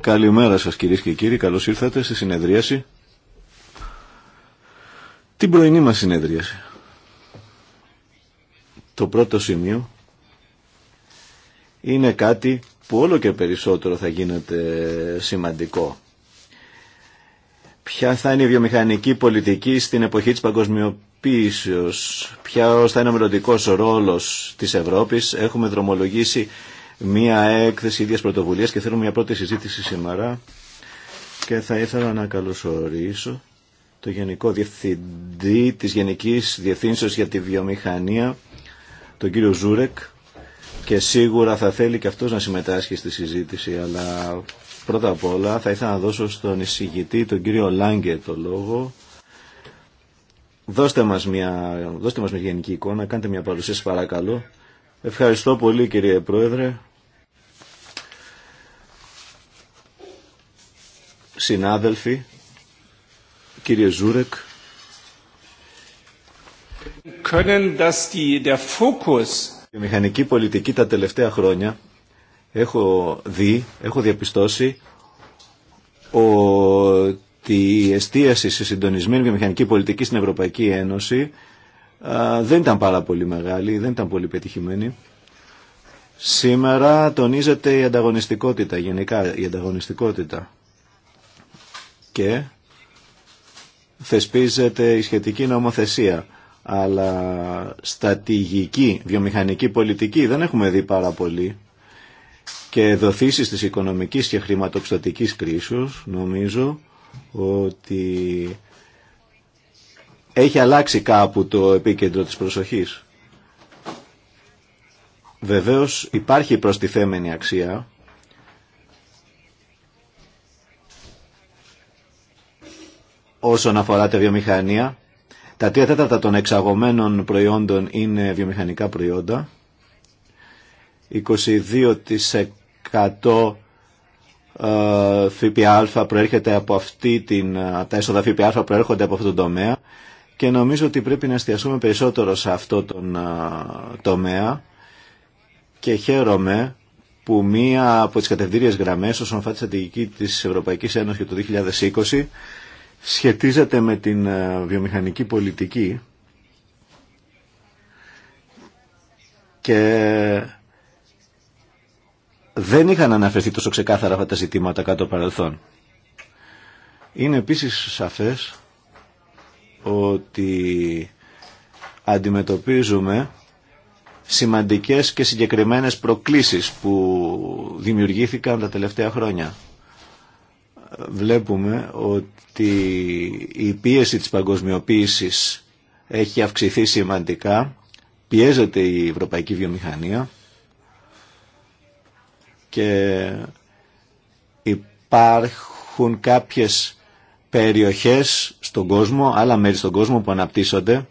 Καλημέρα σας κυρίες και κύριοι, καλώς ήρθατε στη συνεδρίαση. Την πρωινή μας συνεδρίαση. Το πρώτο σημείο είναι κάτι που όλο και περισσότερο θα γίνεται σημαντικό. Ποια θα είναι η βιομηχανική πολιτική στην εποχή της παγκοσμιοποίησης, Ποιο θα είναι ο μελλοντικός ρόλος της Ευρώπης. Έχουμε δρομολογήσει μία έκθεση ίδιας πρωτοβουλίας και θέλουμε μια πρώτη και θελω μια σήμερα και θα ήθελα να καλωσορίσω το Γενικό Διευθυντή της Γενικής Διευθύνσεως για τη Βιομηχανία, τον κύριο Ζούρεκ και σίγουρα θα θέλει και αυτός να συμμετάσχει στη συζήτηση αλλά πρώτα απ' όλα θα ήθελα να δώσω στον εισηγητή τον κύριο Λάγκε το λόγο δώστε μας μια, δώστε μας μια γενική εικόνα κάντε μια παρουσίαση παρακαλώ Ευχαριστώ πολύ κύριε Πρόεδρε. Συνάδελφοι, κύριε Ζούρεκ. Η μηχανική πολιτική τα τελευταία χρόνια έχω δει, έχω διαπιστώσει ότι η εστίαση σε συντονισμένη βιομηχανική πολιτική στην Ευρωπαϊκή Ένωση δεν ήταν πάρα πολύ μεγάλη, δεν ήταν πολύ πετυχημένη. Σήμερα τονίζεται η ανταγωνιστικότητα, γενικά η ανταγωνιστικότητα και θεσπίζεται η σχετική νομοθεσία. Αλλά στατηγική, βιομηχανική πολιτική δεν έχουμε δει πάρα πολύ και δοθήσεις της οικονομικής και χρηματοπιστωτικής κρίσης νομίζω ότι έχει αλλάξει κάπου το επίκεντρο της προσοχής. Βεβαίως υπάρχει προστιθέμενη αξία όσον αφορά τη βιομηχανία. Τα τρία τέταρτα των εξαγωμένων προϊόντων είναι βιομηχανικά προϊόντα. 22% ε, ΦΠΑ προέρχεται από αυτή την, ε, τα έσοδα ΦΠΑ προέρχονται από αυτό τον τομέα και νομίζω ότι πρέπει να εστιαστούμε περισσότερο σε αυτό τον τομέα και χαίρομαι που μία από τις κατευθύντριες γραμμές όσον αφορά τη στρατηγική της Ευρωπαϊκής Ένωσης για το 2020 σχετίζεται με την βιομηχανική πολιτική και δεν είχαν αναφερθεί τόσο ξεκάθαρα αυτά τα ζητήματα κάτω παρελθόν. Είναι επίσης σαφές ότι αντιμετωπίζουμε σημαντικές και συγκεκριμένες προκλήσεις που δημιουργήθηκαν τα τελευταία χρόνια. Βλέπουμε ότι η πίεση της παγκοσμιοποίησης έχει αυξηθεί σημαντικά, πιέζεται η ευρωπαϊκή βιομηχανία και υπάρχουν κάποιες περιοχές στον κόσμο, άλλα μέρη στον κόσμο που αναπτύσσονται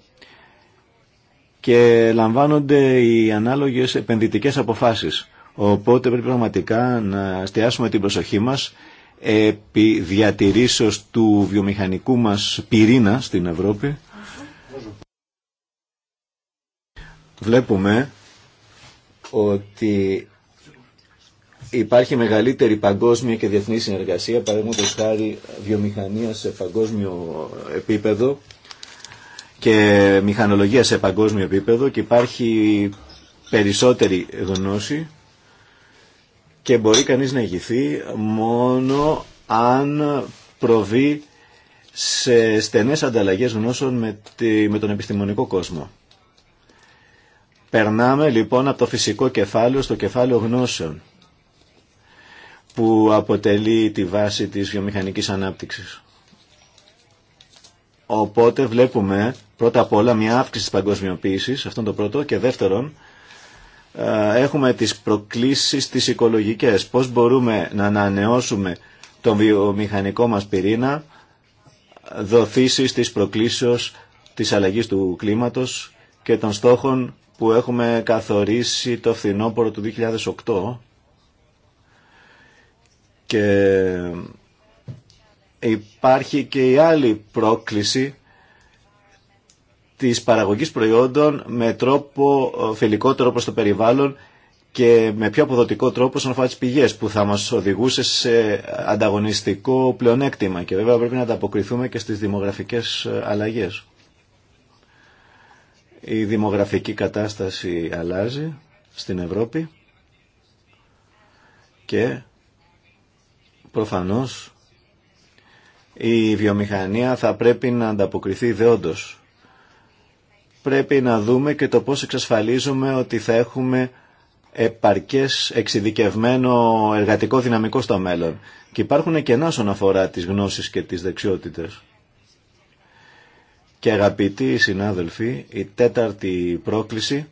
και λαμβάνονται οι ανάλογες επενδυτικές αποφάσεις. Οπότε πρέπει πραγματικά να εστιάσουμε την προσοχή μας επί διατηρήσεως του βιομηχανικού μας πυρήνα στην Ευρώπη. Βλέπουμε ότι υπάρχει μεγαλύτερη παγκόσμια και διεθνή συνεργασία, παραδείγματο χάρη βιομηχανία σε παγκόσμιο επίπεδο και μηχανολογία σε παγκόσμιο επίπεδο και υπάρχει περισσότερη γνώση και μπορεί κανείς να ηγηθεί μόνο αν προβεί σε στενές ανταλλαγές γνώσεων με, με τον επιστημονικό κόσμο. Περνάμε λοιπόν από το φυσικό κεφάλαιο στο κεφάλαιο γνώσεων που αποτελεί τη βάση της βιομηχανικής ανάπτυξης. Οπότε βλέπουμε πρώτα απ' όλα μια αύξηση της παγκοσμιοποίησης, αυτό είναι το πρώτο, και δεύτερον έχουμε τις προκλήσεις τις οικολογικές. Πώς μπορούμε να ανανεώσουμε τον βιομηχανικό μας πυρήνα δοθήσεις της προκλήσεως της αλλαγής του κλίματος και των στόχων που έχουμε καθορίσει το φθινόπωρο του 2008 και υπάρχει και η άλλη πρόκληση της παραγωγής προϊόντων με τρόπο ε, φιλικότερο προς το περιβάλλον και με πιο αποδοτικό τρόπο στον αφορά πηγές που θα μας οδηγούσε σε ανταγωνιστικό πλεονέκτημα και βέβαια πρέπει να ανταποκριθούμε και στις δημογραφικές ε, αλλαγές. Η δημογραφική κατάσταση αλλάζει στην Ευρώπη και προφανώς η βιομηχανία θα πρέπει να ανταποκριθεί δεόντως. Πρέπει να δούμε και το πώς εξασφαλίζουμε ότι θα έχουμε επαρκές εξειδικευμένο εργατικό δυναμικό στο μέλλον. Και υπάρχουν κενά όσον αφορά τις γνώσεις και τις δεξιότητες. Και αγαπητοί συνάδελφοι, η τέταρτη πρόκληση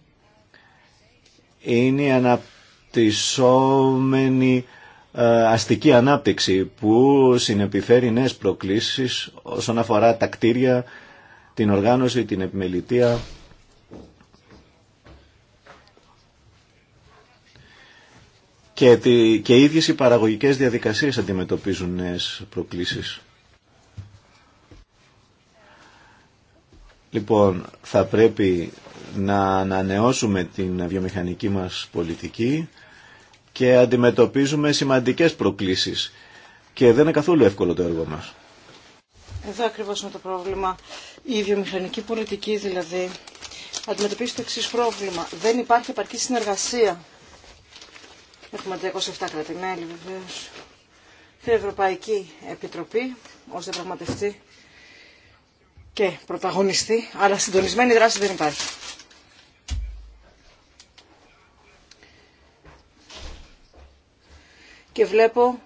είναι η αναπτυσσόμενη ε, αστική ανάπτυξη που συνεπιφέρει νέες προκλήσεις όσον αφορά τα κτίρια, την οργάνωση, την επιμελητεία. Και, τη, και οι ίδιες οι παραγωγικές διαδικασίες αντιμετωπίζουν νέες προκλήσεις. Λοιπόν, θα πρέπει να ανανεώσουμε την βιομηχανική μας πολιτική και αντιμετωπίζουμε σημαντικές προκλήσεις και δεν είναι καθόλου εύκολο το έργο μας. Εδώ ακριβώς είναι το πρόβλημα. Η βιομηχανική πολιτική δηλαδή αντιμετωπίζει το εξή πρόβλημα. Δεν υπάρχει επαρκή συνεργασία. Έχουμε 307 κρατημέλη βεβαίω. Η Ευρωπαϊκή Επιτροπή ως διαπραγματευτή και πρωταγωνιστή, αλλά συντονισμένη δράση δεν υπάρχει. και βλέπω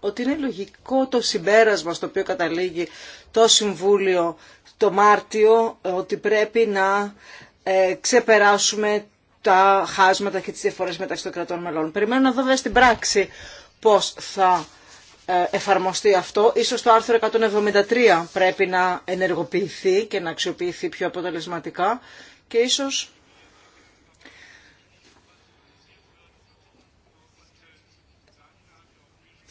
ότι είναι λογικό το συμπέρασμα στο οποίο καταλήγει το Συμβούλιο το Μάρτιο ότι πρέπει να ε, ξεπεράσουμε τα χάσματα και τις διαφορές μεταξύ των κρατών μελών. Περιμένω να δω βέβαια στην πράξη πώς θα ε, εφαρμοστεί αυτό. Ίσως το άρθρο 173 πρέπει να ενεργοποιηθεί και να αξιοποιηθεί πιο αποτελεσματικά και ίσως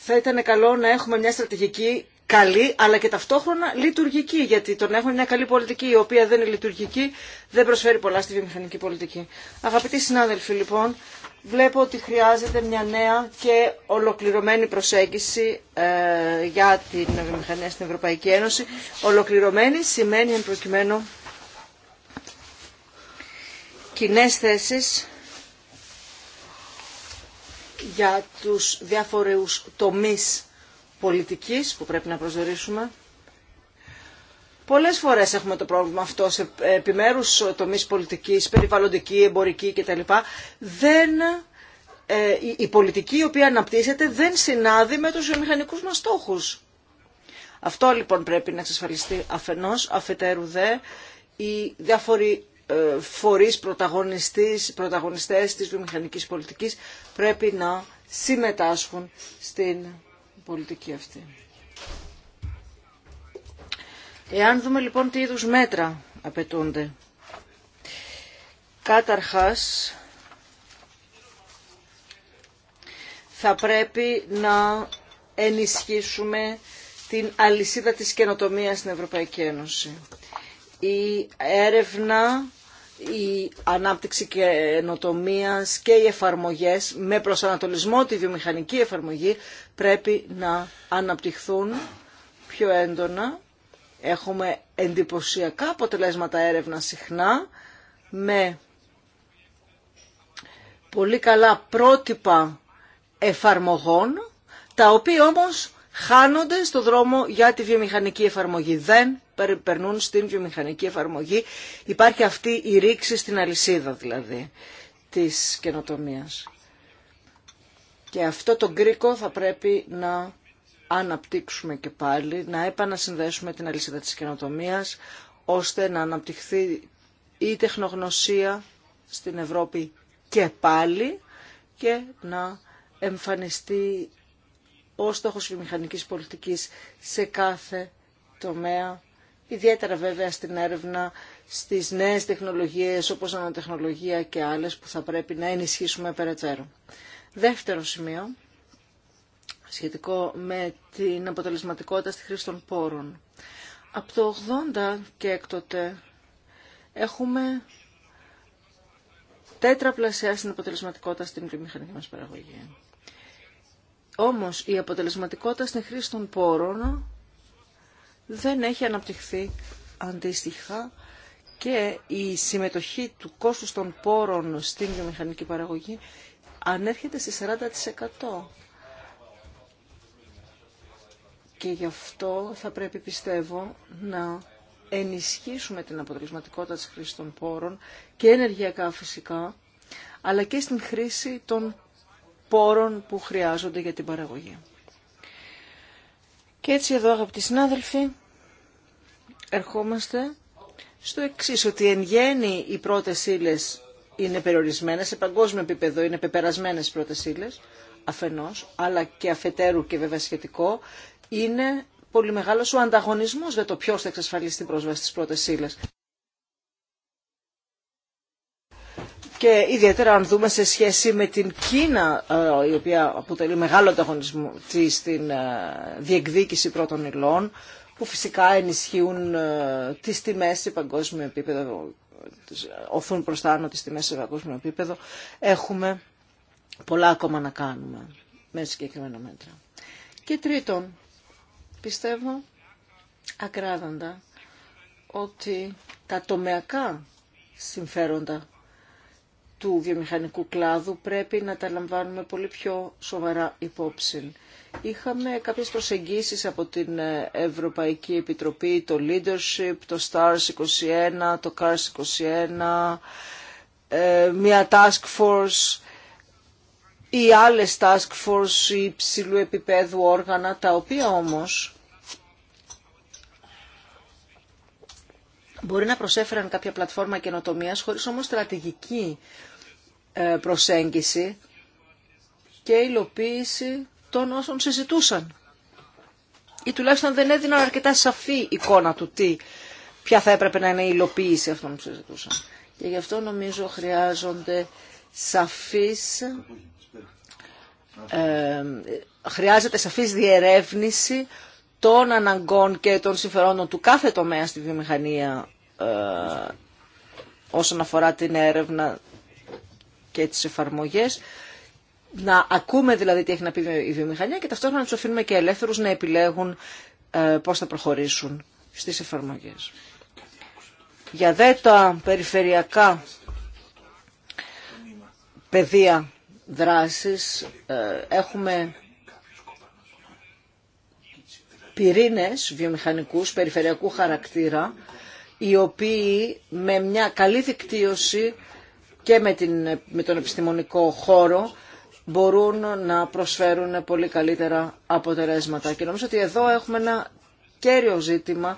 θα ήταν καλό να έχουμε μια στρατηγική καλή αλλά και ταυτόχρονα λειτουργική γιατί το να έχουμε μια καλή πολιτική η οποία δεν είναι λειτουργική δεν προσφέρει πολλά στη βιομηχανική πολιτική. Αγαπητοί συνάδελφοι λοιπόν, βλέπω ότι χρειάζεται μια νέα και ολοκληρωμένη προσέγγιση ε, για την βιομηχανία στην Ευρωπαϊκή Ένωση. Ολοκληρωμένη σημαίνει εν προκειμένου κοινέ θέσει για τους διάφορους τομείς πολιτικής που πρέπει να προσδιορίσουμε. Πολλές φορές έχουμε το πρόβλημα αυτό σε επιμέρους τομείς πολιτικής, περιβαλλοντική, εμπορική κτλ. Δεν, ε, η πολιτική η οποία αναπτύσσεται δεν συνάδει με τους βιομηχανικού μας στόχους. Αυτό λοιπόν πρέπει να εξασφαλιστεί αφενός, αφετέρου δε, οι διάφοροι ε, φορείς πρωταγωνιστής, πρωταγωνιστές της βιομηχανικής πολιτικής πρέπει να συμμετάσχουν στην πολιτική αυτή. Εάν δούμε λοιπόν τι είδους μέτρα απαιτούνται. Κάταρχας θα πρέπει να ενισχύσουμε την αλυσίδα της καινοτομίας στην Ευρωπαϊκή Ένωση. Η έρευνα η ανάπτυξη και και οι εφαρμογές με προσανατολισμό τη βιομηχανική εφαρμογή πρέπει να αναπτυχθούν πιο έντονα. Έχουμε εντυπωσιακά αποτελέσματα έρευνα συχνά με πολύ καλά πρότυπα εφαρμογών τα οποία όμως χάνονται στο δρόμο για τη βιομηχανική εφαρμογή. Δεν περνούν στην βιομηχανική εφαρμογή. Υπάρχει αυτή η ρήξη στην αλυσίδα δηλαδή της καινοτομίας. Και αυτό το γκρίκο θα πρέπει να αναπτύξουμε και πάλι, να επανασυνδέσουμε την αλυσίδα της καινοτομίας, ώστε να αναπτυχθεί η τεχνογνωσία στην Ευρώπη και πάλι και να εμφανιστεί ο στόχος βιομηχανικής πολιτικής σε κάθε τομέα ιδιαίτερα βέβαια στην έρευνα στις νέες τεχνολογίες όπως ανατεχνολογία και άλλες που θα πρέπει να ενισχύσουμε περαιτέρω. Δεύτερο σημείο, σχετικό με την αποτελεσματικότητα στη χρήση των πόρων. Από το 80 και έκτοτε έχουμε πλασιά στην αποτελεσματικότητα στην μηχανική μας παραγωγή. Όμως η αποτελεσματικότητα στην χρήση των πόρων δεν έχει αναπτυχθεί αντίστοιχα και η συμμετοχή του κόστου των πόρων στην βιομηχανική παραγωγή ανέρχεται σε 40%. Και γι' αυτό θα πρέπει, πιστεύω, να ενισχύσουμε την αποτελεσματικότητα της χρήσης των πόρων και ενεργειακά φυσικά, αλλά και στην χρήση των πόρων που χρειάζονται για την παραγωγή. Και έτσι εδώ αγαπητοί συνάδελφοι, ερχόμαστε στο εξή ότι εν γέννη οι πρώτες ύλε είναι περιορισμένες, σε παγκόσμιο επίπεδο είναι πεπερασμένες οι πρώτες ύλε, αφενός, αλλά και αφετέρου και βέβαια σχετικό, είναι πολύ μεγάλος ο ανταγωνισμός για το ποιο θα εξασφαλίσει την πρόσβαση στις πρώτες ύλε. Και ιδιαίτερα αν δούμε σε σχέση με την Κίνα, ε, η οποία αποτελεί μεγάλο ανταγωνισμό στην ε, διεκδίκηση πρώτων υλών, που φυσικά ενισχύουν ε, τις τιμές σε παγκόσμιο επίπεδο, ε, οθούν προς τα άνω τις τιμές σε παγκόσμιο επίπεδο. Έχουμε πολλά ακόμα να κάνουμε με συγκεκριμένα μέτρα. Και τρίτον, πιστεύω ακράδαντα ότι τα τομεακά συμφέροντα του βιομηχανικού κλάδου πρέπει να τα λαμβάνουμε πολύ πιο σοβαρά υπόψη. Είχαμε κάποιες προσεγγίσεις από την Ευρωπαϊκή Επιτροπή, το Leadership, το STARS 21, το CARS 21, ε, μια Task Force ή άλλες Task Force ή υψηλού επίπεδου όργανα, τα οποία όμως μπορεί να προσέφεραν κάποια πλατφόρμα καινοτομίας χωρίς όμως στρατηγική ε, προσέγγιση και υλοποίηση των όσων συζητούσαν. Ή τουλάχιστον δεν έδιναν αρκετά σαφή εικόνα του τι, ποια θα έπρεπε να είναι η υλοποίηση αυτών που συζητούσαν. Και γι' αυτό νομίζω χρειάζονται σαφείς, ε, χρειάζεται σαφής διερεύνηση των αναγκών και των συμφερόντων του κάθε τομέα στη βιομηχανία ε, όσον αφορά την έρευνα και τις εφαρμογές να ακούμε δηλαδή τι έχει να πει η βιομηχανία και ταυτόχρονα να του αφήνουμε και ελεύθερου να επιλέγουν ε, πώς θα προχωρήσουν στι εφαρμογές. Για δε τα περιφερειακά πεδία δράσης ε, έχουμε πυρήνες βιομηχανικούς περιφερειακού χαρακτήρα οι οποίοι με μια καλή δικτύωση και με τον επιστημονικό χώρο μπορούν να προσφέρουν πολύ καλύτερα αποτελέσματα. Και νομίζω ότι εδώ έχουμε ένα κέριο ζήτημα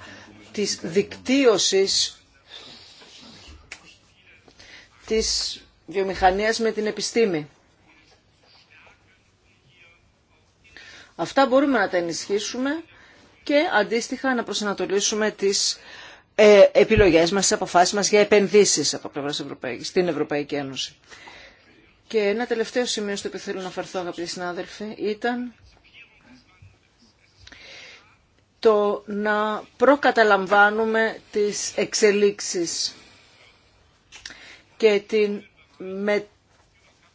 της δικτύωσης της βιομηχανίας με την επιστήμη. Αυτά μπορούμε να τα ενισχύσουμε και αντίστοιχα να προσανατολίσουμε τις ε, επιλογές μας, τις αποφάσεις μας για επενδύσεις από πλευράς στην Ευρωπαϊκή Ένωση. Και ένα τελευταίο σημείο στο οποίο θέλω να φαρθώ, αγαπητοί συνάδελφοι, ήταν το να προκαταλαμβάνουμε τις εξελίξεις και την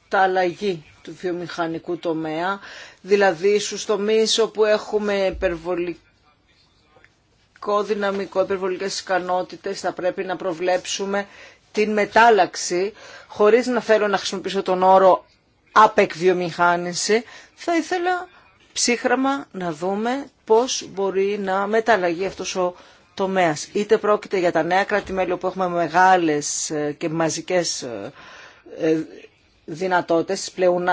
μεταλλαγή του βιομηχανικού τομέα, δηλαδή στους τομείς όπου έχουμε υπερβολική δυναμικό, υπερβολικές ικανότητες, θα πρέπει να προβλέψουμε την μετάλλαξη, χωρίς να θέλω να χρησιμοποιήσω τον όρο απεκβιομηχάνηση, θα ήθελα ψύχραμα να δούμε πώς μπορεί να μεταλλαγεί αυτός ο τομέας. Είτε πρόκειται για τα νέα κράτη-μέλη όπου έχουμε μεγάλες ε, και μαζικές ε, ε, δυνατότητες,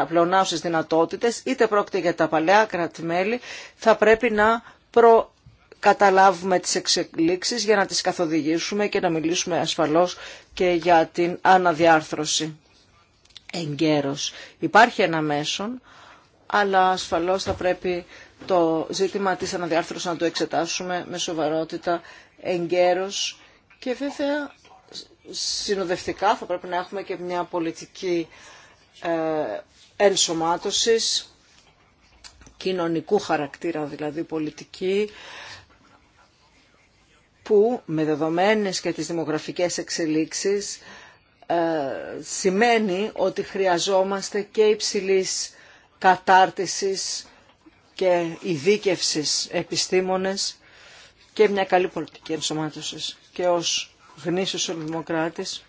πλεονάουσες δυνατότητες, είτε πρόκειται για τα παλαιά κράτη-μέλη, θα πρέπει να προ καταλάβουμε τις εξελίξεις, για να τις καθοδηγήσουμε και να μιλήσουμε ασφαλώς και για την αναδιάρθρωση εγκαίρως. Υπάρχει ένα μέσον, αλλά ασφαλώς θα πρέπει το ζήτημα της αναδιάρθρωσης να το εξετάσουμε με σοβαρότητα εγκαίρως και βέβαια συνοδευτικά θα πρέπει να έχουμε και μια πολιτική ε, ενσωμάτωσης, κοινωνικού χαρακτήρα δηλαδή πολιτική, που με δεδομένες και τις δημογραφικές εξελίξεις ε, σημαίνει ότι χρειαζόμαστε και υψηλής κατάρτισης και ειδίκευσης επιστήμονες και μια καλή πολιτική ενσωμάτωσης. Και ως γνήσιος δημοκράτης,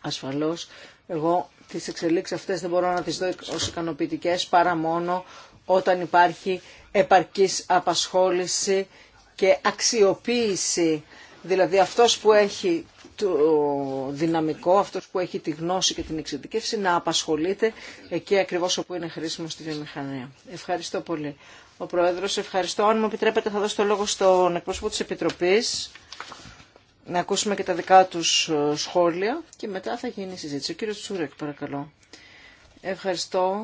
ασφαλώς, εγώ τις εξελίξεις αυτές δεν μπορώ να τις δω ως ικανοποιητικέ παρά μόνο όταν υπάρχει επαρκής απασχόληση και αξιοποίηση, δηλαδή αυτός που έχει το δυναμικό, αυτός που έχει τη γνώση και την εξειδικεύση να απασχολείται εκεί ακριβώς όπου είναι χρήσιμο στη βιομηχανία. Ευχαριστώ πολύ. Ο Πρόεδρος, ευχαριστώ. Αν μου επιτρέπετε θα δώσω το λόγο στον εκπρόσωπο της Επιτροπής να ακούσουμε και τα δικά τους ε, σχόλια και μετά θα γίνει η συζήτηση. Ο κύριος Τσούρεκ, παρακαλώ. Ευχαριστώ.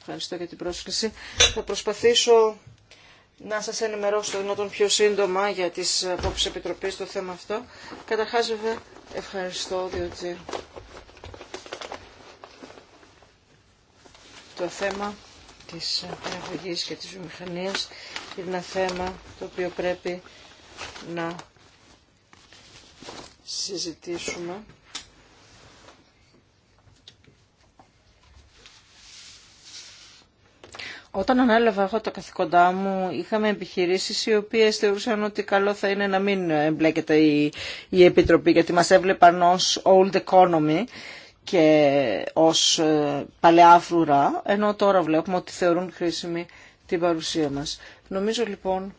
Ευχαριστώ για την πρόσκληση. Θα προσπαθήσω να σας ενημερώσω το δυνατόν πιο σύντομα για τις απόψεις επιτροπής στο θέμα αυτό. Καταρχάς βέβαια ευχαριστώ διότι το θέμα της παραγωγής και της βιομηχανίας είναι ένα θέμα το οποίο πρέπει να συζητήσουμε Όταν ανέλαβα εγώ τα καθηκοντά μου, είχαμε επιχειρήσεις οι οποίες θεωρούσαν ότι καλό θα είναι να μην εμπλέκεται η, η Επιτροπή, γιατί μας έβλεπαν ως old economy και ως ε, παλαιά φρουρά, ενώ τώρα βλέπουμε ότι θεωρούν χρήσιμη την παρουσία μας. Νομίζω λοιπόν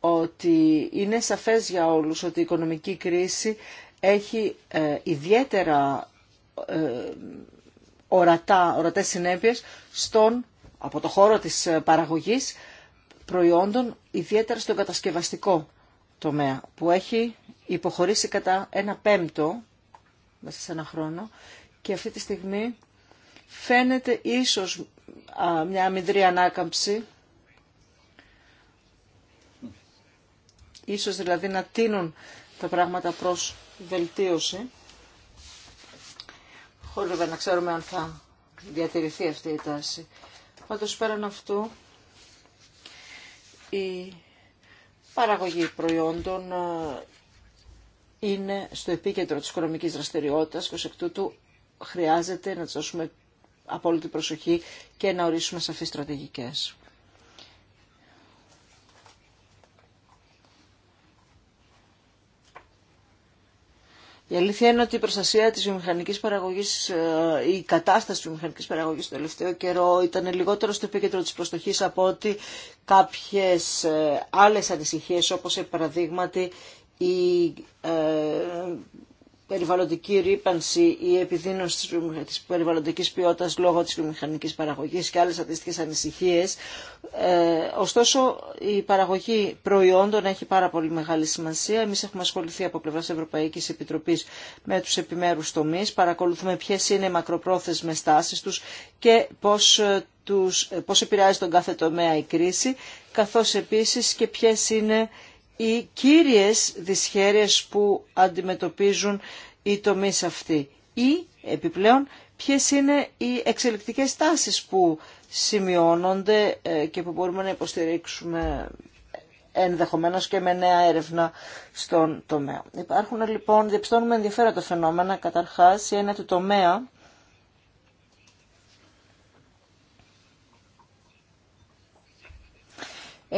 ότι είναι σαφές για όλους ότι η οικονομική κρίση έχει ε, ιδιαίτερα ε, ορατά, ορατές συνέπειες στον από το χώρο της ε, παραγωγής προϊόντων, ιδιαίτερα στον κατασκευαστικό τομέα, που έχει υποχωρήσει κατά ένα πέμπτο μέσα σε ένα χρόνο και αυτή τη στιγμή φαίνεται ίσως μια αμυδρή ανάκαμψη, ίσως δηλαδή να τίνουν τα πράγματα προς βελτίωση, χωρίς βέβαια να ξέρουμε αν θα διατηρηθεί αυτή η τάση. Πάντως πέραν αυτού, η παραγωγή προϊόντων ε, είναι στο επίκεντρο της οικονομικής δραστηριότητας και ως εκ τούτου χρειάζεται να τη δώσουμε απόλυτη προσοχή και να ορίσουμε σαφείς στρατηγικές. Η αλήθεια είναι ότι η προστασία της βιομηχανικής παραγωγής, ε, η κατάσταση της βιομηχανικής παραγωγής στο τελευταίο καιρό ήταν λιγότερο στο επίκεντρο της προστοχής από ότι κάποιες ε, άλλες ανησυχίες όπως ε, παραδείγματι η περιβαλλοντική ρήπανση ή επιδείνωση της περιβαλλοντικής ποιότητας λόγω της βιομηχανικής παραγωγής και άλλες αντίστοιχες ανησυχίες. Ε, ωστόσο, η παραγωγή προϊόντων έχει πάρα πολύ ανησυχιες σημασία. Εμείς έχουμε ασχοληθεί από πλευράς Ευρωπαϊκής Επιτροπής με τους επιμέρους τομείς. Παρακολουθούμε ποιες είναι οι μακροπρόθεσμες τάσεις τους και πώς, ε, τους, ε, πώς επηρεάζει τον κάθε τομέα η κρίση, καθώς επίσης και ποιες είναι οι κύριες δυσχέρειες που αντιμετωπίζουν οι τομείς αυτοί ή επιπλέον ποιες είναι οι εξελικτικές τάσεις που σημειώνονται ε, και που μπορούμε να υποστηρίξουμε ενδεχομένως και με νέα έρευνα στον τομέα. Υπάρχουν λοιπόν, διαπιστώνουμε ενδιαφέροντα φαινόμενα. Καταρχάς, η έννοια του τομέα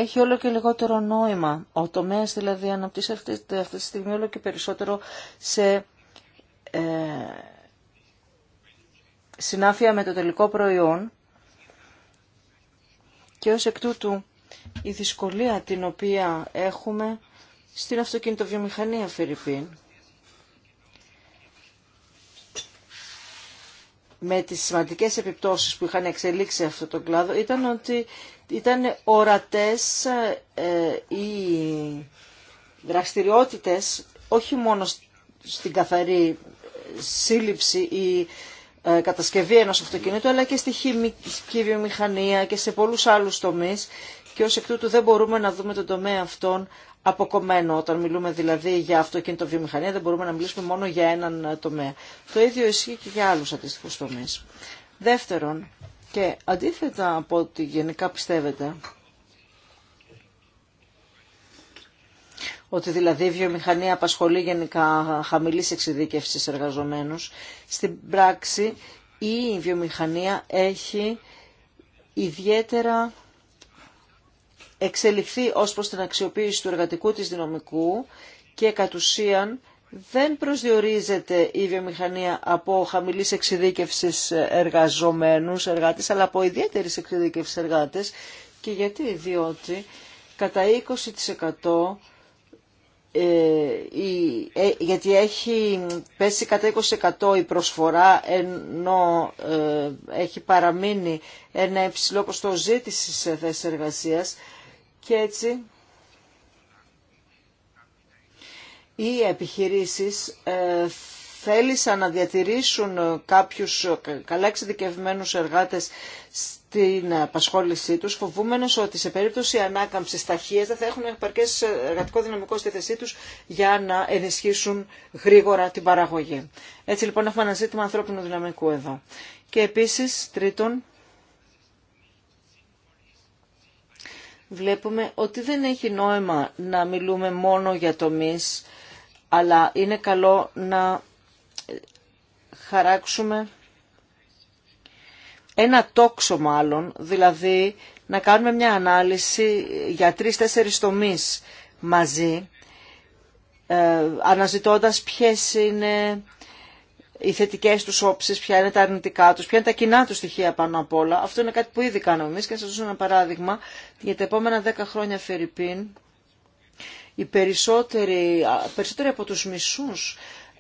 έχει όλο και λιγότερο νόημα. Ο τομέας δηλαδή αναπτύσσεται αυτή τη στιγμή όλο και περισσότερο σε ε, συνάφεια με το τελικό προϊόν και ως εκ τούτου η δυσκολία την οποία έχουμε στην αυτοκινητοβιομηχανία Φερρυπίν με τις σημαντικές επιπτώσεις που είχαν εξελίξει αυτό το κλάδο ήταν ότι ήταν ορατές ε, οι δραστηριότητες όχι μόνο στην καθαρή ε, σύλληψη ή ε, κατασκευή ενός αυτοκινήτου αλλά και στη χημική βιομηχανία και σε πολλούς άλλους τομείς και ως εκ τούτου δεν μπορούμε να δούμε τον τομέα αυτόν αποκομμένο. Όταν μιλούμε δηλαδή για αυτοκίνητο βιομηχανία δεν μπορούμε να μιλήσουμε μόνο για έναν τομέα. Το ίδιο ισχύει και για άλλους αντίστοιχους τομείς. Δεύτερον, και αντίθετα από ό,τι γενικά πιστεύετε, ότι δηλαδή η βιομηχανία απασχολεί γενικά χαμηλής εξειδίκευσης εργαζομένους, στην πράξη η βιομηχανία έχει ιδιαίτερα εξελιχθεί ως προς την αξιοποίηση του εργατικού της δυναμικού και κατ' ουσίαν δεν προσδιορίζεται η βιομηχανία από χαμηλής εξειδίκευσης εργαζομένους εργάτες, αλλά από ιδιαίτερης εξειδίκευση εργάτες. Και γιατί, διότι κατά 20% ε, ε, γιατί έχει πέσει κατά 20% η προσφορά ενώ ε, έχει παραμείνει ένα υψηλό ποστό ζήτηση σε θέσει εργασίας και έτσι οι επιχειρήσεις ε, θέλησαν να διατηρήσουν κάποιους καλά εξειδικευμένους εργάτες στην απασχόλησή τους, φοβούμενος ότι σε περίπτωση ανάκαμψης ταχείας δεν θα έχουν επαρκές εργατικό δυναμικό στη θέσή τους για να ενισχύσουν γρήγορα την παραγωγή. Έτσι λοιπόν έχουμε ένα ζήτημα ανθρώπινου δυναμικού εδώ. Και επίσης τρίτον, βλέπουμε ότι δεν έχει νόημα να μιλούμε μόνο για τομείς, αλλά είναι καλό να χαράξουμε ένα τόξο μάλλον, δηλαδή να κάνουμε μια ανάλυση για τρεις-τέσσερις τομείς μαζί, ε, αναζητώντας ποιες είναι οι θετικέ του όψει, ποια είναι τα αρνητικά του, ποια είναι τα κοινά του στοιχεία πάνω απ' όλα. Αυτό είναι κάτι που ήδη κάνουμε εμεί και θα σα δώσω ένα παράδειγμα. Για τα επόμενα 10 χρόνια, Φερρυπίν, οι περισσότεροι, περισσότεροι από του μισού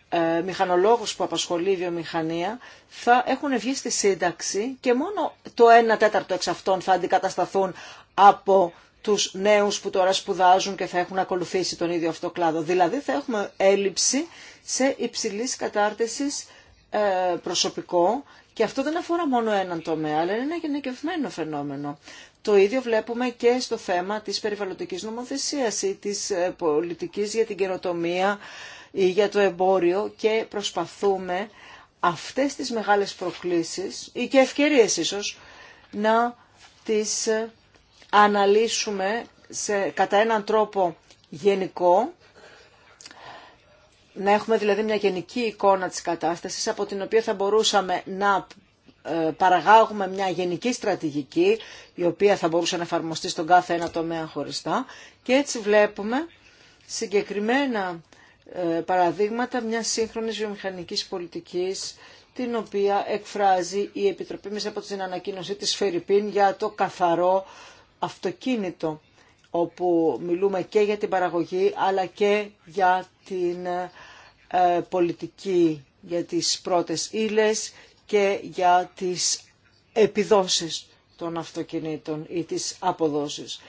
ε, μηχανολόγους που απασχολεί η βιομηχανία θα έχουν βγει στη σύνταξη και μόνο το 1 τέταρτο εξ αυτών θα αντικατασταθούν από τους νέους που τώρα σπουδάζουν και θα έχουν ακολουθήσει τον ίδιο αυτό κλάδο. Δηλαδή θα έχουμε έλλειψη σε υψηλής κατάρτισης ε, προσωπικό και αυτό δεν αφορά μόνο έναν τομέα, αλλά είναι ένα γενικευμένο φαινόμενο. Το ίδιο βλέπουμε και στο θέμα της περιβαλλοντικής νομοθεσίας ή της ε, πολιτικής για την καινοτομία ή για το εμπόριο και προσπαθούμε αυτές τις μεγάλες προκλήσεις ή και ευκαιρίες ίσως να τις ε, αναλύσουμε σε, κατά έναν τρόπο γενικό, να έχουμε δηλαδή μια γενική εικόνα της κατάστασης από την οποία θα μπορούσαμε να ε, παραγάγουμε μια γενική στρατηγική η οποία θα μπορούσε να εφαρμοστεί στον κάθε ένα τομέα χωριστά και έτσι βλέπουμε συγκεκριμένα ε, παραδείγματα μια σύγχρονης βιομηχανικής πολιτικής την οποία εκφράζει η Επιτροπή μέσα από την ανακοίνωσή της Φερρυπίν για το καθαρό αυτοκίνητο, όπου μιλούμε και για την παραγωγή αλλά και για την ε, πολιτική, για τις πρώτες ύλες και για τις επιδόσεις των αυτοκινήτων ή τις αποδόσεις.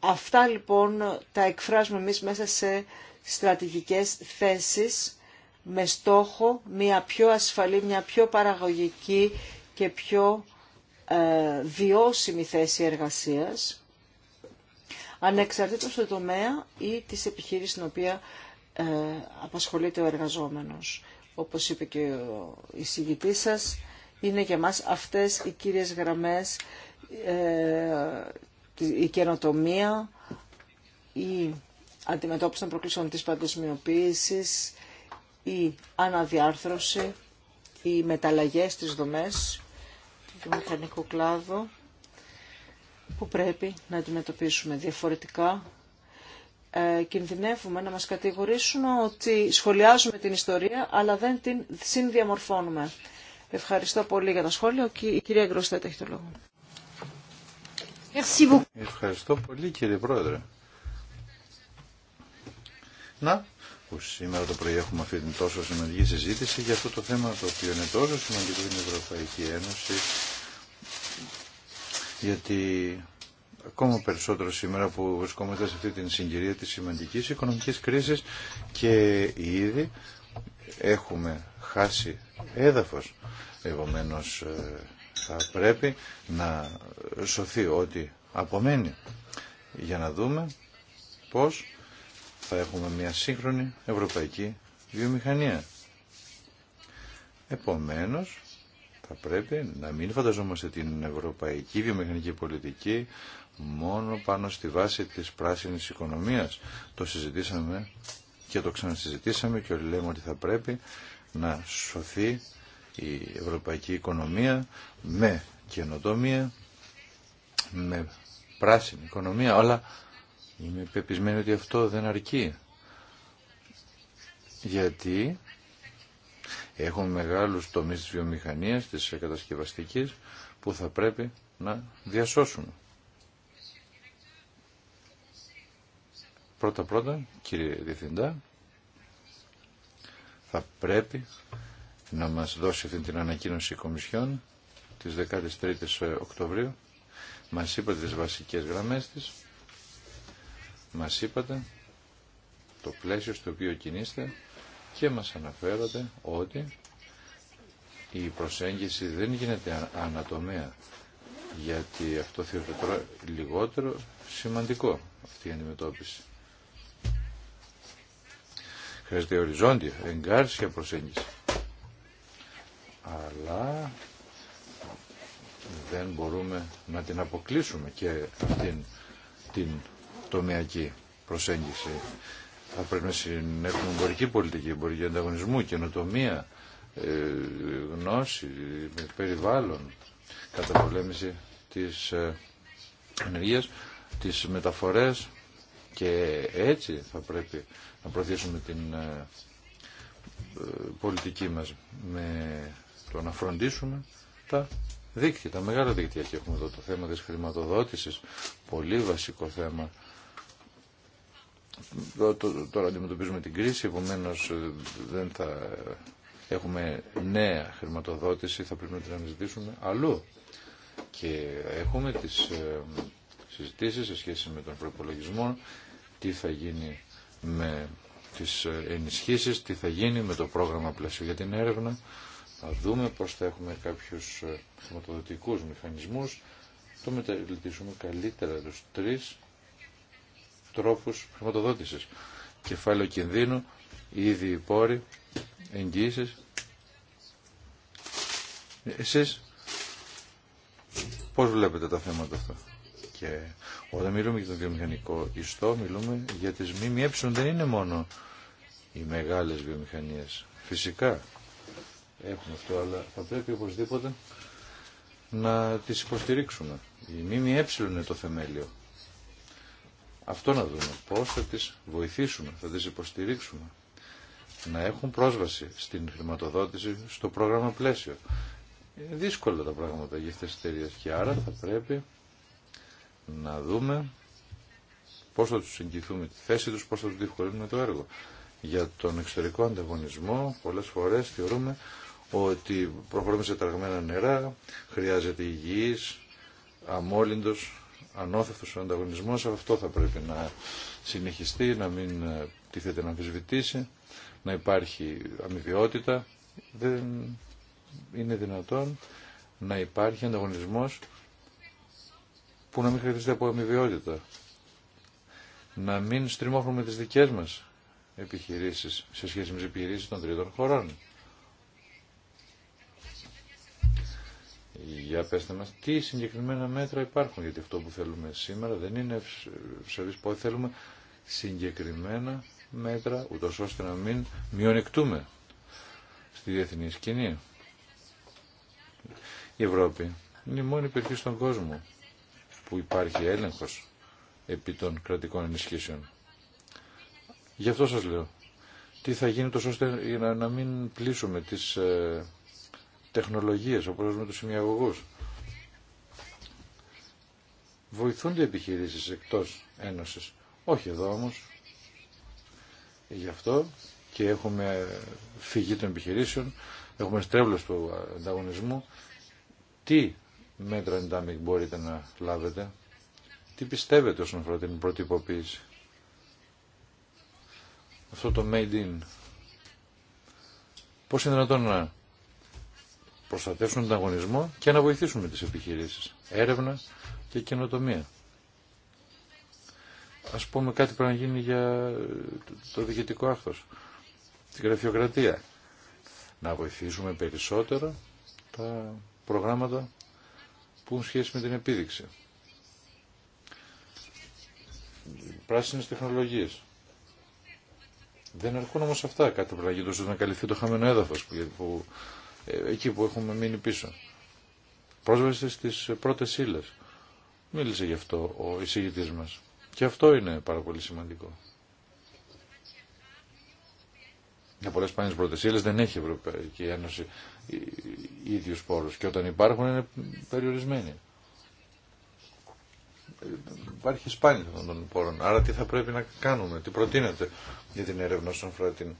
Αυτά λοιπόν τα εκφράζουμε εμείς μέσα σε στρατηγικές θέσεις με στόχο μια πιο ασφαλή, μια πιο παραγωγική και πιο ε, βιώσιμη θέση εργασίας, ανεξαρτήτως του τομέα ή της επιχείρησης στην οποία ε, απασχολείται ο εργαζόμενος. Όπως είπε και ο εισηγητής σας, είναι για μας αυτές οι κύριες γραμμές, ε, η καινοτομία, η αντιμετώπιση των προκλήσεων της παγκοσμιοποίησης, η αναδιάρθρωση, οι μεταλλαγές στις δομές του μηχανικού κλάδου που πρέπει να αντιμετωπίσουμε διαφορετικά. Ε, κινδυνεύουμε να μας κατηγορήσουν ότι σχολιάζουμε την ιστορία αλλά δεν την συνδιαμορφώνουμε. Ευχαριστώ πολύ για τα σχόλια. Η κυρία Γκροστέτα έχει το λόγο. Ευχαριστώ πολύ κύριε Πρόεδρε. Να, που σήμερα το πρωί έχουμε αυτή την τόσο σημαντική συζήτηση για αυτό το θέμα το οποίο είναι τόσο σημαντικό στην Ευρωπαϊκή Ένωση γιατί ακόμα περισσότερο σήμερα που βρισκόμαστε σε αυτή την συγκυρία της σημαντικής οικονομικής κρίσης και ήδη έχουμε χάσει έδαφος. Επομένω ε, θα πρέπει να σωθεί ό,τι απομένει για να δούμε πώς θα έχουμε μια σύγχρονη ευρωπαϊκή βιομηχανία. Επομένως, θα πρέπει να μην φανταζόμαστε την ευρωπαϊκή βιομηχανική πολιτική μόνο πάνω στη βάση της πράσινης οικονομίας. Το συζητήσαμε και το ξανασυζητήσαμε και όλοι λέμε ότι θα πρέπει να σωθεί η ευρωπαϊκή οικονομία με καινοτομία, με πράσινη οικονομία, όλα Είμαι πεπισμένη ότι αυτό δεν αρκεί. Γιατί έχουμε μεγάλους τομείς της βιομηχανίας, της κατασκευαστικής, που θα πρέπει να διασώσουν. Πρώτα-πρώτα, κύριε Διευθυντά, θα πρέπει να μας δώσει αυτή την ανακοίνωση Κομισιόν της 13ης Οκτωβρίου. Μας είπε τις βασικές γραμμές της μας είπατε το πλαίσιο στο οποίο κινείστε και μας αναφέρατε ότι η προσέγγιση δεν γίνεται ανατομέα γιατί αυτό θεωρείται τώρα λιγότερο σημαντικό αυτή η αντιμετώπιση. Χρειάζεται οριζόντια, εγκάρσια προσέγγιση. Αλλά δεν μπορούμε να την αποκλείσουμε και αυτήν την τομεακή προσέγγιση. Θα πρέπει να συνέχουμε εμπορική πολιτική, εμπορική ανταγωνισμού, καινοτομία, ε, γνώση, περιβάλλον, καταπολέμηση της ε, ενεργείας, τις μεταφορές και έτσι θα πρέπει να προωθήσουμε την ε, πολιτική μας με το να φροντίσουμε τα δίκτυα, τα μεγάλα δίκτυα και έχουμε εδώ το θέμα της χρηματοδότησης, πολύ βασικό θέμα Τώρα αντιμετωπίζουμε την κρίση, επομένω ε, δεν θα έχουμε νέα χρηματοδότηση, θα πρέπει να την αναζητήσουμε αλλού. Και έχουμε τις ε, συζητήσεις σε σχέση με τον προπολογισμό, τι θα γίνει με τις ε, ενισχύσεις, τι θα γίνει με το πρόγραμμα πλαίσιο για την έρευνα. Θα δούμε πώς θα έχουμε κάποιους χρηματοδοτικούς μηχανισμούς. Το μεταλλητήσουμε καλύτερα τους τρεις τρόπους χρηματοδότησης. Κεφάλαιο κινδύνου, ήδη πόροι, εγγύησεις. Εσείς πώς βλέπετε τα θέματα αυτά. Και όταν μιλούμε για τον βιομηχανικό ιστό, μιλούμε για τις ΜΜΕ, δεν είναι μόνο οι μεγάλες βιομηχανίες. Φυσικά έχουμε αυτό, αλλά θα πρέπει οπωσδήποτε να τις υποστηρίξουμε. Η ΜΜΕ είναι το θεμέλιο. Αυτό να δούμε. Πώς θα τις βοηθήσουμε, θα τις υποστηρίξουμε. Να έχουν πρόσβαση στην χρηματοδότηση, στο πρόγραμμα πλαίσιο. Είναι δύσκολα τα πράγματα για αυτές τις και άρα θα πρέπει να δούμε πώς θα τους εγγυηθούμε τη θέση τους, πώς θα τους διευκολύνουμε το έργο. Για τον εξωτερικό ανταγωνισμό πολλές φορές θεωρούμε ότι προχωρούμε σε τραγμένα νερά, χρειάζεται υγιής, αμόλυντος ανώθευτος ο ανταγωνισμός, αυτό θα πρέπει να συνεχιστεί, να μην ε, τίθεται να αμφισβητήσει, να υπάρχει αμοιβιότητα. Δεν είναι δυνατόν να υπάρχει ανταγωνισμός που να μην χρειάζεται από αμοιβιότητα. Να μην στριμώχνουμε τις δικές μας επιχειρήσεις σε σχέση με τις επιχειρήσεις των τρίτων χωρών. Για πέστε μας, τι συγκεκριμένα μέτρα υπάρχουν, γιατί αυτό που θέλουμε σήμερα δεν είναι ψευδής πόδι, θέλουμε συγκεκριμένα μέτρα, ούτω ώστε να μην μειονεκτούμε στη διεθνή σκηνή. Η Ευρώπη είναι η μόνη περιοχή στον κόσμο που υπάρχει έλεγχος επί των κρατικών ενισχύσεων. Γι' αυτό σας λέω. Τι θα γίνει τόσο ώστε να μην πλήσουμε τις ε, τεχνολογίες, όπως με τους σημειαγωγούς. Βοηθούνται επιχειρήσεις εκτός ένωσης. Όχι εδώ όμως. Γι' αυτό και έχουμε φυγή των επιχειρήσεων, έχουμε στρέβλος του ανταγωνισμού. Τι μέτρα εντάμικ μπορείτε να λάβετε, τι πιστεύετε όσον αφορά την προτυποποίηση. Αυτό το made in. Πώς είναι δυνατόν να προστατεύσουν τον αγωνισμό και να βοηθήσουμε τις επιχειρήσεις. Έρευνα και καινοτομία. Ας πούμε κάτι πρέπει να γίνει για το διοικητικό άρθρο. Την γραφειοκρατία. Να βοηθήσουμε περισσότερο τα προγράμματα που έχουν σχέση με την επίδειξη. Πράσινες τεχνολογίες. Δεν αρκούν όμως αυτά. Κάτι πρέπει να γίνει να καλυφθεί το χαμένο έδαφος που ε, εκεί που έχουμε μείνει πίσω. Πρόσβαση στις πρώτες ύλες. Μίλησε γι' αυτό ο εισηγητής μας. Και αυτό είναι πάρα πολύ σημαντικό. Για πολλέ πρώτες πρώτε δεν έχει η Ευρωπαϊκή Ένωση ίδιου πόρου και όταν υπάρχουν είναι περιορισμένοι. Υπάρχει σπάνια αυτών των πόρων. Άρα τι θα πρέπει να κάνουμε, τι προτείνεται για την έρευνα όσον αφορά την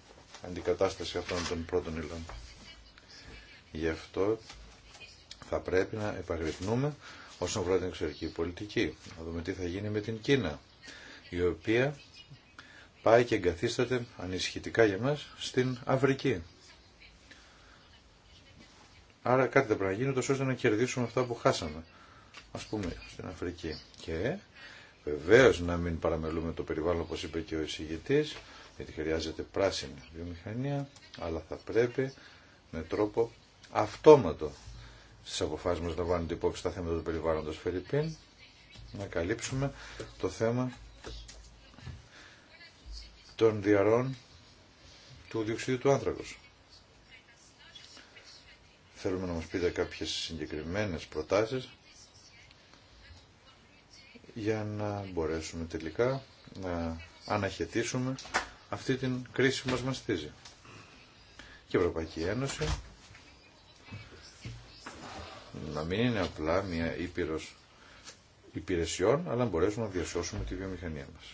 αντικατάσταση αυτών των πρώτων υλών. Γι' αυτό θα πρέπει να επαγρυπνούμε όσον αφορά την εξωτερική πολιτική. Να δούμε τι θα γίνει με την Κίνα, η οποία πάει και εγκαθίσταται ανησυχητικά για μας στην Αφρική. Άρα κάτι θα πρέπει να γίνει ώστε να κερδίσουμε αυτά που χάσαμε, ας πούμε, στην Αφρική. Και βεβαίως να μην παραμελούμε το περιβάλλον, όπως είπε και ο εισηγητής, γιατί χρειάζεται πράσινη βιομηχανία, αλλά θα πρέπει με τρόπο αυτόματο στις αποφάσεις μας την υπόψη τα θέματα του περιβάλλοντος Φερρυπίν να καλύψουμε το θέμα των διαρών του διοξιδίου του άνθρακος. Θέλουμε να μας πείτε κάποιες συγκεκριμένες προτάσεις για να μπορέσουμε τελικά να αναχαιτήσουμε αυτή την κρίση που μας μαστίζει. Και η Ευρωπαϊκή Ένωση να μην είναι απλά μια ήπειρος υπηρεσιών, αλλά να μπορέσουμε να διασώσουμε τη βιομηχανία μας.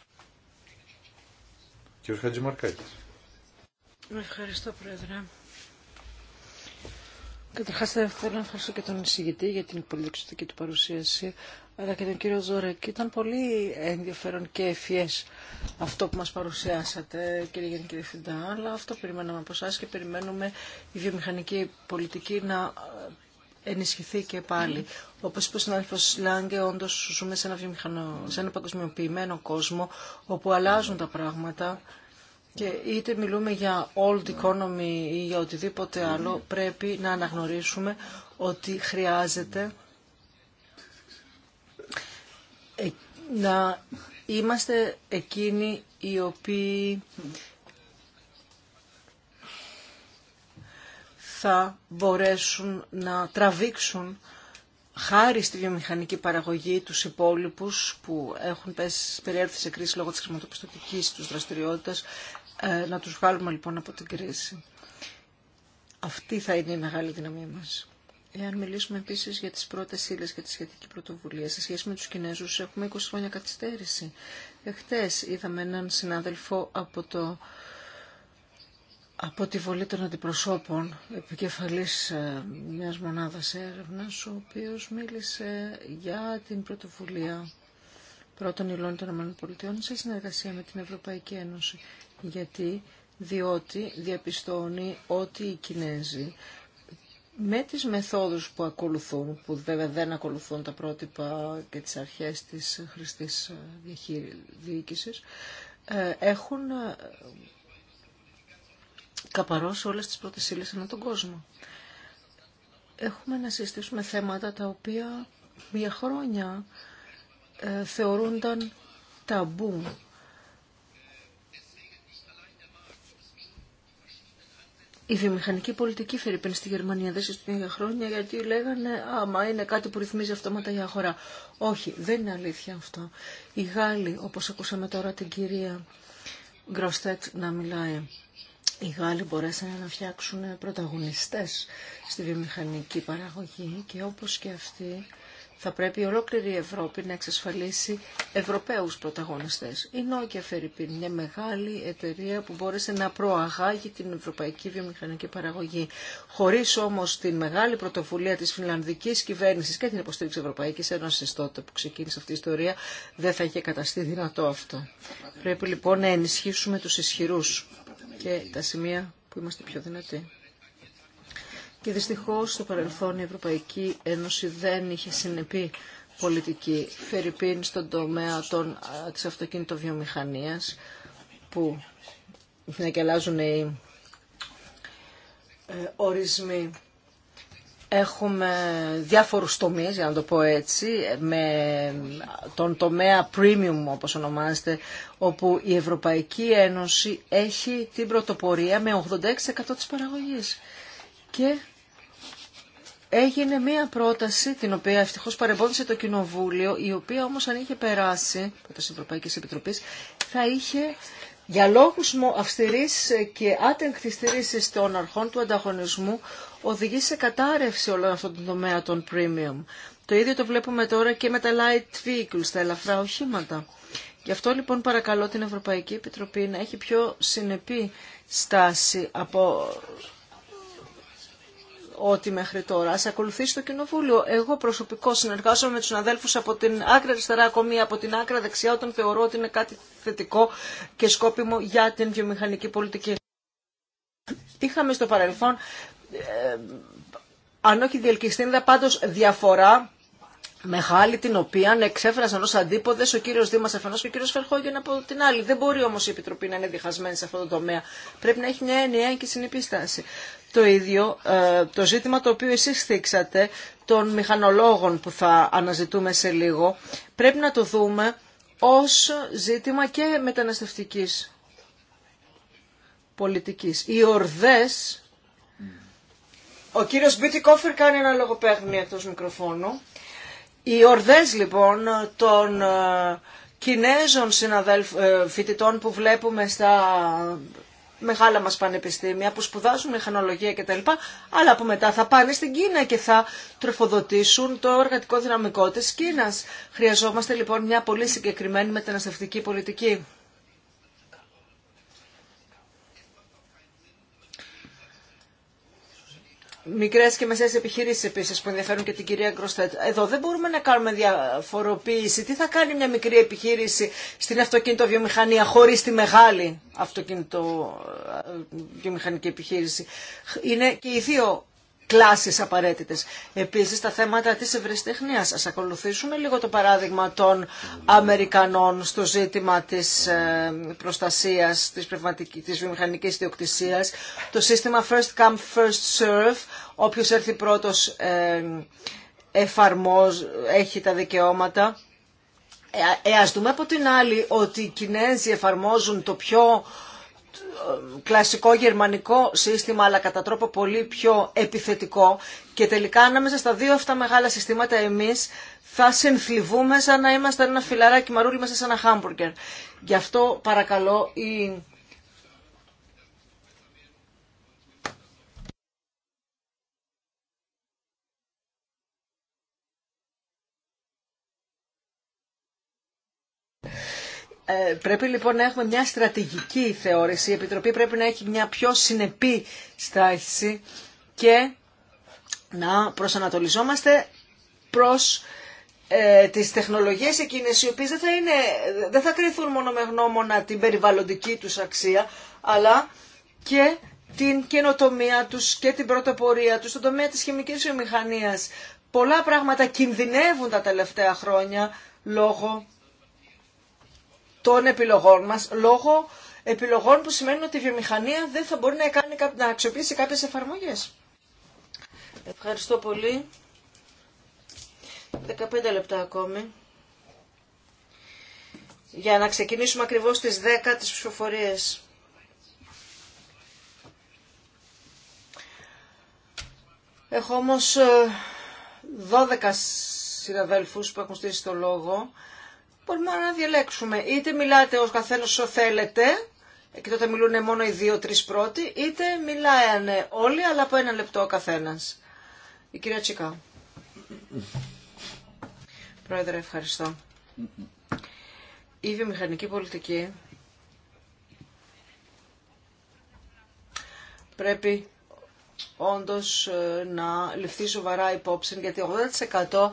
Κύριος Χατζημαρκάκης. Ευχαριστώ, Πρόεδρε. Καταρχά, θέλω να ευχαριστώ και τον εισηγητή για την πολιτιστική του παρουσίαση, αλλά και τον κύριο Ζωρεκ. Ήταν πολύ ενδιαφέρον και ευφιέ αυτό που μα παρουσιάσατε, κύριε Γενική Διευθυντά, αλλά αυτό περιμέναμε από εσά και περιμένουμε η βιομηχανική πολιτική να ενισχυθεί και πάλι. Όπως είπε ο συνάδελφος Λάγκε, όντω ζούμε σε ένα, βιομηχανό, σε ένα παγκοσμιοποιημένο κόσμο όπου αλλάζουν τα πράγματα και είτε μιλούμε για old economy ή για οτιδήποτε άλλο, πρέπει να αναγνωρίσουμε ότι χρειάζεται ε, να είμαστε εκείνοι οι οποίοι θα μπορέσουν να τραβήξουν χάρη στη βιομηχανική παραγωγή τους υπόλοιπους που έχουν πέσει, περιέρθει σε κρίση λόγω της χρηματοπιστωτικής τους δραστηριότητας, ε, να τους βγάλουμε λοιπόν από την κρίση. Αυτή θα είναι η μεγάλη δύναμή μας. Εάν μιλήσουμε επίση για τι πρώτε ύλε και τη σχετική πρωτοβουλία, σε σχέση με του Κινέζου, έχουμε 20 χρόνια καθυστέρηση. Εχθέ είδαμε έναν συνάδελφο από το από τη βολή των αντιπροσώπων επικεφαλής ε, μιας μονάδας έρευνας, ο οποίος μίλησε για την πρωτοβουλία πρώτων υλών των ΗΠΑ σε συνεργασία με την Ευρωπαϊκή Ένωση. Γιατί, διότι διαπιστώνει ότι οι Κινέζοι με τις μεθόδους που ακολουθούν, που βέβαια δεν ακολουθούν τα πρότυπα και τις αρχές της χρηστής ε, διοίκησης, ε, έχουν καπαρώσει όλες τις πρώτες ύλες ανά τον κόσμο. Έχουμε να συζητήσουμε θέματα τα οποία για χρόνια ε, θεωρούνταν ταμπού. Η βιομηχανική πολιτική Φερρυπέν στη Γερμανία δεν συζητούν για χρόνια γιατί λέγανε άμα είναι κάτι που ρυθμίζει αυτόματα η αγορά. Όχι, δεν είναι αλήθεια αυτό. Οι Γάλλοι, όπως ακούσαμε τώρα την κυρία Γκροστέτ να μιλάει, οι Γάλλοι μπορέσαν να φτιάξουν πρωταγωνιστές στη βιομηχανική παραγωγή και όπως και αυτοί θα πρέπει η ολόκληρη Ευρώπη να εξασφαλίσει Ευρωπαίους πρωταγωνιστές. Η Νόκια Φερρυπίν, μια μεγάλη εταιρεία που μπόρεσε να προαγάγει την ευρωπαϊκή βιομηχανική παραγωγή. Χωρίς όμως την μεγάλη πρωτοβουλία της φιλανδικής κυβέρνησης και την υποστήριξη Ευρωπαϊκής Ένωσης τότε που ξεκίνησε αυτή η ιστορία, δεν θα είχε καταστεί δυνατό αυτό. Πρέπει λοιπόν να ενισχύσουμε τους ισχυρούς και τα σημεία που είμαστε πιο δυνατοί. Και δυστυχώς στο παρελθόν η Ευρωπαϊκή Ένωση δεν είχε συνεπή πολιτική φερρυπίν στον τομέα των, της βιομηχανιας που να οι ε, ορισμοί Έχουμε διάφορους τομείς, για να το πω έτσι, με τον τομέα premium όπως ονομάζεται, όπου η Ευρωπαϊκή Ένωση έχει την πρωτοπορία με 86% της παραγωγής. Και έγινε μία πρόταση, την οποία ευτυχώς παρεμπόδισε το Κοινοβούλιο, η οποία όμως αν είχε περάσει, πρόταση Ευρωπαϊκές Επιτροπές, θα είχε για λόγους αυστηρής και άτεγκτης των αρχών του ανταγωνισμού οδηγεί σε κατάρρευση όλων αυτών των τομέα των premium. Το ίδιο το βλέπουμε τώρα και με τα light vehicles, τα ελαφρά οχήματα. Γι' αυτό λοιπόν παρακαλώ την Ευρωπαϊκή Επιτροπή να έχει πιο συνεπή στάση από ό,τι μέχρι τώρα. Ας ακολουθήσει το Κοινοβούλιο. Εγώ προσωπικό συνεργάζομαι με τους αδέλφους από την άκρα αριστερά ακόμη, από την άκρα δεξιά, όταν θεωρώ ότι είναι κάτι θετικό και σκόπιμο για την βιομηχανική πολιτική. Είχαμε στο παρελθόν ε, αν όχι διελκυστίνδα, πάντως διαφορά μεγάλη την οποία ναι, εξέφρασαν ως αντίποδες ο κύριος Δήμας Αφενός και ο κύριος Φερχόγεν από την άλλη. Δεν μπορεί όμως η Επιτροπή να είναι διχασμένη σε αυτό το τομέα. Πρέπει να έχει μια ενιαία και συνεπίσταση. Το ίδιο ε, το ζήτημα το οποίο εσείς θίξατε των μηχανολόγων που θα αναζητούμε σε λίγο πρέπει να το δούμε ως ζήτημα και μεταναστευτικής πολιτικής. Οι ορδές ο κύριος Κόφερ κάνει ένα λογοπαίγνιο εκτός μικροφώνου. Οι ορδές λοιπόν των ε, Κινέζων ε, φοιτητών που βλέπουμε στα μεγάλα μας πανεπιστήμια που σπουδάζουν μηχανολογία κτλ. Αλλά που μετά θα πάνε στην Κίνα και θα τροφοδοτήσουν το εργατικό δυναμικό της Κίνας. Χρειαζόμαστε λοιπόν μια πολύ συγκεκριμένη μεταναστευτική πολιτική. Μικρές και μεσαίες επιχειρήσεις επίσης που ενδιαφέρουν και την κυρία Γκροστέτ. Εδώ δεν μπορούμε να κάνουμε διαφοροποίηση. Τι θα κάνει μια μικρή επιχείρηση στην αυτοκίνητο-βιομηχανία χωρίς τη μεγάλη αυτοκινητο αυτοκίνητο-βιομηχανική ε, επιχείρηση. Είναι και οι δύο κλάσεις απαραίτητες. Επίσης τα θέματα της ευρεσιτεχνίας. Ας ακολουθήσουμε λίγο το παράδειγμα των Αμερικανών στο ζήτημα της ε, προστασίας της, της βιομηχανικής Το σύστημα first come, first serve, οποίο έρθει πρώτος ε, εφαρμόζει, έχει τα δικαιώματα. Ε, ε, ας δούμε από την άλλη ότι οι Κινέζοι εφαρμόζουν το πιο κλασικό γερμανικό σύστημα αλλά κατά τρόπο πολύ πιο επιθετικό και τελικά ανάμεσα στα δύο αυτά μεγάλα συστήματα εμείς θα συνθλιβούμε σαν να είμαστε ένα φιλαράκι μαρούλι μέσα σε ένα χάμπουργκερ. Γι' αυτό παρακαλώ η Ε, πρέπει λοιπόν να έχουμε μια στρατηγική θεώρηση. Η Επιτροπή πρέπει να έχει μια πιο συνεπή στάση και να προσανατολισόμαστε προς ε, τις τεχνολογίες εκείνες οι οποίες δεν θα, είναι, δεν θα κρυθούν μόνο με γνώμονα την περιβαλλοντική τους αξία, αλλά και την καινοτομία τους και την πρωτοπορία τους στον τομέα της χημικής βιομηχανίας. Πολλά πράγματα κινδυνεύουν τα τελευταία χρόνια λόγω των επιλογών μας λόγω επιλογών που σημαίνει ότι η βιομηχανία δεν θα μπορεί να, κάνει, να αξιοποιήσει κάποιες εφαρμογές. Ευχαριστώ πολύ. 15 λεπτά ακόμη. Για να ξεκινήσουμε ακριβώς τις 10 τις ψηφοφορίες. Έχω όμως 12 ε, συναδέλφους που έχουν στήσει το λόγο μπορούμε να διαλέξουμε. Είτε μιλάτε ως καθένας όσο θέλετε, και τότε μιλούν μόνο οι δυο τρει πρώτοι, είτε μιλάνε όλοι, αλλά από ένα λεπτό ο καθένας. Η κυρία Τσικά. Πρόεδρε, ευχαριστώ. Η βιομηχανική πολιτική πρέπει όντως ε, να ληφθεί σοβαρά υπόψη, γιατί 80%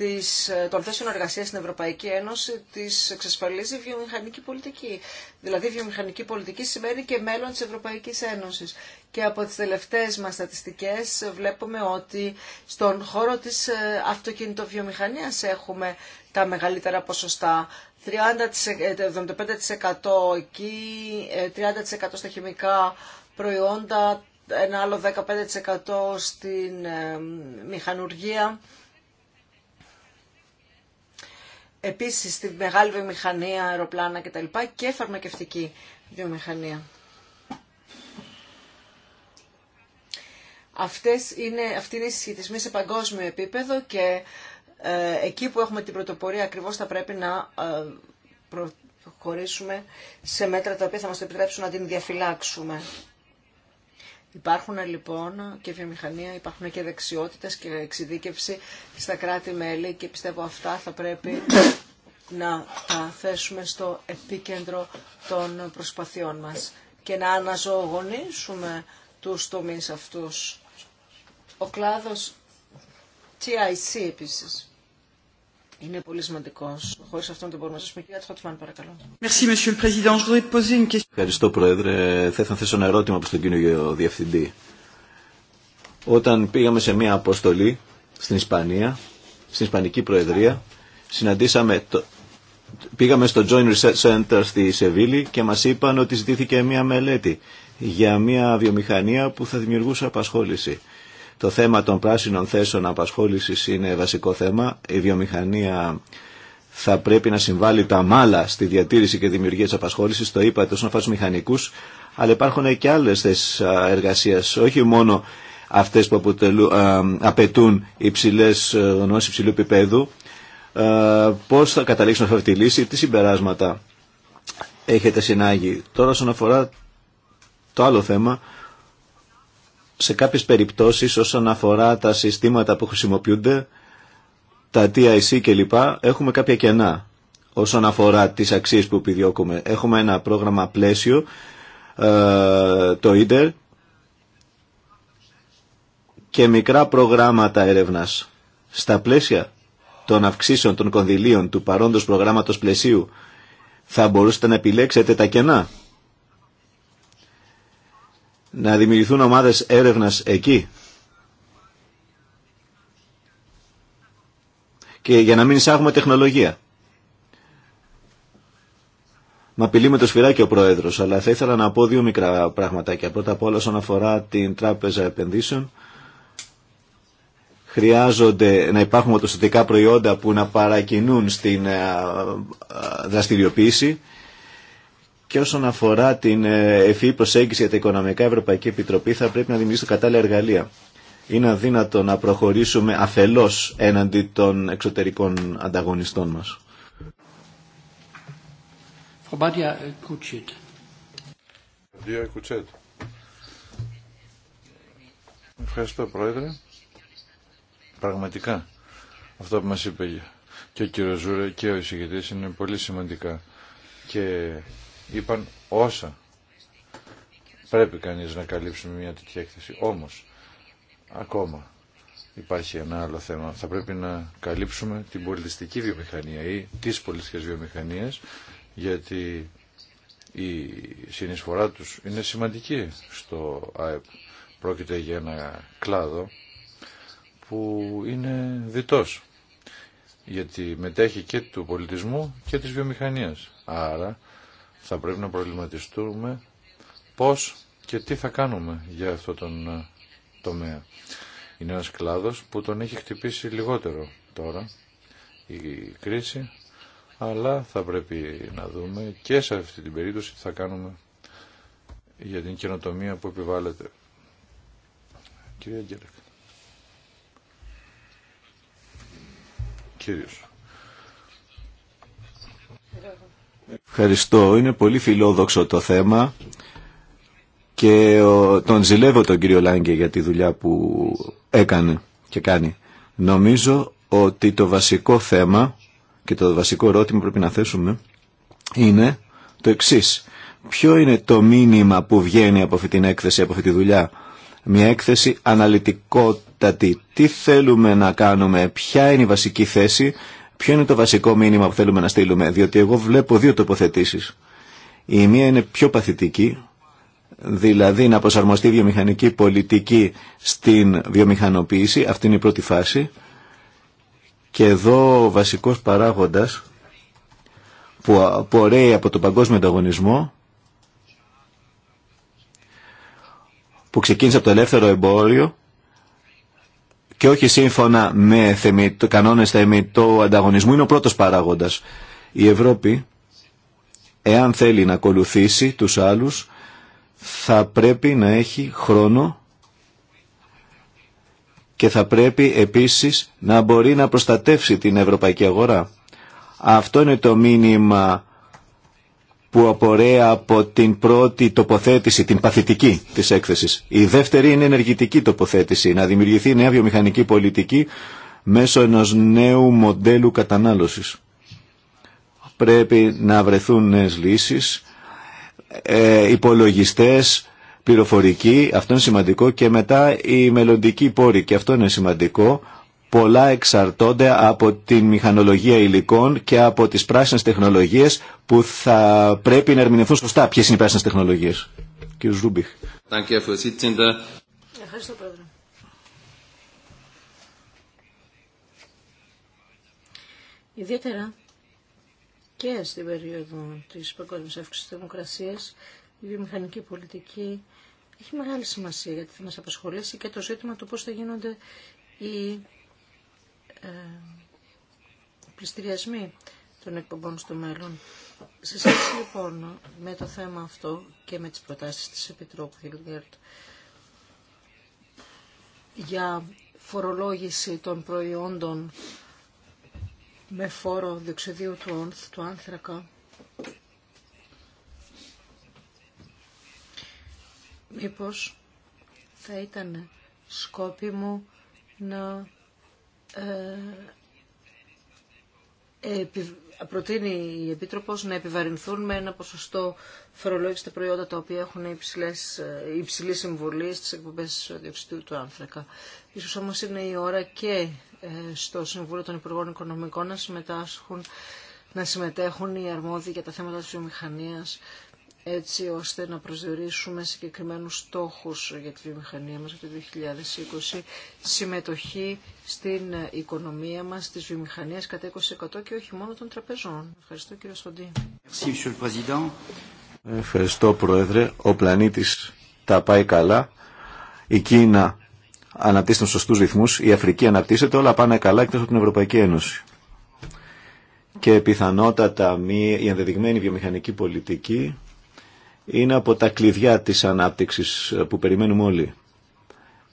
της, των θέσεων εργασία στην Ευρωπαϊκή Ένωση τις εξασφαλίζει βιομηχανική πολιτική. Δηλαδή βιομηχανική πολιτική σημαίνει και μέλλον τη Ευρωπαϊκής Ένωσης. Και από τις τελευταίες μα στατιστικές βλέπουμε ότι στον χώρο της ε, αυτοκινητοβιομηχανίας έχουμε τα μεγαλύτερα ποσοστά. 30, 75% ε, εκεί, 30% ε, στα χημικά προϊόντα, ένα άλλο 15% στην μηχανουργία επίσης στη μεγάλη βιομηχανία, αεροπλάνα κτλ. και φαρμακευτική βιομηχανία. Αυτές είναι, αυτοί είναι οι συσχετισμοί σε παγκόσμιο επίπεδο και ε, εκεί που έχουμε την πρωτοπορία ακριβώς θα πρέπει να ε, προχωρήσουμε σε μέτρα τα οποία θα μας επιτρέψουν να την διαφυλάξουμε. Υπάρχουν λοιπόν και βιομηχανία, υπάρχουν και δεξιότητες και εξειδίκευση στα κράτη-μέλη και πιστεύω αυτά θα πρέπει να τα θέσουμε στο επίκεντρο των προσπαθειών μας και να αναζωογονήσουμε τους τομείς αυτούς. Ο κλάδος TIC επίσης είναι πολύ σημαντικό. Χωρί αυτόν δεν μπορούμε να πούμε. Κυρία Τρότμαν, παρακαλώ. Ευχαριστώ, Πρόεδρε. Θα ήθελα να θέσω ένα ερώτημα προ τον κύριο Διευθυντή. Όταν πήγαμε σε μία αποστολή στην Ισπανία, στην Ισπανική Προεδρία, συναντήσαμε πήγαμε στο Joint Research Center στη Σεβίλη και μας είπαν ότι ζητήθηκε μία μελέτη για μία βιομηχανία που θα δημιουργούσε απασχόληση. Το θέμα των πράσινων θέσεων απασχόλησης είναι βασικό θέμα. Η βιομηχανία θα πρέπει να συμβάλλει τα μάλα στη διατήρηση και δημιουργία της απασχόλησης. Το είπατε όσον αφορά μηχανικούς, αλλά υπάρχουν και άλλες θέσεις εργασίας, όχι μόνο αυτές που αποτελούν, α, απαιτούν υψηλές ε, γνώσεις υψηλού επίπεδου. Ε, πώς θα καταλήξουν αυτή τη λύση, τι συμπεράσματα έχετε συνάγει. Τώρα όσον αφορά το άλλο θέμα, σε κάποιες περιπτώσεις όσον αφορά τα συστήματα που χρησιμοποιούνται, τα TIC κλπ, έχουμε κάποια κενά όσον αφορά τις αξίες που επιδιώκουμε. Έχουμε ένα πρόγραμμα πλαίσιο, ε, το ΙΝΤΕΡ, και μικρά προγράμματα έρευνας. Στα πλαίσια των αυξήσεων των κονδυλίων του παρόντος προγράμματος πλαισίου θα μπορούσατε να επιλέξετε τα κενά να δημιουργηθούν ομάδες έρευνας εκεί. Και για να μην εισάγουμε τεχνολογία. Μα απειλεί με το σφυράκι ο Πρόεδρος, αλλά θα ήθελα να πω δύο μικρά πραγματάκια. Πρώτα απ' όλα όσον αφορά την Τράπεζα Επενδύσεων, χρειάζονται να υπάρχουν οτοστατικά προϊόντα που να παρακινούν στην ε, ε, δραστηριοποίηση και όσον αφορά την ε, ευφυή προσέγγιση για τα οικονομικά, Ευρωπαϊκή Επιτροπή θα πρέπει να δημιουργήσει κατάλληλα εργαλεία. Είναι αδύνατο να προχωρήσουμε αφελώ έναντι των εξωτερικών ανταγωνιστών μας. Ευχαριστώ Πρόεδρε. Πραγματικά αυτό που μας είπε και ο κύριος Ζούρε και ο εισηγητής είναι πολύ σημαντικά και είπαν όσα πρέπει κανείς να καλύψουμε μια τέτοια έκθεση. Όμως, ακόμα υπάρχει ένα άλλο θέμα. Θα πρέπει να καλύψουμε την πολιτιστική βιομηχανία ή τις πολιτιστικές βιομηχανίες, γιατί η συνεισφορά τους είναι σημαντική στο ΑΕΠ. Πρόκειται για ένα κλάδο που είναι διτός, γιατί μετέχει και του πολιτισμού και της βιομηχανίας. Άρα θα πρέπει να προβληματιστούμε πώς και τι θα κάνουμε για αυτό τον ε, τομέα. Είναι ένας κλάδος που τον έχει χτυπήσει λιγότερο τώρα η κρίση, αλλά θα πρέπει να δούμε και σε αυτή την περίπτωση τι θα κάνουμε για την καινοτομία που επιβάλλεται. Κύριε Αγγέλεκ. Κύριος. Ευχαριστώ. Είναι πολύ φιλόδοξο το θέμα και τον ζηλεύω τον κύριο Λάγκε για τη δουλειά που έκανε και κάνει. Νομίζω ότι το βασικό θέμα και το βασικό ερώτημα που πρέπει να θέσουμε είναι το εξή. Ποιο είναι το μήνυμα που βγαίνει από αυτή την έκθεση, από αυτή τη δουλειά. Μια έκθεση αναλυτικότατη. Τι θέλουμε να κάνουμε, ποια είναι η βασική θέση Ποιο είναι το βασικό μήνυμα που θέλουμε να στείλουμε, διότι εγώ βλέπω δύο τοποθετήσεις. Η μία είναι πιο παθητική, δηλαδή να προσαρμοστεί η βιομηχανική πολιτική στην βιομηχανοποίηση, αυτή είναι η πρώτη φάση. Και εδώ ο βασικός παράγοντας που απορρέει από τον παγκόσμιο ανταγωνισμό που ξεκίνησε από το ελεύθερο εμπόριο και όχι σύμφωνα με θεμητό, κανόνες θεμητό ανταγωνισμού είναι ο πρώτος παράγοντας. Η Ευρώπη, εάν θέλει να ακολουθήσει τους άλλους, θα πρέπει να έχει χρόνο και θα πρέπει επίσης να μπορεί να προστατεύσει την ευρωπαϊκή αγορά. Αυτό είναι το μήνυμα που απορρέει από την πρώτη τοποθέτηση, την παθητική της έκθεσης. Η δεύτερη είναι ενεργητική τοποθέτηση, να δημιουργηθεί νέα βιομηχανική πολιτική μέσω ενός νέου μοντέλου κατανάλωσης. Πρέπει να βρεθούν νέες λύσεις, ε, υπολογιστές, πληροφορική, αυτό είναι σημαντικό και μετά η μελλοντική πόρη και αυτό είναι σημαντικό πολλά εξαρτώνται από τη μηχανολογία υλικών και από τις πράσινες τεχνολογίες που θα πρέπει να ερμηνευθούν σωστά. Ποιες είναι οι πράσινες τεχνολογίες. Κύριος Ρούμπιχ. Ευχαριστώ πρόεδρε. Ιδιαίτερα και στην περίοδο της παγκόσμιας αύξησης της δημοκρασίας η βιομηχανική πολιτική έχει μεγάλη σημασία γιατί θα μας απασχολήσει και το ζήτημα του πώς θα γίνονται οι ε, πληστηριασμοί των εκπομπών στο μέλλον. Σε σχέση λοιπόν με το θέμα αυτό και με τις προτάσεις της Επιτρόπου για φορολόγηση των προϊόντων με φόρο διοξιδίου του, του άνθρακα, μήπως θα ήταν σκόπιμο να ε, προτείνει η Επίτροπος να επιβαρυνθούν με ένα ποσοστό φορολόγηση τα προϊόντα τα οποία έχουν υψηλές, ε, υψηλή συμβολή στις εκπομπές διοξιδίου του άνθρακα. Ίσως όμως είναι η ώρα και ε, στο Συμβούλιο των Υπουργών Οικονομικών να συμμετάσχουν να συμμετέχουν οι αρμόδιοι για τα θέματα της βιομηχανίας έτσι ώστε να προσδιορίσουμε συγκεκριμένους στόχους για τη βιομηχανία μας από το 2020, συμμετοχή στην οικονομία μας, της βιομηχανίας κατά 20% και όχι μόνο των τραπεζών. Ευχαριστώ κύριο Σοντή. Ευχαριστώ Πρόεδρε. Ο πλανήτης τα πάει καλά. Η Κίνα αναπτύσσεται στους σωστούς ρυθμούς, η Αφρική αναπτύσσεται, όλα πάνε καλά εκτός από την Ευρωπαϊκή Ένωση. Και πιθανότατα η ενδεδειγμένη βιομηχανική πολιτική είναι από τα κλειδιά της ανάπτυξης που περιμένουμε όλοι.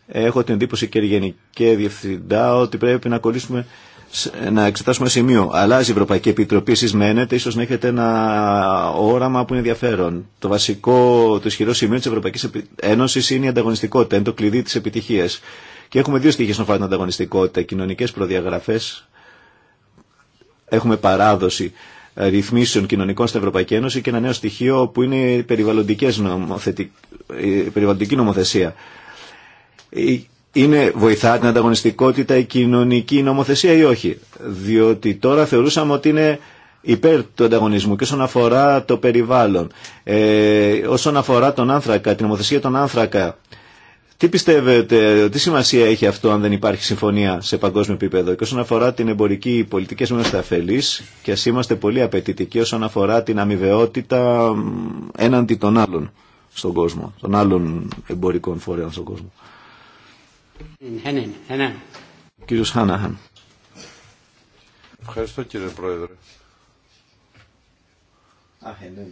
Έχω την εντύπωση και γενική διευθυντά ότι πρέπει να κολλήσουμε να εξετάσουμε σημείο. Αλλάζει η Ευρωπαϊκή Επιτροπή, εσείς μένετε, ίσως να έχετε ένα όραμα που είναι ενδιαφέρον. Το βασικό, το ισχυρό σημείο της Ευρωπαϊκής Ένωσης είναι η ανταγωνιστικότητα, είναι το κλειδί της επιτυχίας. Και έχουμε δύο να στον την ανταγωνιστικότητα, κοινωνικές προδιαγραφές, έχουμε παράδοση ρυθμίσεων κοινωνικών στην Ευρωπαϊκή Ένωση και ένα νέο στοιχείο που είναι η νομοθετικ... περιβαλλοντική νομοθεσία. Είναι, βοηθά την ανταγωνιστικότητα η κοινωνική νομοθεσία ή όχι. Διότι τώρα θεωρούσαμε ότι είναι υπέρ του ανταγωνισμού και όσον αφορά το περιβάλλον, ε, όσον αφορά τον άνθρακα, την νομοθεσία των άνθρακα, τι πιστεύετε, τι σημασία έχει αυτό αν δεν υπάρχει συμφωνία σε παγκόσμιο επίπεδο και όσον αφορά την εμπορική πολιτική μας είμαστε αφελείς και ας είμαστε πολύ απαιτητικοί όσον αφορά την αμοιβαιότητα έναντι των άλλων στον κόσμο, των άλλων εμπορικών φορέων στον κόσμο. Κύριος Χάναχαν. Ευχαριστώ κύριε Πρόεδρε. Ε, ναι,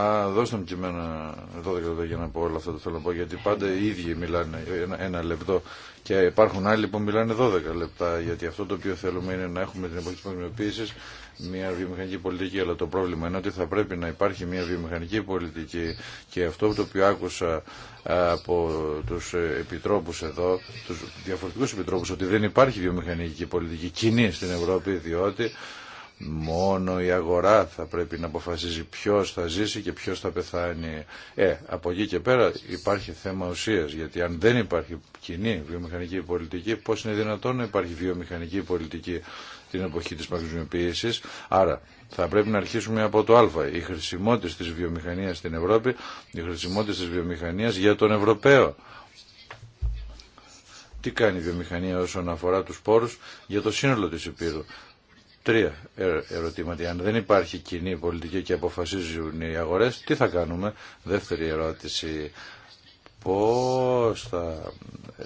α, δώστε μου και εμένα 12 λεπτά για να πω όλο αυτό το θέλω να πω, γιατί πάντα οι ίδιοι μιλάνε ένα, ένα λεπτό και υπάρχουν άλλοι που μιλάνε 12 λεπτά, γιατί αυτό το οποίο θέλουμε είναι να έχουμε την εποχή της παγκοσμιοποίησης μια βιομηχανική πολιτική, αλλά το πρόβλημα είναι ότι θα πρέπει να υπάρχει μια βιομηχανική πολιτική και αυτό το οποίο άκουσα από του επιτρόπους εδώ, τους διαφορετικούς επιτρόπους, ότι δεν υπάρχει βιομηχανική πολιτική κοινή στην Ευρώπη, διότι Μόνο η αγορά θα πρέπει να αποφασίζει ποιος θα ζήσει και ποιος θα πεθάνει. Ε, από εκεί και πέρα υπάρχει θέμα ουσίας, γιατί αν δεν υπάρχει κοινή βιομηχανική πολιτική, πώς είναι δυνατόν να υπάρχει βιομηχανική πολιτική την εποχή της παγκοσμιοποίησης. Άρα θα πρέπει να αρχίσουμε από το Α. Η χρησιμότητα της βιομηχανίας στην Ευρώπη, η χρησιμότητα της βιομηχανίας για τον Ευρωπαίο. Τι κάνει η βιομηχανία όσον αφορά τους πόρους για το σύνολο της Επίρου. Τρία ερωτήματα. Αν δεν υπάρχει κοινή πολιτική και αποφασίζουν οι αγορές, τι θα κάνουμε. Δεύτερη ερώτηση. Πώς θα... Ε,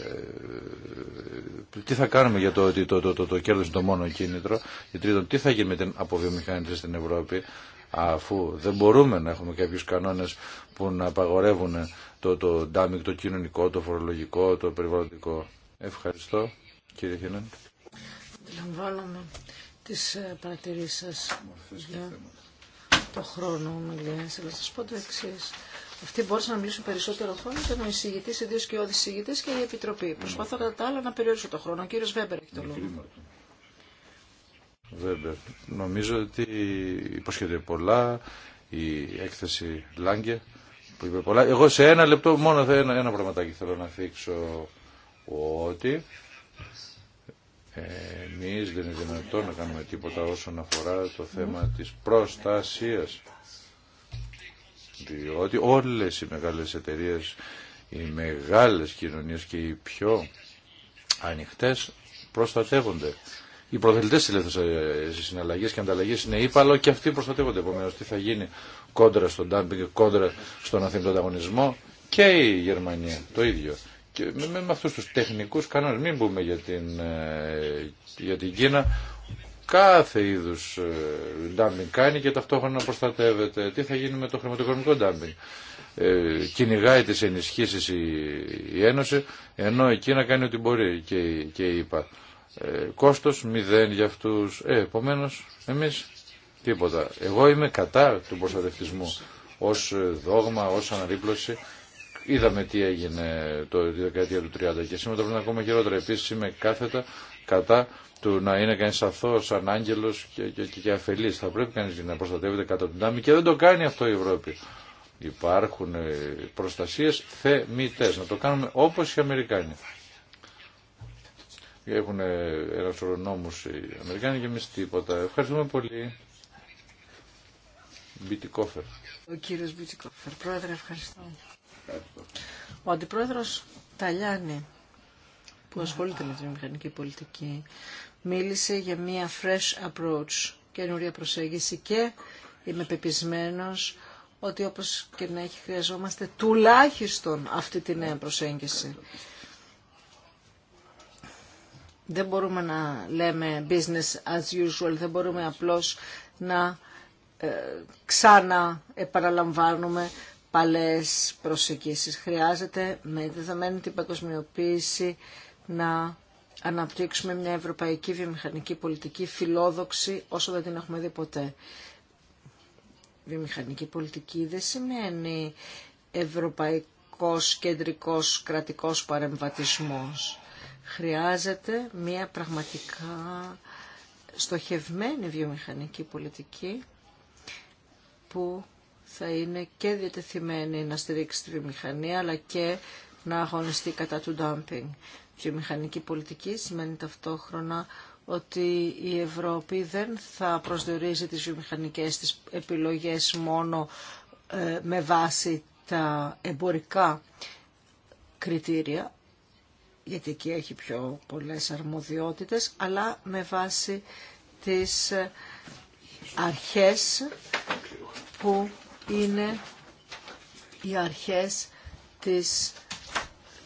τι θα κάνουμε για το ότι το, το, το, κέρδος είναι το μόνο κίνητρο. τρίτον, τι θα γίνει με την αποβιομηχάνηση στην Ευρώπη αφού δεν μπορούμε να έχουμε κάποιους κανόνες που να απαγορεύουν το, το ντάμικ, το κοινωνικό, το φορολογικό, το περιβαλλοντικό. Ευχαριστώ κύριε Χινάν τις ε, παρατηρήσεις σα για το χρόνο ομιλίας. Αλλά σα πω το εξή. Αυτοί μπορούσαν να μιλήσουν περισσότερο χρόνο, ήταν ο εισηγητή, οι δύο σκιώδει εισηγητέ και η Επιτροπή. Ναι. Προσπαθώ κατά τα άλλα να περιορίσω το χρόνο. Ο κύριο Βέμπερ έχει το λόγο. Βέμπερ, νομίζω ότι υποσχέται πολλά η έκθεση Λάγκε που είπε πολλά. Εγώ σε ένα λεπτό μόνο θα ένα, ένα πραγματάκι θέλω να θίξω ότι Εμεί δεν είναι δυνατόν να κάνουμε τίποτα όσον αφορά το θέμα της προστασίας. Διότι όλες οι μεγάλες εταιρείες, οι μεγάλες κοινωνίες και οι πιο ανοιχτές προστατεύονται. Οι προθελητές οι ε, συναλλαγές και ανταλλαγές είναι ύπαλο και αυτοί προστατεύονται. Επομένως τι θα γίνει κόντρα στον ντάμπινγκ, κόντρα στον αθήντο ανταγωνισμό και η Γερμανία το ίδιο και με, με, με αυτούς τους τεχνικούς κανόνες, μην πούμε για την, ε, για την Κίνα, κάθε είδους ντάμπινγκ ε, κάνει και ταυτόχρονα προστατεύεται. Τι θα γίνει με το χρηματοοικονομικό ντάμπινγκ. Ε, κυνηγάει τις ενισχύσεις η, Ένωση, ενώ η Κίνα κάνει ό,τι μπορεί και, και είπα. Ε, κόστος μηδέν για αυτούς. Ε, επομένως, εμείς τίποτα. Εγώ είμαι κατά του προστατευτισμού ως ε, δόγμα, ως αναρρίπλωση Είδαμε τι έγινε το, δεκαετία του 30 και σήμερα το ακόμα χειρότερα. Επίση είμαι κάθετα κατά του να είναι κανεί αθώο, σαν Άγγελο και, και, και Θα πρέπει κανεί να προστατεύεται κατά την τάμη και δεν το κάνει αυτό η Ευρώπη. Υπάρχουν ε, προστασίες θεμητέ. Να το κάνουμε όπω οι Αμερικάνοι. Έχουν ένα σωρό οι Αμερικάνοι και εμεί τίποτα. Ευχαριστούμε πολύ. Μπιτικόφερ. Ο κύριος Μπιτικόφερ. Πρόεδρε, ευχαριστώ. Ο αντιπρόεδρο Ταλιάνη, που ασχολείται με τη μηχανική πολιτική, μίλησε για μια fresh approach, καινούρια προσέγγιση και είμαι πεπισμένο ότι όπως και να έχει χρειαζόμαστε τουλάχιστον αυτή τη νέα προσέγγιση. Δεν μπορούμε να λέμε business as usual, δεν μπορούμε απλώς να ε, ξανά επαναλαμβάνουμε παλές προσεγγίσεις. Χρειάζεται με δεδομένη την παγκοσμιοποίηση να αναπτύξουμε μια ευρωπαϊκή βιομηχανική πολιτική φιλόδοξη όσο δεν την έχουμε δει ποτέ. Βιομηχανική πολιτική δεν σημαίνει ευρωπαϊκός, κεντρικός, κρατικός παρεμβατισμός. Χρειάζεται μια πραγματικά στοχευμένη βιομηχανική πολιτική που θα είναι και διατεθειμένη να στηρίξει τη βιομηχανία αλλά και να αγωνιστεί κατά του ντάμπινγκ. Βιομηχανική πολιτική σημαίνει ταυτόχρονα ότι η Ευρώπη δεν θα προσδιορίζει τις βιομηχανικές της επιλογές μόνο ε, με βάση τα εμπορικά κριτήρια, γιατί εκεί έχει πιο πολλές αρμοδιότητες, αλλά με βάση τις αρχές που είναι οι αρχές της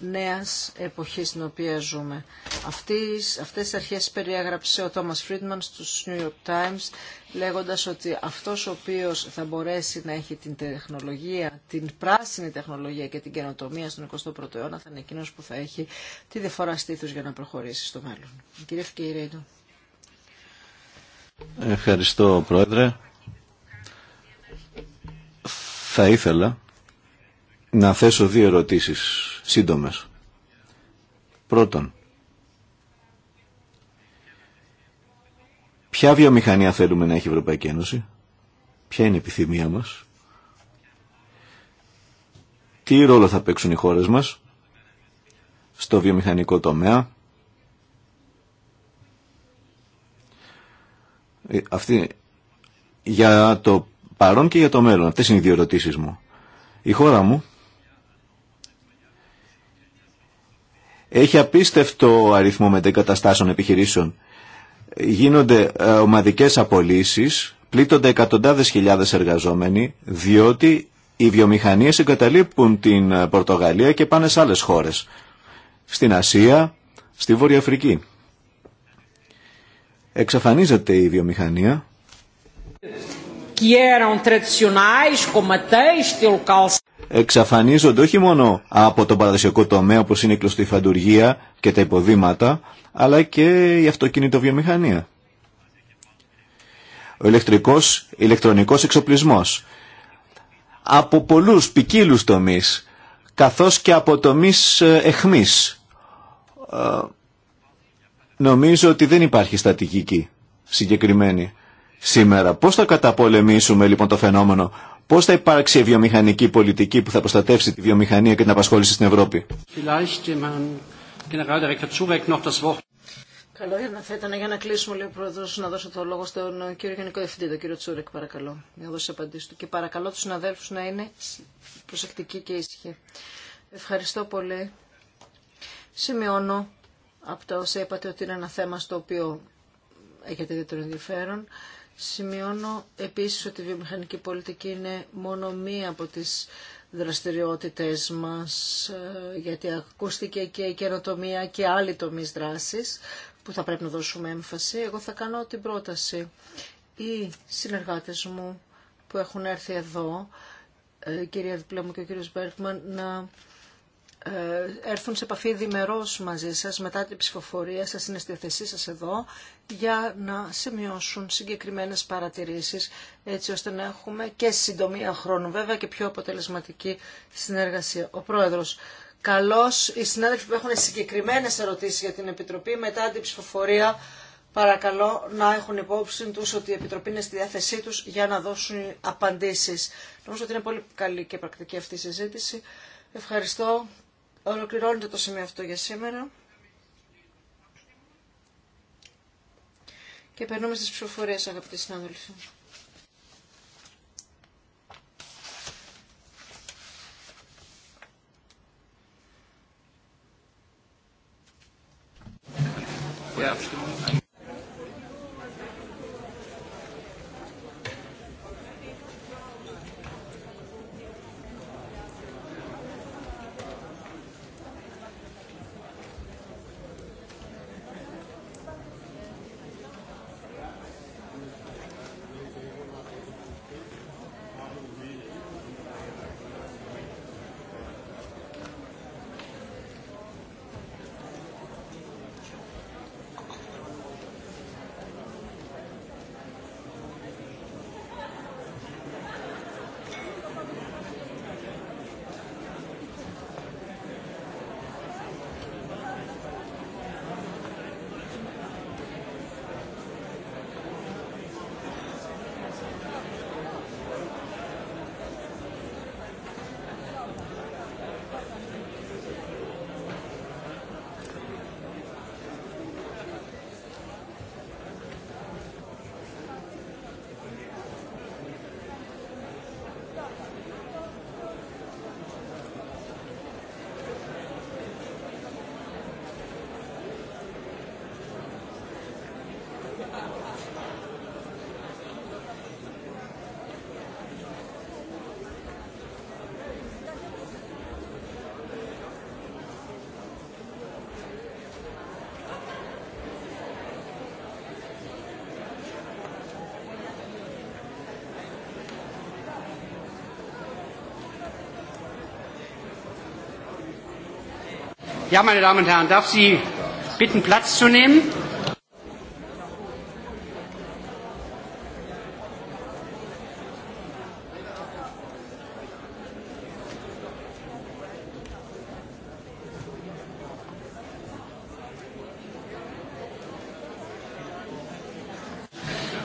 νέας εποχής στην οποία ζούμε. Αυτές, αυτές τις αρχές περιέγραψε ο Τόμας Φρίντμαν στους New York Times λέγοντας ότι αυτός ο οποίος θα μπορέσει να έχει την τεχνολογία, την πράσινη τεχνολογία και την καινοτομία στον 21ο αιώνα θα είναι εκείνος που θα έχει τη διαφορά στήθους για να προχωρήσει στο μέλλον. Κύριε Ευχαριστώ Πρόεδρε. Θα ήθελα να θέσω δύο ερωτήσεις σύντομες. Πρώτον, ποια βιομηχανία θέλουμε να έχει η Ευρωπαϊκή Ένωση, ποια είναι η επιθυμία μας, τι ρόλο θα παίξουν οι χώρες μας στο βιομηχανικό τομέα, ε, αυτή, για το παρόν και για το μέλλον. Αυτές είναι οι δύο ερωτήσει μου. Η χώρα μου έχει απίστευτο αριθμό μετεγκαταστάσεων επιχειρήσεων. Γίνονται ε, ομαδικές απολύσεις, πλήττονται εκατοντάδες χιλιάδες εργαζόμενοι, διότι οι βιομηχανίες εγκαταλείπουν την ε, Πορτογαλία και πάνε σε άλλες χώρες. Στην Ασία, στη Βόρεια Αφρική. Εξαφανίζεται η βιομηχανία que eram tradicionais, como a Εξαφανίζονται όχι μόνο από τον παραδοσιακό τομέα όπως είναι η Φαντουργιά και τα υποδήματα, αλλά και η αυτοκινητοβιομηχανία. Ο ηλεκτρικός, ηλεκτρονικός εξοπλισμός. Από πολλούς ποικίλου τομείς, καθώς και από τομείς ε, εχμής. Ε, νομίζω ότι δεν υπάρχει στατική συγκεκριμένη σήμερα. Πώς θα καταπολεμήσουμε λοιπόν το φαινόμενο, πώς θα υπάρξει η βιομηχανική πολιτική που θα προστατεύσει τη βιομηχανία και την απασχόληση στην Ευρώπη. Καλό ήρθα, να θα ήταν για να κλείσουμε λίγο ο Πρόεδρο να δώσω το λόγο στον ε, κύριο Γενικό Διευθυντή, τον κύριο Τσούρεκ, παρακαλώ, να δώσει απαντήσει του. Και παρακαλώ του συναδέλφου να είναι προσεκτικοί και ήσυχοι. Ευχαριστώ πολύ. Σημειώνω από τα όσα είπατε ότι είναι ένα θέμα στο οποίο έχετε ιδιαίτερο ενδιαφέρον. Σημειώνω επίσης ότι η βιομηχανική πολιτική είναι μόνο μία από τις δραστηριότητες μας, ε, γιατί ακούστηκε και η καινοτομία και άλλοι τομείς δράσης που θα πρέπει να δώσουμε έμφαση. Εγώ θα κάνω την πρόταση. Οι συνεργάτες μου που έχουν έρθει εδώ, ε, κυρία Διπλέμου και ο κύριος Μπέρκμαν, να ε, έρθουν σε επαφή διμερώς μαζί σας μετά την ψηφοφορία σας είναι στη θεσή σας εδώ για να σημειώσουν συγκεκριμένες παρατηρήσεις έτσι ώστε να έχουμε και συντομία χρόνου βέβαια και πιο αποτελεσματική συνεργασία. Ο Πρόεδρος, Καλώ οι συνάδελφοι που έχουν συγκεκριμένε ερωτήσει για την Επιτροπή μετά την ψηφοφορία παρακαλώ να έχουν υπόψη τους ότι η Επιτροπή είναι στη διάθεσή τους για να δώσουν απαντήσεις. Νομίζω ότι είναι πολύ καλή και πρακτική αυτή η συζήτηση. Ευχαριστώ Ολοκληρώνεται το σημείο αυτό για σήμερα. Και περνούμε στις ψηφοφορίες, αγαπητοί συνάδελφοι. Ja, meine Damen und Herren, darf Sie bitten, Platz zu nehmen?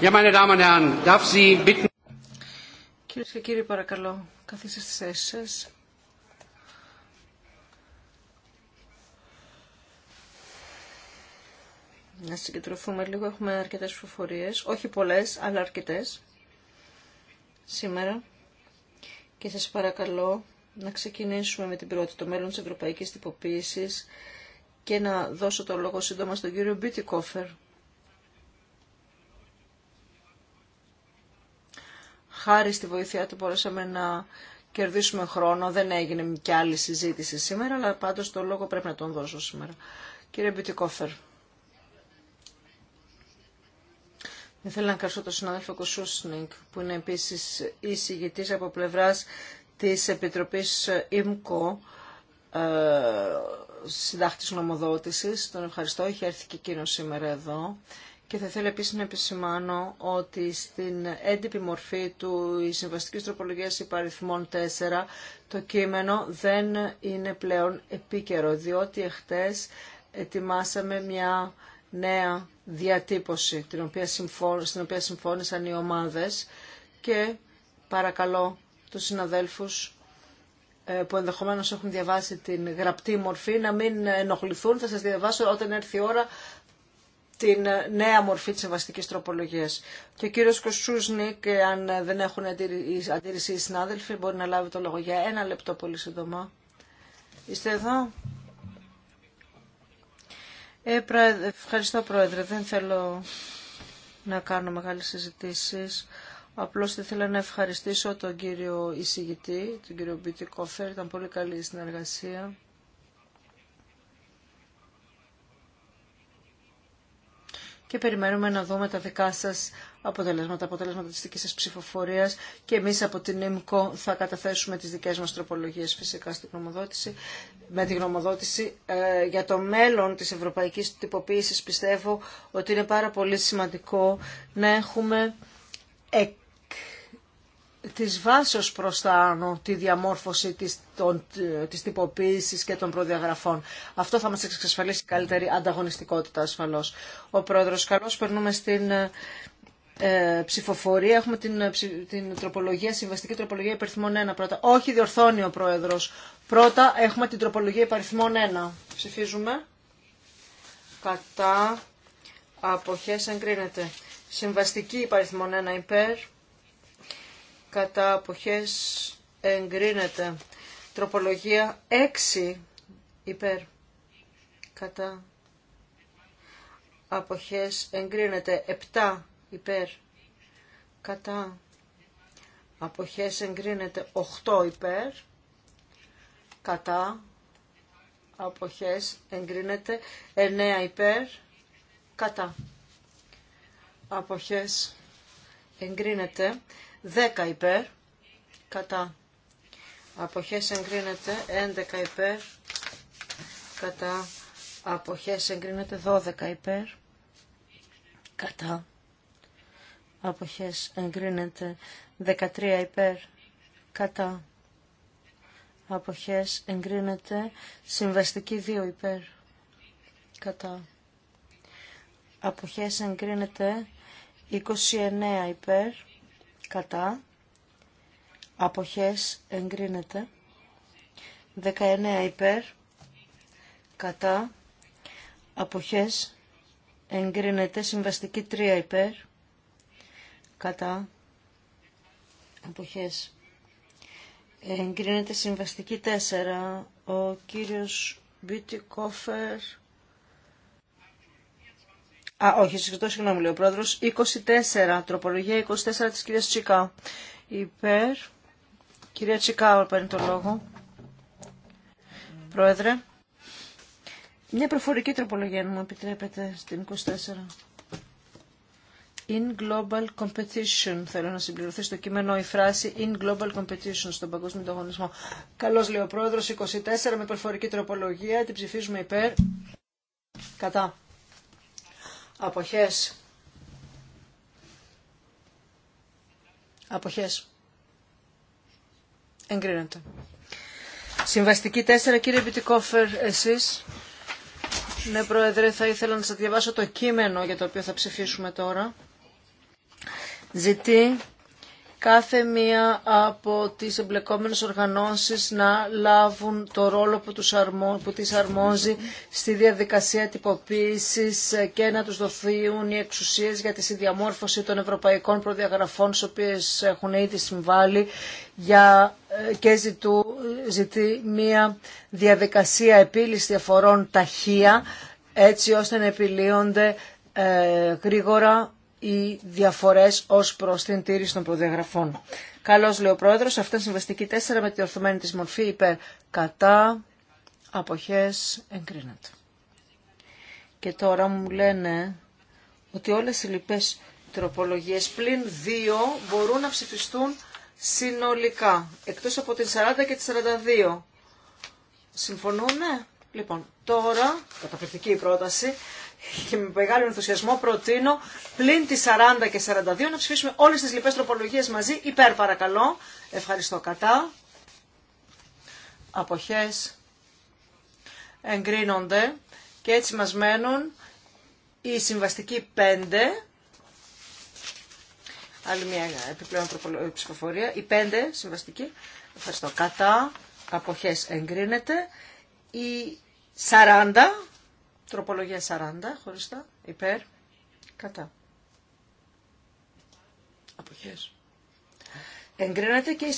Ja, meine Damen und Herren, darf Sie bitten. Κυρίε και κύριοι, παρακαλώ, καθίστε στι θέσει σα. συγκεντρωθούμε λίγο. Έχουμε αρκετές φοφορίες όχι πολλές, αλλά αρκετές σήμερα. Και σας παρακαλώ να ξεκινήσουμε με την πρώτη, το μέλλον της ευρωπαϊκής τυποποίησης και να δώσω το λόγο σύντομα στον κύριο Μπίτικόφερ. Χάρη στη βοήθειά του μπορέσαμε να κερδίσουμε χρόνο. Δεν έγινε κι άλλη συζήτηση σήμερα, αλλά πάντως το λόγο πρέπει να τον δώσω σήμερα. Κύριε Μπιτικόφερ. δεν θέλω να ευχαριστώ τον συνάδελφο Κοσούσνικ, που είναι επίσης εισηγητής από πλευράς της Επιτροπής ΙΜΚΟ, ε, συντάχτης νομοδότησης. Τον ευχαριστώ, έχει έρθει και εκείνο σήμερα εδώ. Και θα ήθελα επίσης να επισημάνω ότι στην έντυπη μορφή του η συμβαστική τροπολογία υπαριθμών 4 το κείμενο δεν είναι πλέον επίκαιρο, διότι εχθές ετοιμάσαμε μια νέα διατύπωση την οποία στην οποία συμφώνησαν οι ομάδες και παρακαλώ τους συναδέλφους ε, που ενδεχομένως έχουν διαβάσει την γραπτή μορφή να μην ενοχληθούν. Θα σας διαβάσω όταν έρθει η ώρα την ε, νέα μορφή της ευαστική τροπολογίας. Και ο κύριος και ε, αν δεν έχουν αντίρρηση οι συνάδελφοι, μπορεί να λάβει το λόγο για ένα λεπτό πολύ σύντομα. Είστε εδώ. Ε, ευχαριστώ Πρόεδρε. Δεν θέλω να κάνω μεγάλες συζητήσεις. Απλώς θέλω ήθελα να ευχαριστήσω τον κύριο εισηγητή, τον κύριο Μπιτικόφερ. Ήταν πολύ καλή η συνεργασία. Και περιμένουμε να δούμε τα δικά σας αποτελέσματα, αποτελέσματα της δικής σας ψηφοφορίας και εμείς από την ΕΜΚΟ θα καταθέσουμε τις δικές μας τροπολογίες φυσικά στην γνωμοδότηση. Με τη γνωμοδότηση ε, για το μέλλον της ευρωπαϊκής τυποποίησης πιστεύω ότι είναι πάρα πολύ σημαντικό να έχουμε εκ της βάσεως προς τα άνω τη διαμόρφωση της, των, της τυποποίησης και των προδιαγραφών. Αυτό θα μας εξασφαλίσει καλύτερη ανταγωνιστικότητα ασφαλώς. Ο Πρόεδρος Καλός, περνούμε στην ε, ψηφοφορία. Έχουμε την, ε, την τροπολογία, συμβαστική τροπολογία υπερθυμών 1 πρώτα. Όχι, διορθώνει ο Πρόεδρος. Πρώτα έχουμε την τροπολογία υπερθυμών 1. Ψηφίζουμε. Κατά. Αποχές εγκρίνεται. Συμβαστική υπερθυμών 1 υπέρ. Κατά. Αποχές εγκρίνεται. Τροπολογία 6 υπέρ. Κατά. Αποχές εγκρίνεται. 7 υπέρ κατά αποχές εγκρίνεται 8 υπέρ κατά αποχές εγκρίνεται 9 υπέρ κατά αποχές εγκρίνεται 10 υπέρ κατά αποχές εγκρίνεται 11 υπέρ κατά αποχές εγκρίνεται 12 υπέρ κατά αποχές εγκρίνεται 13 υπέρ κατά αποχές εγκρίνεται συμβαστική 2 υπέρ κατά αποχές εγκρίνεται 29 υπέρ κατά αποχές εγκρίνεται 19 υπέρ κατά αποχές εγκρίνεται συμβαστική 3 υπέρ κατά εποχές Εγκρίνεται συμβαστική 4. Ο κύριος Κόφερ. Α, όχι, συγγνώμη, λέει ο πρόεδρος. 24, τροπολογία 24 της κυρίας Τσικά. Υπέρ. Κυρία Τσικάου παίρνει το λόγο. Πρόεδρε. Μια προφορική τροπολογία, αν μου επιτρέπετε, στην 24. In global competition. Θέλω να συμπληρωθεί στο κείμενο η φράση in global competition στον παγκόσμιο ανταγωνισμό. Καλώ λέει ο πρόεδρο. 24 με προφορική τροπολογία. Την ψηφίζουμε υπέρ. Κατά. Αποχές. Αποχές. Εγκρίνεται. Συμβαστική 4, κύριε Μπιτικόφερ, εσείς. Ναι, Πρόεδρε, θα ήθελα να σας διαβάσω το κείμενο για το οποίο θα ψηφίσουμε τώρα ζητεί κάθε μία από τις εμπλεκόμενες οργανώσεις να λάβουν το ρόλο που, τους που τις αρμόζει στη διαδικασία τυποποίησης και να τους δοθούν οι εξουσίες για τη συνδιαμόρφωση των ευρωπαϊκών προδιαγραφών στις οποίες έχουν ήδη συμβάλει για... Ε, και ζητού... ζητεί μία διαδικασία επίλυση διαφορών ταχεία έτσι ώστε να επιλύονται ε, γρήγορα οι διαφορέ ως προς την τήρηση των προδιαγραφών. Καλώ λέει ο Αυτή είναι συμβαστική 4 με τη ορθωμένη τη μορφή υπέρ κατά αποχέ, εγκρίνεται. Και τώρα μου λένε ότι όλες οι λοιπέ τροπολογίες πλην 2 μπορούν να ψηφιστούν συνολικά, εκτός από την 40 και τη 42. Συμφωνούν, ναι. Λοιπόν, τώρα, καταπληκτική η πρόταση, και με μεγάλο ενθουσιασμό προτείνω πλην τις 40 και 42 να ψηφίσουμε όλες τις λοιπές τροπολογίες μαζί. Υπέρ παρακαλώ. Ευχαριστώ κατά. Αποχές εγκρίνονται και έτσι μας μένουν η συμβαστική 5 Άλλη μια επιπλέον ε, ψηφοφορία. Η 5 συμβαστική. Ευχαριστώ. Κατά. Αποχές εγκρίνεται. Η 40 Τροπολογία 40, χωριστά, υπέρ, κατά. Αποχές. Εγκρίνεται και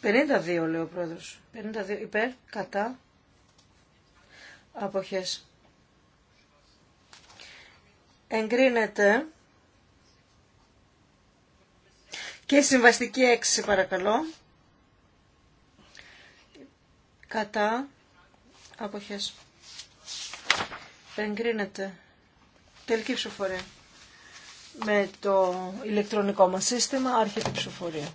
52, λέει ο πρόεδρος. 52, υπέρ, κατά. Αποχές. Εγκρίνεται και συμβαστική 6, παρακαλώ. Κατά. Αποχές. Εγκρίνεται. Τελική ψηφοφορία. Με το ηλεκτρονικό μας σύστημα άρχεται η ψηφοφορία.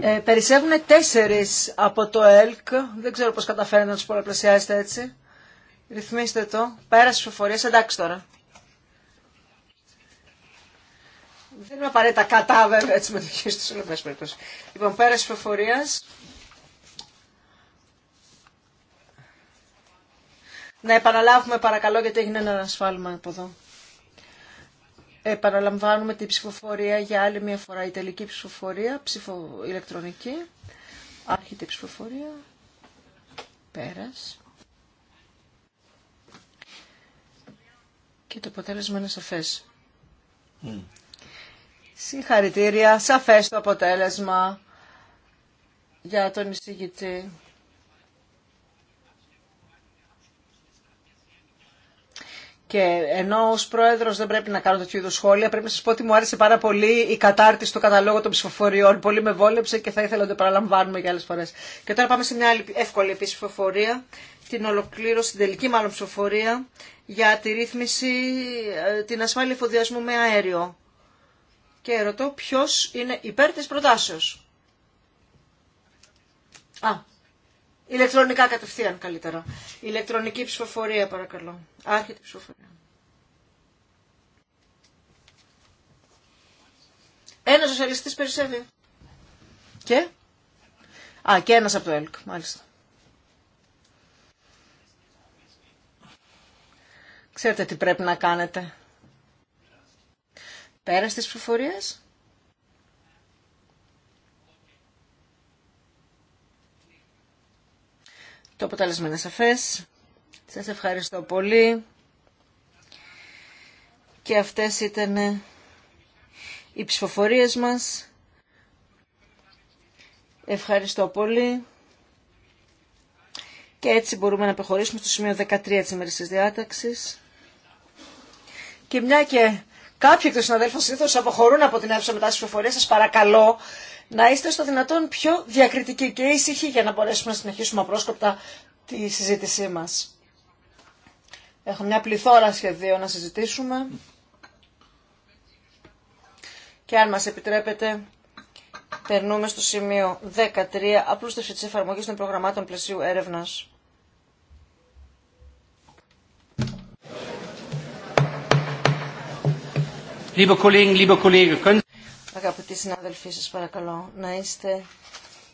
Ε, περισσεύουν τέσσερις από το ΕΛΚ. Δεν ξέρω πώς καταφέρετε να τους πολλαπλασιάσετε έτσι. Ρυθμίστε το. Πέρασε ψηφοφορία. Εντάξει τώρα. Δεν είμαι απαραίτητα κατά βέβαια τη συμμετοχή του, αλλά πα περιπτώσει. Λοιπόν, πέρα τη ψηφοφορία. Να επαναλάβουμε παρακαλώ γιατί έγινε ένα ασφάλμα από εδώ. Επαναλαμβάνουμε την ψηφοφορία για άλλη μια φορά. Η τελική ψηφοφορία, ψηφο ηλεκτρονική. Άρχεται η ψηφοφορία. Πέρας. Και το αποτέλεσμα είναι σαφές. Mm. Συγχαρητήρια, σαφές το αποτέλεσμα για τον εισηγητή. Και ενώ ω πρόεδρο δεν πρέπει να κάνω τέτοιου είδου σχόλια, πρέπει να σα πω ότι μου άρεσε πάρα πολύ η κατάρτιση του καταλόγου των ψηφοφοριών. Πολύ με βόλεψε και θα ήθελα να το παραλαμβάνουμε για άλλε φορέ. Και τώρα πάμε σε μια εύκολη επίση ψηφοφορία, την ολοκλήρωση, την τελική μάλλον ψηφοφορία, για τη ρύθμιση, ε, την ασφάλεια εφοδιασμού με αέριο και ρωτώ ποιος είναι υπέρ της προτάσεως. Α, ηλεκτρονικά κατευθείαν καλύτερα. Ηλεκτρονική ψηφοφορία παρακαλώ. Άρχεται ψηφοφορία. Ένας σοσιαλιστής περισσεύει. Και? Α, και ένας από το ΕΛΚ, μάλιστα. Ξέρετε τι πρέπει να κάνετε. Πέρα στις ψηφοφορίες. Το αποτέλεσμα είναι σαφές. Σας ευχαριστώ πολύ. Και αυτές ήταν οι ψηφοφορίες μας. Ευχαριστώ πολύ. Και έτσι μπορούμε να προχωρήσουμε στο σημείο 13 της της διάταξης. Και μια και Κάποιοι εκ των συναδέλφων συνήθω αποχωρούν από την αίθουσα μετά τι ψηφοφορίε. Σα παρακαλώ να είστε στο δυνατόν πιο διακριτικοί και ήσυχοι για να μπορέσουμε να συνεχίσουμε απρόσκοπτα τη συζήτησή μα. Έχουμε μια πληθώρα σχεδίων να συζητήσουμε. Και αν μας επιτρέπετε, περνούμε στο σημείο 13, απλούστευση της εφαρμογής των προγραμμάτων πλαισίου έρευνας. Αγαπητοί συνάδελφοί, σας παρακαλώ να είστε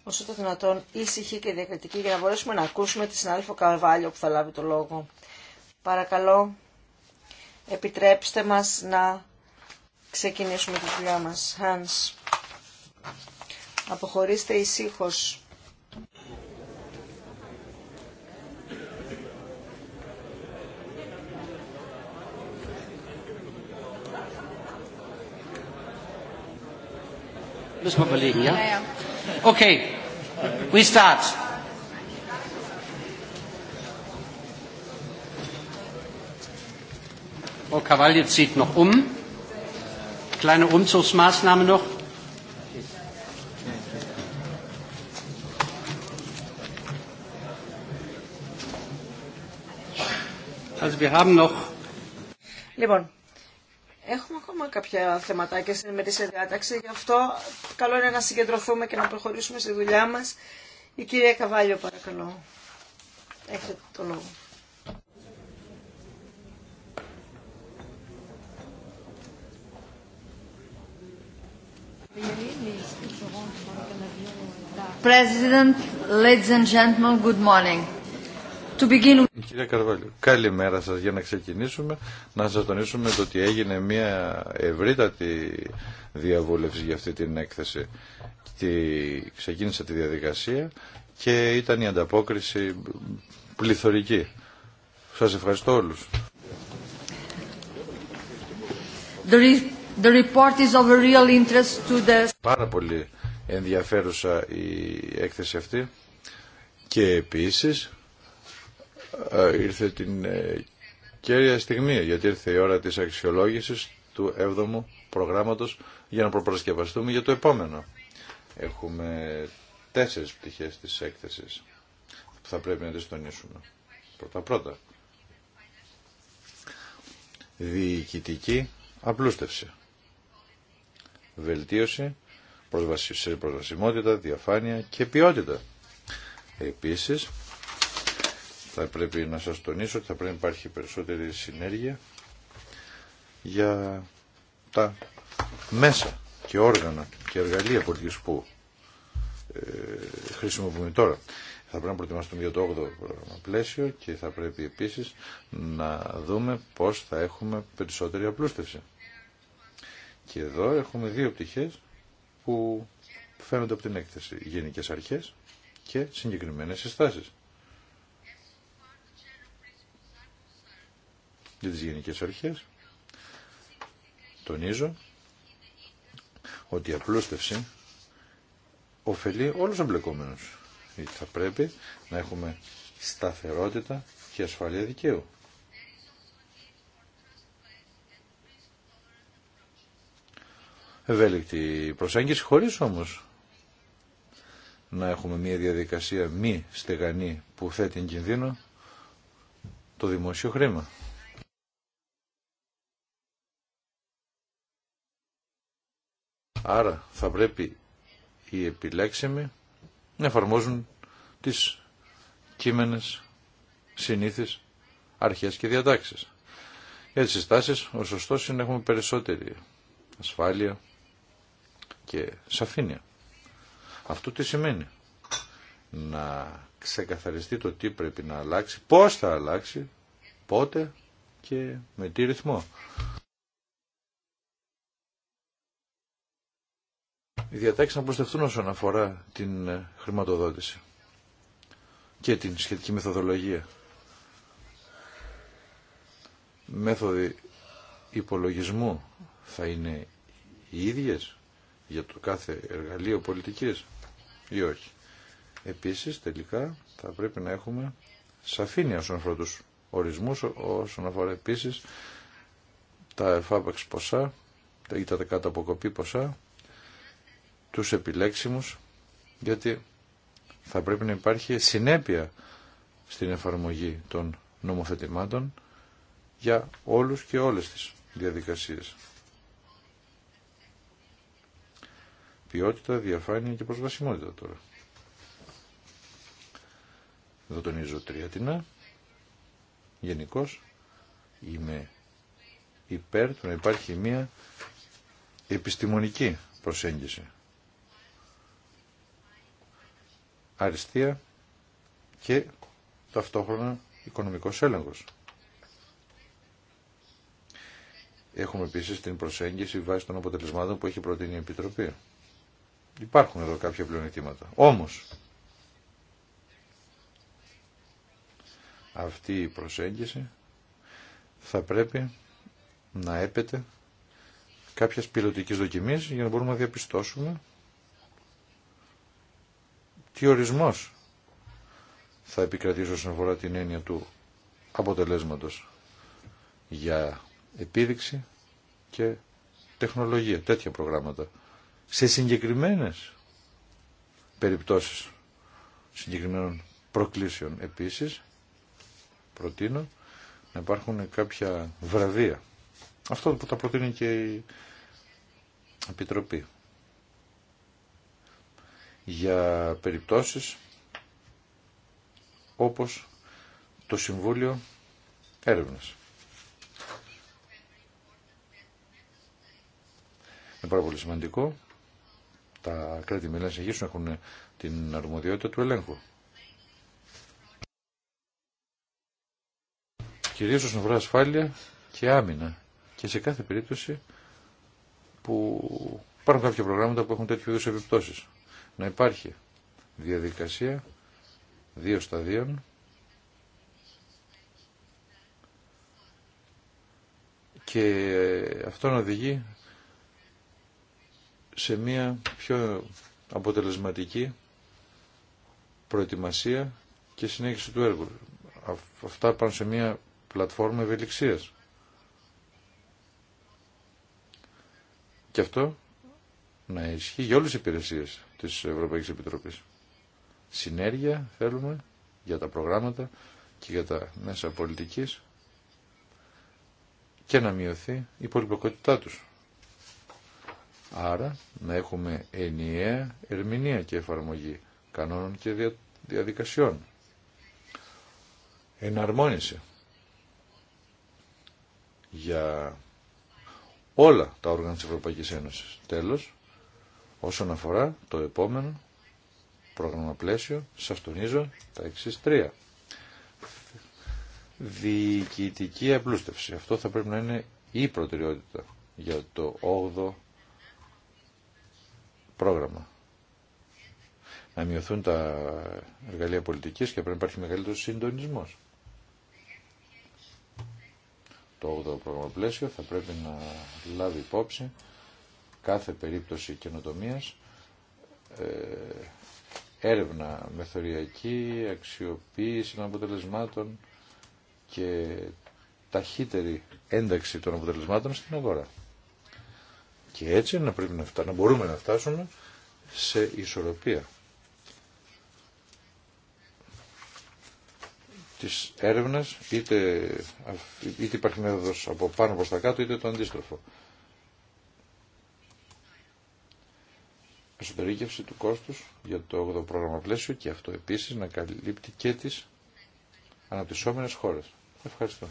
όσο το δυνατόν ήσυχοι και διακριτικοί για να μπορέσουμε να ακούσουμε τη συνάδελφο Καρβάλιο που θα λάβει το λόγο. Παρακαλώ, επιτρέψτε μας να ξεκινήσουμε τη δουλειά μας. Hans, αποχωρήστε ησύχως. Müssen wir überlegen, ja? Okay, we start. Frau Cavalli zieht noch um. Kleine Umzugsmaßnahme noch. Also wir haben noch. Λοιπόν, Έχουμε ακόμα κάποια θεματάκια στην ημερήσια διάταξη, γι' αυτό καλό είναι να συγκεντρωθούμε και να προχωρήσουμε στη δουλειά μας. Η κυρία Καβάλιο παρακαλώ. Έχετε το λόγο. President, ladies and gentlemen, good morning. Κύριε Κυρία Καρβάλιο, καλημέρα σας για να ξεκινήσουμε. Να σας τονίσουμε ότι έγινε μια ευρύτατη διαβούλευση για αυτή την έκθεση. Τη... Ξεκίνησε τη διαδικασία και ήταν η ανταπόκριση πληθωρική. Σας ευχαριστώ όλους. The, report is of real interest to the... Πάρα πολύ ενδιαφέρουσα η έκθεση αυτή και επίσης ε, ήρθε την ε, κέρια στιγμή, γιατί ήρθε η ώρα της αξιολόγησης του 7 προγράμματος για να προπαρασκευαστούμε για το επόμενο. Έχουμε τέσσερις πτυχές της έκθεσης που θα πρέπει να τις τονίσουμε. Πρώτα-πρώτα, διοικητική απλούστευση, βελτίωση σε προσβασιμότητα, διαφάνεια και ποιότητα. Επίσης, θα πρέπει να σας τονίσω ότι θα πρέπει να υπάρχει περισσότερη συνέργεια για τα μέσα και όργανα και εργαλεία πολιτικής που ε, χρησιμοποιούμε τώρα. Θα πρέπει να προετοιμαστούμε για το 8ο πλαίσιο και θα πρέπει επίσης να δούμε πώς θα έχουμε περισσότερη απλούστευση. Και εδώ έχουμε δύο πτυχές που φαίνονται από την έκθεση. Γενικές αρχές και συγκεκριμένες συστάσεις. για τις γενικές αρχές. Τονίζω ότι η απλούστευση ωφελεί όλους τους εμπλεκόμενους. Γιατί θα πρέπει να έχουμε σταθερότητα και ασφάλεια δικαίου. Ευέλικτη προσέγγιση χωρίς όμως να έχουμε μια διαδικασία μη στεγανή που θέτει την κινδύνο το δημόσιο χρήμα. Άρα θα πρέπει οι επιλέξιμοι να εφαρμόζουν τις κείμενες συνήθεις αρχές και διατάξεις. Για τις συστάσεις, ο σωστός είναι να έχουμε περισσότερη ασφάλεια και σαφήνεια. Αυτό τι σημαίνει. Να ξεκαθαριστεί το τι πρέπει να αλλάξει, πώς θα αλλάξει, πότε και με τι ρυθμό. οι διατάξει να προστευτούν όσον αφορά την ε, χρηματοδότηση και την σχετική μεθοδολογία. Μέθοδοι υπολογισμού θα είναι οι ίδιες για το κάθε εργαλείο πολιτικής ή όχι. Επίσης τελικά θα πρέπει να έχουμε σαφήνεια όσον αφορά τους ορισμούς, όσον αφορά επίσης τα εφάπαξ ποσά, τα, τα κατά αποκοπή ποσά, τους επιλέξιμους γιατί θα πρέπει να υπάρχει συνέπεια στην εφαρμογή των νομοθετημάτων για όλους και όλες τις διαδικασίες. Ποιότητα, διαφάνεια και προσβασιμότητα τώρα. Εδώ τονίζω τρία τεινά. Γενικώ είμαι υπέρ του να υπάρχει μία επιστημονική προσέγγιση αριστεία και ταυτόχρονα οικονομικός έλεγχος. Έχουμε επίσης την προσέγγιση βάσει των αποτελεσμάτων που έχει προτείνει η Επιτροπή. Υπάρχουν εδώ κάποια πλεονεκτήματα. Όμως, αυτή η προσέγγιση θα πρέπει να έπεται κάποιας πιλωτικής δοκιμής για να μπορούμε να διαπιστώσουμε τι ορισμός θα επικρατήσει όσον αφορά την έννοια του αποτελέσματος για επίδειξη και τεχνολογία, τέτοια προγράμματα. Σε συγκεκριμένες περιπτώσεις συγκεκριμένων προκλήσεων επίσης προτείνω να υπάρχουν κάποια βραδεία. Αυτό που τα προτείνει και η Επιτροπή για περιπτώσεις όπως το Συμβούλιο Έρευνας. Είναι πάρα πολύ σημαντικό τα κράτη-μέλη να συνεχίσουν έχουν την αρμοδιότητα του ελέγχου. Κυρίως όσον αφορά ασφάλεια και άμυνα και σε κάθε περίπτωση που υπάρχουν κάποια προγράμματα που έχουν τέτοιου είδους επιπτώσεις να υπάρχει διαδικασία δύο σταδίων και αυτό να οδηγεί σε μια πιο αποτελεσματική προετοιμασία και συνέχιση του έργου. Αυτά πάνω σε μια πλατφόρμα ευελιξίας. Και αυτό να ισχύει για όλες τις υπηρεσίες της Ευρωπαϊκής Επιτροπής. Συνέργεια θέλουμε για τα προγράμματα και για τα μέσα πολιτικής και να μειωθεί η πολυπλοκότητά τους. Άρα να έχουμε ενιαία ερμηνεία και εφαρμογή κανόνων και διαδικασιών. Εναρμόνιση για όλα τα όργανα της Ευρωπαϊκής Ένωσης. Τέλος, Όσον αφορά το επόμενο πρόγραμμα πλαίσιο, σας τονίζω τα εξής τρία. Διοικητική απλούστευση. Αυτό θα πρέπει να είναι η προτεραιότητα για το 8ο πρόγραμμα. Να μειωθούν τα εργαλεία πολιτικής και πρέπει να υπάρχει μεγαλύτερο συντονισμός. Το 8ο πρόγραμμα πλαίσιο θα πρέπει να λάβει υπόψη κάθε περίπτωση καινοτομία, ε, έρευνα μεθοριακή, αξιοποίηση των αποτελεσμάτων και ταχύτερη ένταξη των αποτελεσμάτων στην αγορά. Και έτσι να πρέπει να, να μπορούμε να φτάσουμε σε ισορροπία της έρευνας είτε, είτε υπάρχει μέθοδος από πάνω προς τα κάτω είτε το αντίστροφο. εσωτερήκευση του κόστους για το 8ο πρόγραμμα πλαίσιο και αυτό επίσης να καλύπτει και τις αναπτυσσόμενες χώρες. Ευχαριστώ.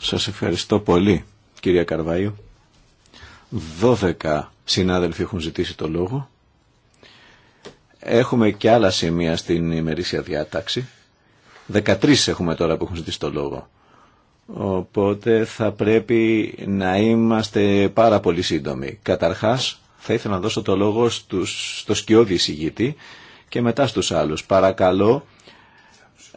Σας ευχαριστώ πολύ, κυρία Καρβάιου. 12 συνάδελφοι έχουν ζητήσει το λόγο. Έχουμε και άλλα σημεία στην ημερήσια διάταξη. 13 έχουμε τώρα που έχουν ζητήσει το λόγο. Οπότε θα πρέπει να είμαστε πάρα πολύ σύντομοι. Καταρχάς θα ήθελα να δώσω το λόγο στους, στο σκιώδη εισηγητή και μετά στους άλλους. Παρακαλώ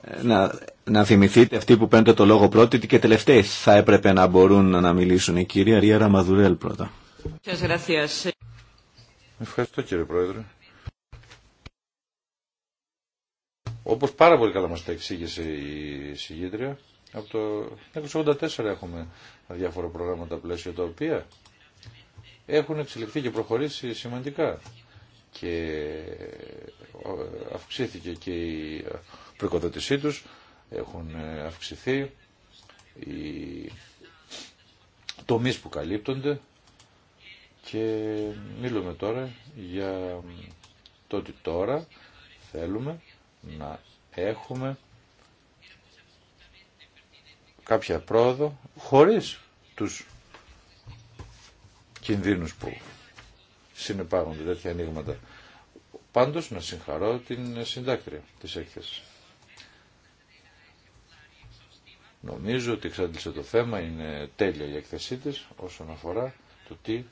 ε, να, να θυμηθείτε αυτοί που παίρνετε το λόγο πρώτοι και τελευταίοι θα έπρεπε να μπορούν να μιλήσουν. Η κυρία Ρία Ραμαδουρέλ πρώτα. Ευχαριστώ κύριε Πρόεδρε. Όπως πάρα πολύ καλά μας τα εξήγησε η συγγήτρια, από το 1984 έχουμε διάφορα προγράμματα πλαίσια τα οποία έχουν εξελιχθεί και προχωρήσει σημαντικά και ε, αυξήθηκε και η προκοδότησή τους, έχουν ε, αυξηθεί οι τομείς που καλύπτονται και μιλούμε τώρα για το ότι τώρα θέλουμε να έχουμε κάποια πρόοδο χωρίς τους κινδύνους που συνεπάγονται τέτοια ανοίγματα. Πάντως να συγχαρώ την συντάκτρια της έκθεσης. Νομίζω ότι εξάντλησε το θέμα, είναι τέλεια η έκθεσή της όσον αφορά το τι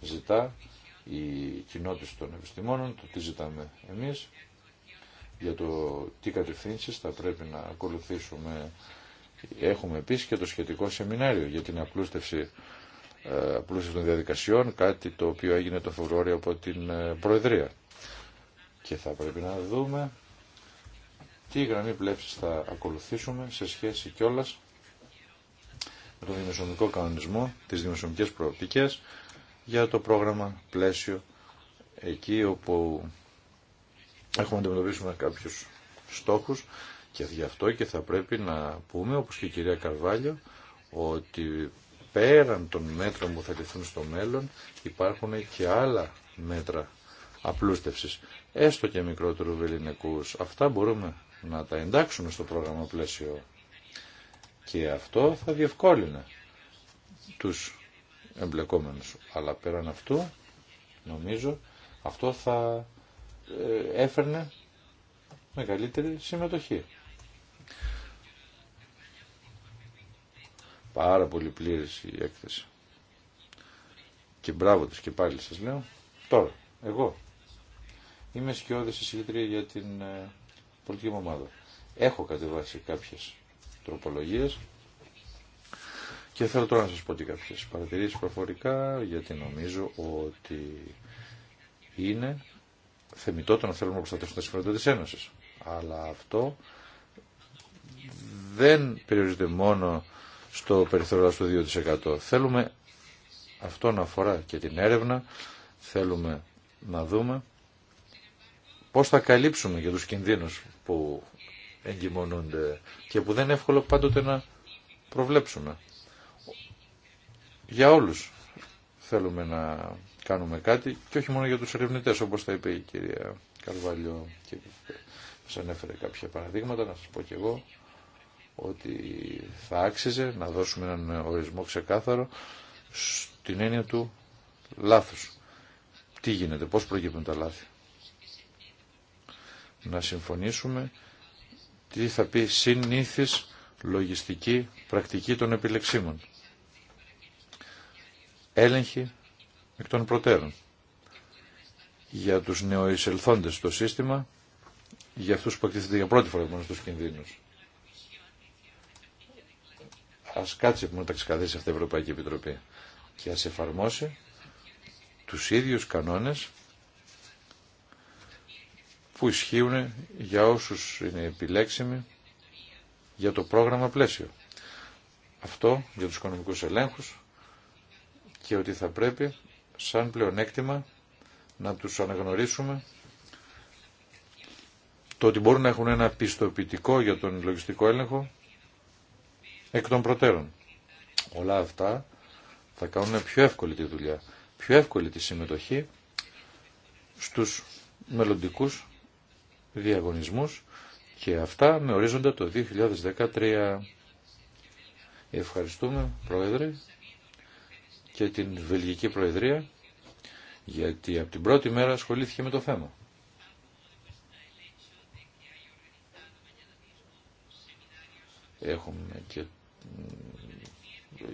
ζητά η κοινότητα των επιστημόνων, το τι ζητάμε εμείς, για το τι κατευθύνσεις θα πρέπει να ακολουθήσουμε Έχουμε επίσης και το σχετικό σεμινάριο για την απλούστευση, ε, απλούστευση των διαδικασιών, κάτι το οποίο έγινε το Φεβρουάριο από την ε, Προεδρία. Και θα πρέπει να δούμε τι γραμμή πλέψης θα ακολουθήσουμε σε σχέση κιόλας με τον δημοσιονομικό κανονισμό, τις δημοσιονομικές προοπτικές για το πρόγραμμα πλαίσιο εκεί όπου έχουμε αντιμετωπίσουμε κάποιους στόχους και γι' αυτό και θα πρέπει να πούμε, όπως και η κυρία Καρβάλιο, ότι πέραν των μέτρων που θα ληφθούν στο μέλλον υπάρχουν και άλλα μέτρα απλούστευσης, έστω και μικρότερου βεληνικούς. Αυτά μπορούμε να τα εντάξουμε στο πρόγραμμα πλαίσιο και αυτό θα διευκόλυνε τους εμπλεκόμενους. Αλλά πέραν αυτού, νομίζω, αυτό θα ε, έφερνε μεγαλύτερη συμμετοχή. Πάρα πολύ πλήρης η έκθεση. Και μπράβο τους και πάλι σας λέω. Τώρα, εγώ είμαι σκιώδης εισηγητρία για την ε, πολιτική μου ομάδα. Έχω κατεβάσει κάποιες τροπολογίες και θέλω τώρα να σας πω ότι κάποιες παρατηρήσεις προφορικά γιατί νομίζω ότι είναι θεμητό το να θέλουμε να προστατεύσουμε τα συμφέροντα της Ένωσης. Αλλά αυτό δεν περιορίζεται μόνο στο περιθώριο του 2%. Θέλουμε αυτό να αφορά και την έρευνα, θέλουμε να δούμε πώς θα καλύψουμε για τους κινδύνους που εγκυμονούνται και που δεν είναι εύκολο πάντοτε να προβλέψουμε. Για όλους θέλουμε να κάνουμε κάτι και όχι μόνο για τους ερευνητέ, όπως θα είπε η κυρία Καρβάλιο και μας ανέφερε κάποια παραδείγματα, να σας πω και εγώ ότι θα άξιζε να δώσουμε έναν ορισμό ξεκάθαρο στην έννοια του λάθους. Τι γίνεται, πώς προκύπτουν τα λάθη. Να συμφωνήσουμε τι θα πει συνήθις λογιστική πρακτική των επιλεξίμων. Έλεγχη εκ των προτέρων. Για τους νεοεισελθόντες στο σύστημα, για αυτούς που εκτίθεται για πρώτη φορά μόνο στους κινδύνους ας κάτσει που να τα ξεκαθίσει αυτή η Ευρωπαϊκή Επιτροπή και ας εφαρμόσει τους ίδιους κανόνες που ισχύουν για όσους είναι επιλέξιμοι για το πρόγραμμα πλαίσιο. Αυτό για τους οικονομικούς ελέγχους και ότι θα πρέπει σαν πλεονέκτημα να τους αναγνωρίσουμε το ότι μπορούν να έχουν ένα πιστοποιητικό για τον λογιστικό έλεγχο εκ των προτέρων. Όλα αυτά θα κάνουν πιο εύκολη τη δουλειά, πιο εύκολη τη συμμετοχή στους μελλοντικούς διαγωνισμούς και αυτά με ορίζοντα το 2013. Ευχαριστούμε, Πρόεδρε, και την Βελγική Προεδρία, γιατί από την πρώτη μέρα ασχολήθηκε με το θέμα. Έχουμε και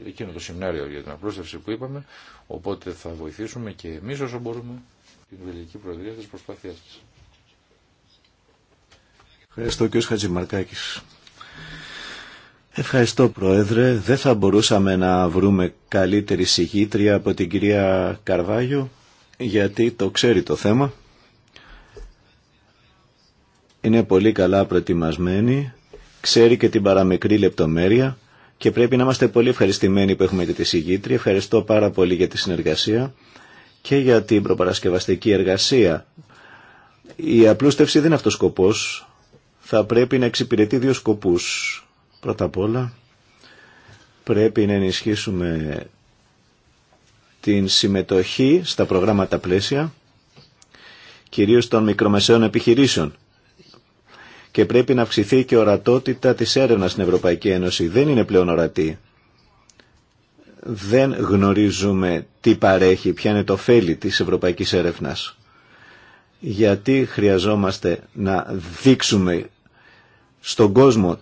εκείνο το σεμινάριο για την απλούστευση που είπαμε, οπότε θα βοηθήσουμε και εμείς όσο μπορούμε την βελική Προεδρία της προσπάθειάς της. Ευχαριστώ κ. Χατζημαρκάκης. Ευχαριστώ Πρόεδρε. Δεν θα μπορούσαμε να βρούμε καλύτερη συγκήτρια από την κυρία Καρβάγιο γιατί το ξέρει το θέμα. Είναι πολύ καλά προετοιμασμένη, ξέρει και την παραμικρή λεπτομέρεια και πρέπει να είμαστε πολύ ευχαριστημένοι που έχουμε τη συγγήτρια. Ευχαριστώ πάρα πολύ για τη συνεργασία και για την προπαρασκευαστική εργασία. Η απλούστευση δεν είναι αυτός σκοπός. Θα πρέπει να εξυπηρετεί δύο σκοπούς. Πρώτα απ' όλα πρέπει να ενισχύσουμε την συμμετοχή στα προγράμματα πλαίσια, κυρίως των μικρομεσαίων επιχειρήσεων και πρέπει να αυξηθεί και η ορατότητα της έρευνας στην Ευρωπαϊκή Ένωση. Δεν είναι πλέον ορατή. Δεν γνωρίζουμε τι παρέχει, ποια είναι το φέλη της ευρωπαϊκής έρευνας. Γιατί χρειαζόμαστε να δείξουμε στον κόσμο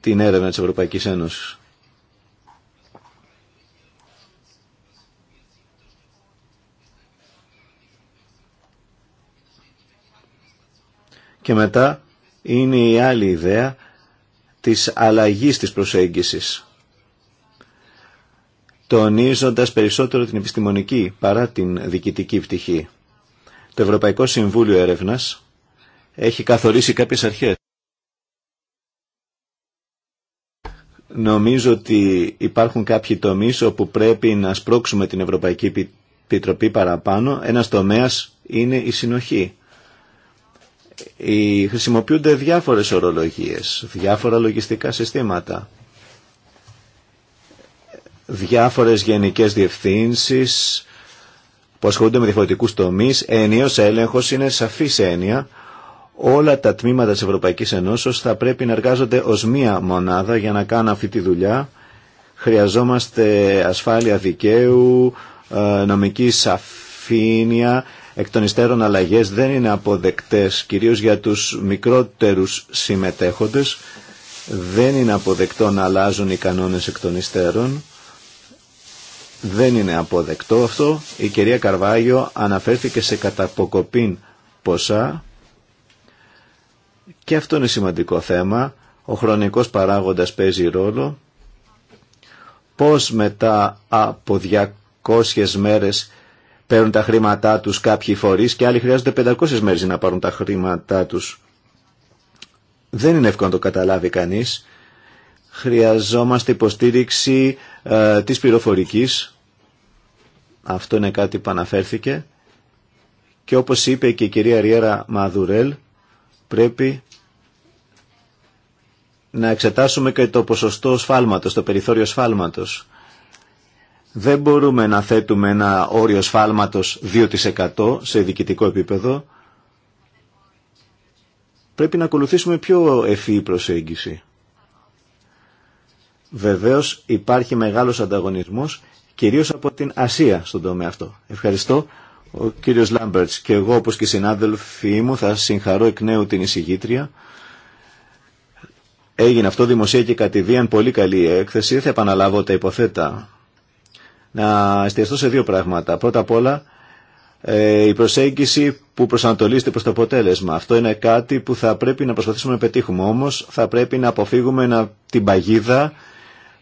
την έρευνα της Ευρωπαϊκής Ένωσης. Και μετά είναι η άλλη ιδέα της αλλαγής της προσέγγισης τονίζοντας περισσότερο την επιστημονική παρά την διοικητική πτυχή. Το Ευρωπαϊκό Συμβούλιο Έρευνας έχει καθορίσει κάποιες αρχές. Νομίζω ότι υπάρχουν κάποιοι τομείς όπου πρέπει να σπρώξουμε την Ευρωπαϊκή Επιτροπή παραπάνω. Ένας τομέας είναι η συνοχή χρησιμοποιούνται διάφορες ορολογίες, διάφορα λογιστικά συστήματα, διάφορες γενικές διευθύνσεις που ασχολούνται με διαφορετικούς τομείς, ενίο έλεγχος είναι σαφής έννοια, όλα τα τμήματα της Ευρωπαϊκής Ενώσεως θα πρέπει να εργάζονται ως μία μονάδα για να κάνουν αυτή τη δουλειά. Χρειαζόμαστε ασφάλεια δικαίου, ε, νομική σαφήνεια, εκ των υστέρων δεν είναι αποδεκτές, κυρίως για τους μικρότερους συμμετέχοντες, δεν είναι αποδεκτό να αλλάζουν οι κανόνες εκ των υστέρων. Δεν είναι αποδεκτό αυτό. Η κυρία Καρβάγιο αναφέρθηκε σε καταποκοπήν ποσά και αυτό είναι σημαντικό θέμα. Ο χρονικός παράγοντας παίζει ρόλο. Πώς μετά από 200 μέρες παίρνουν τα χρήματά τους κάποιοι φορείς και άλλοι χρειάζονται 500 μέρες για να πάρουν τα χρήματά τους. Δεν είναι εύκολο να το καταλάβει κανείς. Χρειαζόμαστε υποστήριξη ε, της πληροφορικής. Αυτό είναι κάτι που αναφέρθηκε. Και όπως είπε και η κυρία Ριέρα Μαδουρέλ, πρέπει να εξετάσουμε και το ποσοστό σφάλματος, το περιθώριο σφάλματος. Δεν μπορούμε να θέτουμε ένα όριο σφάλματος 2% σε διοικητικό επίπεδο. Πρέπει να ακολουθήσουμε πιο ευφυή προσέγγιση. Βεβαίως υπάρχει μεγάλος ανταγωνισμός, κυρίως από την Ασία στον τομέα αυτό. Ευχαριστώ ο κύριος Λάμπερτς και εγώ όπως και οι συνάδελφοί μου θα συγχαρώ εκ νέου την εισηγήτρια. Έγινε αυτό δημοσία και κατηδίαν πολύ καλή έκθεση, θα επαναλάβω τα υποθέτα να εστιαστώ σε δύο πράγματα. Πρώτα απ' όλα ε, η προσέγγιση που προσανατολίζεται προς το αποτέλεσμα. Αυτό είναι κάτι που θα πρέπει να προσπαθήσουμε να πετύχουμε. Όμως θα πρέπει να αποφύγουμε να, την παγίδα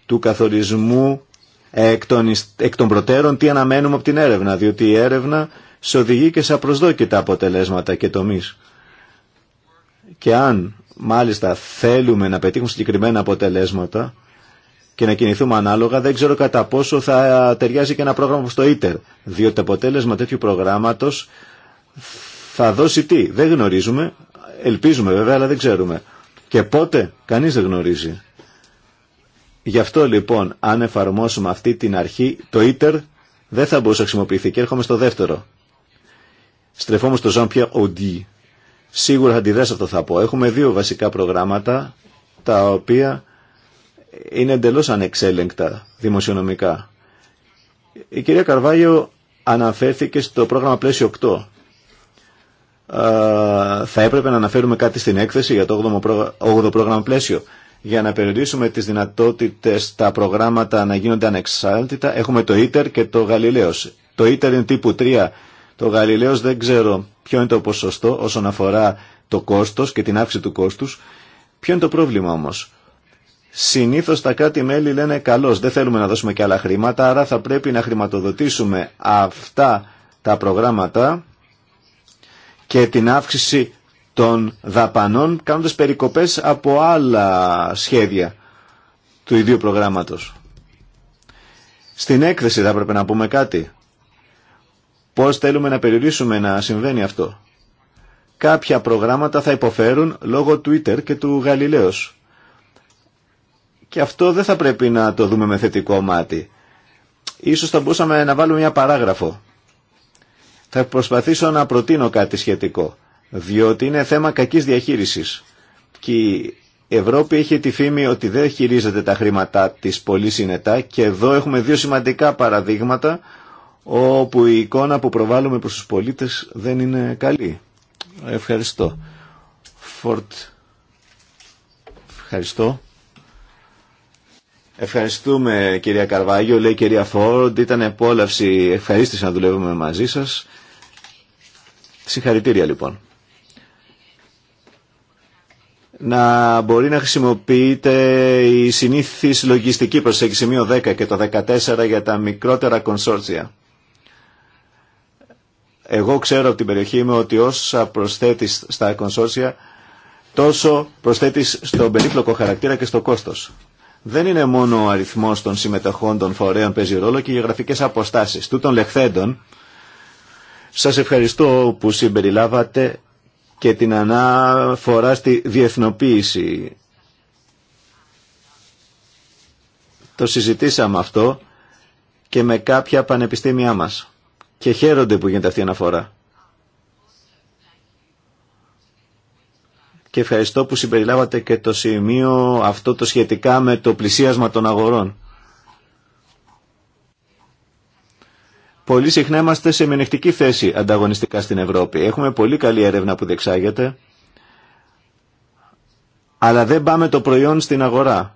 του καθορισμού εκ των, εκ των προτέρων τι αναμένουμε από την έρευνα. Διότι η έρευνα σε οδηγεί και σε απροσδόκητα αποτελέσματα και τομείς. Και αν μάλιστα θέλουμε να πετύχουμε συγκεκριμένα αποτελέσματα και να κινηθούμε ανάλογα, δεν ξέρω κατά πόσο θα ταιριάζει και ένα πρόγραμμα στο ITER. Διότι το αποτέλεσμα τέτοιου προγράμματο θα δώσει τι. Δεν γνωρίζουμε, ελπίζουμε βέβαια, αλλά δεν ξέρουμε. Και πότε, κανεί δεν γνωρίζει. Γι' αυτό λοιπόν, αν εφαρμόσουμε αυτή την αρχή, το ITER δεν θα μπορούσε να χρησιμοποιηθεί. Και έρχομαι στο δεύτερο. Στρεφόμαστε στο ΖΑΜΠΙΑ Οντί. Σίγουρα αντιδράσει αυτό θα πω. Έχουμε δύο βασικά προγράμματα τα οποία είναι εντελώς ανεξέλεγκτα δημοσιονομικά. Η κυρία Καρβάγιο αναφέρθηκε στο πρόγραμμα πλαίσιο 8. Α, θα έπρεπε να αναφέρουμε κάτι στην έκθεση για το 8ο πρόγραμμα πλαίσιο. Για να περιορίσουμε τις δυνατότητες τα προγράμματα να γίνονται ανεξάρτητα έχουμε το ΙΤΕΡ και το Γαλιλαίος. Το ΙΤΕΡ είναι τύπου 3. Το Γαλιλαίος δεν ξέρω ποιο είναι το ποσοστό όσον αφορά το κόστος και την αύξηση του κόστους. Ποιο είναι το πρόβλημα όμως. Συνήθως τα κράτη-μέλη λένε καλώς, δεν θέλουμε να δώσουμε και άλλα χρήματα, άρα θα πρέπει να χρηματοδοτήσουμε αυτά τα προγράμματα και την αύξηση των δαπανών κάνοντας περικοπές από άλλα σχέδια του ίδιου προγράμματος. Στην έκθεση θα έπρεπε να πούμε κάτι. Πώς θέλουμε να περιορίσουμε να συμβαίνει αυτό. Κάποια προγράμματα θα υποφέρουν λόγω Twitter και του Γαλιλαίος και αυτό δεν θα πρέπει να το δούμε με θετικό μάτι. Ίσως θα μπορούσαμε να βάλουμε μια παράγραφο. Θα προσπαθήσω να προτείνω κάτι σχετικό, διότι είναι θέμα κακής διαχείρισης. Και η Ευρώπη έχει τη φήμη ότι δεν χειρίζεται τα χρήματά της πολύ συνετά και εδώ έχουμε δύο σημαντικά παραδείγματα όπου η εικόνα που προβάλλουμε προς τους πολίτες δεν είναι καλή. Ευχαριστώ. Ευχαριστώ. Ευχαριστούμε κυρία Καρβάγιο, λέει κυρία Φόρντ. Ήταν επόλαυση, ευχαρίστηση να δουλεύουμε μαζί σας. Συγχαρητήρια λοιπόν. Να μπορεί να χρησιμοποιείται η συνήθις λογιστική προσέγγιση σημείο 10 και το 14 για τα μικρότερα κονσόρτσια. Εγώ ξέρω από την περιοχή μου ότι όσα προσθέτεις στα κονσόρτσια τόσο προσθέτεις στον περίπλοκο χαρακτήρα και στο κόστος δεν είναι μόνο ο αριθμός των συμμετοχών των φορέων παίζει ρόλο και οι γεωγραφικές αποστάσεις. Τούτων λεχθέντων, σας ευχαριστώ που συμπεριλάβατε και την ανάφορα στη διεθνοποίηση. Το συζητήσαμε αυτό και με κάποια πανεπιστήμια μας. Και χαίρονται που γίνεται αυτή η αναφορά. και ευχαριστώ που συμπεριλάβατε και το σημείο αυτό το σχετικά με το πλησίασμα των αγορών. Πολύ συχνά είμαστε σε μειονεκτική θέση ανταγωνιστικά στην Ευρώπη. Έχουμε πολύ καλή έρευνα που διεξάγεται. αλλά δεν πάμε το προϊόν στην αγορά.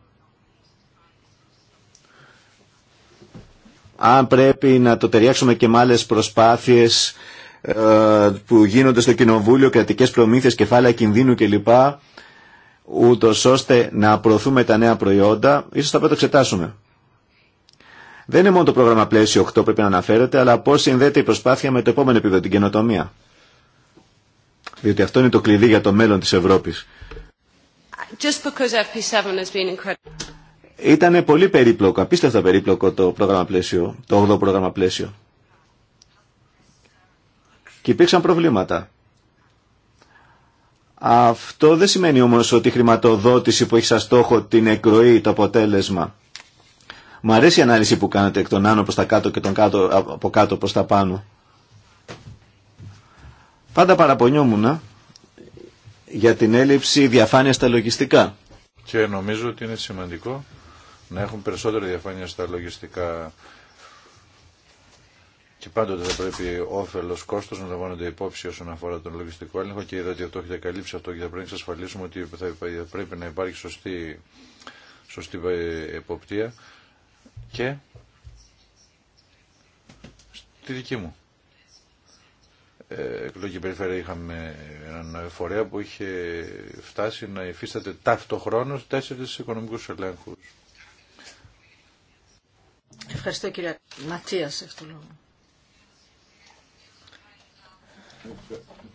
Αν πρέπει να το ταιριάξουμε και με άλλες προσπάθειες ε, που γίνονται στο Κοινοβούλιο, κρατικές προμήθειες, κεφάλαια κινδύνου κλπ. Ούτω ώστε να προωθούμε τα νέα προϊόντα, ίσως θα πρέπει να το εξετάσουμε. Δεν είναι μόνο το πρόγραμμα πλαίσιο 8 πρέπει να αναφέρεται, αλλά πώς συνδέεται η προσπάθεια με το επόμενο επίπεδο, την καινοτομία. Διότι αυτό είναι το κλειδί για το μέλλον της Ευρώπης. ήταν πολύ περίπλοκο, απίστευτα περίπλοκο το πρόγραμμα πλαίσιο, το 8ο πρόγραμμα πλαίσιο και υπήρξαν προβλήματα. Αυτό δεν σημαίνει όμως ότι η χρηματοδότηση που έχει σαν στόχο την εκροή, το αποτέλεσμα. Μου αρέσει η ανάλυση που κάνετε εκ των άνω προς τα κάτω και τον κάτω, από κάτω προς τα πάνω. Πάντα παραπονιόμουν για την έλλειψη διαφάνειας στα λογιστικά. Και νομίζω ότι είναι σημαντικό να έχουν περισσότερη διαφάνεια στα λογιστικά και πάντοτε θα πρέπει όφελο κόστο να λαμβάνονται υπόψη όσον αφορά τον λογιστικό έλεγχο και είδα ότι αυτό έχετε καλύψει αυτό και θα πρέπει να εξασφαλίσουμε ότι θα πρέπει να υπάρχει σωστή, σωστή ε, εποπτεία. Και στη δική μου ε, εκλογική περιφέρεια είχαμε έναν φορέα που είχε φτάσει να υφίσταται ταυτοχρόνως τέσσερις οικονομικούς ελέγχους. Ευχαριστώ κύριε Ματίας,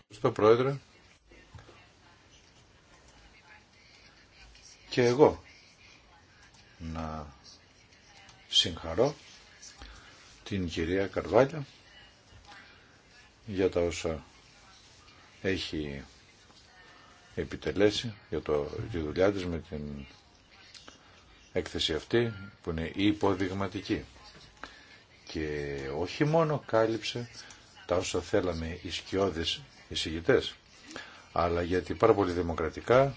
Ευχαριστώ Πρόεδρε. Και εγώ να συγχαρώ την κυρία Καρβάλια για τα όσα έχει επιτελέσει για το, τη δουλειά της με την έκθεση αυτή που είναι υποδειγματική και όχι μόνο κάλυψε τα όσα θέλαμε οι σκιώδεις εισηγητές, αλλά γιατί πάρα πολύ δημοκρατικά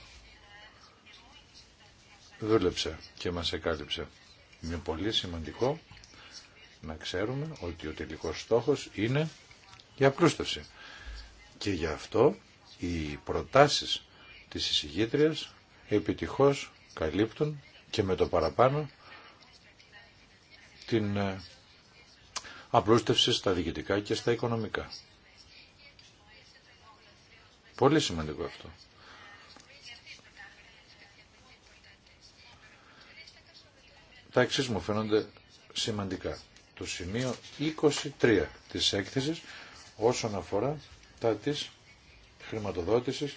δούλεψε και μας εκάλυψε. Είναι πολύ σημαντικό να ξέρουμε ότι ο τελικός στόχος είναι η απλούστευση. Και γι' αυτό οι προτάσεις της εισηγήτριας επιτυχώς καλύπτουν και με το παραπάνω την απλούστευση στα διοικητικά και στα οικονομικά. Πολύ σημαντικό αυτό. Τα εξής μου φαίνονται σημαντικά. Το σημείο 23 της έκθεσης όσον αφορά τα της χρηματοδότησης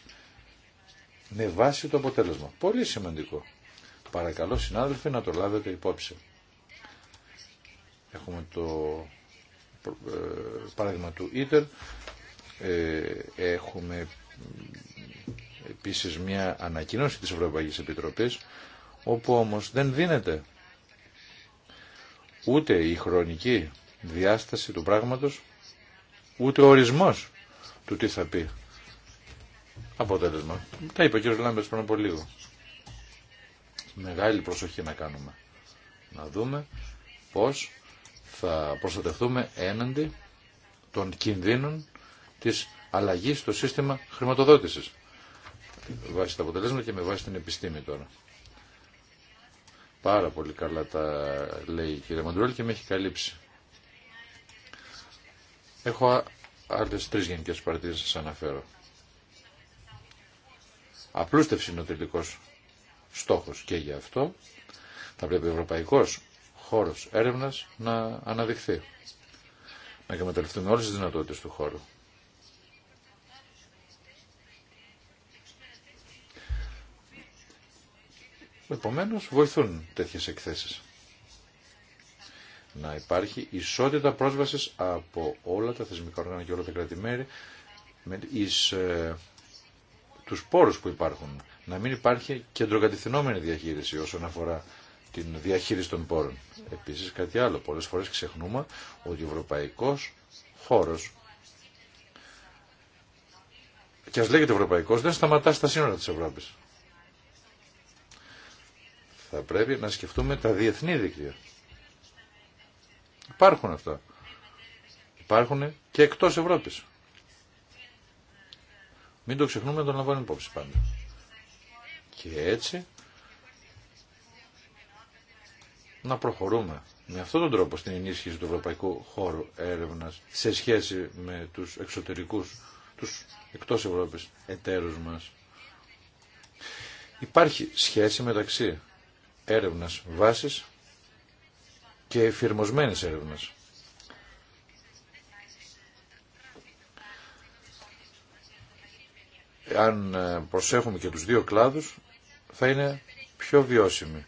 με βάση το αποτέλεσμα. Πολύ σημαντικό. Παρακαλώ συνάδελφοι να το λάβετε υπόψη. Έχουμε το παράδειγμα του ε, Έχουμε επίσης μια ανακοίνωση της Ευρωπαϊκής Επιτροπής όπου όμως δεν δίνεται ούτε η χρονική διάσταση του πράγματος ούτε ο ορισμός του τι θα πει αποτέλεσμα. Τα είπε ο κ. Λάμπερς πριν από λίγο. Μεγάλη προσοχή να κάνουμε. Να δούμε πώς θα προστατευτούμε έναντι των κινδύνων της αλλαγής στο σύστημα χρηματοδότησης. Βάσει τα αποτελέσματα και με βάση την επιστήμη τώρα. Πάρα πολύ καλά τα λέει η κυρία και με έχει καλύψει. Έχω άλλες τρεις γενικές παρατηρήσεις να σας αναφέρω. Απλούστευση είναι ο τελικός στόχος και γι' αυτό θα πρέπει ευρωπαϊκός χώρος έρευνας να αναδειχθεί. Να εκμεταλλευτούμε όλες τις δυνατότητες του χώρου. Επομένως, βοηθούν τέτοιες εκθέσεις. Να υπάρχει ισότητα πρόσβασης από όλα τα θεσμικά όργανα και όλα τα κρατημέρη με εις, ε, τους πόρους που υπάρχουν. Να μην υπάρχει κεντροκατευθυνόμενη διαχείριση όσον αφορά την διαχείριση των πόρων. Επίσης κάτι άλλο, πολλές φορές ξεχνούμε ότι ο ευρωπαϊκός χώρος και ας λέγεται ευρωπαϊκός δεν σταματά στα σύνορα της Ευρώπης. Θα πρέπει να σκεφτούμε τα διεθνή δίκτυα. Υπάρχουν αυτά. Υπάρχουν και εκτός Ευρώπης. Μην το ξεχνούμε να το λαμβάνουμε υπόψη πάντα. Και έτσι να προχωρούμε με αυτόν τον τρόπο στην ενίσχυση του ευρωπαϊκού χώρου έρευνας σε σχέση με τους εξωτερικούς, τους εκτός Ευρώπης εταίρους μας. Υπάρχει σχέση μεταξύ έρευνας βάσης και εφηρμοσμένης έρευνας. Αν ε, προσέχουμε και τους δύο κλάδους, θα είναι πιο βιώσιμη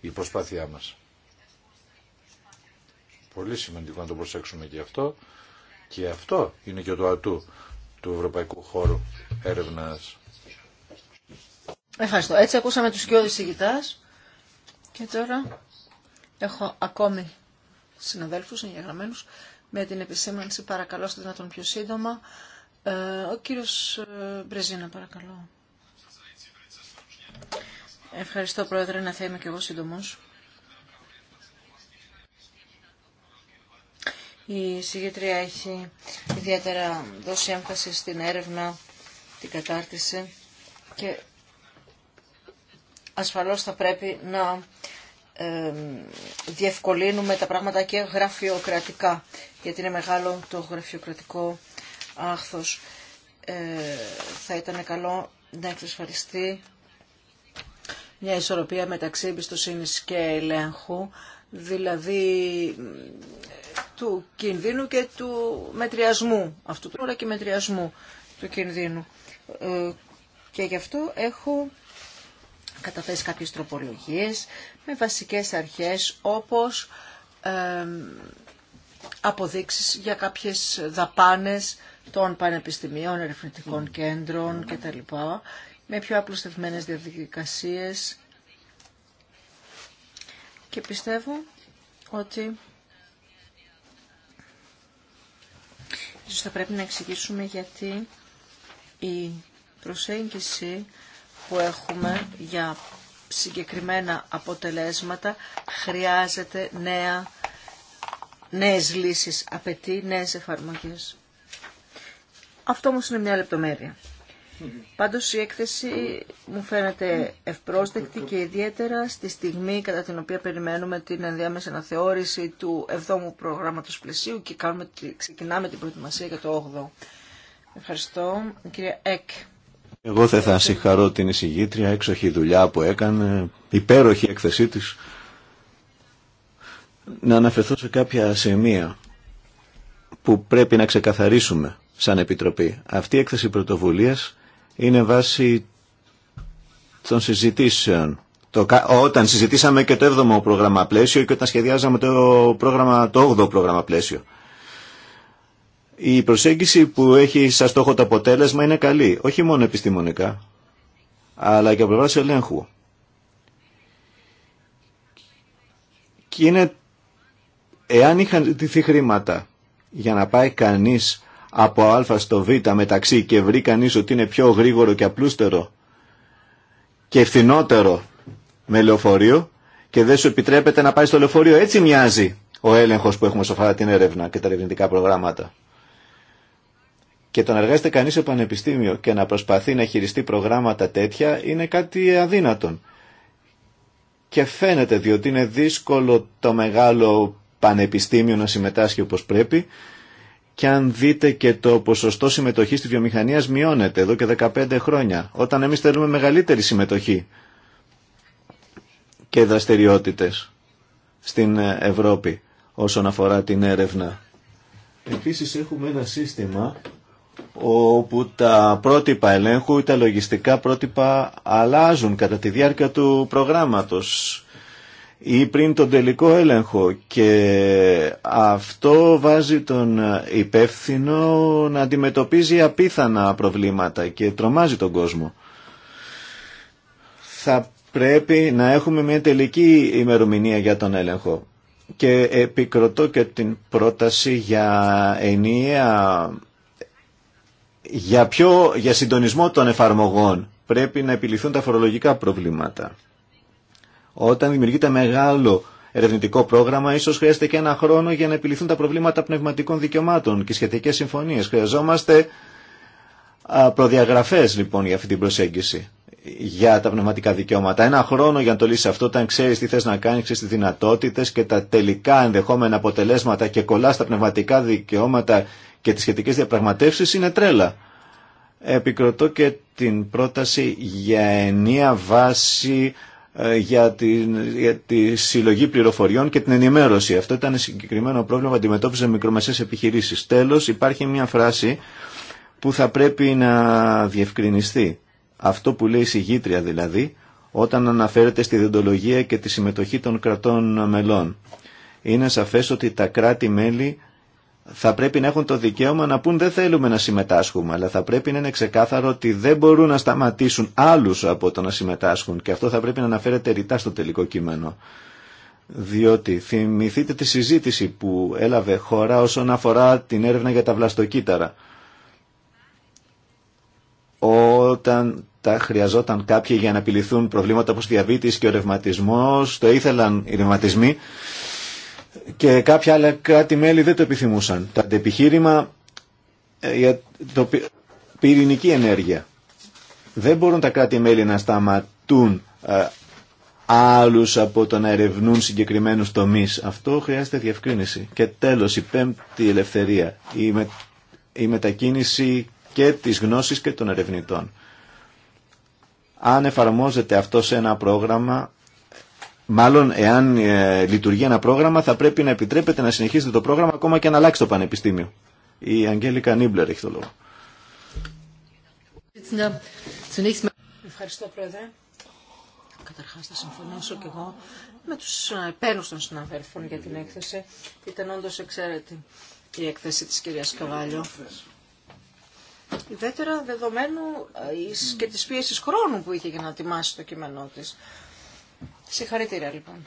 η προσπάθειά μας. Πολύ σημαντικό να το προσέξουμε και αυτό. Και αυτό είναι και το ατού του Ευρωπαϊκού Χώρου Έρευνας. Ευχαριστώ. Έτσι ακούσαμε τους κοιόδης ηγητάς και τώρα έχω ακόμη συναδέλφους εγγεγραμμένους με την επισήμανση παρακαλώ στο δυνατόν πιο σύντομα. Ε, ο κύριος ε, Μπρεζίνα παρακαλώ. Ευχαριστώ Πρόεδρε, να θα είμαι και εγώ σύντομος. Η συγγετρία έχει ιδιαίτερα δώσει έμφαση στην έρευνα, την κατάρτιση και ασφαλώς θα πρέπει να διευκολύνουμε τα πράγματα και γραφειοκρατικά, γιατί είναι μεγάλο το γραφειοκρατικό άχθος. Ε, θα ήταν καλό να εξασφαλιστεί μια ισορροπία μεταξύ εμπιστοσύνη και ελέγχου, δηλαδή του κινδύνου και του μετριασμού, αυτού του και μετριασμού του κινδύνου. Ε, και γι' αυτό έχω καταθέσει κάποιες τροπολογίες με βασικές αρχές όπως ε, αποδείξεις για κάποιες δαπάνες των πανεπιστημίων, ερευνητικών κέντρων κτλ. με πιο απλουστευμένες διαδικασίες και πιστεύω ότι Ίσως θα πρέπει να εξηγήσουμε γιατί η προσέγγιση που έχουμε για συγκεκριμένα αποτελέσματα χρειάζεται νέα, νέες λύσεις, απαιτεί νέες εφαρμογές. Αυτό όμως είναι μια λεπτομέρεια. Πάντως η έκθεση μου φαίνεται ευπρόσδεκτη και ιδιαίτερα στη στιγμή κατά την οποία περιμένουμε την ενδιάμεση αναθεώρηση του 7ου προγράμματος πλαισίου και κάνουμε, ξεκινάμε την προετοιμασία για το 8ο. Ευχαριστώ. Κυρία Εκ. Εγώ θα, θα συγχαρώ την εισηγήτρια, έξοχη δουλειά που έκανε, υπέροχη έκθεσή της. Να αναφερθώ σε κάποια σημεία που πρέπει να ξεκαθαρίσουμε σαν Επιτροπή. Αυτή η έκθεση πρωτοβουλίας είναι βάση των συζητήσεων. όταν συζητήσαμε και το 7ο πρόγραμμα πλαίσιο και όταν σχεδιάζαμε το, πρόγραμμα, το 8ο πρόγραμμα πλαίσιο. Η προσέγγιση που έχει σαν στόχο το αποτέλεσμα είναι καλή, όχι μόνο επιστημονικά, αλλά και από πλευρά ελέγχου. Και είναι, εάν είχαν δηθεί χρήματα για να πάει κανείς από α στο β μεταξύ και βρει κανείς ότι είναι πιο γρήγορο και απλούστερο και φθηνότερο με λεωφορείο και δεν σου επιτρέπεται να πάει στο λεωφορείο. Έτσι μοιάζει ο έλεγχος που έχουμε σοφά την έρευνα και τα ερευνητικά προγράμματα. Και το να εργάζεται κανείς σε πανεπιστήμιο και να προσπαθεί να χειριστεί προγράμματα τέτοια είναι κάτι αδύνατον. Και φαίνεται διότι είναι δύσκολο το μεγάλο πανεπιστήμιο να συμμετάσχει όπως πρέπει και αν δείτε και το ποσοστό συμμετοχή της βιομηχανία μειώνεται εδώ και 15 χρόνια, όταν εμεί θέλουμε μεγαλύτερη συμμετοχή και δραστηριότητε στην Ευρώπη όσον αφορά την έρευνα. Επίσης έχουμε ένα σύστημα όπου τα πρότυπα ελέγχου ή τα λογιστικά πρότυπα αλλάζουν κατά τη διάρκεια του προγράμματος ή πριν τον τελικό έλεγχο και αυτό βάζει τον υπεύθυνο να αντιμετωπίζει απίθανα προβλήματα και τρομάζει τον κόσμο. Θα πρέπει να έχουμε μια τελική ημερομηνία για τον έλεγχο και επικροτώ και την πρόταση για ενία για, πιο, για συντονισμό των εφαρμογών πρέπει να επιληθούν τα φορολογικά προβλήματα. Όταν δημιουργείται μεγάλο ερευνητικό πρόγραμμα, ίσω χρειάζεται και ένα χρόνο για να επιληθούν τα προβλήματα πνευματικών δικαιωμάτων και σχετικέ συμφωνίε. Χρειαζόμαστε προδιαγραφέ λοιπόν για αυτή την προσέγγιση για τα πνευματικά δικαιώματα. Ένα χρόνο για να το λύσει αυτό, όταν ξέρει τι θε να κάνει, ξέρει τι δυνατότητε και τα τελικά ενδεχόμενα αποτελέσματα και κολλά στα πνευματικά δικαιώματα και τι σχετικέ διαπραγματεύσει είναι τρέλα. Επικροτώ και την πρόταση για ενία βάση ε, για τη, για τη συλλογή πληροφοριών και την ενημέρωση. Αυτό ήταν συγκεκριμένο πρόβλημα που αντιμετώπιζε μικρομεσαίες επιχειρήσεις. Τέλος, υπάρχει μια φράση που θα πρέπει να διευκρινιστεί. Αυτό που λέει η συγγήτρια δηλαδή, όταν αναφέρεται στη διοντολογία και τη συμμετοχή των κρατών μελών. Είναι σαφές ότι τα κράτη-μέλη θα πρέπει να έχουν το δικαίωμα να πούν δεν θέλουμε να συμμετάσχουμε, αλλά θα πρέπει να είναι ξεκάθαρο ότι δεν μπορούν να σταματήσουν άλλους από το να συμμετάσχουν και αυτό θα πρέπει να αναφέρεται ρητά στο τελικό κείμενο. Διότι θυμηθείτε τη συζήτηση που έλαβε χώρα όσον αφορά την έρευνα για τα βλαστοκύτταρα. Όταν τα χρειαζόταν κάποιοι για να επιληθούν προβλήματα όπως διαβήτης και ο ρευματισμός, το ήθελαν οι ρευματισμοί, και κάποια άλλα κράτη-μέλη δεν το επιθυμούσαν. Το αντεπιχείρημα ε, για το πυρηνική ενέργεια. Δεν μπορούν τα κράτη-μέλη να σταματούν ε, άλλους από το να ερευνούν συγκεκριμένους τομείς. Αυτό χρειάζεται διευκρίνηση. Και τέλος, η πέμπτη ελευθερία, η, με, η μετακίνηση και της γνώσης και των ερευνητών. Αν εφαρμόζεται αυτό σε ένα πρόγραμμα, Μάλλον, εάν ε, λειτουργεί ένα πρόγραμμα, θα πρέπει να επιτρέπεται να συνεχίσετε το πρόγραμμα ακόμα και να αλλάξει το πανεπιστήμιο. Η Αγγέλικα Νίμπλερ έχει το λόγο. Ευχαριστώ, Πρόεδρε. Καταρχάς, θα συμφωνήσω κι εγώ με τους επένους των συναδέλφων για την έκθεση. Ήταν όντω εξαίρετη η έκθεση της κυρίας Καβάλιο. Ιδιαίτερα δεδομένου ε, και της πίεσης χρόνου που είχε για να ετοιμάσει το κείμενό της. Συγχαρητήρια λοιπόν.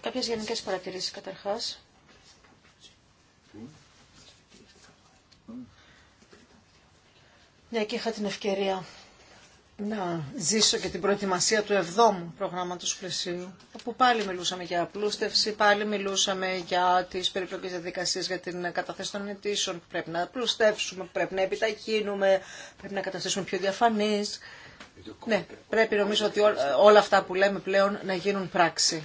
Κάποιες γενικές παρατηρήσεις καταρχάς. Ναι, και είχα την ευκαιρία να ζήσω και την προετοιμασία του 7ου προγράμματος πλαισίου, όπου πάλι μιλούσαμε για απλούστευση, πάλι μιλούσαμε για τις περιπλοκές διαδικασίες για την καταθέση των αιτήσεων, που πρέπει να απλουστεύσουμε, που πρέπει να επιταχύνουμε, πρέπει να καταθέσουμε πιο διαφανείς. Ναι, πρέπει νομίζω ότι όλα αυτά που λέμε πλέον να γίνουν πράξη.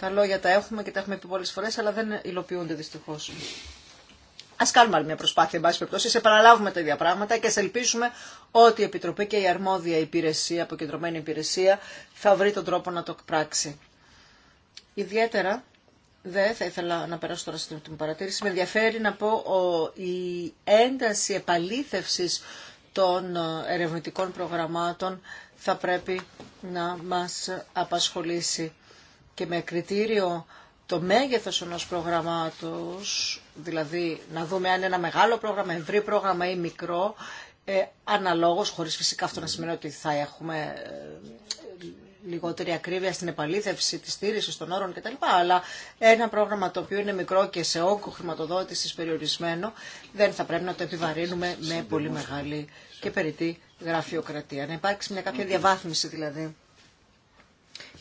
Τα λόγια τα έχουμε και τα έχουμε πει πολλές φορές, αλλά δεν υλοποιούνται δυστυχώς. Α κάνουμε άλλη μια προσπάθεια, εν πάση περιπτώσει, σε τα ίδια πράγματα και σε ελπίσουμε ότι η Επιτροπή και η αρμόδια υπηρεσία, αποκεντρωμένη υπηρεσία, θα βρει τον τρόπο να το πράξει. Ιδιαίτερα, δεν θα ήθελα να περάσω τώρα στην παρατήρηση, με ενδιαφέρει να πω ο, η ένταση επαλήθευση των ε, ερευνητικών προγραμμάτων θα πρέπει να μας απασχολήσει και με κριτήριο το μέγεθος ενός προγραμμάτος, δηλαδή να δούμε αν είναι ένα μεγάλο πρόγραμμα, ευρύ πρόγραμμα ή μικρό, ε, αναλόγως, χωρίς φυσικά αυτό να σημαίνει ότι θα έχουμε ε, λιγότερη ακρίβεια στην επαλήθευση τη στήριξη των όρων κτλ. Αλλά ένα πρόγραμμα το οποίο είναι μικρό και σε όγκο χρηματοδότηση περιορισμένο δεν θα πρέπει να το επιβαρύνουμε με πολύ μεγάλη και περιττή γραφειοκρατία. Να υπάρξει μια κάποια διαβάθμιση δηλαδή.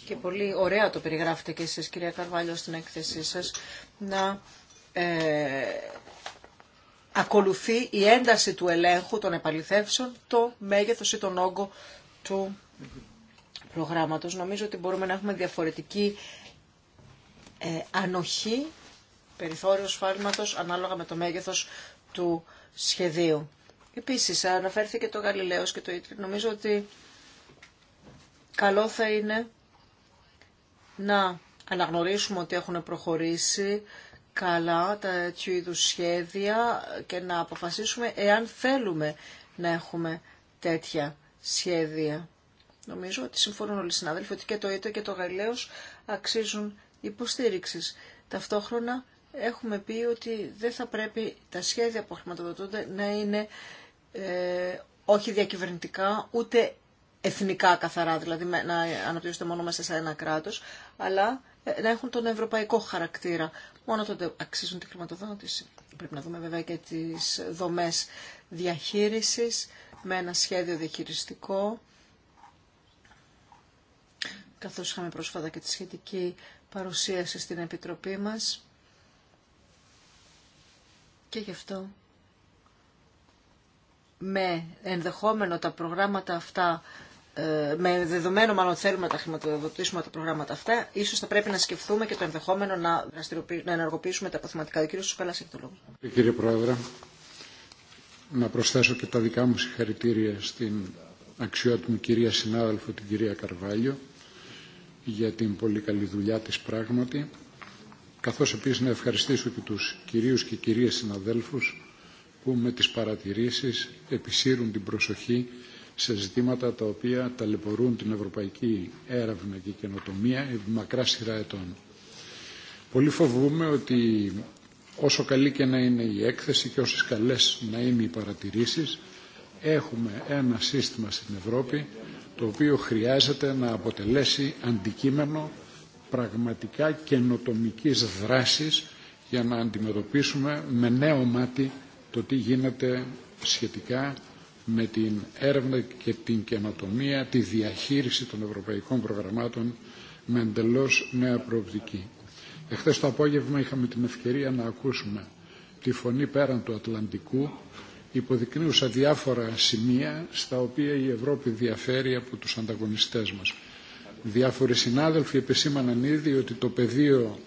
Και πολύ ωραία το περιγράφετε και εσείς κυρία Καρβάλιο στην έκθεσή σας να ε, ακολουθεί η ένταση του ελέγχου των επαληθεύσεων το μέγεθος ή τον όγκο του προγράμματος. Νομίζω ότι μπορούμε να έχουμε διαφορετική ε, ανοχή, περιθώριο φάρματος ανάλογα με το μέγεθος του σχεδίου. Επίσης, αναφέρθηκε το Γαλιλαίος και το Ιτρι. Νομίζω ότι καλό θα είναι να αναγνωρίσουμε ότι έχουν προχωρήσει καλά τα είδου σχέδια και να αποφασίσουμε εάν θέλουμε να έχουμε τέτοια σχέδια. Νομίζω ότι συμφωνούν όλοι οι συνάδελφοι ότι και το ΙΤΟ και το Γαλλέος αξίζουν υποστήριξης. Ταυτόχρονα έχουμε πει ότι δεν θα πρέπει τα σχέδια που χρηματοδοτούνται να είναι ε, όχι διακυβερνητικά, ούτε εθνικά καθαρά, δηλαδή να αναπτύσσονται μόνο μέσα σε ένα κράτος, αλλά ε, να έχουν τον ευρωπαϊκό χαρακτήρα. Μόνο τότε αξίζουν τη χρηματοδότηση. Πρέπει να δούμε βέβαια και τις δομές διαχείρισης με ένα σχέδιο διαχειριστικό καθώς είχαμε πρόσφατα και τη σχετική παρουσίαση στην Επιτροπή μας. Και γι' αυτό με ενδεχόμενο τα προγράμματα αυτά, ε, με δεδομένο μάλλον θέλουμε να τα χρηματοδοτήσουμε τα προγράμματα αυτά, ίσως θα πρέπει να σκεφτούμε και το ενδεχόμενο να, να ενεργοποιήσουμε τα αποθηματικά. Ο κύριος Σουκαλάς έχει το λόγο. Ε, κύριε Πρόεδρε, να προσθέσω και τα δικά μου συγχαρητήρια στην αξιότιμη κυρία συνάδελφο, την κυρία Καρβάλιο για την πολύ καλή δουλειά της πράγματι, καθώς επίσης να ευχαριστήσω και τους κυρίους και κυρίες συναδέλφους που με τις παρατηρήσεις επισύρουν την προσοχή σε ζητήματα τα οποία ταλαιπωρούν την ευρωπαϊκή έρευνα και καινοτομία επί μακρά σειρά ετών. Πολύ φοβούμαι ότι όσο καλή και να είναι η έκθεση και όσες καλές να είναι οι παρατηρήσεις, έχουμε ένα σύστημα στην Ευρώπη το οποίο χρειάζεται να αποτελέσει αντικείμενο πραγματικά καινοτομικής δράσης για να αντιμετωπίσουμε με νέο μάτι το τι γίνεται σχετικά με την έρευνα και την καινοτομία, τη διαχείριση των ευρωπαϊκών προγραμμάτων με εντελώ νέα προοπτική. Εχθές το απόγευμα είχαμε την ευκαιρία να ακούσουμε τη φωνή πέραν του Ατλαντικού υποδεικνύουσα διάφορα σημεία στα οποία η Ευρώπη διαφέρει από τους ανταγωνιστές μας. Διάφοροι συνάδελφοι επισήμαναν ήδη ότι το πεδίο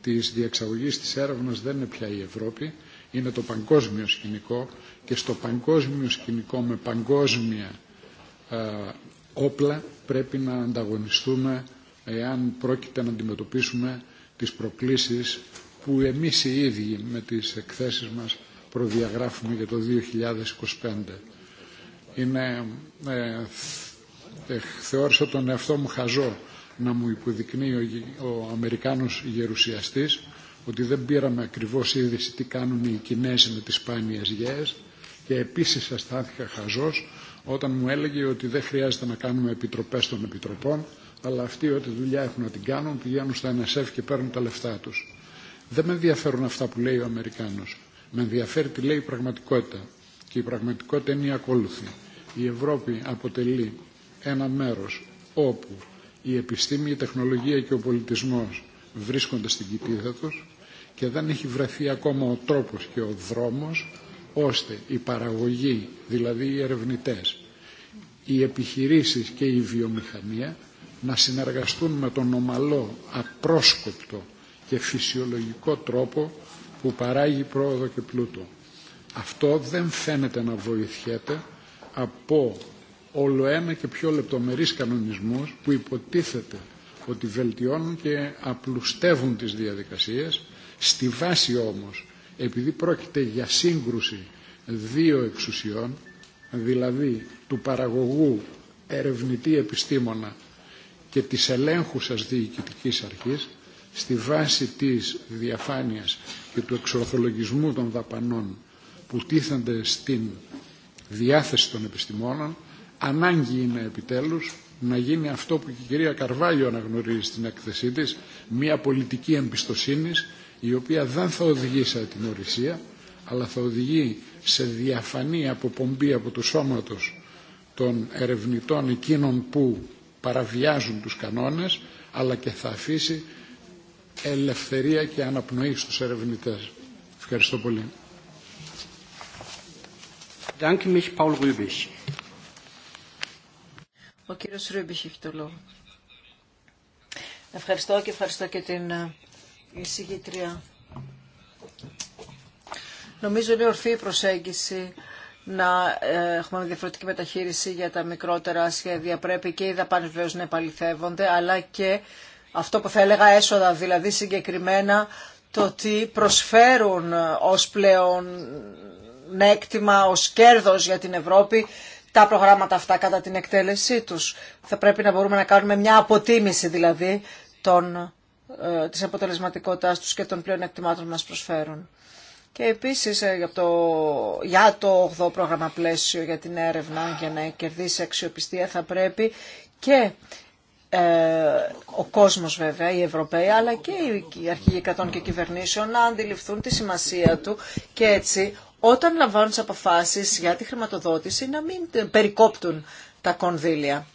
της διεξαγωγής της έρευνας δεν είναι πια η Ευρώπη, είναι το παγκόσμιο σκηνικό και στο παγκόσμιο σκηνικό με παγκόσμια όπλα πρέπει να ανταγωνιστούμε εάν πρόκειται να αντιμετωπίσουμε τις προκλήσεις που εμείς οι ίδιοι με τις εκθέσεις μας προδιαγράφουμε για το 2025. Είναι, ε, ε, θεώρησα τον εαυτό μου χαζό να μου υποδεικνύει ο, ο Αμερικάνος γερουσιαστής ότι δεν πήραμε ακριβώς είδηση τι κάνουν οι Κινέζοι με τις σπάνιες γέες και επίσης αισθάνθηκα χαζός όταν μου έλεγε ότι δεν χρειάζεται να κάνουμε επιτροπές των επιτροπών αλλά αυτοί ό,τι δουλειά έχουν να την κάνουν πηγαίνουν στα NSF και παίρνουν τα λεφτά τους. Δεν με ενδιαφέρουν αυτά που λέει ο Αμερικάνος. Με ενδιαφέρει τι λέει η πραγματικότητα. Και η πραγματικότητα είναι η ακόλουθη. Η Ευρώπη αποτελεί ένα μέρος όπου η επιστήμη, η τεχνολογία και ο πολιτισμός βρίσκονται στην κοιτίδα τους και δεν έχει βρεθεί ακόμα ο τρόπος και ο δρόμος ώστε η παραγωγή, δηλαδή οι ερευνητές, οι επιχειρήσεις και η βιομηχανία να συνεργαστούν με τον ομαλό, απρόσκοπτο και φυσιολογικό τρόπο που παράγει πρόοδο και πλούτο. Αυτό δεν φαίνεται να βοηθιέται από όλο ένα και πιο λεπτομερείς κανονισμούς που υποτίθεται ότι βελτιώνουν και απλουστεύουν τις διαδικασίες. Στη βάση όμως, επειδή πρόκειται για σύγκρουση δύο εξουσιών, δηλαδή του παραγωγού ερευνητή επιστήμονα και της ελέγχουσας διοικητικής αρχής, στη βάση της διαφάνειας και του εξορθολογισμού των δαπανών που τίθενται στην διάθεση των επιστημόνων, ανάγκη είναι επιτέλους να γίνει αυτό που και η κυρία Καρβάλιο αναγνωρίζει στην έκθεσή της, μια πολιτική εμπιστοσύνης η οποία δεν θα οδηγεί σε ατιμορρησία, αλλά θα οδηγεί σε διαφανή αποπομπή από το σώματος των ερευνητών εκείνων που παραβιάζουν τους κανόνες, αλλά και θα αφήσει ελευθερία και αναπνοή στους ερευνητές. Ευχαριστώ πολύ. Ο το λόγο. Ευχαριστώ και ευχαριστώ και την ε, εισηγήτρια. Νομίζω είναι ορθή η προσέγγιση να ε, έχουμε διαφορετική μεταχείριση για τα μικρότερα σχέδια. Πρέπει και οι δαπάνες βεβαίω να επαληθεύονται, αλλά και αυτό που θα έλεγα έσοδα, δηλαδή συγκεκριμένα το ότι προσφέρουν ε, ως πλέον έκτημα, ως κέρδος για την Ευρώπη τα προγράμματα αυτά κατά την εκτέλεσή τους. Θα πρέπει να μπορούμε να κάνουμε μια αποτίμηση δηλαδή των, ε, της αποτελεσματικότητάς τους και των πλέον εκτιμάτων που μας προσφέρουν. Και επίσης ε, για το, για το 8ο πρόγραμμα πλαίσιο για την έρευνα για να κερδίσει αξιοπιστία θα πρέπει και ε, ο κόσμος βέβαια, οι Ευρωπαίοι, αλλά και οι αρχηγοί και κυβερνήσεων να αντιληφθούν τη σημασία του και έτσι όταν λαμβάνουν τι αποφάσεις για τη χρηματοδότηση να μην περικόπτουν τα κονδύλια.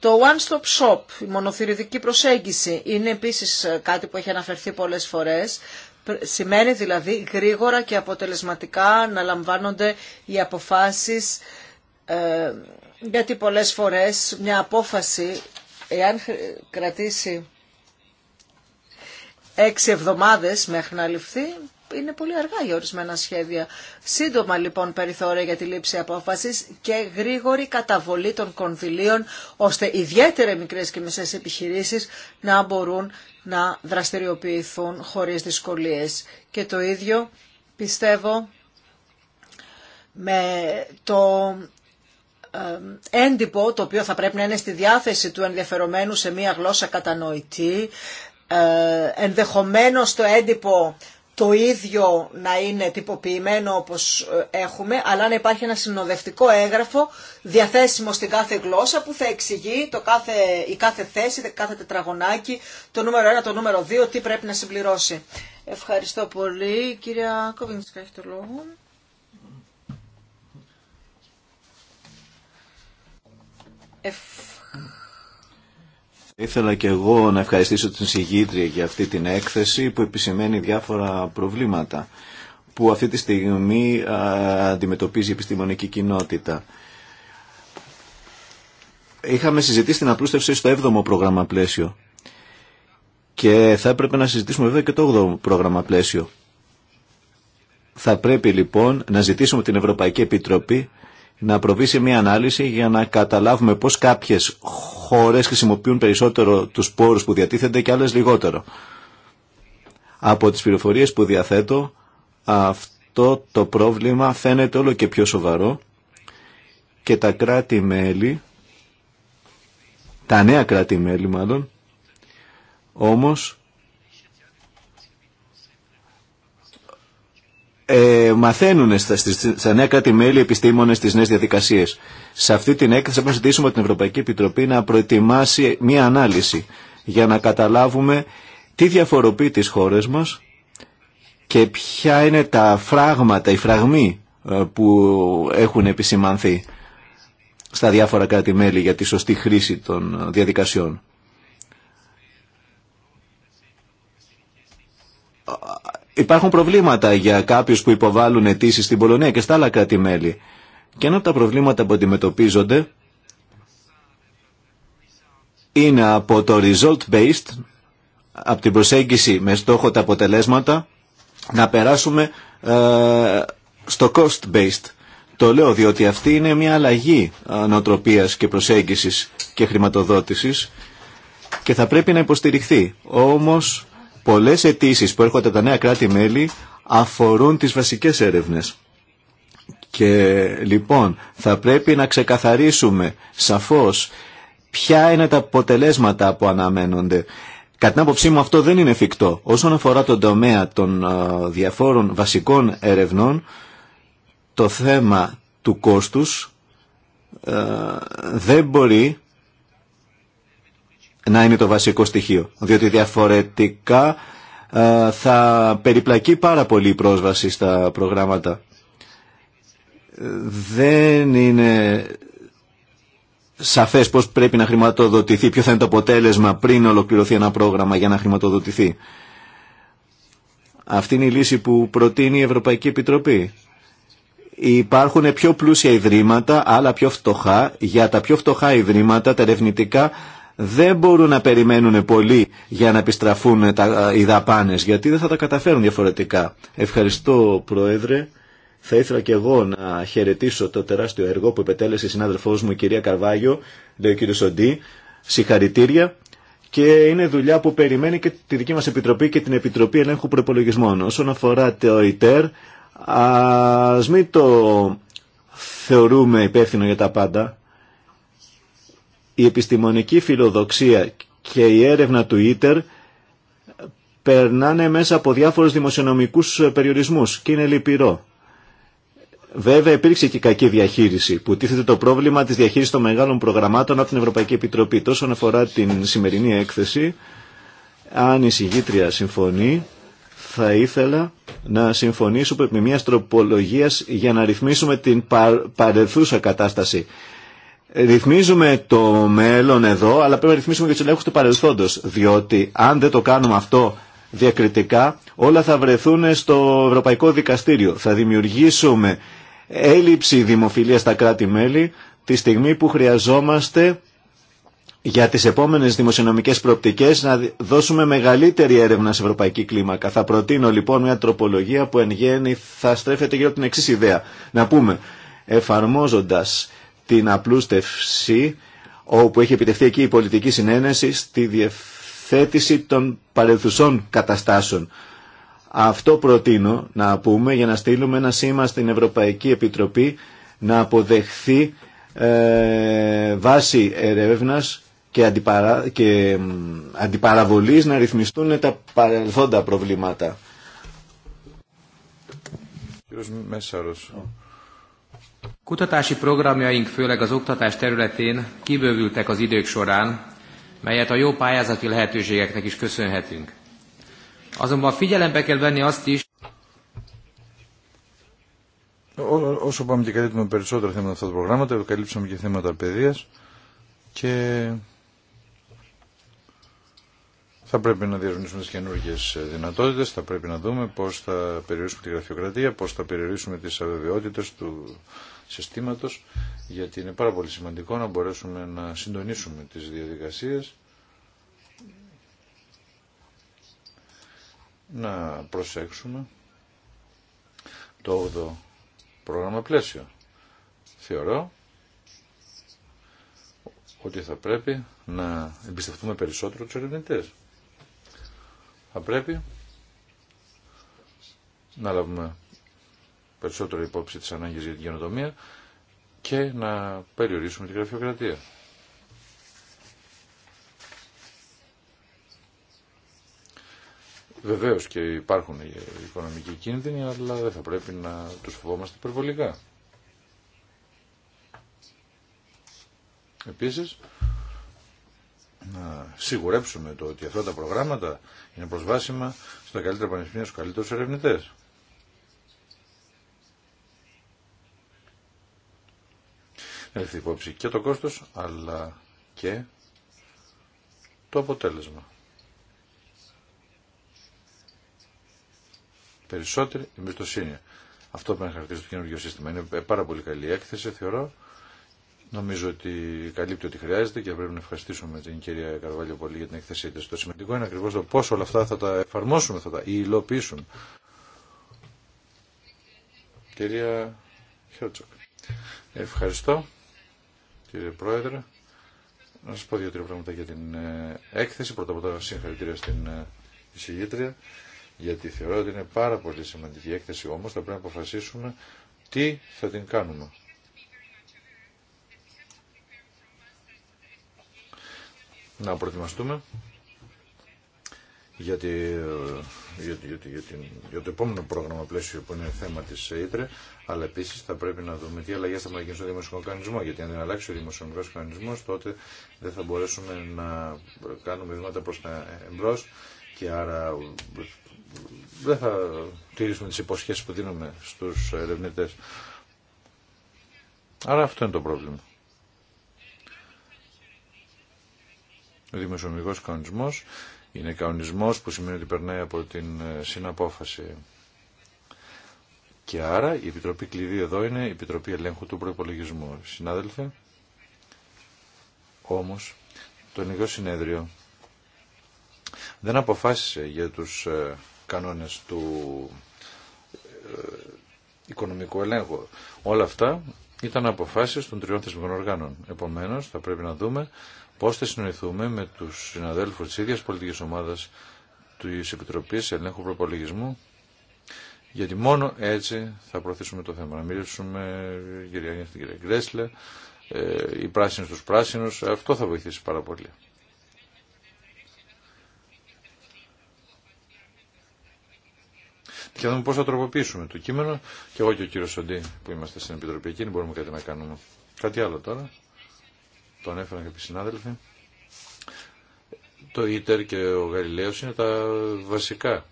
Το one-stop shop, η μονοθυριδική προσέγγιση, είναι επίσης κάτι που έχει αναφερθεί πολλές φορές. Σημαίνει δηλαδή γρήγορα και αποτελεσματικά να λαμβάνονται οι αποφάσεις ε, γιατί πολλές φορές μια απόφαση εάν κρατήσει έξι εβδομάδες μέχρι να ληφθεί, είναι πολύ αργά για ορισμένα σχέδια. Σύντομα λοιπόν περιθώρια για τη λήψη απόφαση και γρήγορη καταβολή των κονδυλίων, ώστε ιδιαίτερα μικρέ και μισέ επιχειρήσει να μπορούν να δραστηριοποιηθούν χωρί δυσκολίε. Και το ίδιο πιστεύω με το έντυπο το οποίο θα πρέπει να είναι στη διάθεση του ενδιαφερομένου σε μία γλώσσα κατανοητή. Ε, ενδεχομένως το έντυπο το ίδιο να είναι τυποποιημένο όπως ε, έχουμε, αλλά να υπάρχει ένα συνοδευτικό έγγραφο διαθέσιμο στην κάθε γλώσσα που θα εξηγεί το κάθε, η κάθε θέση, το κάθε τετραγωνάκι, το νούμερο 1, το νούμερο 2, τι πρέπει να συμπληρώσει. Ευχαριστώ πολύ. Κυρία Κοβίνσκα, έχει το λόγο. Ήθελα και εγώ να ευχαριστήσω την συγγήτρια για αυτή την έκθεση που επισημαίνει διάφορα προβλήματα που αυτή τη στιγμή αντιμετωπίζει η επιστημονική κοινότητα. Είχαμε συζητήσει την απλούστευση στο 7ο πρόγραμμα πλαίσιο και θα έπρεπε να συζητήσουμε βέβαια και το 8ο πρόγραμμα πλαίσιο. Θα πρέπει λοιπόν να ζητήσουμε την Ευρωπαϊκή Επιτροπή να προβεί μια ανάλυση για να καταλάβουμε πώς κάποιες χώρες χρησιμοποιούν περισσότερο τους πόρους που διατίθενται και άλλες λιγότερο. Από τις πληροφορίες που διαθέτω, αυτό το πρόβλημα φαίνεται όλο και πιο σοβαρό και τα κράτη-μέλη, τα νέα κράτη-μέλη μάλλον, όμως ε, μαθαίνουν στα, νέα κράτη-μέλη επιστήμονε τι νέε διαδικασίε. Σε αυτή την έκθεση θα ζητήσουμε την Ευρωπαϊκή Επιτροπή να προετοιμάσει μία ανάλυση για να καταλάβουμε τι διαφοροποιεί τι χώρες μας και ποια είναι τα φράγματα, οι φραγμοί ε, που έχουν επισημανθεί στα διάφορα κράτη-μέλη για τη σωστή χρήση των διαδικασιών. Υπάρχουν προβλήματα για κάποιους που υποβάλλουν αιτήσει στην Πολωνία και στα άλλα κράτη-μέλη. Και ένα από τα προβλήματα που αντιμετωπίζονται είναι από το result-based, από την προσέγγιση με στόχο τα αποτελέσματα, να περάσουμε ε, στο cost-based. Το λέω διότι αυτή είναι μια αλλαγή ε, νοοτροπίας και προσέγγισης και χρηματοδότησης και θα πρέπει να υποστηριχθεί. Όμως Πολλές αιτήσει που έρχονται από τα νέα κράτη-μέλη αφορούν τις βασικές έρευνες. Και λοιπόν θα πρέπει να ξεκαθαρίσουμε σαφώς ποια είναι τα αποτελέσματα που αναμένονται. Κατά την άποψή μου αυτό δεν είναι εφικτό. Όσον αφορά τον τομέα των διαφόρων βασικών ερευνών, το θέμα του κόστους δεν μπορεί να είναι το βασικό στοιχείο. Διότι διαφορετικά θα περιπλακεί πάρα πολύ η πρόσβαση στα προγράμματα. Δεν είναι σαφές πώς πρέπει να χρηματοδοτηθεί, ποιο θα είναι το αποτέλεσμα πριν ολοκληρωθεί ένα πρόγραμμα για να χρηματοδοτηθεί. Αυτή είναι η λύση που προτείνει η Ευρωπαϊκή Επιτροπή. Υπάρχουν πιο πλούσια ιδρύματα, άλλα πιο φτωχά. Για τα πιο φτωχά ιδρύματα, τα ερευνητικά δεν μπορούν να περιμένουν πολύ για να επιστραφούν τα, οι δαπάνε, γιατί δεν θα τα καταφέρουν διαφορετικά. Ευχαριστώ, Πρόεδρε. Θα ήθελα και εγώ να χαιρετήσω το τεράστιο έργο που επετέλεσε η συνάδελφός μου, η κυρία Καρβάγιο, λέει ο κύριο Σοντή. Συγχαρητήρια. Και είναι δουλειά που περιμένει και τη δική μας Επιτροπή και την Επιτροπή Ελέγχου Προπολογισμών. Όσον αφορά το ΙΤΕΡ, ας μην το θεωρούμε υπεύθυνο για τα πάντα η επιστημονική φιλοδοξία και η έρευνα του ΙΤΕΡ περνάνε μέσα από διάφορους δημοσιονομικούς περιορισμούς και είναι λυπηρό. Βέβαια υπήρξε και κακή διαχείριση που τίθεται το πρόβλημα της διαχείρισης των μεγάλων προγραμμάτων από την Ευρωπαϊκή Επιτροπή. Τόσο αφορά την σημερινή έκθεση, αν η συγγήτρια συμφωνεί, θα ήθελα να συμφωνήσουμε με μια τροπολογία για να ρυθμίσουμε την παρελθούσα κατάσταση ρυθμίζουμε το μέλλον εδώ, αλλά πρέπει να ρυθμίσουμε και του ελέγχου του παρελθόντο. Διότι αν δεν το κάνουμε αυτό διακριτικά, όλα θα βρεθούν στο Ευρωπαϊκό Δικαστήριο. Θα δημιουργήσουμε έλλειψη δημοφιλία στα κράτη-μέλη τη στιγμή που χρειαζόμαστε για τις επόμενες δημοσιονομικές προοπτικές να δώσουμε μεγαλύτερη έρευνα σε ευρωπαϊκή κλίμακα. Θα προτείνω λοιπόν μια τροπολογία που εν γέννη θα στρέφεται γύρω από την εξή ιδέα. Να πούμε, εφαρμόζοντας την απλούστευση όπου έχει επιτευχθεί εκεί η πολιτική συνένεση στη διευθέτηση των παρελθουσών καταστάσεων. Αυτό προτείνω να πούμε για να στείλουμε ένα σήμα στην Ευρωπαϊκή Επιτροπή να αποδεχθεί ε, βάση ερεύνας και, αντιπαρα... και αντιπαραβολής να ρυθμιστούν τα παρελθόντα προβλήματα. Κύριος Μέσαρος, Kutatási programjaink főleg az oktatás területén kibővültek az idők során, melyet a jó pályázati lehetőségeknek is köszönhetünk. Azonban figyelembe kell venni azt is, Όσο πάμε και καλύπτουμε περισσότερα θέματα αυτά τα προγράμματα, καλύψαμε και θέματα παιδείας και θα πρέπει να διαρρονίσουμε τις καινούργιες δυνατότητες, θα πρέπει να δούμε πώς θα περιορίσουμε τη γραφειοκρατία, πώς θα περιορίσουμε τις αβεβαιότητες του συστήματος γιατί είναι πάρα πολύ σημαντικό να μπορέσουμε να συντονίσουμε τις διαδικασίες να προσέξουμε το 8ο πρόγραμμα πλαίσιο. Θεωρώ ότι θα πρέπει να εμπιστευτούμε περισσότερο τους ερευνητές. Θα πρέπει να λάβουμε περισσότερο υπόψη τις ανάγκες για την καινοτομία και να περιορίσουμε τη γραφειοκρατία. Βεβαίως και υπάρχουν οι οικονομικοί κίνδυνοι, αλλά δεν θα πρέπει να τους φοβόμαστε υπερβολικά. Επίσης, να σιγουρέψουμε το ότι αυτά τα προγράμματα είναι προσβάσιμα στα καλύτερα πανεπιστήμια, στους καλύτερους ερευνητές. να υπόψη και το κόστος αλλά και το αποτέλεσμα. Περισσότερη εμπιστοσύνη. Αυτό που είναι χαρακτηρίζει το καινούργιο σύστημα. Είναι πάρα πολύ καλή έκθεση, θεωρώ. Νομίζω ότι καλύπτει ό,τι χρειάζεται και πρέπει να ευχαριστήσουμε την κυρία Καρβάλιο πολύ για την εκθεσή της. Το σημαντικό είναι ακριβώς το πώς όλα αυτά θα τα εφαρμόσουμε, θα τα υλοποιήσουμε. Κυρία Χέρτσοκ, ευχαριστώ κύριε Πρόεδρε. Να σας πω δύο-τρία πράγματα για την ε, έκθεση. Πρώτα απ' όλα συγχαρητήρια στην ε, εισηγήτρια, γιατί θεωρώ ότι είναι πάρα πολύ σημαντική έκθεση, όμως θα πρέπει να αποφασίσουμε τι θα την κάνουμε. Να προετοιμαστούμε γιατί, ε, για το επόμενο πρόγραμμα πλαίσιο που είναι θέμα τη ΕΙΤΡΕ, αλλά επίση θα πρέπει να δούμε τι αλλαγέ θα γίνουν στο δημοσιογραφικό κανονισμό. Γιατί αν δεν αλλάξει ο δημοσιονομικό κανονισμό, τότε δεν θα μπορέσουμε να κάνουμε βήματα προ τα εμπρό και άρα ε, δεν θα τηρήσουμε τι υποσχέσει που δίνουμε στου ερευνητέ. Άρα αυτό είναι το πρόβλημα. Ο δημοσιονομικός κανονισμός είναι κανονισμός που σημαίνει ότι περνάει από την ε, συναπόφαση. Και άρα η Επιτροπή Κλειδί εδώ είναι η Επιτροπή Ελέγχου του Προϋπολογισμού. Συνάδελφε, όμως το Ελληνικό Συνέδριο δεν αποφάσισε για τους ε, κανόνες του ε, οικονομικού ελέγχου. Όλα αυτά ήταν αποφάσεις των τριών θεσμικών οργάνων. Επομένως θα πρέπει να δούμε πώς θα συνοηθούμε με τους συναδέλφους της ίδιας πολιτικής ομάδας της Επιτροπής Ελέγχου Προπολογισμού γιατί μόνο έτσι θα προωθήσουμε το θέμα. Να μιλήσουμε κυρία Γιάννη την κυρία Γκρέσλε, ε, οι πράσινοι στους πράσινους, αυτό θα βοηθήσει πάρα πολύ. Και να δούμε πώς θα τροποποιήσουμε το κείμενο και εγώ και ο κύριος Σοντή που είμαστε στην Επιτροπή εκείνη μπορούμε κάτι να κάνουμε. Κάτι άλλο τώρα το ανέφεραν οι συνάδελφοι, το ΙΤΕΡ και ο Γαλιλαίος είναι τα βασικά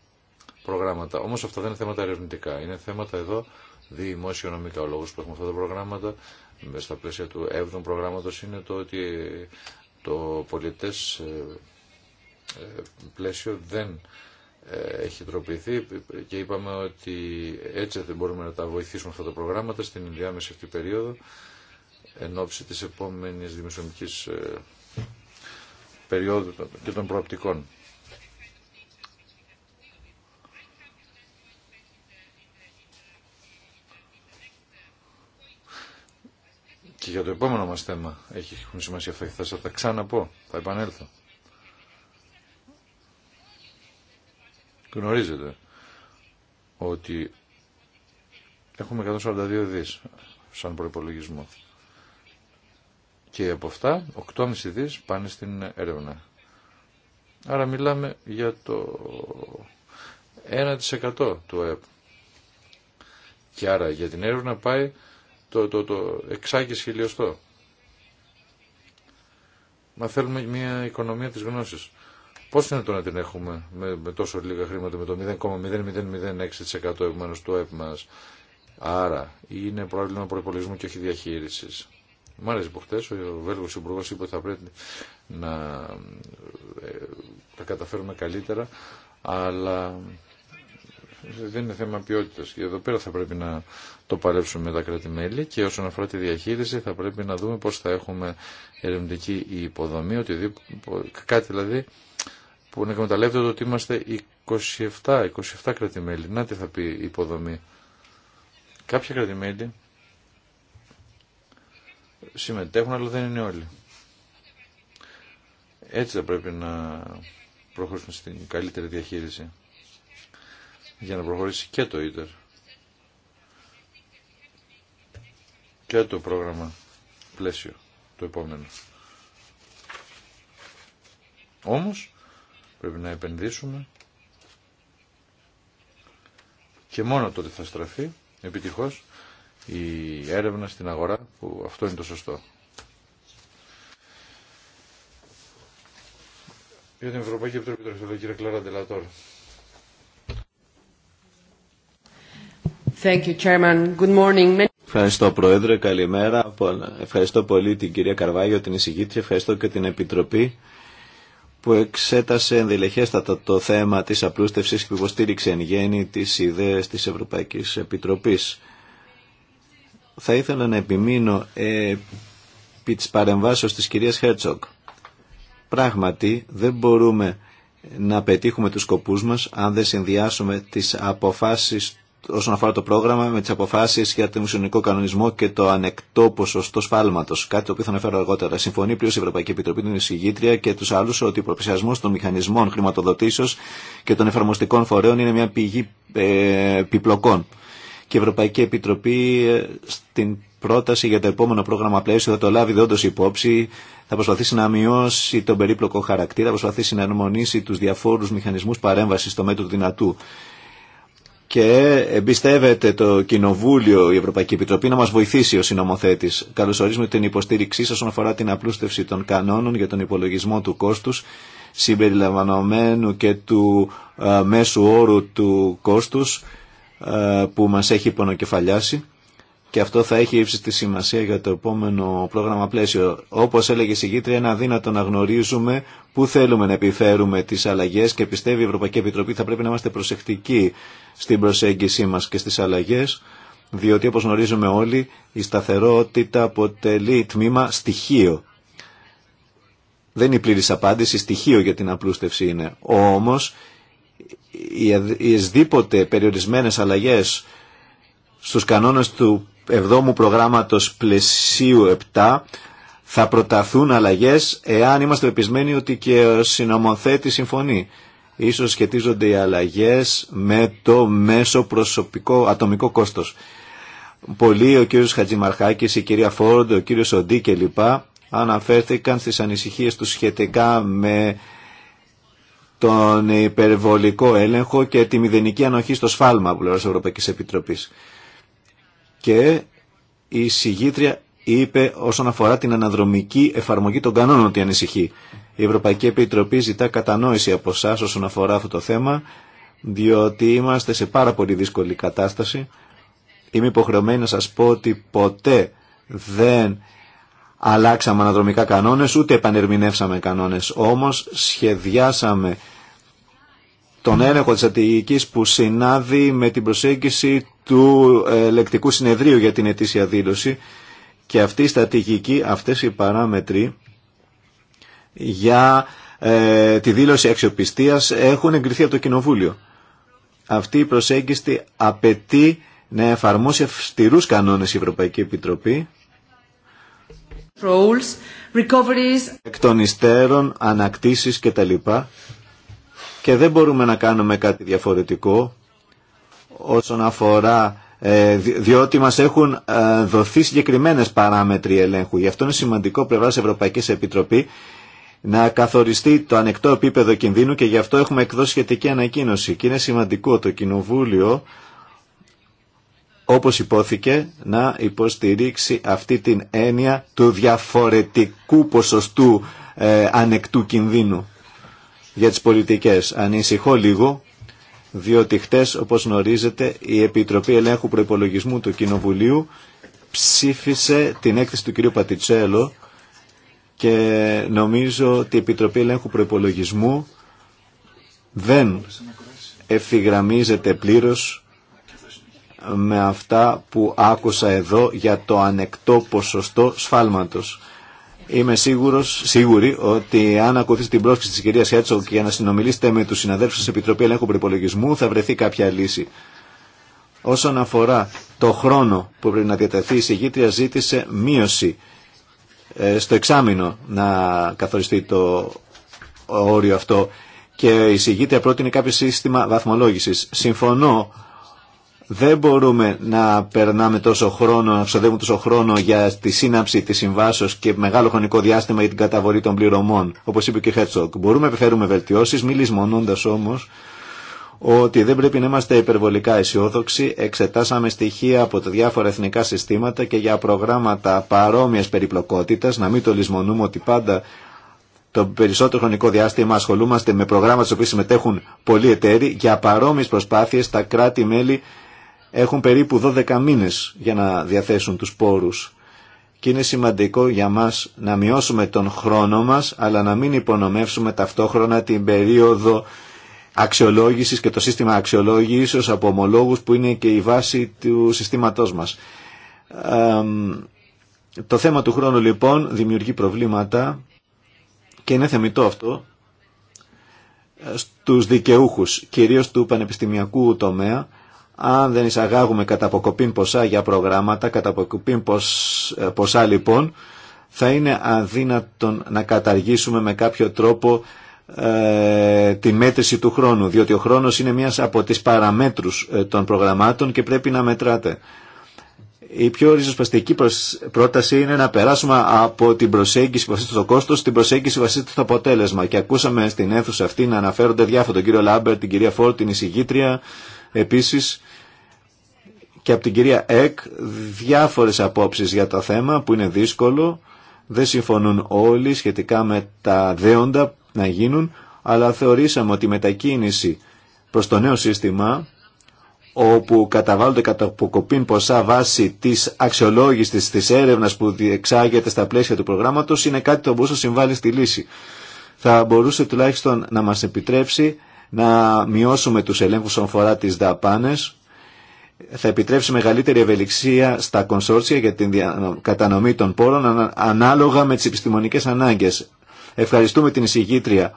προγράμματα. Όμως αυτά δεν είναι θέματα ερευνητικά, είναι θέματα εδώ δημοσιονομικά. Ο λόγος που έχουμε αυτά τα προγράμματα στα πλαίσια του 7ου προγράμματος είναι το ότι το πολιτές ε, ε, πλαίσιο δεν ε, έχει τροποποιηθεί και είπαμε ότι έτσι δεν μπορούμε να τα βοηθήσουμε αυτά τα προγράμματα στην διάμεση αυτή περίοδο εν ώψη της επόμενης δημοσιονομικής ε, περίοδου και των προοπτικών. Και για το επόμενο μας θέμα έχουν σημασία αυτά. Θα σας τα ξαναπώ, θα επανέλθω. Γνωρίζετε ότι έχουμε 142 δις σαν προϋπολογισμό και από αυτά 8,5 δις πάνε στην έρευνα. Άρα μιλάμε για το 1% του ΕΠ. Και άρα για την έρευνα πάει το, το, το χιλιοστό. Μα θέλουμε μια οικονομία της γνώσης. Πώς είναι το να την έχουμε με, με τόσο λίγα χρήματα, με το 0,0006% ευμένως του ΕΠ μας. Άρα είναι πρόβλημα προπολογισμού και όχι διαχείρισης. Μ' άρεσε που χτες ο Βέλγος Υπουργός είπε ότι θα πρέπει να ε, τα καταφέρουμε καλύτερα, αλλά δεν είναι θέμα ποιότητα. Και εδώ πέρα θα πρέπει να το παρέψουμε με τα κράτη-μέλη και όσον αφορά τη διαχείριση θα πρέπει να δούμε πώς θα έχουμε ερευνητική υποδομή, κάτι δηλαδή που να εκμεταλλεύεται ότι είμαστε 27, 27 κράτη-μέλη. Να τι θα πει η υποδομή. Κάποια κράτη-μέλη συμμετέχουν αλλά δεν είναι όλοι. Έτσι θα πρέπει να προχωρήσουμε στην καλύτερη διαχείριση για να προχωρήσει και το ίτερ και το πρόγραμμα πλαίσιο το επόμενο. Όμως πρέπει να επενδύσουμε και μόνο τότε θα στραφεί επιτυχώς η έρευνα στην αγορά που αυτό είναι το σωστό. Για την Κλάρα Ντελατόρ. Ευχαριστώ Πρόεδρε, καλημέρα. Ευχαριστώ πολύ την κυρία Καρβάγιο, την εισηγήτρια. Ευχαριστώ και την Επιτροπή που εξέτασε ενδελεχέστατα το θέμα της απλούστευσης και υποστήριξε εν γέννη τις ιδέες της Ευρωπαϊκής Επιτροπής θα ήθελα να επιμείνω ε, επί της παρεμβάσεως της κυρίας Χέρτσοκ. Πράγματι δεν μπορούμε να πετύχουμε τους σκοπούς μας αν δεν συνδυάσουμε τις αποφάσεις όσον αφορά το πρόγραμμα με τις αποφάσεις για τον μουσιονικό κανονισμό και το ανεκτό ποσοστό σφάλματος, κάτι το οποίο θα αναφέρω αργότερα. Συμφωνεί πλήρως η Ευρωπαϊκή Επιτροπή, την εισηγήτρια και τους άλλους ότι ο προπλησιασμός των μηχανισμών χρηματοδοτήσεως και των εφαρμοστικών φορέων είναι μια πηγή ε, και η Ευρωπαϊκή Επιτροπή ε, στην πρόταση για το επόμενο πρόγραμμα πλαίσιο θα το λάβει δόντως υπόψη, θα προσπαθήσει να μειώσει τον περίπλοκο χαρακτήρα, θα προσπαθήσει να ενμονίσει τους διαφόρους μηχανισμούς παρέμβασης στο μέτρο του δυνατού. Και εμπιστεύεται το Κοινοβούλιο, η Ευρωπαϊκή Επιτροπή, να μα βοηθήσει ο συνομοθέτη. Καλωσορίζουμε την υποστήριξή σα όσον αφορά την απλούστευση των κανόνων για τον υπολογισμό του κόστου, συμπεριλαμβανομένου και του ε, μέσου όρου του κόστου. Ε, που μας έχει πονοκεφαλιάσει και αυτό θα έχει ύψιστη σημασία για το επόμενο πρόγραμμα πλαίσιο. Όπως έλεγε η συγγήτρια, είναι αδύνατο να γνωρίζουμε πού θέλουμε να επιφέρουμε τις αλλαγές και πιστεύει η Ευρωπαϊκή Επιτροπή θα πρέπει να είμαστε προσεκτικοί στην προσέγγιση μας και στις αλλαγές, διότι όπως γνωρίζουμε όλοι η σταθερότητα αποτελεί τμήμα στοιχείο. Δεν είναι η πλήρης απάντηση, στοιχείο για την απλούστευση είναι. Όμως οι εσδήποτε περιορισμένες αλλαγές στους κανόνες του 7ου προγράμματος πλαισίου 7 θα προταθούν αλλαγές εάν είμαστε πεπισμένοι ότι και ο συνομοθέτης συμφωνεί. Ίσως σχετίζονται οι αλλαγές με το μέσο προσωπικό ατομικό κόστος. Πολλοί, ο κύριος Χατζημαρχάκης, η κυρία Φόρντ, ο κύριος Οντί κλπ. αναφέρθηκαν στις ανησυχίες του σχετικά με τον υπερβολικό έλεγχο και τη μηδενική ανοχή στο σφάλμα από πλευρά Ευρωπαϊκή Επιτροπή. Και η συγγήτρια είπε όσον αφορά την αναδρομική εφαρμογή των κανόνων ότι ανησυχεί. Η Ευρωπαϊκή Επιτροπή ζητά κατανόηση από εσά όσον αφορά αυτό το θέμα, διότι είμαστε σε πάρα πολύ δύσκολη κατάσταση. Είμαι υποχρεωμένη να σας πω ότι ποτέ δεν αλλάξαμε αναδρομικά κανόνες, ούτε επανερμηνεύσαμε κανόνες. Όμως σχεδιάσαμε τον έλεγχο της στρατηγικής που συνάδει με την προσέγγιση του λεκτικού συνεδρίου για την ετήσια δήλωση και αυτή η στρατηγική, αυτές οι παράμετροι για ε, τη δήλωση αξιοπιστίας έχουν εγκριθεί από το Κοινοβούλιο. Αυτή η προσέγγιση απαιτεί να εφαρμόσει αυστηρούς κανόνες η Ευρωπαϊκή Επιτροπή εκ των υστέρων, ανακτήσεις λοιπά. Και δεν μπορούμε να κάνουμε κάτι διαφορετικό όσον αφορά ε, διότι μας έχουν ε, δοθεί συγκεκριμένες παράμετροι ελέγχου. Γι' αυτό είναι σημαντικό πλευρά της Ευρωπαϊκής Επιτροπή να καθοριστεί το ανεκτό επίπεδο κινδύνου και γι' αυτό έχουμε εκδώσει σχετική ανακοίνωση. Και είναι σημαντικό το Κοινοβούλιο όπως υπόθηκε, να υποστηρίξει αυτή την έννοια του διαφορετικού ποσοστού ε, ανεκτού κινδύνου για τις πολιτικές. Ανησυχώ λίγο, διότι χτες, όπως γνωρίζετε, η Επιτροπή Ελέγχου Προϋπολογισμού του Κοινοβουλίου ψήφισε την έκθεση του κ. Πατιτσέλο και νομίζω ότι η Επιτροπή Ελέγχου Προϋπολογισμού δεν ευθυγραμμίζεται πλήρως με αυτά που άκουσα εδώ για το ανεκτό ποσοστό σφάλματος. Είμαι σίγουρος, σίγουρη ότι αν ακολουθήσετε την πρόσκληση της κυρίας Χέτσο για να συνομιλήσετε με τους συναδέλφους της Επιτροπή Ελέγχου Προπολογισμού θα βρεθεί κάποια λύση. Όσον αφορά το χρόνο που πρέπει να διατεθεί η συγγήτρια ζήτησε μείωση ε, στο εξάμεινο να καθοριστεί το όριο αυτό και η συγγήτρια πρότεινε κάποιο σύστημα βαθμολόγησης. Συμφωνώ δεν μπορούμε να περνάμε τόσο χρόνο, να ξοδεύουμε τόσο χρόνο για τη σύναψη τη συμβάσεω και μεγάλο χρονικό διάστημα για την καταβολή των πληρωμών, όπω είπε και η Χέρτσοκ. Μπορούμε να επιφέρουμε βελτιώσει, μη λησμονώντα όμω ότι δεν πρέπει να είμαστε υπερβολικά αισιόδοξοι. Εξετάσαμε στοιχεία από τα διάφορα εθνικά συστήματα και για προγράμματα παρόμοια περιπλοκότητα, να μην το λησμονούμε ότι πάντα το περισσότερο χρονικό διάστημα ασχολούμαστε με προγράμματα στις οποίες συμμετέχουν πολλοί εταίροι για παρόμοιες προσπάθειες τα κράτη-μέλη έχουν περίπου 12 μήνες για να διαθέσουν τους πόρους και είναι σημαντικό για μας να μειώσουμε τον χρόνο μας αλλά να μην υπονομεύσουμε ταυτόχρονα την περίοδο αξιολόγησης και το σύστημα αξιολόγησης από ομολόγους που είναι και η βάση του συστήματός μας. το θέμα του χρόνου λοιπόν δημιουργεί προβλήματα και είναι θεμητό αυτό στους δικαιούχους, κυρίως του πανεπιστημιακού τομέα αν δεν εισαγάγουμε κατά αποκοπήν ποσά για προγράμματα, κατά αποκοπήν ε, ποσά λοιπόν, θα είναι αδύνατον να καταργήσουμε με κάποιο τρόπο ε, τη μέτρηση του χρόνου, διότι ο χρόνος είναι μια από τις παραμέτρους ε, των προγραμμάτων και πρέπει να μετράτε. Η πιο ριζοσπαστική πρόταση είναι να περάσουμε από την προσέγγιση βασίζεται στο κόστο στην προσέγγιση βασίζεται στο αποτέλεσμα. Και ακούσαμε στην αίθουσα αυτή να αναφέρονται διάφορα τον κύριο Λάμπερ, την κυρία Φόρ, την εισηγήτρια, Επίσης και από την κυρία Εκ διάφορες απόψεις για το θέμα που είναι δύσκολο. Δεν συμφωνούν όλοι σχετικά με τα δέοντα να γίνουν, αλλά θεωρήσαμε ότι η μετακίνηση προς το νέο σύστημα όπου καταβάλλονται κατά αποκοπήν ποσά βάση τη αξιολόγηση τη έρευνας που διεξάγεται στα πλαίσια του προγράμματος είναι κάτι το οποίο συμβάλλει στη λύση. Θα μπορούσε τουλάχιστον να μας επιτρέψει να μειώσουμε τους ελέγχους όσον αφορά τις δαπάνες, θα επιτρέψει μεγαλύτερη ευελιξία στα κονσόρτσια για την κατανομή των πόρων ανάλογα με τις επιστημονικές ανάγκες. Ευχαριστούμε την εισηγήτρια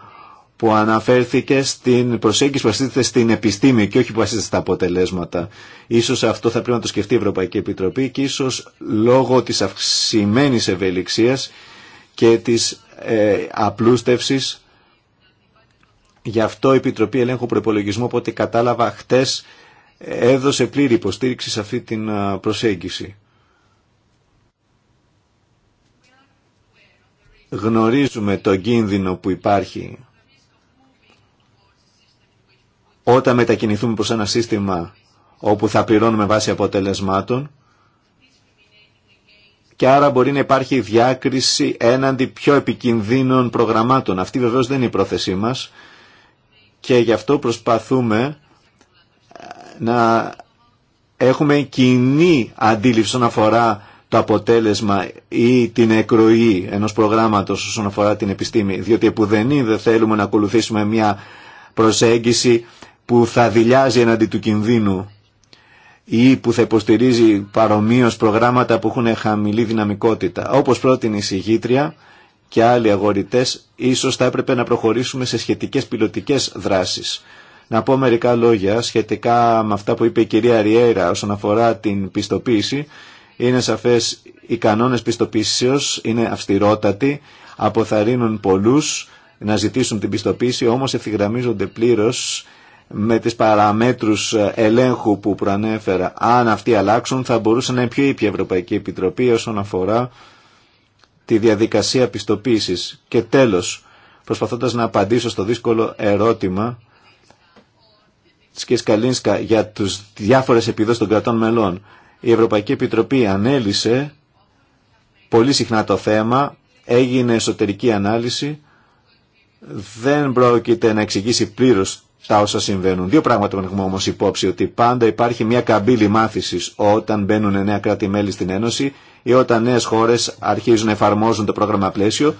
που αναφέρθηκε στην προσέγγιση που βασίζεται στην επιστήμη και όχι που βασίζεται στα αποτελέσματα. Ίσως αυτό θα πρέπει να το σκεφτεί η Ευρωπαϊκή Επιτροπή και ίσως λόγω της αυξημένης ευελιξίας και της ε, Γι' αυτό η Επιτροπή Ελέγχου Προπολογισμού, από ό,τι κατάλαβα χτε, έδωσε πλήρη υποστήριξη σε αυτή την προσέγγιση. Γνωρίζουμε τον κίνδυνο που υπάρχει όταν μετακινηθούμε προς ένα σύστημα όπου θα πληρώνουμε βάση αποτελεσμάτων και άρα μπορεί να υπάρχει διάκριση έναντι πιο επικινδύνων προγραμμάτων. Αυτή βεβαίως δεν είναι η πρόθεσή μας και γι' αυτό προσπαθούμε ε, να έχουμε κοινή αντίληψη όσον αφορά το αποτέλεσμα ή την εκροή ενός προγράμματος όσον αφορά την επιστήμη, διότι επουδενή δεν θέλουμε να ακολουθήσουμε μια προσέγγιση που θα δηλιάζει εναντί του κινδύνου ή που θα υποστηρίζει παρομοίως προγράμματα που έχουν χαμηλή δυναμικότητα. Όπως πρότεινε η συγγήτρια, και άλλοι αγορητές ίσως θα έπρεπε να προχωρήσουμε σε σχετικές πιλωτικές δράσεις. Να πω μερικά λόγια σχετικά με αυτά που είπε η κυρία Ριέρα όσον αφορά την πιστοποίηση. Είναι σαφές οι κανόνες πιστοποίησεως είναι αυστηρότατοι, αποθαρρύνουν πολλούς να ζητήσουν την πιστοποίηση, όμως ευθυγραμμίζονται πλήρως με τις παραμέτρους ελέγχου που προανέφερα. Αν αυτοί αλλάξουν θα μπορούσε να είναι πιο ήπια Ευρωπαϊκή Επιτροπή όσον αφορά τη διαδικασία πιστοποίησης. Και τέλος, προσπαθώντας να απαντήσω στο δύσκολο ερώτημα της κ. για τους διάφορες επιδόσεις των κρατών μελών. Η Ευρωπαϊκή Επιτροπή ανέλησε πολύ συχνά το θέμα, έγινε εσωτερική ανάλυση, δεν πρόκειται να εξηγήσει πλήρως τα όσα συμβαίνουν. Δύο πράγματα που έχουμε όμως υπόψη, ότι πάντα υπάρχει μια καμπύλη μάθησης όταν μπαίνουν νέα κράτη-μέλη στην Ένωση ή όταν νέες χώρες αρχίζουν να εφαρμόζουν το πρόγραμμα πλαίσιο,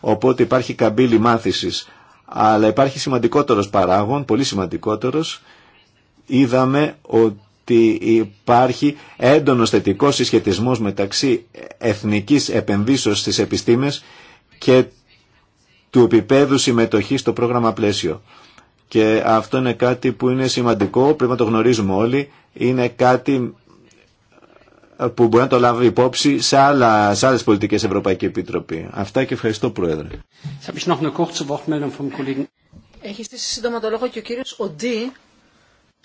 οπότε υπάρχει καμπύλη μάθησης. Αλλά υπάρχει σημαντικότερος παράγων, πολύ σημαντικότερος. Είδαμε ότι υπάρχει έντονος θετικός συσχετισμός μεταξύ εθνικής επενδύσεως στις επιστήμες και του επίπεδου συμμετοχής στο πρόγραμμα πλαίσιο. Και αυτό είναι κάτι που είναι σημαντικό, πρέπει να το γνωρίζουμε όλοι. Είναι κάτι που μπορεί να το λάβει υπόψη σε, άλλα, σε άλλες πολιτικές Ευρωπαϊκή Επιτροπή. Αυτά και ευχαριστώ Πρόεδρε. Έχει στήσει σύντομα το λόγο και ο κύριος Οντί.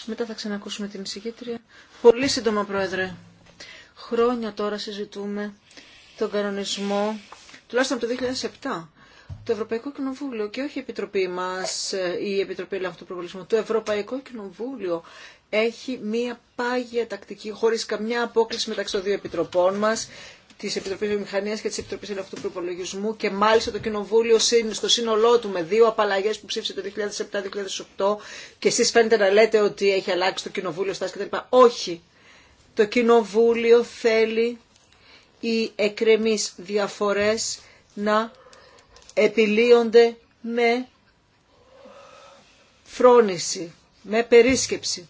Μετά θα ξανακούσουμε την εισηγήτρια. Πολύ σύντομα Πρόεδρε. Χρόνια τώρα συζητούμε τον κανονισμό, τουλάχιστον από το 2007 το Ευρωπαϊκό Κοινοβούλιο και όχι η Επιτροπή μας, ε, η Επιτροπή Ελέγχου του Προβολισμού, το Ευρωπαϊκό Κοινοβούλιο έχει μία πάγια τακτική, χωρίς καμιά απόκληση μεταξύ των δύο επιτροπών μας, της Επιτροπής Βιομηχανίας και της Επιτροπής Ελευθερού Προπολογισμού και μάλιστα το Κοινοβούλιο στο σύνολό του με δύο απαλλαγές που ψήφισε το 2007-2008 και εσείς φαίνεται να λέτε ότι έχει αλλάξει το Κοινοβούλιο στάση κτλ. Όχι. Το Κοινοβούλιο θέλει οι εκρεμείς διαφορές να επιλύονται με φρόνηση, με περίσκεψη.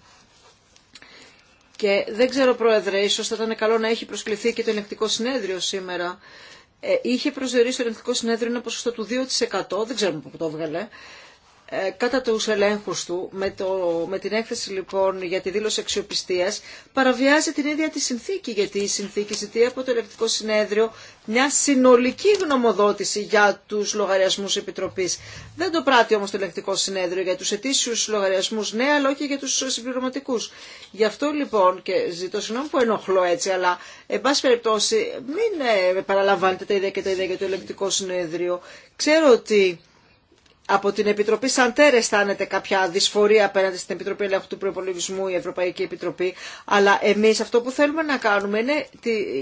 Και δεν ξέρω, Πρόεδρε, ίσω θα ήταν καλό να έχει προσκληθεί και το ελεκτικό συνέδριο σήμερα. Ε, είχε προσδιορίσει το ελεκτικό συνέδριο ένα ποσοστό του 2%, δεν ξέρουμε πού το έβγαλε. Ε, κατά τους ελέγχους του, με, το, με την έκθεση λοιπόν για τη δήλωση αξιοπιστίας, παραβιάζει την ίδια τη συνθήκη, γιατί η συνθήκη ζητεί από το Ελεκτικό Συνέδριο μια συνολική γνωμοδότηση για τους λογαριασμούς Επιτροπής. Δεν το πράττει όμως το Ελεκτικό Συνέδριο για τους ετήσιους λογαριασμούς, ναι, αλλά όχι για τους συμπληρωματικούς. Γι' αυτό λοιπόν, και ζητώ συγγνώμη που ενοχλώ έτσι, αλλά εν πάση περιπτώσει μην ε, παραλαμβάνετε τα ίδια και τα ιδέα για το Ελεκτικό Συνέδριο. Ξέρω ότι από την Επιτροπή Σαντέρ αισθάνεται κάποια δυσφορία απέναντι στην Επιτροπή Ελέγχου του Προπολογισμού, η Ευρωπαϊκή Επιτροπή. Αλλά εμεί αυτό που θέλουμε να κάνουμε είναι,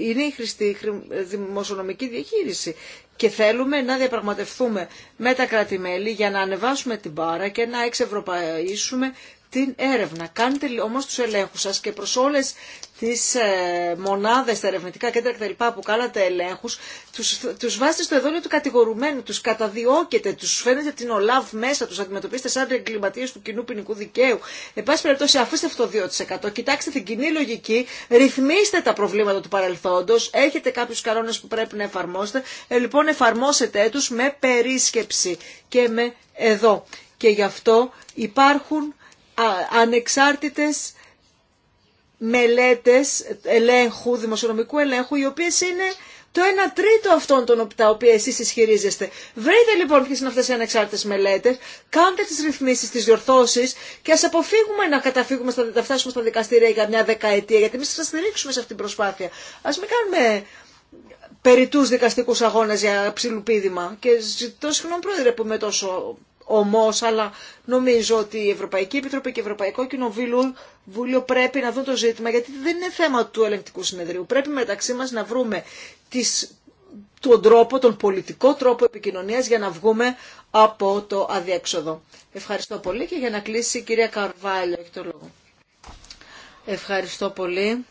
είναι η χρηστή δημοσιονομική διαχείριση. Και θέλουμε να διαπραγματευτούμε με τα κράτη-μέλη για να ανεβάσουμε την πάρα και να εξευρωπαίσουμε την έρευνα. Κάντε όμως τους ελέγχους σας και προς όλες τις ε, μονάδες, τα ερευνητικά κέντρα κτλ. που κάνατε ελέγχους, τους, τους βάζετε στο εδόλιο του κατηγορουμένου, τους καταδιώκετε, τους φαίνεται την ΟΛΑΒ μέσα, τους αντιμετωπίσετε σαν εγκληματίες του κοινού ποινικού δικαίου. Εν πάση περιπτώσει αφήστε αυτό το 2%, κοιτάξτε την κοινή λογική, ρυθμίστε τα προβλήματα του παρελθόντος, έχετε κάποιους κανόνες που πρέπει να εφαρμόσετε, ε, λοιπόν εφαρμόσετε τους με περίσκεψη και με εδώ. Και γι' αυτό υπάρχουν ανεξάρτητες μελέτες ελέγχου, δημοσιονομικού ελέγχου, οι οποίες είναι το 1 τρίτο αυτών των τα οποία εσείς ισχυρίζεστε. Βρείτε λοιπόν ποιες είναι αυτές οι ανεξάρτητες μελέτες, κάντε τις ρυθμίσεις, τις διορθώσεις και ας αποφύγουμε να καταφύγουμε, στα, να φτάσουμε στα δικαστήρια για μια δεκαετία, γιατί εμείς θα σας στηρίξουμε σε αυτή την προσπάθεια. Ας μην κάνουμε περιτούς δικαστικούς αγώνες για ψηλουπίδημα και ζητώ συγγνώμη πρόεδρε που είμαι τόσο Όμω, αλλά νομίζω ότι η Ευρωπαϊκή Επιτροπή και η Ευρωπαϊκό Κοινοβούλιο Βούλιο πρέπει να δουν το ζήτημα, γιατί δεν είναι θέμα του ελεγκτικού συνεδρίου. Πρέπει μεταξύ μας να βρούμε τις, τον τρόπο, τον πολιτικό τρόπο επικοινωνίας για να βγούμε από το αδιέξοδο. Ευχαριστώ πολύ και για να κλείσει η κυρία Καρβάλιο, έχει το λόγο. Ευχαριστώ πολύ.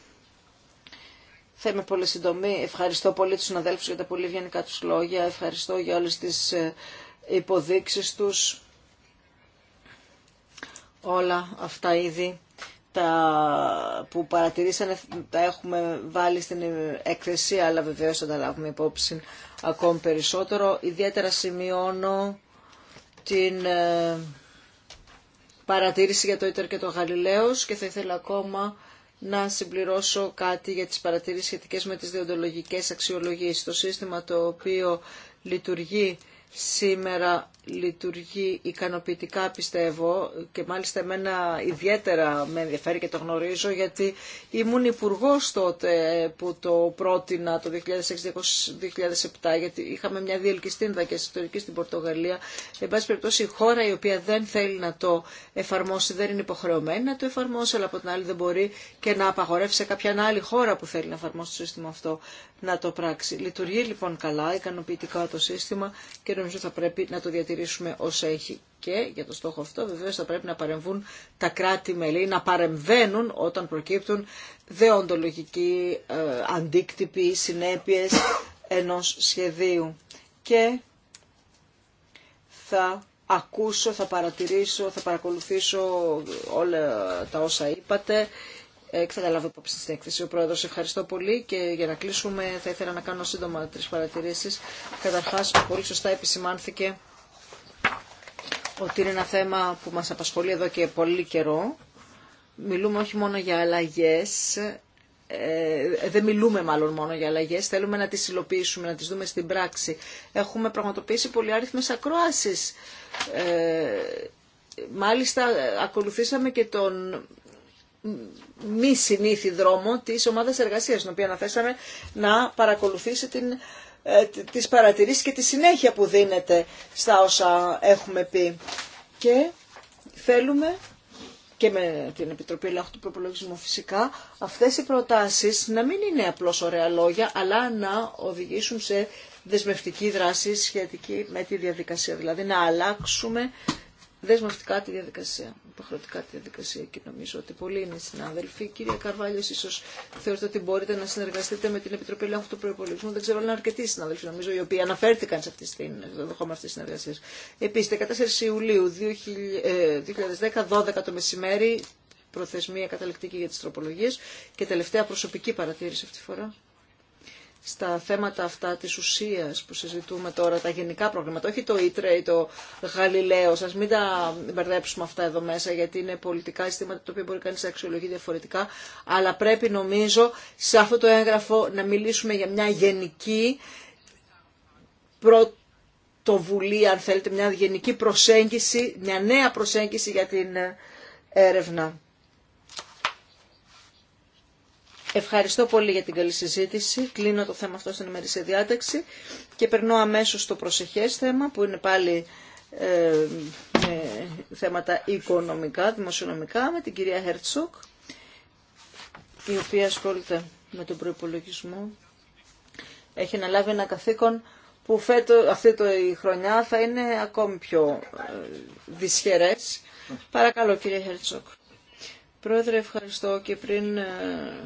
Θα είμαι πολύ συντομή. Ευχαριστώ πολύ τους συναδέλφου για τα πολύ ευγενικά τους λόγια. Ευχαριστώ για όλες τις ε, υποδείξεις τους, όλα αυτά ήδη τα που παρατηρήσανε τα έχουμε βάλει στην έκθεση, αλλά βεβαίως θα τα λάβουμε υπόψη ακόμη περισσότερο. Ιδιαίτερα σημειώνω την ε, παρατήρηση για το Ίτερ και το Γαλιλαίος και θα ήθελα ακόμα να συμπληρώσω κάτι για τις παρατηρήσεις σχετικές με τις διοντολογικές αξιολογίες. Το σύστημα το οποίο λειτουργεί σήμερα λειτουργεί ικανοποιητικά πιστεύω και μάλιστα εμένα ιδιαίτερα με ενδιαφέρει και το γνωρίζω γιατί ήμουν υπουργό τότε που το πρότεινα το 2006-2007 γιατί είχαμε μια διελκυστίνδα και ιστορική στην Πορτογαλία εν πάση περιπτώσει η χώρα η οποία δεν θέλει να το εφαρμόσει δεν είναι υποχρεωμένη να το εφαρμόσει αλλά από την άλλη δεν μπορεί και να απαγορεύσει σε κάποια άλλη χώρα που θέλει να εφαρμόσει το σύστημα αυτό να το πράξει. Λειτουργεί λοιπόν καλά, ικανοποιητικά το σύστημα και νομίζω θα πρέπει να το διατηρήσουμε όσα έχει. Και για το στόχο αυτό βεβαίω θα πρέπει να παρεμβούν τα κράτη-μελή, να παρεμβαίνουν όταν προκύπτουν δεοντολογικοί ε, αντίκτυποι, συνέπειες ενός σχεδίου. Και θα ακούσω, θα παρατηρήσω, θα παρακολουθήσω όλα τα όσα είπατε. Ε, θα καταλάβω λάβω υπόψη στην έκθεση. Ο Πρόεδρος, ευχαριστώ πολύ και για να κλείσουμε θα ήθελα να κάνω σύντομα τρεις παρατηρήσεις. Καταρχάς, πολύ σωστά επισημάνθηκε ότι είναι ένα θέμα που μας απασχολεί εδώ και πολύ καιρό. Μιλούμε όχι μόνο για αλλαγές, ε, δεν μιλούμε μάλλον μόνο για αλλαγέ, θέλουμε να τις υλοποιήσουμε, να τις δούμε στην πράξη. Έχουμε πραγματοποιήσει άριθμες ακροάσεις. Ε, μάλιστα ακολουθήσαμε και τον μη συνήθι δρόμο της ομάδας εργασίας, την οποία αναθέσαμε να παρακολουθήσει την ε, τις παρατηρήσεις και τη συνέχεια που δίνεται στα όσα έχουμε πει. Και θέλουμε και με την Επιτροπή Λάχτου του Προπολογισμού φυσικά, αυτές οι προτάσεις να μην είναι απλώς ωραία λόγια, αλλά να οδηγήσουν σε δεσμευτική δράση σχετική με τη διαδικασία. Δηλαδή να αλλάξουμε δεσμευτικά τη διαδικασία, υποχρεωτικά τη διαδικασία και νομίζω ότι πολλοί είναι συνάδελφοι. Κύριε Καρβάλιο, ίσω θεωρείτε ότι μπορείτε να συνεργαστείτε με την Επιτροπή Ελέγχου του Προπολογισμού. Δεν ξέρω αν είναι αρκετοί συνάδελφοι, νομίζω, οι οποίοι αναφέρθηκαν σε αυτή την, αυτή τη συνεργασία. Επίση, 14 Ιουλίου 2010, 12 ε, το μεσημέρι, προθεσμία καταληκτική για τι τροπολογίε και τελευταία προσωπική παρατήρηση αυτή τη φορά στα θέματα αυτά της ουσίας που συζητούμε τώρα, τα γενικά προβλήματα, όχι το ΙΤΡΕ ή το Γαλιλαίο, Σα μην τα μπερδέψουμε αυτά εδώ μέσα, γιατί είναι πολιτικά συστήματα τα οποία μπορεί κάνει να αξιολογεί διαφορετικά, αλλά πρέπει νομίζω σε αυτό το έγγραφο να μιλήσουμε για μια γενική πρωτοβουλία, αν θέλετε, μια γενική προσέγγιση, μια νέα προσέγγιση για την έρευνα. Ευχαριστώ πολύ για την καλή συζήτηση. Κλείνω το θέμα αυτό στην ημερήσια διάταξη και περνώ αμέσως στο προσεχές θέμα που είναι πάλι ε, θέματα οικονομικά, δημοσιονομικά με την κυρία Χέρτσοκ η οποία ασχολείται με τον προϋπολογισμό. Έχει αναλάβει ένα καθήκον που φέτο, αυτή το, η χρονιά θα είναι ακόμη πιο ε, δυσχερές. Παρακαλώ κύριε Χέρτσοκ. Πρόεδρε ευχαριστώ και πριν... Ε,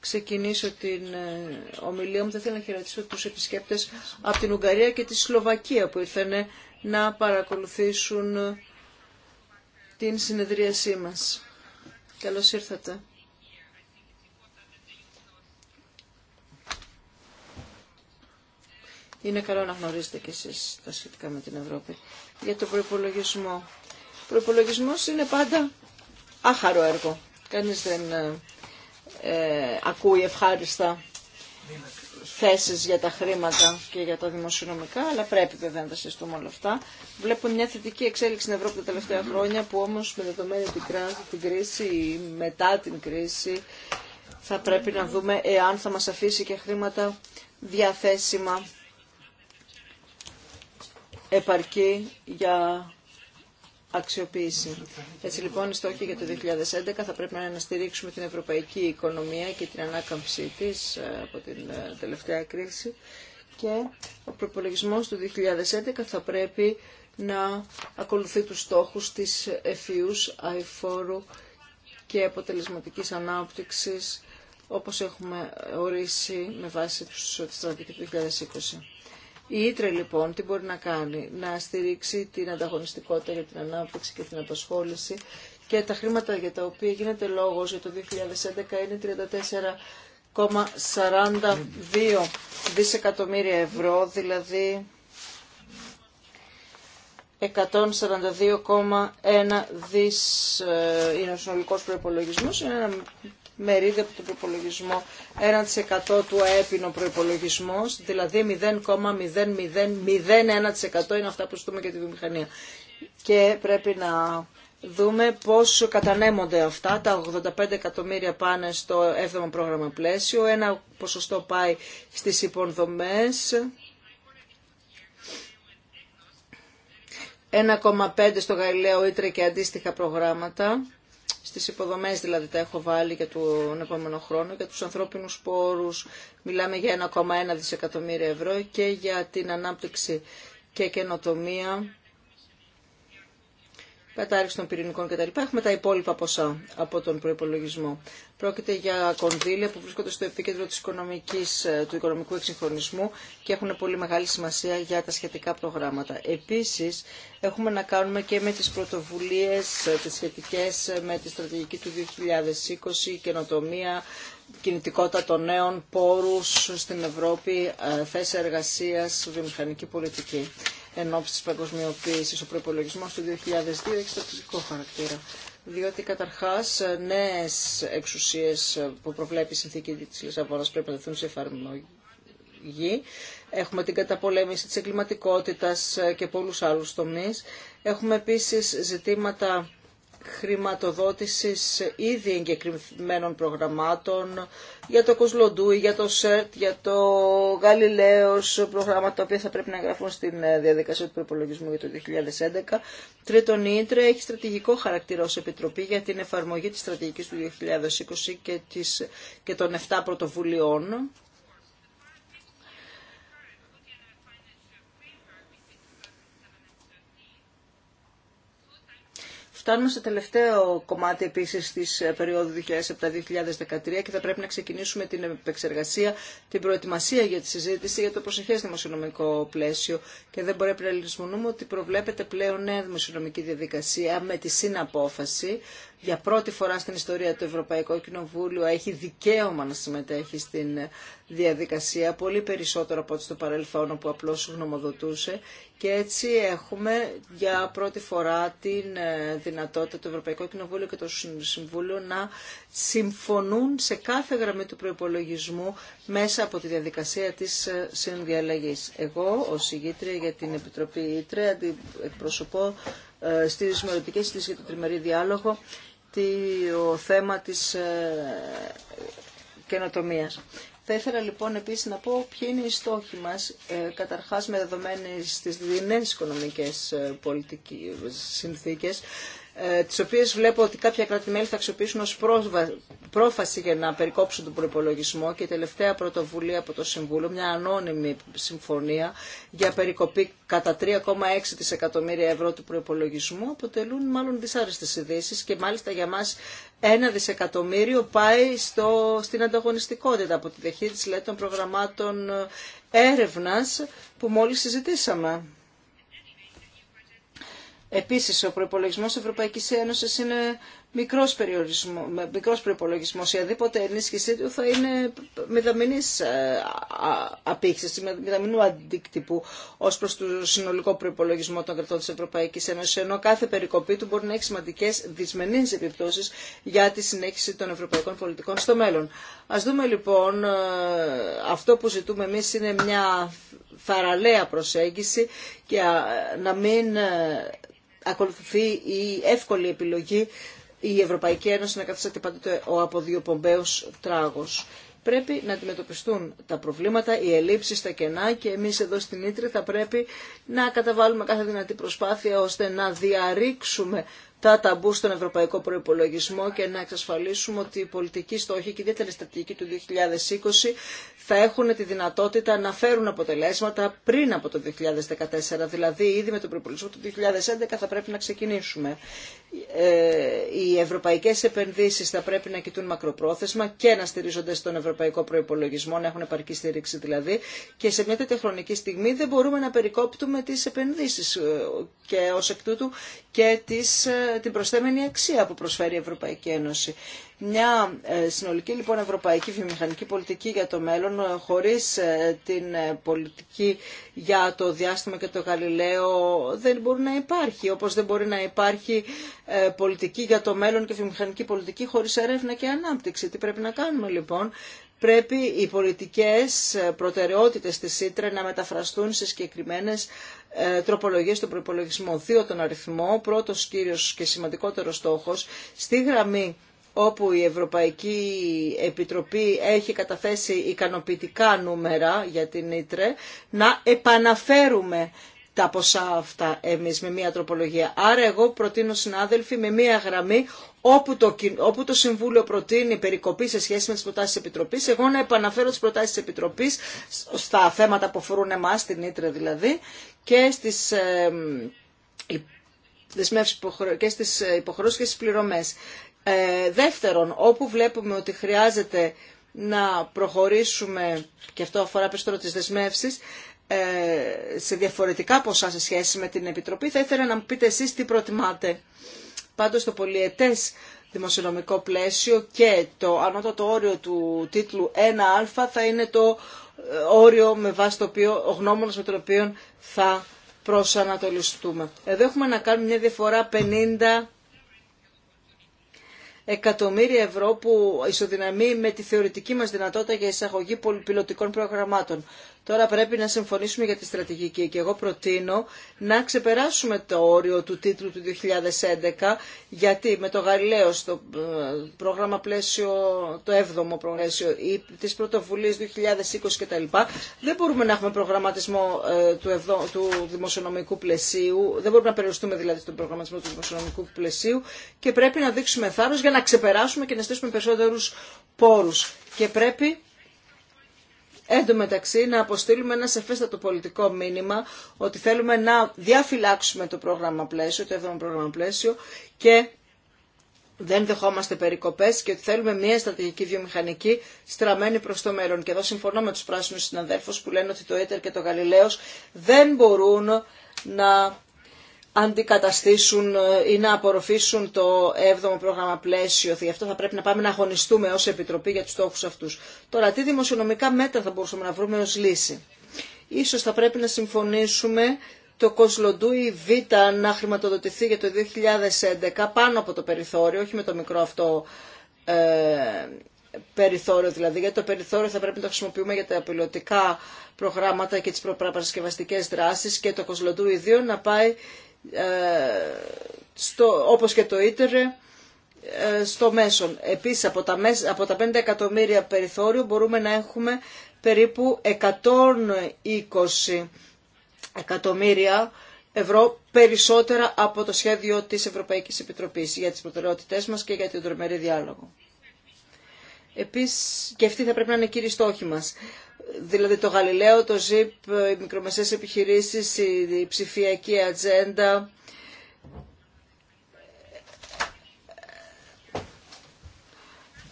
ξεκινήσω την ε, ομιλία μου, θα θέλω να χαιρετήσω τους επισκέπτες από την Ουγγαρία και τη Σλοβακία που ήρθαν να παρακολουθήσουν ε, την συνεδρίασή μας. Καλώς ήρθατε. Είναι καλό να γνωρίζετε κι εσείς τα σχετικά με την Ευρώπη. Για το προϋπολογισμό. Ο προϋπολογισμός είναι πάντα άχαρο έργο. Κανείς δεν ε, ε, ακούει ευχάριστα θέσεις για τα χρήματα και για τα δημοσιονομικά, αλλά πρέπει βέβαια να τα συστούμε όλα αυτά. Βλέπουμε μια θετική εξέλιξη στην Ευρώπη τα τελευταία χρόνια, που όμως με δεδομένη την, την κρίση, μετά την κρίση, θα πρέπει να δούμε εάν θα μας αφήσει και χρήματα διαθέσιμα επαρκή για αξιοποίηση. Έτσι λοιπόν οι στόχοι για το 2011 θα πρέπει να στηρίξουμε την ευρωπαϊκή οικονομία και την ανάκαμψή της ε, από την ε, τελευταία κρίση και ο προπολογισμός του 2011 θα πρέπει να ακολουθεί τους στόχους της εφιούς αηφόρου και αποτελεσματικής ανάπτυξης όπως έχουμε ορίσει με βάση τους στρατηγικούς του 2020. Η Ήτρε λοιπόν τι μπορεί να κάνει, να στηρίξει την ανταγωνιστικότητα για την ανάπτυξη και την απασχόληση και τα χρήματα για τα οποία γίνεται λόγος για το 2011 είναι 34,42 δισεκατομμύρια ευρώ, δηλαδή 142,1 δις ε, είναι ο συνολικός προϋπολογισμός, είναι ένα μερίδιο από τον προπολογισμό 1% του αέπινο προπολογισμό, δηλαδή 0,001% είναι αυτά που ζητούμε για τη βιομηχανία. Και πρέπει να δούμε πώς κατανέμονται αυτά. Τα 85 εκατομμύρια πάνε στο 7ο πρόγραμμα πλαίσιο, ένα ποσοστό πάει στις υποδομές. 1,5 στο γαϊλαίο Ήτρε και αντίστοιχα προγράμματα τις υποδομές δηλαδή τα έχω βάλει για τον επόμενο χρόνο, για τους ανθρώπινους πόρους μιλάμε για 1,1 δισεκατομμύρια ευρώ και για την ανάπτυξη και καινοτομία κατάρριξη των πυρηνικών κτλ. Έχουμε τα υπόλοιπα ποσά από τον προπολογισμό. Πρόκειται για κονδύλια που βρίσκονται στο επίκεντρο της οικονομικής, ε, του οικονομικού εξυγχρονισμού και έχουν πολύ μεγάλη σημασία για τα σχετικά προγράμματα. Επίσης, έχουμε να κάνουμε και με τις πρωτοβουλίες ε, τις σχετικές ε, με τη στρατηγική του 2020, καινοτομία, κινητικότητα των νέων πόρους στην Ευρώπη, θέση εργασίας, βιομηχανική πολιτική εν ώψη τη παγκοσμιοποίηση Ο προπολογισμό του 2002 έχει στρατηγικό χαρακτήρα. Διότι καταρχάς ε, νέε εξουσίες ε, που προβλέπει η συνθήκη της Λισαβόνα πρέπει να δοθούν σε εφαρμογή. Έχουμε την καταπολέμηση της εγκληματικότητα ε, και πολλούς άλλους τομεί. Έχουμε επίσης ζητήματα χρηματοδότησης ήδη εγκεκριμένων προγραμμάτων για το Κοσλοντού για το ΣΕΡΤ, για το Γαλιλαίος, προγράμματα τα οποία θα πρέπει να εγγραφούν στην ε, διαδικασία του προπολογισμού για το 2011. Τρίτον, η Ίντρε έχει στρατηγικό χαρακτήρα ως Επιτροπή για την εφαρμογή της στρατηγικής του 2020 και, και των 7 πρωτοβουλειών Φτάνουμε στο τελευταίο κομμάτι επίσης της ε, περίοδου 2007-2013 και θα πρέπει να ξεκινήσουμε την επεξεργασία, την προετοιμασία για τη συζήτηση για το προσεχές δημοσιονομικό πλαίσιο και δεν μπορεί να λησμονούμε ότι προβλέπεται πλέον νέα δημοσιονομική διαδικασία με τη συναπόφαση για πρώτη φορά στην ιστορία του Ευρωπαϊκό Κοινοβούλιο έχει δικαίωμα να συμμετέχει στην διαδικασία, πολύ περισσότερο από ό,τι στο παρελθόν που απλώς γνωμοδοτούσε και έτσι έχουμε για πρώτη φορά την ε, δυνατότητα του Ευρωπαϊκού Κοινοβούλιο και το Συμβούλιο να συμφωνούν σε κάθε γραμμή του προϋπολογισμού μέσα από τη διαδικασία της ε, συνδιαλλαγής. Εγώ, ως ηγήτρια για την Επιτροπή Ήτρε αντιπροσωπώ ε, στις μελλοντικές συζητήσεις για το τριμερή διάλογο το θέμα της ε, καινοτομίας. Θα ήθελα λοιπόν επίσης να πω ποιοι είναι οι στόχοι μας, ε, καταρχάς με δεδομένες στις δινές οικονομικές ε, πολιτικές συνθήκες, ε, τις οποίες βλέπω ότι κάποια κράτη-μέλη θα αξιοποιήσουν ως πρόφαση για να περικόψουν τον προϋπολογισμό και η τελευταία πρωτοβουλία από το Συμβούλιο, μια ανώνυμη συμφωνία για περικοπή κατά 3,6 δισεκατομμύρια ευρώ του προϋπολογισμού αποτελούν μάλλον δυσάρεστες ειδήσει και μάλιστα για μας ένα δισεκατομμύριο πάει στο, στην ανταγωνιστικότητα από τη διαχείριση των προγραμμάτων ε, έρευνας που μόλις συζητήσαμε. Επίσης, ο προϋπολογισμός της Ευρωπαϊκής Ένωσης είναι μικρός, προπολογισμό, μικρός προϋπολογισμός. Η αδίποτε ενίσχυσή του θα είναι μηδαμινής ε, απήξης, μηδαμινού αντίκτυπου ως προς το συνολικό προϋπολογισμό των κρατών της Ευρωπαϊκής Ένωσης, ενώ κάθε περικοπή του μπορεί να έχει σημαντικές δυσμενείς επιπτώσεις για τη συνέχιση των ευρωπαϊκών πολιτικών στο μέλλον. Ας δούμε λοιπόν, ε, αυτό που ζητούμε εμείς είναι μια θαραλέα προσέγγιση και ε, να μην ακολουθεί η εύκολη επιλογή η Ευρωπαϊκή Ένωση να καθίσταται πάντοτε ο αποδιοπομπαίος τράγος. Πρέπει να αντιμετωπιστούν τα προβλήματα, οι ελλείψεις, τα κενά και εμείς εδώ στην Ήτρη θα πρέπει να καταβάλουμε κάθε δυνατή προσπάθεια ώστε να διαρρήξουμε τα ταμπού στον ευρωπαϊκό προπολογισμό και να εξασφαλίσουμε ότι οι πολιτικοί στόχοι και ιδιαίτερα η στρατηγική του 2020 θα έχουν τη δυνατότητα να φέρουν αποτελέσματα πριν από το 2014. Δηλαδή, ήδη με τον προπολογισμό του 2011 θα πρέπει να ξεκινήσουμε. Ε, οι ευρωπαϊκές επενδύσεις θα πρέπει να κοιτούν μακροπρόθεσμα και να στηρίζονται στον ευρωπαϊκό προϋπολογισμό, να έχουν επαρκή στήριξη δηλαδή και σε μια τέτοια χρονική στιγμή δεν μπορούμε να περικόπτουμε τις επενδύσεις ε, και ως εκ τούτου και ε, την προσθέμενη αξία που προσφέρει η Ευρωπαϊκή Ένωση. Μια ε, συνολική λοιπόν ευρωπαϊκή βιομηχανική πολιτική για το μέλλον ε, χωρίς ε, την πολιτική για το διάστημα και το Γαλιλαίο δεν μπορεί να υπάρχει. Όπως δεν μπορεί να υπάρχει πολιτική για το μέλλον και βιομηχανική πολιτική χωρίς έρευνα και ανάπτυξη. Τι πρέπει να κάνουμε λοιπόν πρέπει οι πολιτικές προτεραιότητες της ΣΥΤΡΕ να μεταφραστούν σε συγκεκριμένε τροπολογίες στον προπολογισμό. Δύο τον αριθμό, πρώτος κύριος και σημαντικότερος στόχος, στη γραμμή όπου η Ευρωπαϊκή Επιτροπή έχει καταθέσει ικανοποιητικά νούμερα για την Ήτρε, να επαναφέρουμε τα ποσά αυτά εμείς με μία τροπολογία. Άρα εγώ προτείνω συνάδελφοι με μία γραμμή όπου το, όπου το Συμβούλιο προτείνει περικοπή σε σχέση με τις προτάσεις της Επιτροπής, εγώ να επαναφέρω τις προτάσεις της Επιτροπής στα θέματα που αφορούν εμάς, την Ήτρε δηλαδή, και στις... Ε, και στις ε, υποχρεώσεις και στις πληρωμές. Ε, δεύτερον, όπου βλέπουμε ότι χρειάζεται να προχωρήσουμε, και αυτό αφορά περισσότερο τις δεσμεύσεις, ε, σε διαφορετικά ποσά σε σχέση με την Επιτροπή, θα ήθελα να μου πείτε εσείς τι προτιμάτε. Πάντως το πολιετές δημοσιονομικό πλαίσιο και το ανώτατο όριο του τίτλου 1α θα είναι το ε, όριο με βάση το οποίο, ο γνώμονας με τον οποίο θα προσανατολιστούμε. Εδώ έχουμε να κάνουμε μια διαφορά 50 εκατομμύρια ευρώ που ισοδυναμεί με τη θεωρητική μας δυνατότητα για εισαγωγή πολυπιλωτικών προγραμμάτων. Τώρα πρέπει να συμφωνήσουμε για τη στρατηγική και εγώ προτείνω να ξεπεράσουμε το όριο του τίτλου του 2011 γιατί με το γαριλαίο στο ε, πρόγραμμα πλαίσιο, το 7ο πλαίσιο ή της πρωτοβουλίας 2020 κτλ. Δεν μπορούμε να έχουμε προγραμματισμό ε, του, του δημοσιονομικού πλαισίου, δεν μπορούμε να περιοριστούμε δηλαδή στον προγραμματισμό του δημοσιονομικού πλαισίου και πρέπει να δείξουμε θάρρος για να ξεπεράσουμε και να στήσουμε περισσότερους πόρους. Και πρέπει Εν τω μεταξύ να αποστείλουμε ένα σεφέστατο πολιτικό μήνυμα ότι θέλουμε να διαφυλάξουμε το πρόγραμμα πλαίσιο, το 7 πρόγραμμα πλαίσιο και δεν δεχόμαστε περικοπές και ότι θέλουμε μια στρατηγική βιομηχανική στραμμένη προς το μέλλον. Και εδώ συμφωνώ με τους πράσινους συναδέλφους που λένε ότι το Έτερ και το Γαλιλαίος δεν μπορούν να αντικαταστήσουν ε, ή να απορροφήσουν το 7ο πρόγραμμα πλαίσιο. Γι' αυτό θα πρέπει να πάμε να αγωνιστούμε ως Επιτροπή για τους στόχους αυτούς. Τώρα, τι δημοσιονομικά μέτρα θα μπορούσαμε να βρούμε ως λύση. Ίσως θα πρέπει να συμφωνήσουμε το Κοσλοντούι Β να χρηματοδοτηθεί για το 2011 πάνω από το περιθώριο, όχι με το μικρό αυτό ε, περιθώριο δηλαδή, γιατί το περιθώριο θα πρέπει να το χρησιμοποιούμε για τα πιλωτικά προγράμματα και τις προπαρασκευαστικές δράσεις και το Κοσλοντούι 2 να πάει ε, στο, όπως και το ίτερε ε, στο μέσον. Επίσης από τα, από τα 5 εκατομμύρια περιθώριο μπορούμε να έχουμε περίπου 120 εκατομμύρια ευρώ περισσότερα από το σχέδιο της Ευρωπαϊκής Επιτροπής για τις προτεραιότητές μας και για την τρομερή διάλογο. Επίσης και αυτή θα πρέπει να είναι κύριοι στόχοι μας δηλαδή το Γαλιλαίο, το ΖΙΠ, οι μικρομεσαίες επιχειρήσεις, η ψηφιακή ατζέντα.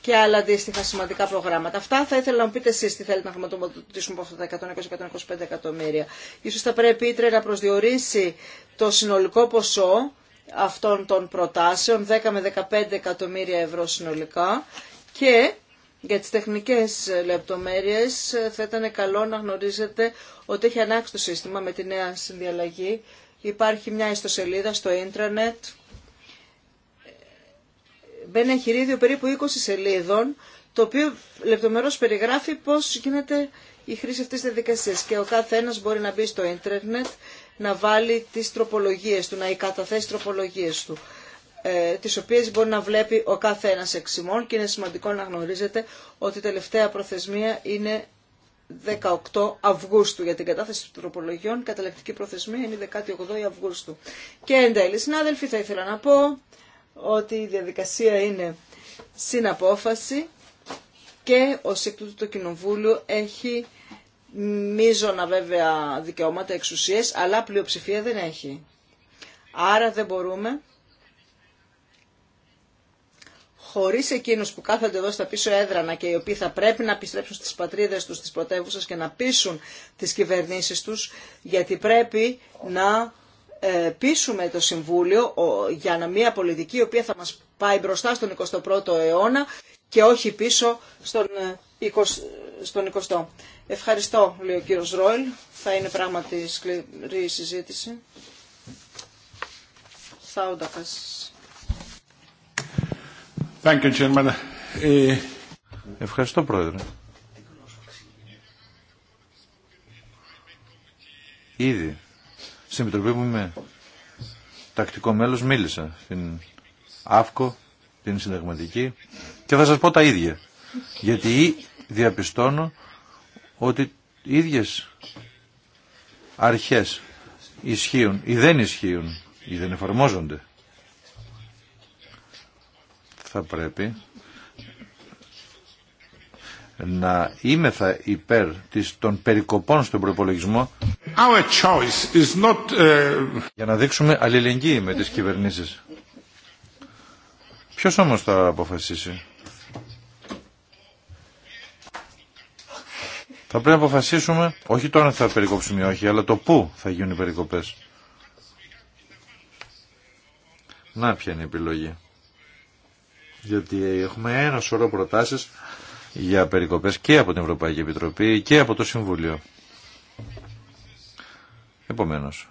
και άλλα αντίστοιχα σημαντικά προγράμματα. Αυτά θα ήθελα να μου πείτε εσεί τι θέλετε να χρηματοδοτήσουμε από αυτά τα 120-125 εκατομμύρια. Ίσως θα πρέπει η Ήτρε να προσδιορίσει το συνολικό ποσό αυτών των προτάσεων, 10 με 15 εκατομμύρια ευρώ συνολικά και για τις τεχνικές λεπτομέρειες θα ήταν καλό να γνωρίζετε ότι έχει ανάξει το σύστημα με τη νέα συνδιαλλαγή. Υπάρχει μια ιστοσελίδα στο ίντρανετ. Μπαίνει εγχειρίδιο χειρίδιο περίπου 20 σελίδων, το οποίο λεπτομερώς περιγράφει πώς γίνεται η χρήση αυτής της διαδικασίας. Και ο κάθε ένας μπορεί να μπει στο ίντρανετ, να βάλει τις τροπολογίες του, να καταθέσει τροπολογίες του. Ε, τις οποίες μπορεί να βλέπει ο κάθε ένας εξημών και είναι σημαντικό να γνωρίζετε ότι η τελευταία προθεσμία είναι 18 Αυγούστου για την κατάθεση των τροπολογιών, καταλεκτική προθεσμία είναι 18 Αυγούστου. Και εν τέλει, συνάδελφοι, θα ήθελα να πω ότι η διαδικασία είναι συναπόφαση και ο εκ του το Κοινοβούλιο έχει μίζωνα βέβαια δικαιώματα, εξουσίες, αλλά πλειοψηφία δεν έχει. Άρα δεν μπορούμε χωρίς εκείνου που κάθονται εδώ στα πίσω έδρανα και οι οποίοι θα πρέπει να επιστρέψουν στις πατρίδες τους, στι πρωτεύουσε και να πείσουν τις κυβερνήσεις τους, γιατί πρέπει να ε, πείσουμε το Συμβούλιο για να μια πολιτική η οποία θα μας πάει μπροστά στον 21ο αιώνα και όχι πίσω στον, 20, ε, στον 20ο. Ευχαριστώ, λέει ο κύριος κύριο ροιλ Θα είναι πράγματι σκληρή συζήτηση. Ε, Ευχαριστώ, Πρόεδρε. Ήδη στην Επιτροπή μου είμαι τακτικό μέλος, μίλησα στην ΑΦΚΟ, την συνταγματική και θα σας πω τα ίδια. Γιατί διαπιστώνω ότι οι ίδιες αρχές ισχύουν ή δεν ισχύουν ή δεν εφαρμόζονται θα πρέπει να είμεθα υπέρ της, των περικοπών στον προπολογισμό not, uh, για να δείξουμε αλληλεγγύη με τις κυβερνήσεις. Ποιος όμως θα αποφασίσει. Θα πρέπει να αποφασίσουμε όχι τώρα θα περικόψουμε ή όχι, αλλά το πού θα γίνουν οι περικοπές. Να ποια είναι η επιλογή διότι έχουμε ένα σωρό προτάσεις για περικοπές και από την Ευρωπαϊκή Επιτροπή και από το Συμβούλιο. Επομένως,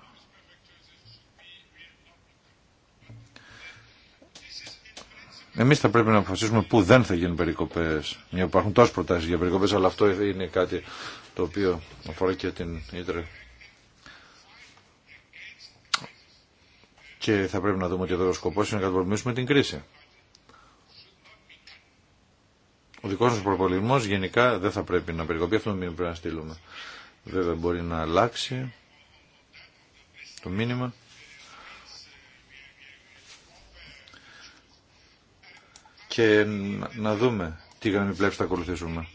Εμεί θα πρέπει να αποφασίσουμε πού δεν θα γίνουν περικοπέ. Μια υπάρχουν τόσε προτάσει για περικοπέ, αλλά αυτό είναι κάτι το οποίο αφορά και την Ήτρε. Και θα πρέπει να δούμε ότι εδώ ο σκοπό είναι να κατοπολμήσουμε την κρίση. ο δικός μας προπολισμός γενικά δεν θα πρέπει να περικοπεί. Αυτό το μήνυμα πρέπει να στείλουμε. Βέβαια μπορεί να αλλάξει το μήνυμα. Και να δούμε τι γραμμή πλέψη θα ακολουθήσουμε.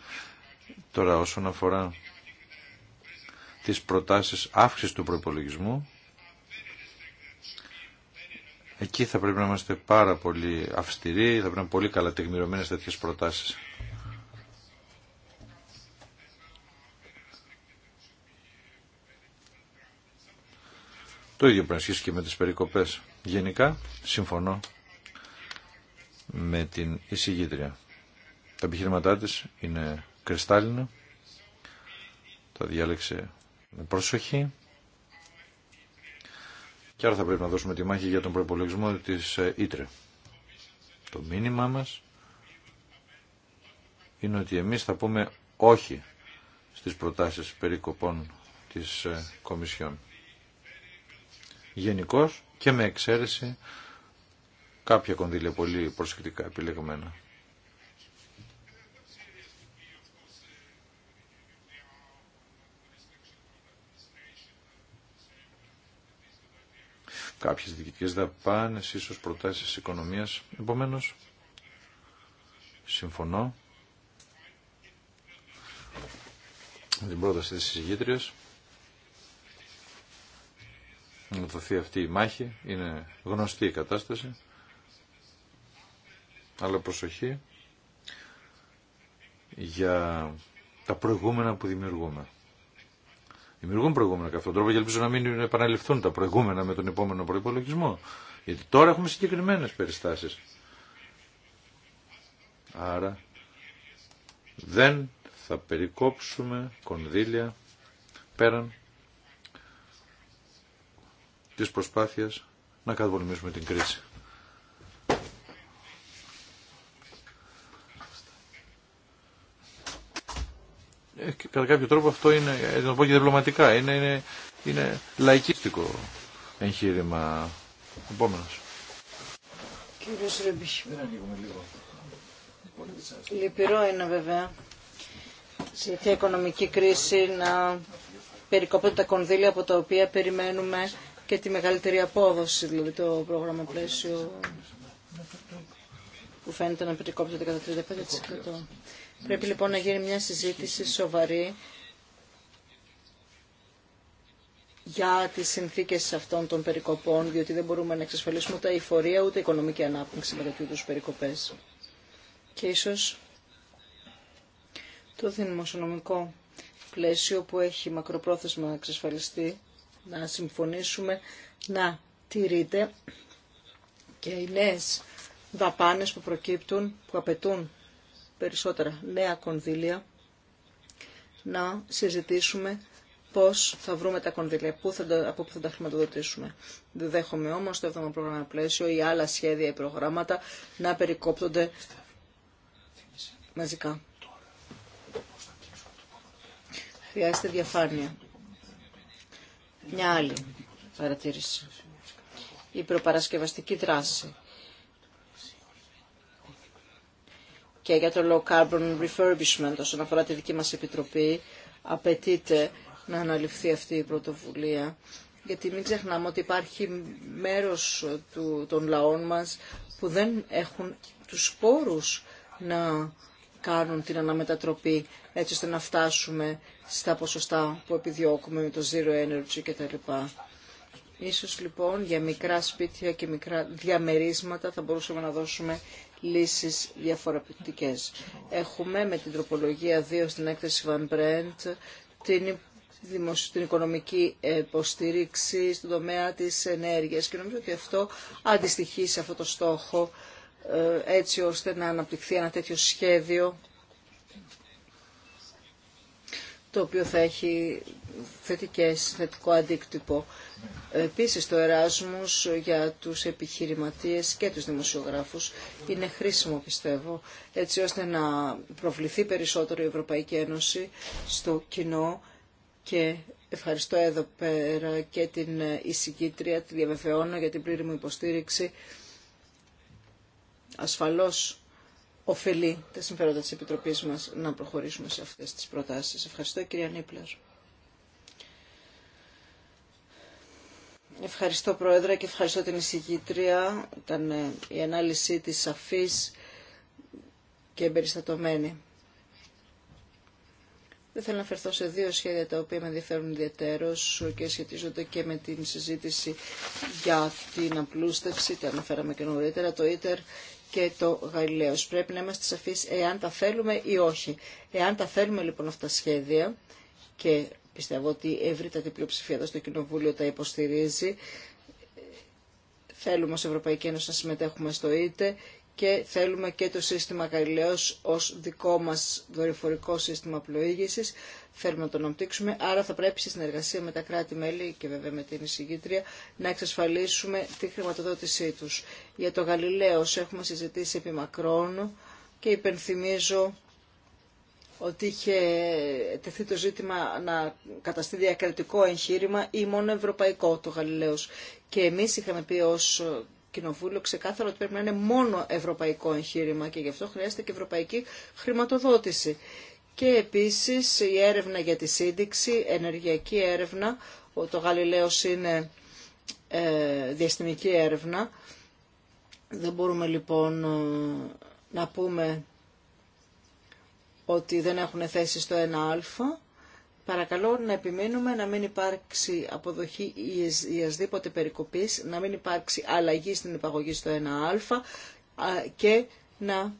Τώρα όσον αφορά τις προτάσεις αύξησης του προϋπολογισμού, Εκεί θα πρέπει να είμαστε πάρα πολύ αυστηροί, θα πρέπει να είναι πολύ καλά τεκμηρωμένες τέτοιες προτάσεις. Το ίδιο πρέπει να και με τις περικοπές. Γενικά, συμφωνώ με την εισηγήτρια. Τα επιχείρηματά της είναι κρυστάλλινα, τα διάλεξε με προσοχή και άρα θα πρέπει να δώσουμε τη μάχη για τον προπολογισμό της ε, Ήτρε. Το μήνυμά μας είναι ότι εμείς θα πούμε όχι στις προτάσεις περικοπών της ε, Κομισιόν. Γενικώ και με εξαίρεση κάποια κονδύλια πολύ προσεκτικά επιλεγμένα. κάποιες διοικητικές δαπάνες, ίσως προτάσεις οικονομίας. Επομένως, συμφωνώ με την πρόταση της συζητήτριας να δοθεί αυτή η μάχη, είναι γνωστή η κατάσταση, αλλά προσοχή για τα προηγούμενα που δημιουργούμε δημιουργούν προηγούμενα κατά αυτόν τον τρόπο και ελπίζω να μην επαναληφθούν τα προηγούμενα με τον επόμενο προπολογισμό. Γιατί τώρα έχουμε συγκεκριμένε περιστάσει. Άρα δεν θα περικόψουμε κονδύλια πέραν της προσπάθειας να καταπολεμήσουμε την κρίση. Ε, κατά κάποιο τρόπο αυτό είναι, ε, να το πω και διπλωματικά, είναι, είναι, είναι λαϊκίστικο εγχείρημα. επόμενο. Λυπηρό είναι βέβαια σε τέτοια οικονομική κρίση να περικόπτουν τα κονδύλια από τα οποία περιμένουμε και τη μεγαλύτερη απόδοση, δηλαδή το πρόγραμμα πλαίσιο που φαίνεται να περικόπτεται κατά 35%. Πρέπει λοιπόν να γίνει μια συζήτηση σοβαρή για τις συνθήκες αυτών των περικοπών, διότι δεν μπορούμε να εξασφαλίσουμε ούτε φορεία ούτε οικονομική ανάπτυξη με τέτοιου περικοπές. Και ίσως το δημοσιονομικό πλαίσιο που έχει μακροπρόθεσμα να εξασφαλιστεί, να συμφωνήσουμε, να τηρείται και οι νέες δαπάνες που προκύπτουν, που απαιτούν περισσότερα νέα κονδύλια να συζητήσουμε πώς θα βρούμε τα κονδύλια, πού θα από πού θα τα χρηματοδοτήσουμε. Δεν δέχομαι όμως το 7ο πρόγραμμα πλαίσιο ή άλλα σχέδια ή προγράμματα να περικόπτονται μαζικά. Χρειάζεται διαφάνεια. Μια άλλη παρατήρηση. Η προπαρασκευαστική δράση και για το low carbon refurbishment όσον αφορά τη δική μας επιτροπή απαιτείται να αναλυφθεί αυτή η πρωτοβουλία γιατί μην ξεχνάμε ότι υπάρχει μέρος του, των λαών μας που δεν έχουν τους πόρους να κάνουν την αναμετατροπή έτσι ώστε να φτάσουμε στα ποσοστά που επιδιώκουμε με το zero energy κτλ. Ίσως λοιπόν για μικρά σπίτια και μικρά διαμερίσματα θα μπορούσαμε να δώσουμε λύσεις διαφορετικές. Έχουμε με την τροπολογία 2 στην έκθεση Van Brent την την οικονομική υποστήριξη στον τομέα της ενέργειας και νομίζω ότι αυτό αντιστοιχεί σε αυτό το στόχο ε, έτσι ώστε να αναπτυχθεί ένα τέτοιο σχέδιο το οποίο θα έχει θετικές, θετικό αντίκτυπο. Επίσης το Εράσμους για τους επιχειρηματίες και τους δημοσιογράφους είναι χρήσιμο πιστεύω έτσι ώστε να προβληθεί περισσότερο η Ευρωπαϊκή Ένωση στο κοινό και ευχαριστώ εδώ πέρα και την εισηγήτρια, τη διαβεβαιώνω για την πλήρη μου υποστήριξη. Ασφαλώς Οφελεί τα συμφέροντα της Επιτροπής μας να προχωρήσουμε σε αυτές τις προτάσεις. Ευχαριστώ κυρία Νίπλερ. Ευχαριστώ Πρόεδρε και ευχαριστώ την εισηγήτρια. Ήταν ε, η ανάλυση της σαφής και εμπεριστατωμένη. Δεν θέλω να αφαιρθώ σε δύο σχέδια τα οποία με ενδιαφέρουν ιδιαίτερως και σχετίζονται και με την συζήτηση για την απλούστευση, τα αναφέραμε και νωρίτερα, το ίτερ και το Γαλιλαίο. Πρέπει να είμαστε σαφείς εάν τα θέλουμε ή όχι. Εάν τα θέλουμε λοιπόν αυτά τα σχέδια και πιστεύω ότι η ευρύτατη πλειοψηφία εδώ στο Κοινοβούλιο τα υποστηρίζει, θέλουμε ως Ευρωπαϊκή Ένωση να συμμετέχουμε στο ΙΤΕ και θέλουμε και το σύστημα Γαλιλαίος ως δικό μας δορυφορικό σύστημα πλοήγησης θέλουμε να τον αναπτύξουμε. Άρα θα πρέπει στη συνεργασία με τα κράτη-μέλη και βέβαια με την εισηγήτρια να εξασφαλίσουμε τη χρηματοδότησή τους. Για το Γαλιλαίος έχουμε συζητήσει επί μακρόν και υπενθυμίζω ότι είχε τεθεί το ζήτημα να καταστεί διακρατικό εγχείρημα ή μόνο ευρωπαϊκό το Γαλιλαίος. Και εμείς είχαμε πει ως Κοινοβούλιο ξεκάθαρο ότι πρέπει να είναι μόνο ευρωπαϊκό εγχείρημα και γι' αυτό χρειάζεται και ευρωπαϊκή χρηματοδότηση και επίσης η έρευνα για τη σύνδεξη, ενεργειακή έρευνα, το Γαλιλαίος είναι ε, διαστημική έρευνα. Δεν μπορούμε λοιπόν ε, να πούμε ότι δεν έχουν θέση στο 1α. Παρακαλώ να επιμείνουμε να μην υπάρξει αποδοχή ασδήποτε περικοπής, να μην υπάρξει αλλαγή στην υπαγωγή στο 1α και να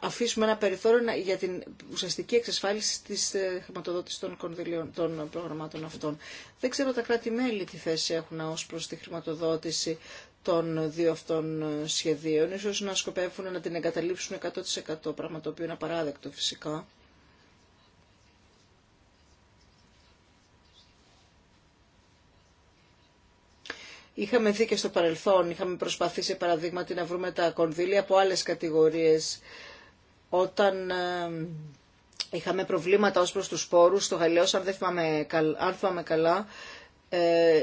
αφήσουμε ένα περιθώριο για την ουσιαστική εξασφάλιση τη ε, χρηματοδότηση των κονδυλίων των προγραμμάτων αυτών. Δεν ξέρω τα κράτη-μέλη τι θέση έχουν ω προς τη χρηματοδότηση των δύο αυτών ε, σχεδίων. Ίσως να σκοπεύουν να την εγκαταλείψουν 100% πράγμα το οποίο είναι απαράδεκτο φυσικά. Είχαμε δει και στο παρελθόν, είχαμε προσπαθήσει παραδείγματι να βρούμε τα κονδύλια από άλλες κατηγορίες όταν είχαμε προβλήματα ως προς τους σπόρους, στο Γαλλιός, αν δεν θυμάμαι, αν καλά, ε,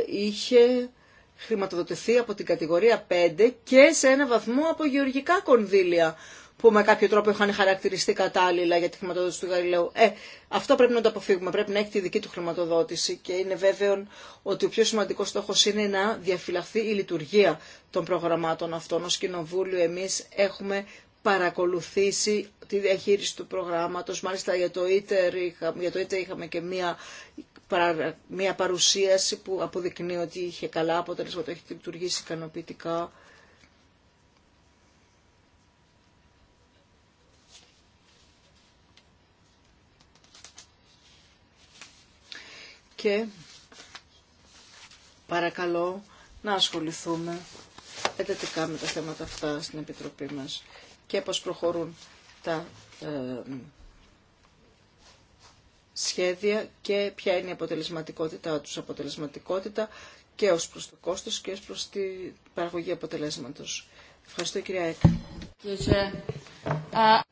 είχε χρηματοδοτηθεί από την κατηγορία 5 και σε ένα βαθμό από γεωργικά κονδύλια που με κάποιο τρόπο είχαν χαρακτηριστεί κατάλληλα για τη χρηματοδότηση του Γαλιλαίου. Ε, αυτό πρέπει να το αποφύγουμε. Πρέπει να έχει τη δική του χρηματοδότηση και είναι βέβαιο ότι ο πιο σημαντικό στόχο είναι να διαφυλαχθεί η λειτουργία των προγραμμάτων αυτών. Ω Κοινοβούλιο, εμεί έχουμε παρακολουθήσει τη διαχείριση του προγράμματος. Μάλιστα για το ITER, για το είχαμε και μία μια παρουσίαση που αποδεικνύει ότι είχε καλά αποτελέσματα, έχει λειτουργήσει ικανοποιητικά. Και παρακαλώ να ασχοληθούμε εντατικά με τα θέματα αυτά στην Επιτροπή μας και πώς προχωρούν τα ε, σχέδια και ποια είναι η αποτελεσματικότητά τους. Αποτελεσματικότητα και ως προς το κόστος και ως προς την παραγωγή αποτελέσματος. Ευχαριστώ κυρία Έκα.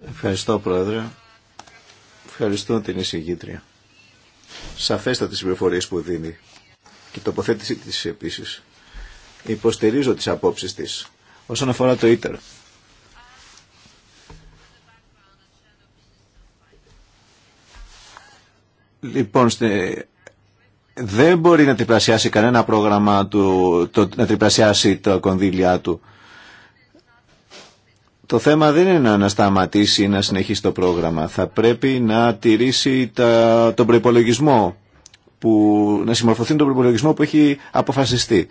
Ευχαριστώ Πρόεδρε. Ευχαριστώ την εισηγήτρια. Σαφέστα τις πληροφορίες που δίνει και τοποθέτησή της επίσης. Υποστηρίζω τις απόψεις της όσον αφορά το ίτερ. Λοιπόν, δεν μπορεί να τριπλασιάσει κανένα πρόγραμμα του, το, να τριπλασιάσει τα το κονδύλια του. Το θέμα δεν είναι να σταματήσει ή να συνεχίσει το πρόγραμμα. Θα πρέπει να τηρήσει τα, τον προπολογισμό που, να συμμορφωθεί τον προπολογισμό που έχει αποφασιστεί.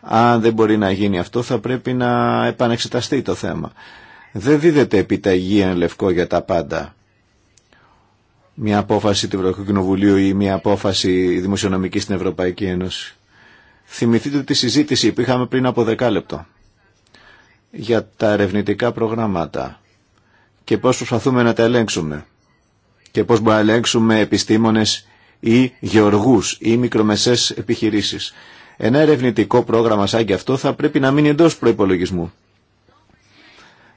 Αν δεν μπορεί να γίνει αυτό θα πρέπει να επανεξεταστεί το θέμα. Δεν δίδεται επιταγή εν λευκό για τα πάντα μια απόφαση του Ευρωπαϊκού Κοινοβουλίου ή μια απόφαση δημοσιονομική στην Ευρωπαϊκή Ένωση. Θυμηθείτε τη συζήτηση που είχαμε πριν από δεκάλεπτο για τα ερευνητικά προγράμματα και πώς προσπαθούμε να τα ελέγξουμε και πώς μπορούμε να ελέγξουμε επιστήμονες ή γεωργούς ή μικρομεσές επιχειρήσεις. Ένα ερευνητικό πρόγραμμα σαν και αυτό θα πρέπει να μείνει εντός προϋπολογισμού.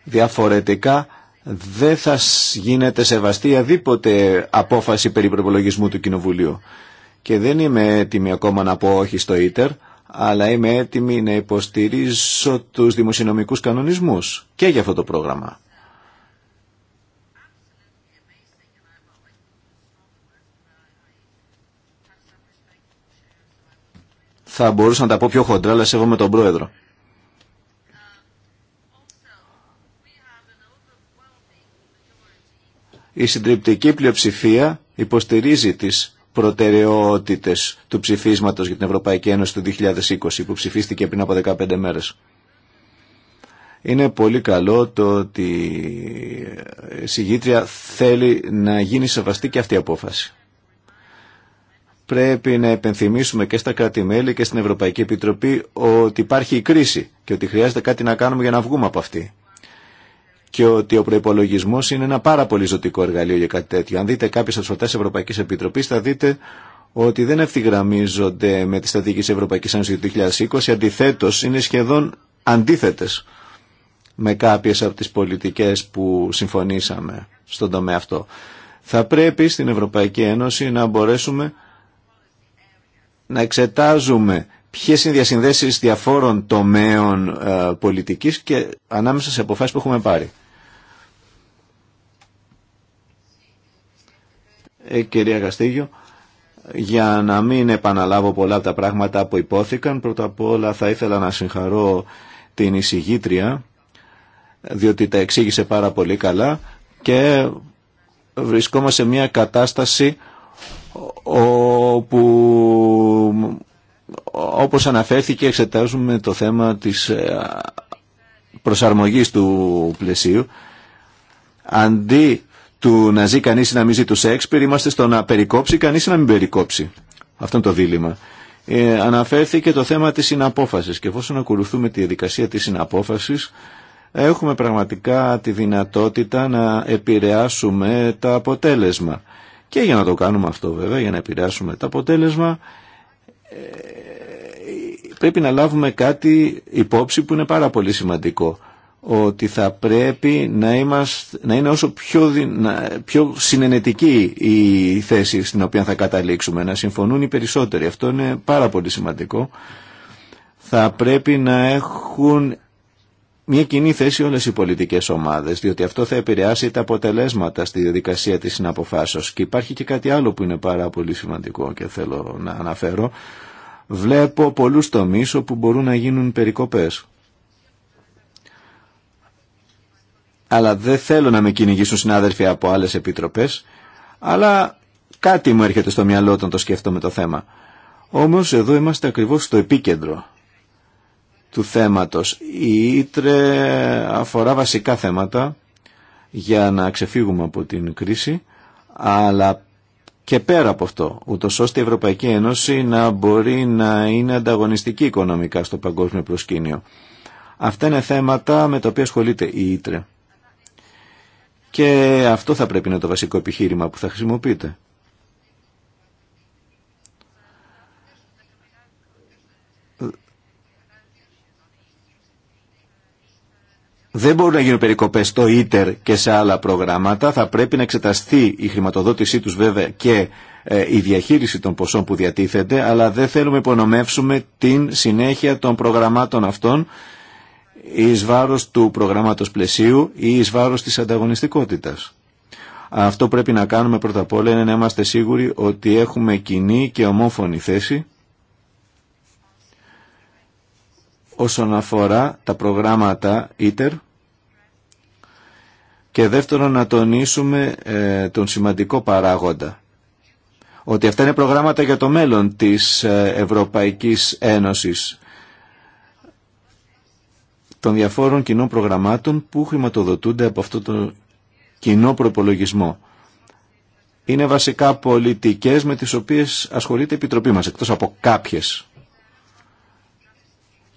Διαφορετικά δεν θα γίνεται σεβαστή αδίποτε απόφαση περί προπολογισμού του Κοινοβουλίου. Και δεν είμαι έτοιμη ακόμα να πω όχι στο ίτερ, αλλά είμαι έτοιμη να υποστηρίζω τους δημοσιονομικούς κανονισμούς και για αυτό το πρόγραμμα. Θα μπορούσα να τα πω πιο χοντρά, αλλά σε εγώ με τον πρόεδρο. η συντριπτική πλειοψηφία υποστηρίζει τις προτεραιότητες του ψηφίσματος για την Ευρωπαϊκή Ένωση του 2020 που ψηφίστηκε πριν από 15 μέρες. Είναι πολύ καλό το ότι η συγγήτρια θέλει να γίνει σεβαστή και αυτή η απόφαση. Πρέπει να επενθυμίσουμε και στα κράτη-μέλη και στην Ευρωπαϊκή Επιτροπή ότι υπάρχει η κρίση και ότι χρειάζεται κάτι να κάνουμε για να βγούμε από αυτή και ότι ο προπολογισμό είναι ένα πάρα πολύ ζωτικό εργαλείο για κάτι τέτοιο. Αν δείτε κάποιε από τι Ευρωπαϊκή Επιτροπή, θα δείτε ότι δεν ευθυγραμμίζονται με τη στρατηγική Ευρωπαϊκή Ένωση του 2020. Αντιθέτω, είναι σχεδόν αντίθετε με κάποιε από τι πολιτικέ που συμφωνήσαμε στον τομέα αυτό. Θα πρέπει στην Ευρωπαϊκή Ένωση να μπορέσουμε να εξετάζουμε ποιες είναι οι διασυνδέσεις διαφόρων τομέων ε, πολιτικής και ανάμεσα σε αποφάσεις που έχουμε πάρει. Ε, κυρία Γαστίγιο, για να μην επαναλάβω πολλά από τα πράγματα που υπόθηκαν, πρώτα απ' όλα θα ήθελα να συγχαρώ την εισηγήτρια, διότι τα εξήγησε πάρα πολύ καλά και βρισκόμαστε σε μια κατάσταση όπου όπως αναφέρθηκε, εξετάζουμε το θέμα της ε, προσαρμογής του πλαισίου. Αντί του να ζει κανείς ή να μην ζει του Σέξπιρ, είμαστε στο να περικόψει κανείς να μην περικόψει. Αυτό είναι το δίλημα. Ε, αναφέρθηκε το θέμα της συναπόφασης και εφόσον ακολουθούμε τη διαδικασία της συναπόφασης, έχουμε πραγματικά τη δυνατότητα να επηρεάσουμε τα αποτέλεσμα. Και για να το κάνουμε αυτό βέβαια, για να επηρεάσουμε τα αποτέλεσμα, ε, πρέπει να λάβουμε κάτι υπόψη που είναι πάρα πολύ σημαντικό ότι θα πρέπει να, είμαστε, να είναι όσο πιο, δυνα, πιο συνενετική η θέση στην οποία θα καταλήξουμε, να συμφωνούν οι περισσότεροι. Αυτό είναι πάρα πολύ σημαντικό. Θα πρέπει να έχουν μια κοινή θέση όλες οι πολιτικές ομάδες, διότι αυτό θα επηρεάσει τα αποτελέσματα στη διαδικασία της συναποφάσεως. Και υπάρχει και κάτι άλλο που είναι πάρα πολύ σημαντικό και θέλω να αναφέρω, βλέπω πολλούς τομείς όπου μπορούν να γίνουν περικοπές. Αλλά δεν θέλω να με κυνηγήσουν συνάδελφοι από άλλες επιτροπές, αλλά κάτι μου έρχεται στο μυαλό όταν το σκέφτομαι το θέμα. Όμως εδώ είμαστε ακριβώς στο επίκεντρο του θέματος. Η Ήτρε αφορά βασικά θέματα για να ξεφύγουμε από την κρίση, αλλά και πέρα από αυτό, ούτω ώστε η Ευρωπαϊκή Ένωση να μπορεί να είναι ανταγωνιστική οικονομικά στο παγκόσμιο προσκήνιο. Αυτά είναι θέματα με τα οποία ασχολείται η Ήτρε. Και αυτό θα πρέπει να είναι το βασικό επιχείρημα που θα χρησιμοποιείτε. Δεν μπορούν να γίνουν περικοπέ στο ίτερ και σε άλλα προγράμματα. Θα πρέπει να εξεταστεί η χρηματοδότησή του βέβαια και ε, η διαχείριση των ποσών που διατίθεται, αλλά δεν θέλουμε υπονομεύσουμε την συνέχεια των προγραμμάτων αυτών εις βάρος του προγράμματος πλαισίου ή εις βάρος της ανταγωνιστικότητας. Αυτό πρέπει να κάνουμε πρώτα απ' όλα είναι να είμαστε σίγουροι ότι έχουμε κοινή και ομόφωνη θέση όσον αφορά τα προγράμματα ITER και δεύτερον να τονίσουμε ε, τον σημαντικό παράγοντα. Ότι αυτά είναι προγράμματα για το μέλλον της ε, Ευρωπαϊκής Ένωσης των διαφόρων κοινών προγραμμάτων που χρηματοδοτούνται από αυτό το κοινό προπολογισμό. Είναι βασικά πολιτικές με τις οποίες ασχολείται η Επιτροπή μας, εκτός από κάποιες.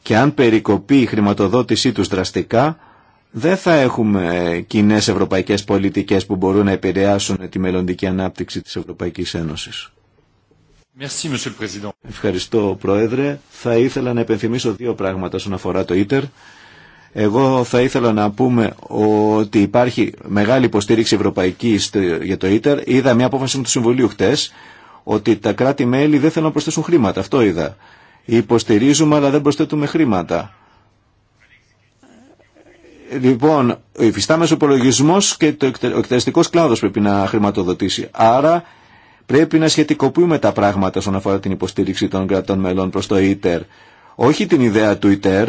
Και αν περικοπεί η χρηματοδότησή τους δραστικά, δεν θα έχουμε κοινέ ευρωπαϊκέ πολιτικέ που μπορούν να επηρεάσουν τη μελλοντική ανάπτυξη τη Ευρωπαϊκή Ένωση. Ευχαριστώ, Πρόεδρε. Θα ήθελα να επενθυμίσω δύο πράγματα όσον αφορά το ΙΤΕΡ. Εγώ θα ήθελα να πούμε ότι υπάρχει μεγάλη υποστήριξη ευρωπαϊκή για το ΙΤΕΡ. Είδα μια απόφαση του Συμβουλίου χτε ότι τα κράτη-μέλη δεν θέλουν να προσθέσουν χρήματα. Αυτό είδα. Υποστηρίζουμε αλλά δεν προσθέτουμε χρήματα. Λοιπόν, ο υφιστάμενος υπολογισμό και το εκτελεστικός κλάδος πρέπει να χρηματοδοτήσει. Άρα πρέπει να σχετικοποιούμε τα πράγματα όσον αφορά την υποστήριξη των κρατών μελών προς το ΙΤΕΡ. Όχι την ιδέα του ΙΤΕΡ,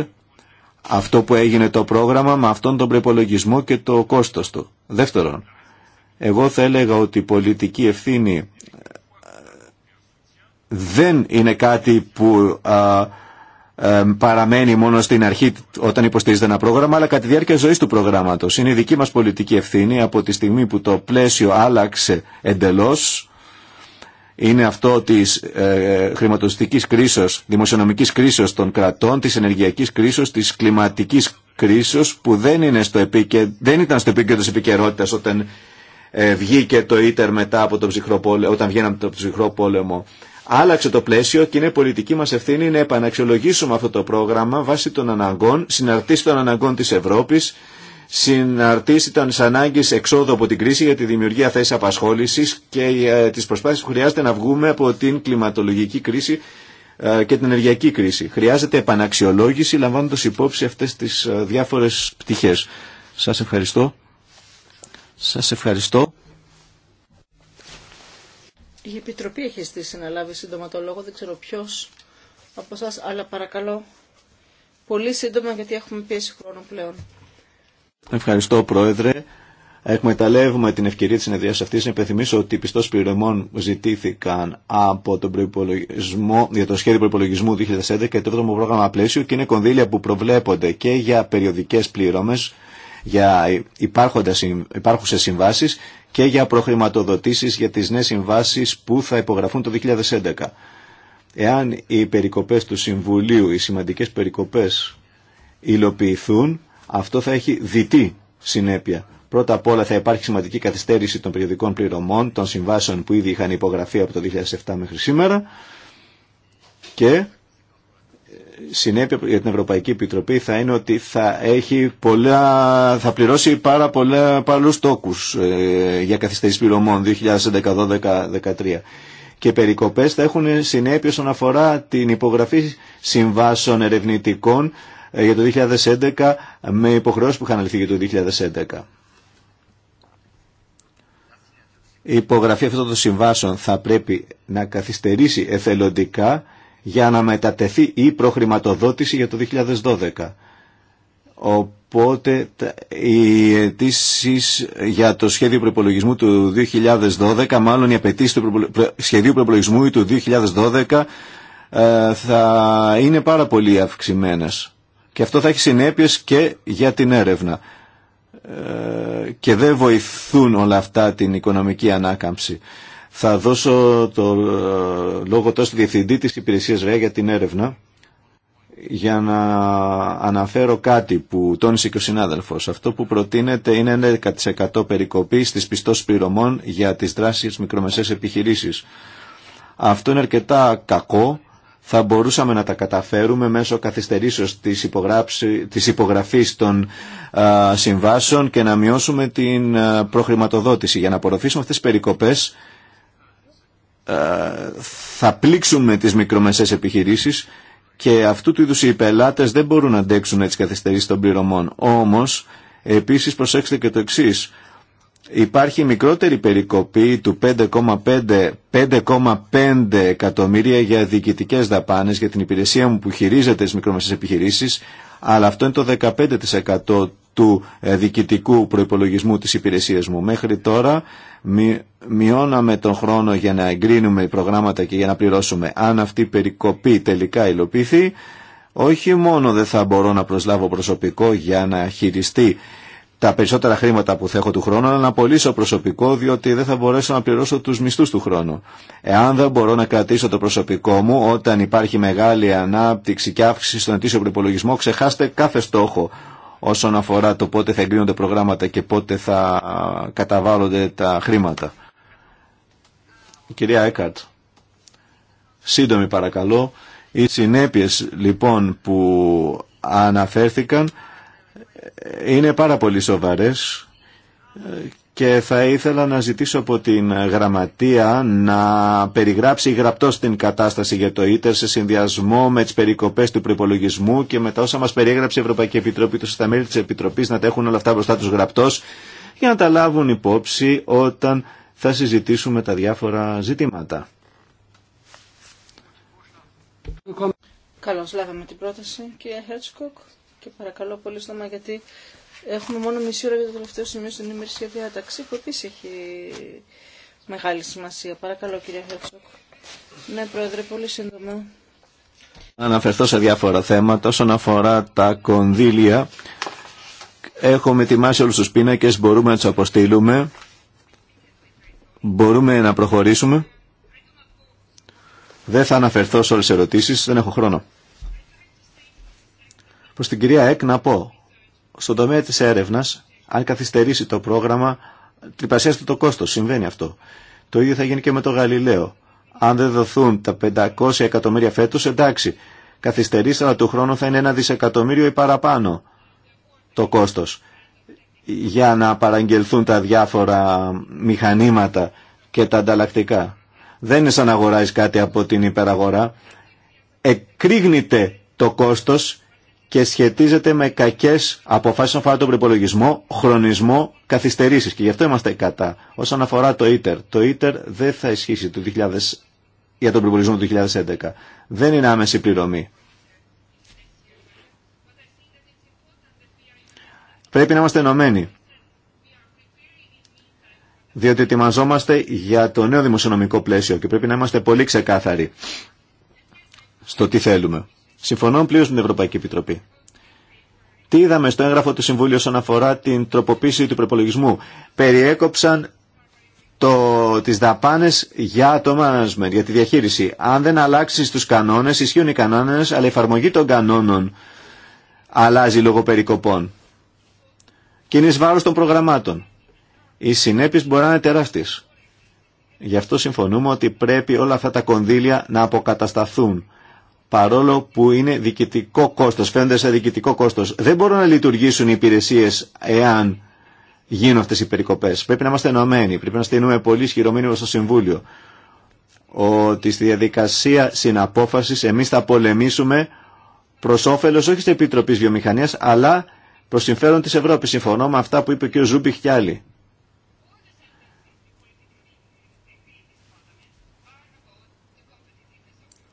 αυτό που έγινε το πρόγραμμα με αυτόν τον προπολογισμό και το κόστος του. Δεύτερον, εγώ θα έλεγα ότι η πολιτική ευθύνη ε, δεν είναι κάτι που παραμένει μόνο στην αρχή όταν υποστηρίζεται ένα πρόγραμμα, αλλά κατά τη διάρκεια ζωή του προγράμματο. Είναι η δική μα πολιτική ευθύνη από τη στιγμή που το πλαίσιο άλλαξε εντελώ. Είναι αυτό τη ε, χρηματοδοτική κρίσεω, δημοσιονομική κρίσεω των κρατών, τη ενεργειακή κρίσεω, τη κλιματική κρίσεω, που δεν, είναι στο δεν ήταν στο επίκεντρο τη επικαιρότητα όταν ε, βγήκε το ίτερ μετά από τον ψυχρό πόλεμο, όταν βγαίναμε από τον ψυχρό πόλεμο. Άλλαξε το πλαίσιο και είναι πολιτική μας ευθύνη να επαναξιολογήσουμε αυτό το πρόγραμμα βάσει των αναγκών, συναρτήσει των αναγκών της Ευρώπης, συναρτήσει των ανάγκης εξόδου από την κρίση για τη δημιουργία θέσης απασχόλησης και ε, τις προσπάθειες που χρειάζεται να βγούμε από την κλιματολογική κρίση ε, και την ενεργειακή κρίση. Χρειάζεται επαναξιολόγηση λαμβάνοντας υπόψη αυτές τις ε, διάφορες πτυχές. Σας ευχαριστώ. Σας ευχαριστώ. Η Επιτροπή έχει στήσει να λάβει σύντομα το λόγο, δεν ξέρω ποιο από εσά, αλλά παρακαλώ πολύ σύντομα γιατί έχουμε πίεση χρόνου πλέον. Ευχαριστώ Πρόεδρε. Εκμεταλλεύουμε την ευκαιρία της συνεδρίας αυτής να υπενθυμίσω ότι οι πιστώσει πληρωμών ζητήθηκαν από τον προϋπολογισμό, για το σχέδιο προϋπολογισμού 2011 και το 7ο πρόγραμμα πλαίσιο και είναι κονδύλια που προβλέπονται και για περιοδικές πληρώμες για υπάρχουσε υπάρχουσες συμβάσεις και για προχρηματοδοτήσεις για τις νέες συμβάσεις που θα υπογραφούν το 2011. Εάν οι περικοπές του Συμβουλίου, οι σημαντικές περικοπές υλοποιηθούν, αυτό θα έχει διτή συνέπεια. Πρώτα απ' όλα θα υπάρχει σημαντική καθυστέρηση των περιοδικών πληρωμών, των συμβάσεων που ήδη είχαν υπογραφεί από το 2007 μέχρι σήμερα και συνέπεια για την Ευρωπαϊκή Επιτροπή θα είναι ότι θα, έχει πολλά, θα πληρώσει πάρα πολλά, πολλούς τόκους ε, για καθυστερήσεις πληρωμών 2011-2013 και περικοπές θα έχουν συνέπεια όσον αφορά την υπογραφή συμβάσεων ερευνητικών ε, για το 2011 με υποχρεώσεις που είχαν ληφθεί για το 2011. Η υπογραφή αυτών των συμβάσεων θα πρέπει να καθυστερήσει εθελοντικά για να μετατεθεί η προχρηματοδότηση για το 2012. Οπότε οι αιτήσει για το σχέδιο προπολογισμού του 2012, μάλλον οι απαιτήσει του σχεδίου προπολογισμού του 2012 ε, θα είναι πάρα πολύ αυξημένε. Και αυτό θα έχει συνέπειε και για την έρευνα. Ε, και δεν βοηθούν όλα αυτά την οικονομική ανάκαμψη. Θα δώσω το ε, λόγο τώρα στη Διευθυντή της Υπηρεσίας ΡΕΑ για την έρευνα για να αναφέρω κάτι που τόνισε και ο συνάδελφος. Αυτό που προτείνεται είναι 11% περικοπή στις πιστός πληρωμών για τις δράσεις μικρομεσαίες επιχειρήσεις. Αυτό είναι αρκετά κακό. Θα μπορούσαμε να τα καταφέρουμε μέσω καθυστερήσεως της, της υπογραφής των ε, συμβάσεων και να μειώσουμε την ε, προχρηματοδότηση. Για να απορροφήσουμε αυτές τις περικοπές ε, θα πλήξουμε τις μικρομεσαίες επιχειρήσεις και αυτού του είδους οι πελάτες δεν μπορούν να αντέξουν έτσι καθυστερήσεις των πληρωμών. Όμως, επίσης προσέξτε και το εξής. Υπάρχει μικρότερη περικοπή του 5,5 εκατομμύρια για διοικητικές δαπάνες για την υπηρεσία μου που χειρίζεται τις μικρομεσαίες επιχειρήσεις αλλά αυτό είναι το 15% του ε, διοικητικού προϋπολογισμού της υπηρεσίας μου. Μέχρι τώρα μειώναμε τον χρόνο για να εγκρίνουμε προγράμματα και για να πληρώσουμε. Αν αυτή η περικοπή τελικά υλοποιηθεί, όχι μόνο δεν θα μπορώ να προσλάβω προσωπικό για να χειριστεί τα περισσότερα χρήματα που θα έχω του χρόνου, αλλά να απολύσω προσωπικό, διότι δεν θα μπορέσω να πληρώσω τους μισθούς του χρόνου. Εάν δεν μπορώ να κρατήσω το προσωπικό μου, όταν υπάρχει μεγάλη ανάπτυξη και αύξηση στον ετήσιο προπολογισμό, ξεχάστε κάθε στόχο όσον αφορά το πότε θα εγκρίνονται προγράμματα και πότε θα καταβάλλονται τα χρήματα. κυρία Έκαρτ, σύντομη παρακαλώ, οι συνέπειες λοιπόν που αναφέρθηκαν είναι πάρα πολύ σοβαρές και θα ήθελα να ζητήσω από την γραμματεία να περιγράψει γραπτό την κατάσταση για το ίτερ σε συνδυασμό με τις περικοπές του προπολογισμού και με όσα μας περιέγραψε η Ευρωπαϊκή Επιτροπή του στα μέλη της Επιτροπής να τα έχουν όλα αυτά μπροστά τους γραπτός για να τα λάβουν υπόψη όταν θα συζητήσουμε τα διάφορα ζητήματα. Καλώς λάβαμε την πρόταση κύριε Χέρτσκοκ και παρακαλώ πολύ στόμα γιατί Έχουμε μόνο μισή ώρα για το τελευταίο σημείο στην ημερήσια διάταξη που επίση έχει μεγάλη σημασία. Παρακαλώ κυρία Χέρτσοκ. Ναι πρόεδρε, πολύ σύντομα. Αναφερθώ σε διάφορα θέματα όσον αφορά τα κονδύλια. Έχουμε ετοιμάσει όλους τους πίνακες, μπορούμε να τους αποστείλουμε. Μπορούμε να προχωρήσουμε. Δεν θα αναφερθώ σε όλες τις ερωτήσεις, δεν έχω χρόνο. Προς την κυρία Εκ να πω στον τομέα της έρευνας, αν καθυστερήσει το πρόγραμμα, τριπλασιάζεται το κόστος. Συμβαίνει αυτό. Το ίδιο θα γίνει και με το Γαλιλαίο. Αν δεν δοθούν τα 500 εκατομμύρια φέτος, εντάξει. Καθυστερήσει, αλλά του χρόνου θα είναι ένα δισεκατομμύριο ή παραπάνω το κόστος για να παραγγελθούν τα διάφορα μηχανήματα και τα ανταλλακτικά. Δεν είναι σαν να αγοράζει κάτι από την υπεραγορά. Εκρήγνεται το κόστος και σχετίζεται με κακέ αποφάσει όσον αφορά τον προπολογισμό, χρονισμό, καθυστερήσει. Και γι' αυτό είμαστε κατά. Όσον αφορά το ITER, το ITER δεν θα ισχύσει το 2000, για τον προπολογισμό του 2011. Δεν είναι άμεση πληρωμή. Πρέπει να είμαστε ενωμένοι. Διότι ετοιμαζόμαστε για το νέο δημοσιονομικό πλαίσιο και πρέπει να είμαστε πολύ ξεκάθαροι στο τι θέλουμε. Συμφωνώ πλήρω με την Ευρωπαϊκή Επιτροπή. Τι είδαμε στο έγγραφο του Συμβούλιο όσον αφορά την τροποποίηση του προπολογισμού. Περιέκοψαν το, τις δαπάνες για το management, για τη διαχείριση. Αν δεν αλλάξει τους κανόνες, ισχύουν οι κανόνες, αλλά η εφαρμογή των κανόνων αλλάζει λόγω περικοπών. Και είναι βάρος των προγραμμάτων. Οι συνέπειες μπορεί να είναι τεράστιες. Γι' αυτό συμφωνούμε ότι πρέπει όλα αυτά τα κονδύλια να αποκατασταθούν παρόλο που είναι διοικητικό κόστος, φαίνονται σε διοικητικό κόστος. Δεν μπορούν να λειτουργήσουν οι υπηρεσίες εάν γίνουν αυτές οι περικοπές. Πρέπει να είμαστε ενωμένοι, πρέπει να στείλουμε πολύ ισχυρομένοι στο το Συμβούλιο ότι στη διαδικασία συναπόφασης εμείς θα πολεμήσουμε προς όφελος όχι της Επιτροπής Βιομηχανίας αλλά προς συμφέρον της Ευρώπης. Συμφωνώ με αυτά που είπε και ο Ζούμπιχ και άλλοι.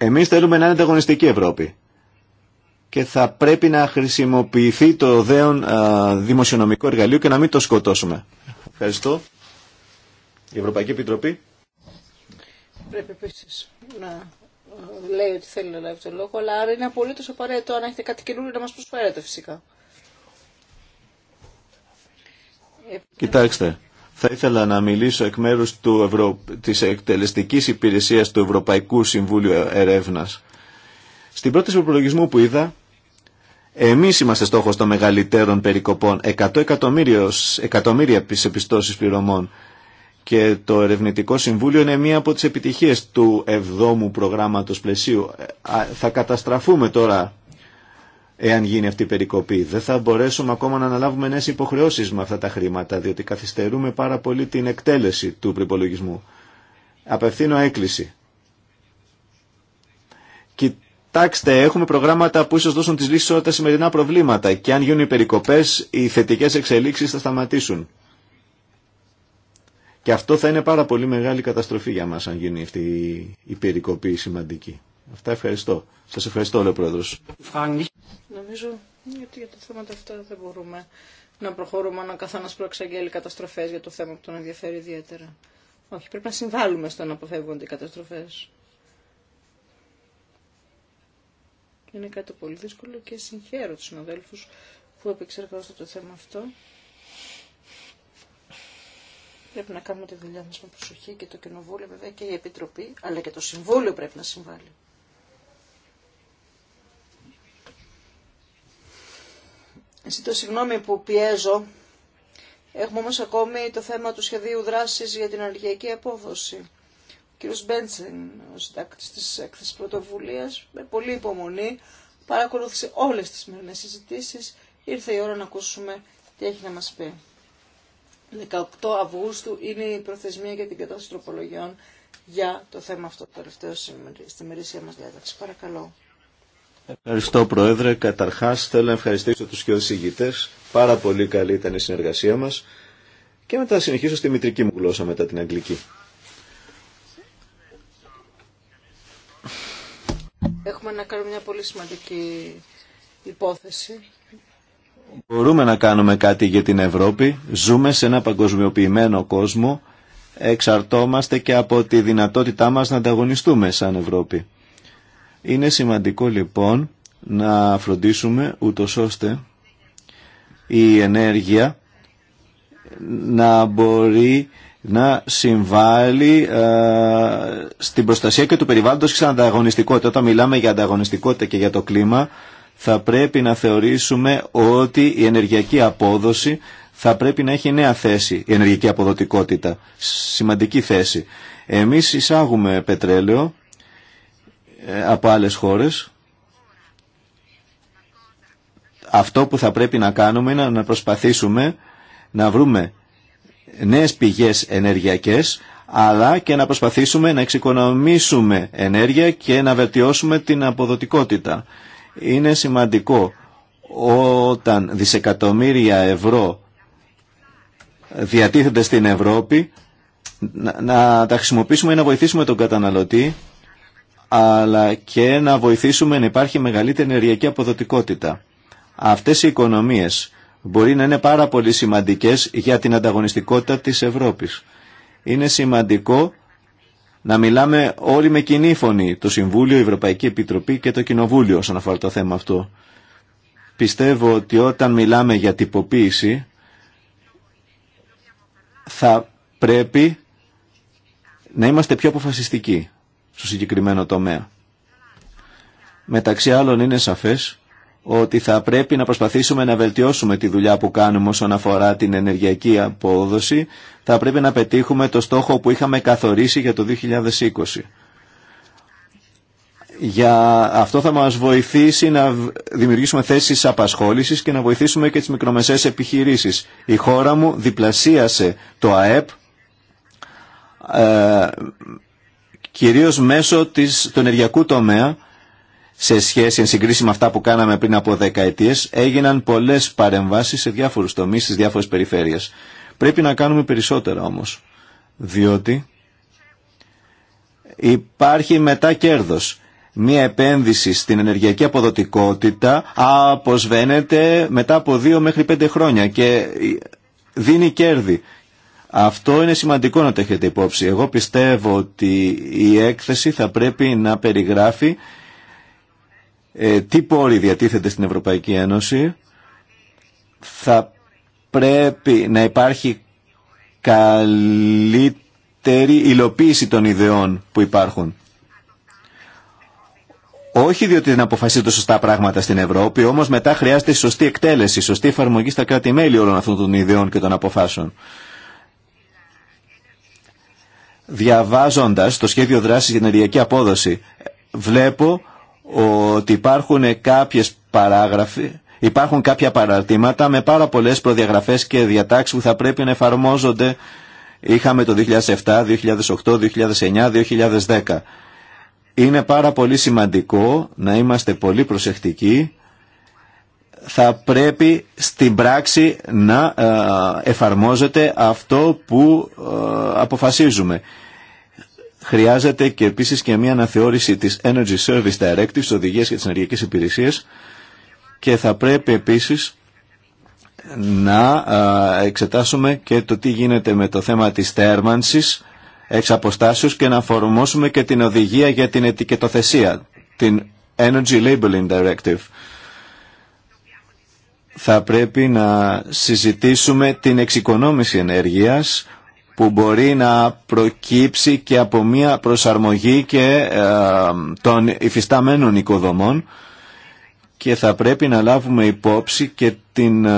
Εμεί θέλουμε να είναι ανταγωνιστική Ευρώπη και θα πρέπει να χρησιμοποιηθεί το δέον δημοσιονομικό εργαλείο και να μην το σκοτώσουμε. Ευχαριστώ. Η Ευρωπαϊκή Επιτροπή. Πρέπει επίση να ε, λέει ότι θέλει να λάβει τον λόγο, αλλά άρα είναι απολύτω απαραίτητο αν έχετε κάτι καινούργιο να μα προσφέρετε φυσικά. Κοιτάξτε, θα ήθελα να μιλήσω εκ μέρους του Ευρω... της εκτελεστικής υπηρεσίας του Ευρωπαϊκού Συμβούλιου Ερεύνας. Στην πρώτη προπολογισμού που είδα, εμείς είμαστε στόχος των μεγαλύτερων περικοπών, 100 εκατομμύρια επιστώσεις πληρωμών. Και το Ερευνητικό Συμβούλιο είναι μία από τις επιτυχίες του 7ου προγράμματος πλαισίου. Θα καταστραφούμε τώρα εάν γίνει αυτή η περικοπή. Δεν θα μπορέσουμε ακόμα να αναλάβουμε νέε υποχρεώσει με αυτά τα χρήματα, διότι καθυστερούμε πάρα πολύ την εκτέλεση του προπολογισμού. Απευθύνω έκκληση. Κοιτάξτε, έχουμε προγράμματα που ίσως δώσουν τις λύσεις όλα τα σημερινά προβλήματα και αν γίνουν οι περικοπέ, οι θετικέ εξελίξει θα σταματήσουν. Και αυτό θα είναι πάρα πολύ μεγάλη καταστροφή για μα αν γίνει αυτή η περικοπή σημαντική. Αυτά ευχαριστώ. Σα ευχαριστώ, Λεπρόεδρο. Νομίζω ότι για τα θέματα αυτά δεν μπορούμε να προχωρούμε αν ο καθένα προεξαγγέλει καταστροφέ για το θέμα που τον ενδιαφέρει ιδιαίτερα. Όχι, πρέπει να συμβάλλουμε στο να αποφεύγονται οι καταστροφέ. Είναι κάτι πολύ δύσκολο και συγχαίρω του συναδέλφου που επεξεργάζονται το θέμα αυτό. Πρέπει να κάνουμε τη δουλειά μα με προσοχή και το Κοινοβούλιο βέβαια και η Επιτροπή, αλλά και το Συμβούλιο πρέπει να συμβάλλει. Ζητώ συγγνώμη που πιέζω. Έχουμε όμως ακόμη το θέμα του σχεδίου δράσης για την αργιακή απόδοση. Ο κύριος Μπέντσεν, ο συντάκτης της έκθεσης πρωτοβουλίας, με πολλή υπομονή, παρακολούθησε όλες τις σημερινές συζητήσεις. Ήρθε η ώρα να ακούσουμε τι έχει να μας πει. 18 Αυγούστου είναι η προθεσμία για την κατάσταση τροπολογιών για το θέμα αυτό το τελευταίο στη μερίσια μας διάταξη. Παρακαλώ. Ευχαριστώ Πρόεδρε. Καταρχάς θέλω να ευχαριστήσω τους και ηγητές. Πάρα πολύ καλή ήταν η συνεργασία μας. Και μετά συνεχίσω στη μητρική μου γλώσσα μετά την αγγλική. Έχουμε να κάνουμε μια πολύ σημαντική υπόθεση. Μπορούμε να κάνουμε κάτι για την Ευρώπη. Ζούμε σε ένα παγκοσμιοποιημένο κόσμο. Εξαρτόμαστε και από τη δυνατότητά μας να ανταγωνιστούμε σαν Ευρώπη. Είναι σημαντικό λοιπόν να φροντίσουμε ούτω ώστε η ενέργεια να μπορεί να συμβάλλει ε, στην προστασία και του περιβάλλοντος και στην ανταγωνιστικότητα. Όταν μιλάμε για ανταγωνιστικότητα και για το κλίμα θα πρέπει να θεωρήσουμε ότι η ενεργειακή απόδοση θα πρέπει να έχει νέα θέση, η ενεργειακή αποδοτικότητα, σημαντική θέση. Εμείς εισάγουμε πετρέλαιο ε, από άλλες χώρες. Αυτό που θα πρέπει να κάνουμε είναι να προσπαθήσουμε να βρούμε νέες πηγές ενεργειακές αλλά και να προσπαθήσουμε να εξοικονομήσουμε ενέργεια και να βελτιώσουμε την αποδοτικότητα. Είναι σημαντικό όταν δισεκατομμύρια ευρώ διατίθεται στην Ευρώπη να, να τα χρησιμοποιήσουμε ή να βοηθήσουμε τον καταναλωτή αλλά και να βοηθήσουμε να υπάρχει μεγαλύτερη ενεργειακή αποδοτικότητα. Αυτές οι οικονομίες μπορεί να είναι πάρα πολύ σημαντικές για την ανταγωνιστικότητα της Ευρώπης. Είναι σημαντικό να μιλάμε όλοι με κοινή φωνή, το Συμβούλιο, η Ευρωπαϊκή Επιτροπή και το Κοινοβούλιο όσον αφορά το θέμα αυτό. Πιστεύω ότι όταν μιλάμε για τυποποίηση θα πρέπει να είμαστε πιο αποφασιστικοί στο συγκεκριμένο τομέα. Μεταξύ άλλων είναι σαφές ότι θα πρέπει να προσπαθήσουμε να βελτιώσουμε τη δουλειά που κάνουμε όσον αφορά την ενεργειακή απόδοση. Θα πρέπει να πετύχουμε το στόχο που είχαμε καθορίσει για το 2020. Για αυτό θα μας βοηθήσει να δημιουργήσουμε θέσεις απασχόλησης και να βοηθήσουμε και τις μικρομεσαίες επιχειρήσεις. Η χώρα μου διπλασίασε το ΑΕΠ ε, κυρίως μέσω της, του ενεργειακού τομέα, σε σχέση, εν συγκρίση με αυτά που κάναμε πριν από δεκαετίες, έγιναν πολλές παρεμβάσεις σε διάφορους τομείς, στις διάφορες περιφέρειες. Πρέπει να κάνουμε περισσότερα όμως, διότι υπάρχει μετά κέρδος. Μία επένδυση στην ενεργειακή αποδοτικότητα αποσβαίνεται μετά από δύο μέχρι πέντε χρόνια και δίνει κέρδη. Αυτό είναι σημαντικό να το έχετε υπόψη. Εγώ πιστεύω ότι η έκθεση θα πρέπει να περιγράφει ε, τι πόροι διατίθεται στην Ευρωπαϊκή Ένωση. Θα πρέπει να υπάρχει καλύτερη υλοποίηση των ιδεών που υπάρχουν. Όχι διότι δεν αποφασίζονται σωστά πράγματα στην Ευρώπη, όμως μετά χρειάζεται σωστή εκτέλεση, σωστή εφαρμογή στα κράτη-μέλη όλων αυτών των ιδεών και των αποφάσεων. Διαβάζοντας το σχέδιο δράσης για την ενεργειακή απόδοση βλέπω ότι υπάρχουν κάποιες παράγραφοι, υπάρχουν κάποια παραρτήματα με πάρα πολλές προδιαγραφές και διατάξεις που θα πρέπει να εφαρμόζονται. Είχαμε το 2007, 2008, 2009, 2010. Είναι πάρα πολύ σημαντικό να είμαστε πολύ προσεκτικοί θα πρέπει στην πράξη να ε, εφαρμόζεται αυτό που ε, αποφασίζουμε. Χρειάζεται και επίσης και μια αναθεώρηση της Energy Service Directive, της οδηγίας και τις ενεργειακές υπηρεσίες και θα πρέπει επίσης να ε, εξετάσουμε και το τι γίνεται με το θέμα της θέρμανσης εξ αποστάσεως και να αφορμόσουμε και την οδηγία για την ετικετοθεσία, την Energy Labeling Directive θα πρέπει να συζητήσουμε την εξοικονόμηση ενέργειας που μπορεί να προκύψει και από μια προσαρμογή και ε, των υφιστάμενων οικοδομών και θα πρέπει να λάβουμε υπόψη και την ε,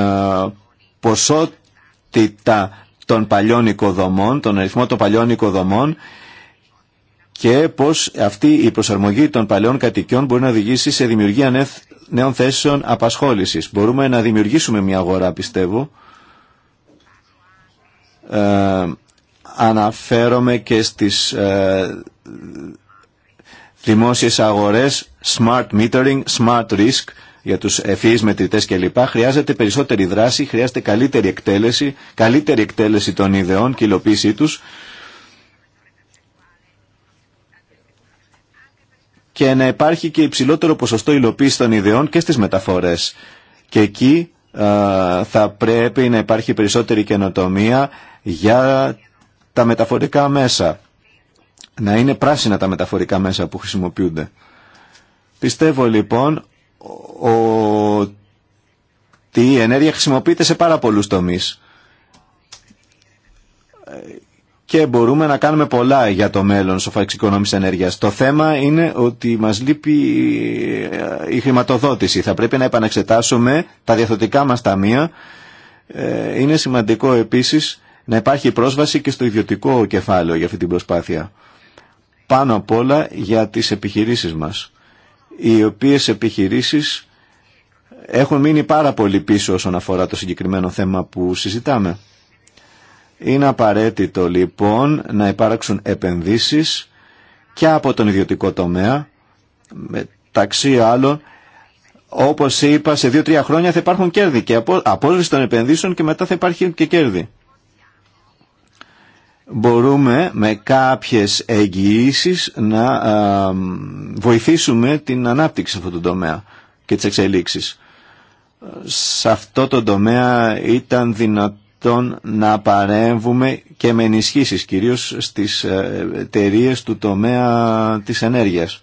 ποσότητα των παλιών οικοδομών, τον αριθμό των παλιών οικοδομών και πως αυτή η προσαρμογή των παλαιών κατοικιών μπορεί να οδηγήσει σε δημιουργία νέων θέσεων απασχόλησης. Μπορούμε να δημιουργήσουμε μια αγορά, πιστεύω. Ε, αναφέρομαι και στις ε, δημόσιες αγορές smart metering, smart risk για τους ευφυείς μετρητές κλπ. Χρειάζεται περισσότερη δράση, χρειάζεται καλύτερη εκτέλεση, καλύτερη εκτέλεση των ιδεών και υλοποίησή τους και να υπάρχει και υψηλότερο ποσοστό υλοποίηση των ιδεών και στις μεταφορές. Και εκεί θα πρέπει να υπάρχει περισσότερη καινοτομία για τα μεταφορικά μέσα. Να είναι πράσινα τα μεταφορικά μέσα που χρησιμοποιούνται. Πιστεύω λοιπόν ότι η ενέργεια χρησιμοποιείται σε πάρα πολλούς τομείς και μπορούμε να κάνουμε πολλά για το μέλλον στο οικονόμηση ενέργειας. Το θέμα είναι ότι μας λείπει ε, η χρηματοδότηση. Θα πρέπει να επαναξετάσουμε τα διαθωτικά μας ταμεία. Ε, είναι σημαντικό επίσης να υπάρχει πρόσβαση και στο ιδιωτικό κεφάλαιο για αυτή την προσπάθεια. Πάνω απ' όλα για τις επιχειρήσεις μας, οι οποίες επιχειρήσεις έχουν μείνει πάρα πολύ πίσω όσον αφορά το συγκεκριμένο θέμα που συζητάμε. Είναι απαραίτητο λοιπόν να υπάρξουν επενδύσεις και από τον ιδιωτικό τομέα, μεταξύ άλλων, όπως είπα, σε δύο-τρία χρόνια θα υπάρχουν κέρδη και αποσβηση των επενδύσεων και μετά θα υπάρχει και κέρδη. Μπορούμε με κάποιες εγγυήσει να βοηθήσουμε την ανάπτυξη αυτού του τομέα και τις εξελίξεις. Σε αυτό το τομέα ήταν δυνατό τον να παρέμβουμε και με ενισχύσεις, κυρίως στις ε, εταιρείε του τομέα της ενέργειας.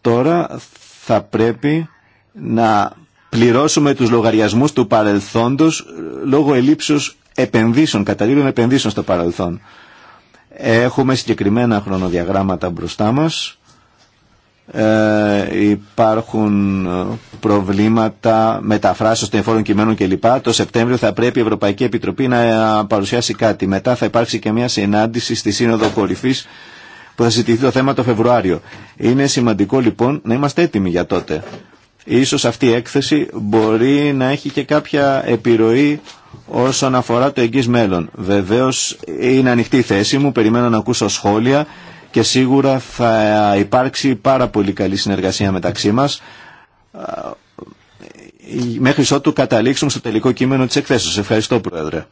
Τώρα θα πρέπει να πληρώσουμε τους λογαριασμούς του παρελθόντος ε, λόγω ελλείψεως επενδύσεων, καταλήλων επενδύσεων στο παρελθόν. Έχουμε συγκεκριμένα χρονοδιαγράμματα μπροστά μας ε, υπάρχουν προβλήματα μεταφράσεως των εφόρων κειμένων κλπ. Το Σεπτέμβριο θα πρέπει η Ευρωπαϊκή Επιτροπή να παρουσιάσει κάτι. Μετά θα υπάρξει και μια συνάντηση στη Σύνοδο Κορυφής που θα συζητηθεί το θέμα το Φεβρουάριο. Είναι σημαντικό λοιπόν να είμαστε έτοιμοι για τότε. Ίσως αυτή η έκθεση μπορεί να έχει και κάποια επιρροή όσον αφορά το εγγύς μέλλον. Βεβαίως είναι ανοιχτή η θέση μου, περιμένω να ακούσω σχόλια και σίγουρα θα υπάρξει πάρα πολύ καλή συνεργασία μεταξύ μας ε, μέχρι ότου καταλήξουμε στο τελικό κείμενο της εκθέσεως. Ευχαριστώ Πρόεδρε.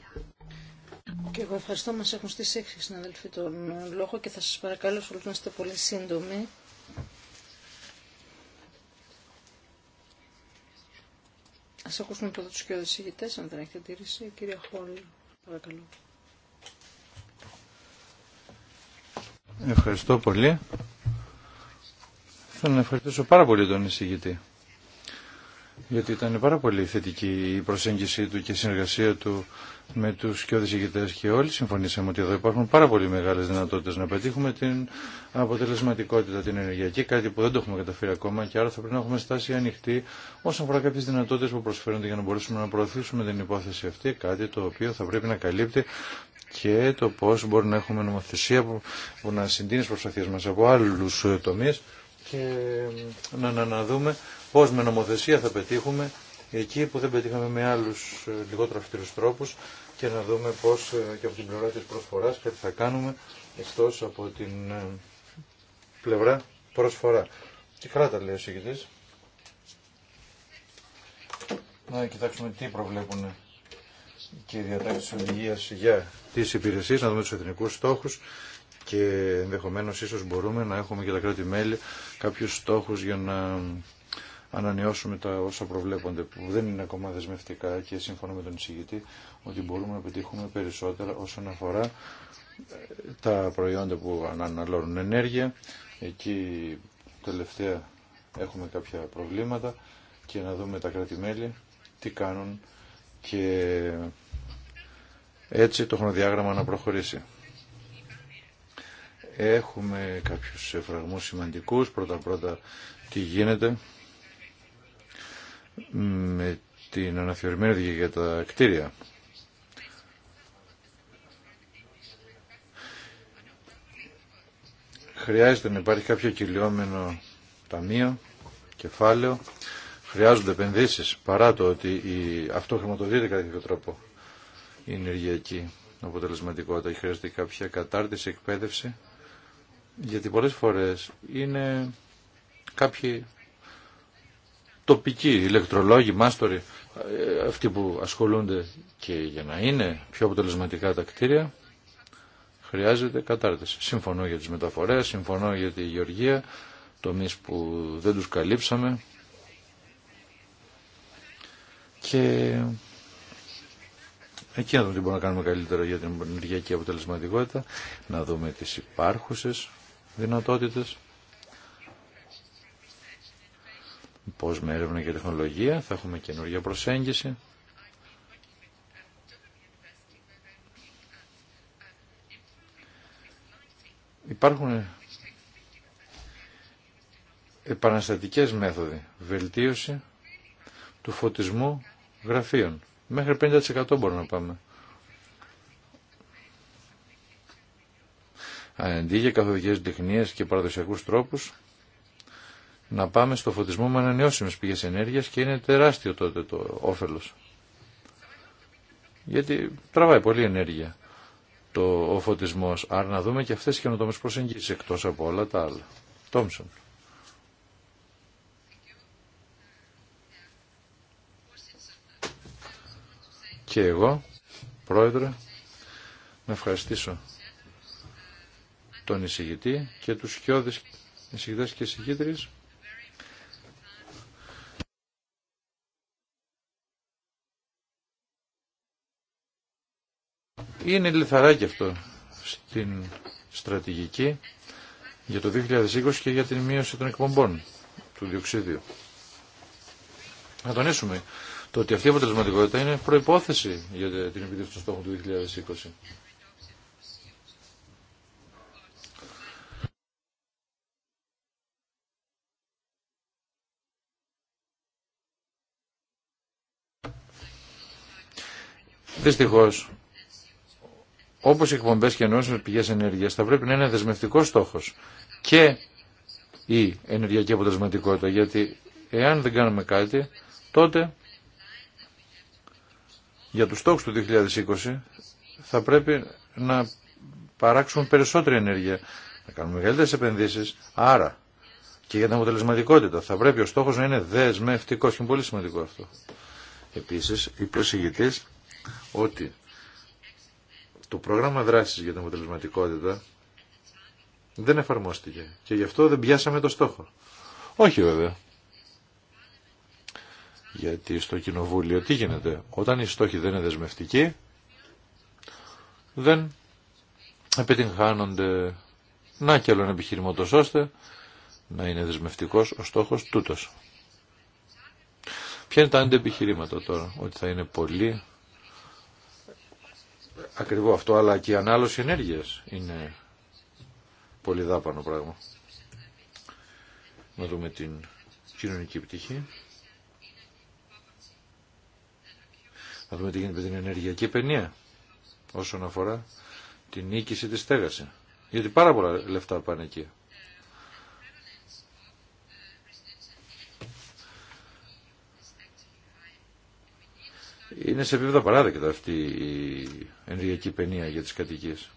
Και εγώ ευχαριστώ. Μας έχουν στις έξι συναδελφοί τον λόγο και θα σας παρακαλώ όλους να είστε πολύ σύντομοι. Ας ακούσουμε πρώτα τους και οδησηγητές, αν δεν έχετε αντίρρηση. Κύριε Χόλ, παρακαλώ. Ευχαριστώ πολύ. Θέλω να ευχαριστήσω πάρα πολύ τον εισηγητή. Γιατί ήταν πάρα πολύ θετική η προσέγγιση του και η συνεργασία του με τους και ηγητές και όλοι συμφωνήσαμε ότι εδώ υπάρχουν πάρα πολύ μεγάλες δυνατότητες να πετύχουμε την αποτελεσματικότητα την ενεργειακή, κάτι που δεν το έχουμε καταφέρει ακόμα και άρα θα πρέπει να έχουμε στάση ανοιχτή όσον αφορά κάποιες δυνατότητες που προσφέρονται για να μπορέσουμε να προωθήσουμε την υπόθεση αυτή, κάτι το οποίο θα πρέπει να καλύπτει και το πώ μπορεί να έχουμε νομοθεσία που, που να συντείνει προσπαθίε μας από άλλου ε, τομεί και να, να, να δούμε πώς με νομοθεσία θα πετύχουμε εκεί που δεν πετύχαμε με άλλου ε, λιγότερο αυστηρού τρόπους και να δούμε πώς ε, και από την πλευρά της προσφοράς κάτι θα κάνουμε εκτό από την πλευρά προσφορά. Τι κράτα λέει ο συγκεκριτής. Να κοιτάξουμε τι προβλέπουν και διατάξει τη οδηγία για τι υπηρεσίε, να δούμε του εθνικού στόχου και ενδεχομένω ίσω μπορούμε να έχουμε και τα κράτη-μέλη κάποιου στόχου για να ανανεώσουμε τα όσα προβλέπονται, που δεν είναι ακόμα δεσμευτικά και σύμφωνα με τον εισηγητή ότι μπορούμε να πετύχουμε περισσότερα όσον αφορά ε, τα προϊόντα που αναλώνουν ενέργεια. Εκεί τελευταία έχουμε κάποια προβλήματα και να δούμε τα κράτη-μέλη τι κάνουν και έτσι το χρονοδιάγραμμα να προχωρήσει. Έχουμε κάποιους εφραγμούς σημαντικούς. Πρώτα-πρώτα τι γίνεται με την αναθεωρημένη για τα κτίρια. Χρειάζεται να υπάρχει κάποιο κυλιόμενο ταμείο, κεφάλαιο. Χρειάζονται επενδύσεις παρά το ότι αυτό χρηματοδοτείται κατά κάποιο τρόπο η ενεργειακή αποτελεσματικότητα. Χρειάζεται κάποια κατάρτιση, εκπαίδευση, γιατί πολλές φορές είναι κάποιοι τοπικοί ηλεκτρολόγοι, μάστοροι, ε, αυτοί που ασχολούνται και για να είναι πιο αποτελεσματικά τα κτίρια, χρειάζεται κατάρτιση. Συμφωνώ για τις μεταφορές, συμφωνώ για τη γεωργία, τομείς που δεν τους καλύψαμε. Και Εκεί να δούμε τι μπορούμε να κάνουμε καλύτερο για την ενεργειακή αποτελεσματικότητα, να δούμε τις υπάρχουσες δυνατότητες, πώς με έρευνα και τεχνολογία θα έχουμε καινούργια προσέγγιση. Υπάρχουν επαναστατικές μέθοδοι, βελτίωση του φωτισμού γραφείων. Μέχρι 50% μπορούμε να πάμε. Αντί για καθοδικές τεχνίες και παραδοσιακούς τρόπους, να πάμε στο φωτισμό με ανανεώσιμες πηγές ενέργειας και είναι τεράστιο τότε το όφελος. Γιατί τραβάει πολύ ενέργεια το, ο φωτισμός. Άρα να δούμε και αυτές τις καινοτόμες προσεγγίσεις εκτός από όλα τα άλλα. Τόμσον. Και εγώ, Πρόεδρε, να ευχαριστήσω τον εισηγητή και τους σκιώδεις εισηγητές και εισηγήτρες Είναι λιθαράκι αυτό στην στρατηγική για το 2020 και για την μείωση των εκπομπών του διοξίδιου. Να τονίσουμε το ότι αυτή η αποτελεσματικότητα είναι προϋπόθεση για την επιτύχηση των στόχων του 2020. Δυστυχώς, όπως οι εκπομπές και ενώσεις πηγές ενέργειας θα πρέπει να είναι δεσμευτικός στόχος και η ενεργειακή αποτελεσματικότητα, γιατί εάν δεν κάνουμε κάτι, τότε για τους στόχους του 2020 θα πρέπει να παράξουμε περισσότερη ενέργεια, να κάνουμε μεγαλύτερε επενδύσεις, άρα και για την αποτελεσματικότητα θα πρέπει ο στόχος να είναι δεσμευτικός και είναι πολύ σημαντικό αυτό. Επίσης, είπε ο ότι το πρόγραμμα δράσης για την αποτελεσματικότητα δεν εφαρμόστηκε και γι' αυτό δεν πιάσαμε το στόχο. Όχι βέβαια. Γιατί στο κοινοβούλιο τι γίνεται. Όταν οι στόχοι δεν είναι δεσμευτικοί, δεν επιτυγχάνονται. Να και άλλο ένα ώστε να είναι δεσμευτικός ο στόχος τούτος. Ποια είναι τα αντεπιχειρήματα τώρα, ότι θα είναι πολύ ακριβό αυτό, αλλά και η ανάλωση ενέργειας είναι πολύ δάπανο πράγμα. Να δούμε την κοινωνική πτυχή. Θα δούμε τι γίνεται με την ενεργειακή παινία όσον αφορά την νίκηση της στέγαση. Γιατί πάρα πολλά λεφτά πάνε εκεί. Είναι σε επίπεδο παράδεκτα αυτή η ενεργειακή παινία για τις κατοικίες.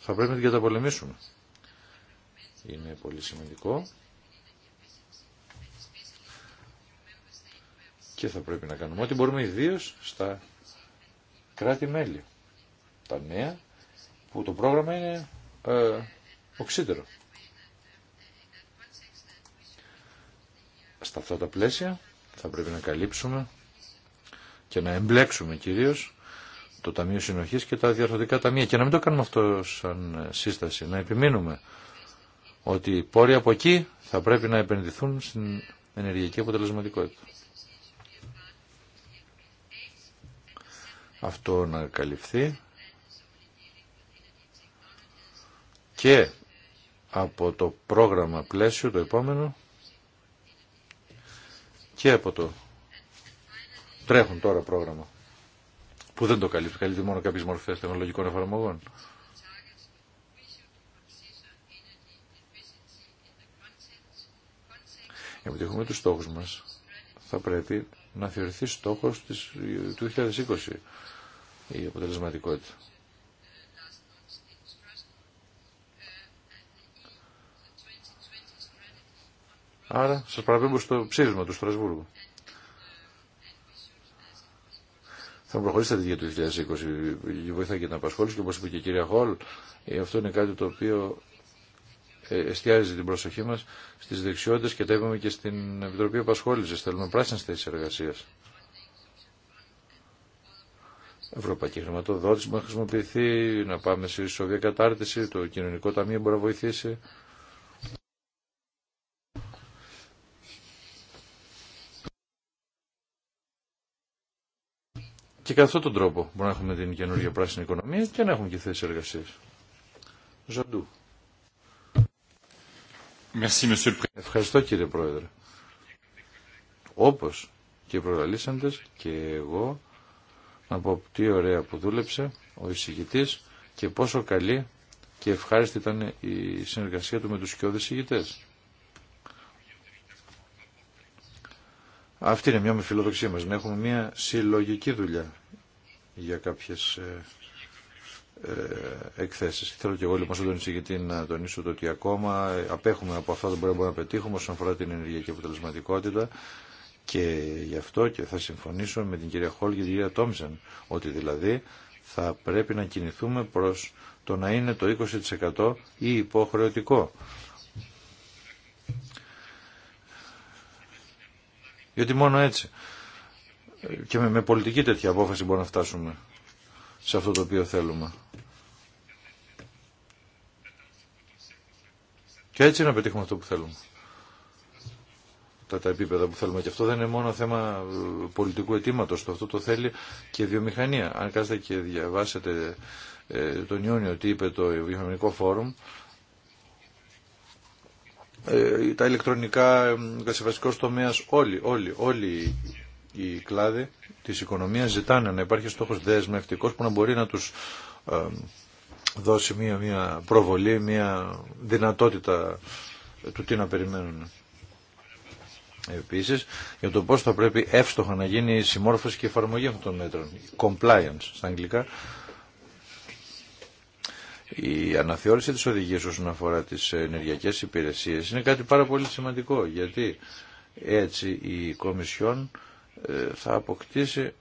Θα πρέπει να την καταπολεμήσουμε. Είναι πολύ σημαντικό Και θα πρέπει να κάνουμε ό,τι μπορούμε ιδίω στα κράτη-μέλη. Τα νέα που το πρόγραμμα είναι ε, οξύτερο. Στα αυτά τα πλαίσια θα πρέπει να καλύψουμε και να εμπλέξουμε κυρίως το Ταμείο Συνοχής και τα διαρθωτικά ταμεία. Και να μην το κάνουμε αυτό σαν σύσταση, να επιμείνουμε ότι οι πόροι από εκεί θα πρέπει να επενδυθούν στην ενεργειακή αποτελεσματικότητα. αυτό να καλυφθεί και από το πρόγραμμα πλαίσιο το επόμενο και από το τρέχουν τώρα πρόγραμμα που δεν το καλύπτει, καλύπτει μόνο κάποιες μορφές τεχνολογικών εφαρμογών. Για έχουμε τους στόχους μας θα πρέπει να θεωρηθεί στόχος του 2020 η αποτελεσματικότητα. Άρα σας παραπέμπω στο ψήφισμα του Στρασβούργου. Θα προχωρήσετε για το 2020 η βοήθεια και την απασχόληση και όπως είπε και η κυρία Χόλ, ε, αυτό είναι κάτι το οποίο ε, εστιάζει την προσοχή μας στις δεξιότητες και τα είπαμε και στην Επιτροπή Απασχόλησης. Θέλουμε πράσινες θέσεις εργασίας ευρωπαϊκή χρηματοδότηση μπορεί να χρησιμοποιηθεί, να πάμε σε ισοβία κατάρτιση, το κοινωνικό ταμείο μπορεί να βοηθήσει. Και κατά αυτόν τον τρόπο μπορούμε να έχουμε την καινούργια πράσινη οικονομία και να έχουμε και θέσει εργασία. Ζαντού. Ευχαριστώ κύριε Πρόεδρε. Όπως και οι προγραλήσαντες και εγώ να πω τι ωραία που δούλεψε ο εισηγητή και πόσο καλή και ευχάριστη ήταν η συνεργασία του με τους σκιώδες εισηγητές. Αυτή είναι μια με φιλοδοξία μας, να έχουμε μια συλλογική δουλειά για κάποιες ε, ε, εκθέσεις. Θέλω και εγώ λοιπόν στον εισηγητή να τονίσω το ότι ακόμα απέχουμε από αυτά που μπορούμε να πετύχουμε όσον αφορά την ενεργειακή αποτελεσματικότητα. Και γι' αυτό και θα συμφωνήσω με την κυρία Χόλ και την κυρία Τόμσεν ότι δηλαδή θα πρέπει να κινηθούμε προς το να είναι το 20% ή υποχρεωτικό. Γιατί μόνο έτσι και με, με πολιτική τέτοια απόφαση μπορούμε να φτάσουμε σε αυτό το οποίο θέλουμε. Και έτσι να πετύχουμε αυτό που θέλουμε τα, τα επίπεδα που θέλουμε. Και αυτό δεν είναι μόνο θέμα ε, πολιτικού αιτήματο. Το αυτό το θέλει και βιομηχανία. Αν κάθετε και διαβάσετε ε, τον Ιούνιο τι είπε το Βιομηχανικό Φόρουμ, ε, τα ηλεκτρονικά, ε, ο κατασκευαστικό τομέα, όλοι, όλοι, όλοι οι κλάδοι της οικονομίας ζητάνε να υπάρχει στόχο δεσμευτικό που να μπορεί να τους δώσει μια, μια προβολή, μια δυνατότητα του τι να περιμένουν. Επίσης, για το πώ θα πρέπει εύστοχα να γίνει η συμμόρφωση και η εφαρμογή αυτών των μέτρων. Compliance στα αγγλικά. Η αναθεώρηση τη οδηγίας όσον αφορά τις ενεργειακές υπηρεσίες είναι κάτι πάρα πολύ σημαντικό γιατί έτσι η Κομισιόν ε, θα αποκτήσει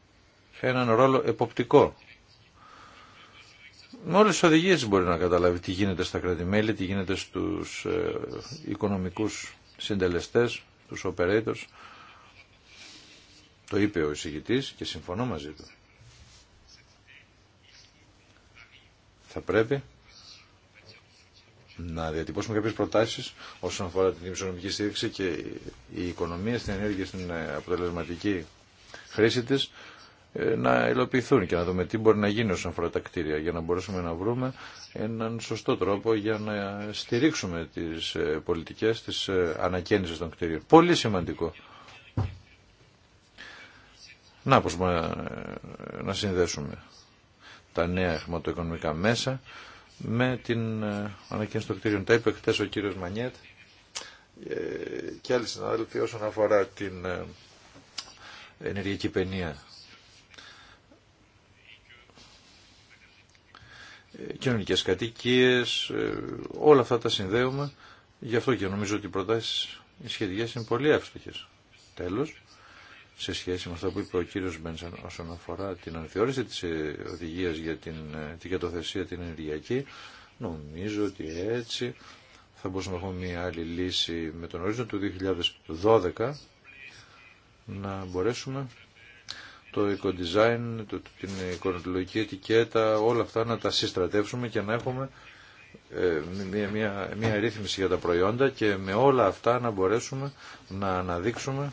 έναν ρόλο εποπτικό. Με όλες τις οδηγίες μπορεί να καταλάβει τι γίνεται στα κρατημέλη, τι γίνεται στους ε, οικονομικούς συντελεστές τους operators. Το είπε ο εισηγητής και συμφωνώ μαζί του. Θα πρέπει να διατυπώσουμε κάποιες προτάσεις όσον αφορά την οικονομική στήριξη και η οικονομία στην ενέργεια στην αποτελεσματική χρήση της ε, να υλοποιηθούν και να δούμε τι μπορεί να γίνει όσον αφορά τα κτίρια για να μπορέσουμε να βρούμε έναν σωστό τρόπο για να στηρίξουμε τις ε, πολιτικές της ε, ανακαίνησης των κτίριων. Πολύ σημαντικό. Να πως να συνδέσουμε τα νέα χρηματοοικονομικά μέσα με την ανακαίνιση των κτίριων. Τα είπε χτες ο κύριος Μανιέτ και άλλοι συναδέλφοι όσον αφορά την ενεργειακή παινία Ε, κοινωνικέ κατοικίε, ε, όλα αυτά τα συνδέουμε. Γι' αυτό και νομίζω ότι οι προτάσεις οι σχετικές είναι πολύ εύστοχε. Τέλος, σε σχέση με αυτά που είπε ο κύριος Μπένσαν όσον αφορά την αναθεώρηση της ε, οδηγία για την κατοθεσία την ενεργειακή, νομίζω ότι έτσι θα μπορούσαμε να έχουμε μια άλλη λύση με τον ορίζοντα του 2012 να μπορέσουμε το eco το, την οικονοτολογική ετικέτα, όλα αυτά να τα συστρατεύσουμε και να έχουμε ε, μια, μια, μια ρύθμιση για τα προϊόντα και με όλα αυτά να μπορέσουμε να αναδείξουμε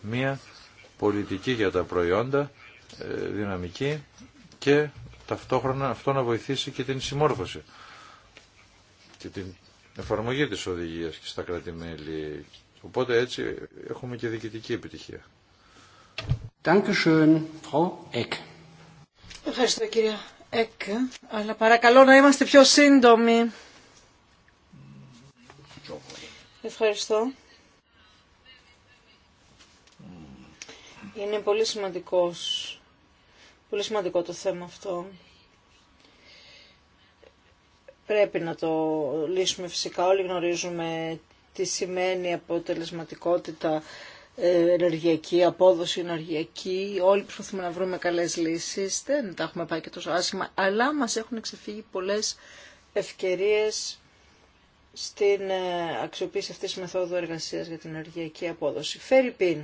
μια πολιτική για τα προϊόντα ε, δυναμική και ταυτόχρονα αυτό να βοηθήσει και την συμμόρφωση και την εφαρμογή της οδηγίας και στα κρατημέλη. Οπότε έτσι έχουμε και διοικητική επιτυχία. Ευχαριστώ κυρία Εκ, αλλά παρακαλώ να είμαστε πιο σύντομοι. Ευχαριστώ. Είναι πολύ σημαντικός, πολύ σημαντικό το θέμα αυτό. Πρέπει να το λύσουμε φυσικά. Όλοι γνωρίζουμε τι σημαίνει αποτελεσματικότητα ε, ενεργειακή, απόδοση ενεργειακή. Όλοι προσπαθούμε να βρούμε καλές λύσεις. Δεν τα έχουμε πάει και τόσο άσχημα. Αλλά μας έχουν ξεφύγει πολλές ευκαιρίες στην ε, αξιοποίηση αυτής της μεθόδου εργασίας για την ενεργειακή απόδοση. Φέρει πίν.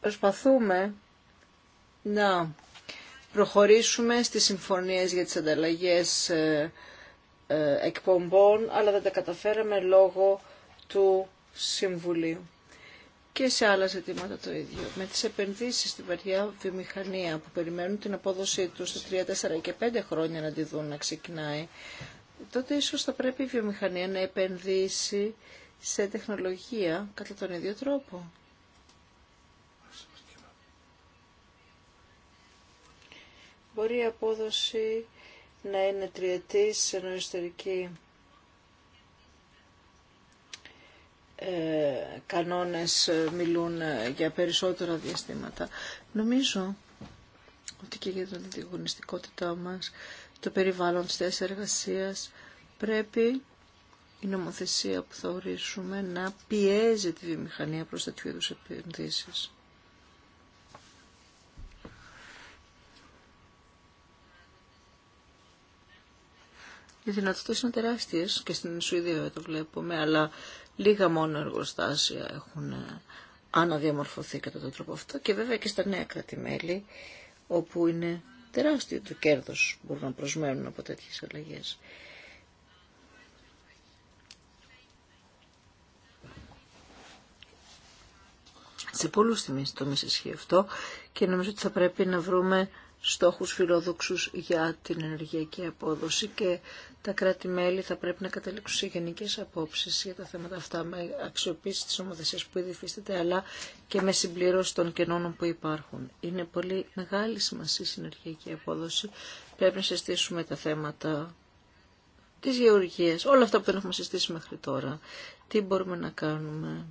Προσπαθούμε να προχωρήσουμε στις συμφωνίες για τις ανταλλαγές ε, ε, εκπομπών, αλλά δεν τα καταφέραμε λόγω του Συμβουλίου. Και σε άλλα ζητήματα το ίδιο. Με τις επενδύσεις στην βαριά βιομηχανία που περιμένουν την απόδοσή τους σε 3, 4 και 5 χρόνια να τη δουν να ξεκινάει, τότε ίσως θα πρέπει η βιομηχανία να επενδύσει σε τεχνολογία κατά τον ίδιο τρόπο. μπορεί η απόδοση να είναι τριετής ενώ ιστορική ε, κανόνες ε, μιλούν ε, για περισσότερα διαστήματα. Νομίζω ότι και για την αντιγωνιστικότητά μας, το περιβάλλον της θέσης εργασίας, πρέπει η νομοθεσία που θα ορίσουμε να πιέζει τη βιομηχανία προς τέτοιου είδους επενδύσεις. Οι δυνατότητες είναι τεράστιες και στην Σουηδία το βλέπουμε, αλλά λίγα μόνο εργοστάσια έχουν ε, αναδιαμορφωθεί κατά τον τρόπο αυτό και βέβαια και στα νέα κράτη-μέλη όπου είναι τεράστιο το κέρδος που μπορούν να προσμένουν από τέτοιες αλλαγές. Σε πολλούς τομείς ισχύει αυτό και νομίζω ότι θα πρέπει να βρούμε στόχους φιλόδοξους για την ενεργειακή απόδοση και τα κράτη-μέλη θα πρέπει να καταλήξουν σε γενικέ απόψει για τα θέματα αυτά με αξιοποίηση τη ομοθεσία που ήδη υφίσταται αλλά και με συμπλήρωση των κενών που υπάρχουν. Είναι πολύ μεγάλη σημασία η συνεργειακή απόδοση. Πρέπει να συστήσουμε τα θέματα τη γεωργία, όλα αυτά που δεν έχουμε συστήσει μέχρι τώρα. Τι μπορούμε να κάνουμε.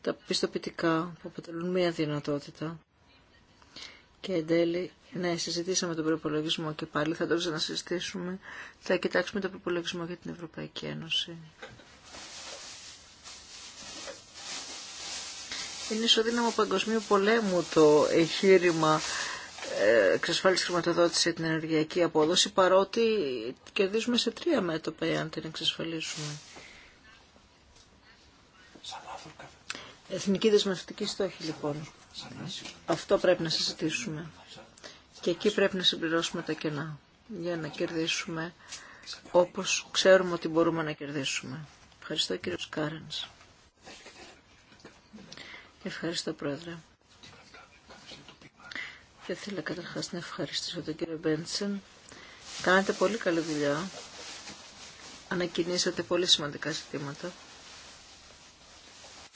Τα πιστοποιητικά που αποτελούν μία δυνατότητα και εν τέλει, ναι, συζητήσαμε τον προπολογισμό και πάλι θα το συζητήσουμε. Θα κοιτάξουμε τον προπολογισμό για την Ευρωπαϊκή Ένωση. Είναι ισοδύναμο παγκοσμίου πολέμου το εγχείρημα ε, εξασφάλιση χρηματοδότηση για την ενεργειακή απόδοση, παρότι κερδίζουμε σε τρία μέτωπα εάν την εξασφαλίσουμε. Εθνική δεσμευτική στόχη λοιπόν. Αυτό πρέπει να συζητήσουμε. Και εκεί πρέπει να συμπληρώσουμε τα κενά για να κερδίσουμε όπως ξέρουμε ότι μπορούμε να κερδίσουμε. Ευχαριστώ κύριο Κάρενς. Ευχαριστώ πρόεδρε. Και θέλω καταρχάς να ευχαριστήσω τον κύριο Μπέντσεν. Κάνετε πολύ καλή δουλειά. Ανακοινήσατε πολύ σημαντικά ζητήματα.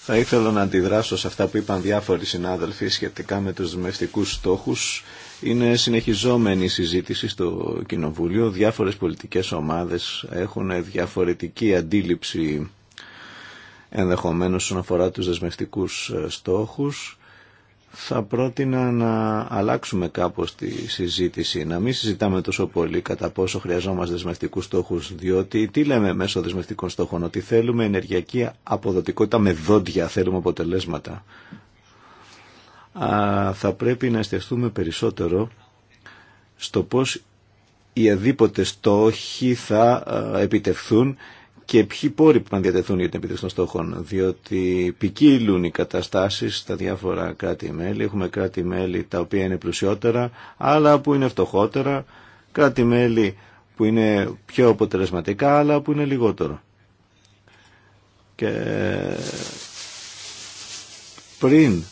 Θα ήθελα να αντιδράσω σε αυτά που είπαν διάφοροι συνάδελφοι σχετικά με τους δημευτικούς στόχους. Είναι συνεχιζόμενη η συζήτηση στο Κοινοβούλιο. Διάφορες πολιτικές ομάδες έχουν διαφορετική αντίληψη ενδεχομένως όσον αφορά τους δεσμευτικούς ε, στόχους θα πρότεινα να αλλάξουμε κάπως τη συζήτηση, να μην συζητάμε τόσο πολύ κατά πόσο χρειαζόμαστε δεσμευτικούς στόχους, διότι τι λέμε μέσω δεσμευτικών στόχων, ότι θέλουμε ενεργειακή αποδοτικότητα με δόντια, θέλουμε αποτελέσματα. Α, θα πρέπει να εστιαστούμε περισσότερο στο πώς οι αδίποτε στόχοι θα ε, επιτευθούν και ποιοι πόροι που να διατεθούν για την επίτευξη των στόχων, διότι ποικίλουν οι καταστάσει στα διάφορα κράτη-μέλη. Έχουμε κράτη-μέλη τα οποία είναι πλουσιότερα, άλλα που είναι φτωχότερα, κράτη-μέλη που είναι πιο αποτελεσματικά, άλλα που είναι λιγότερο. Και πριν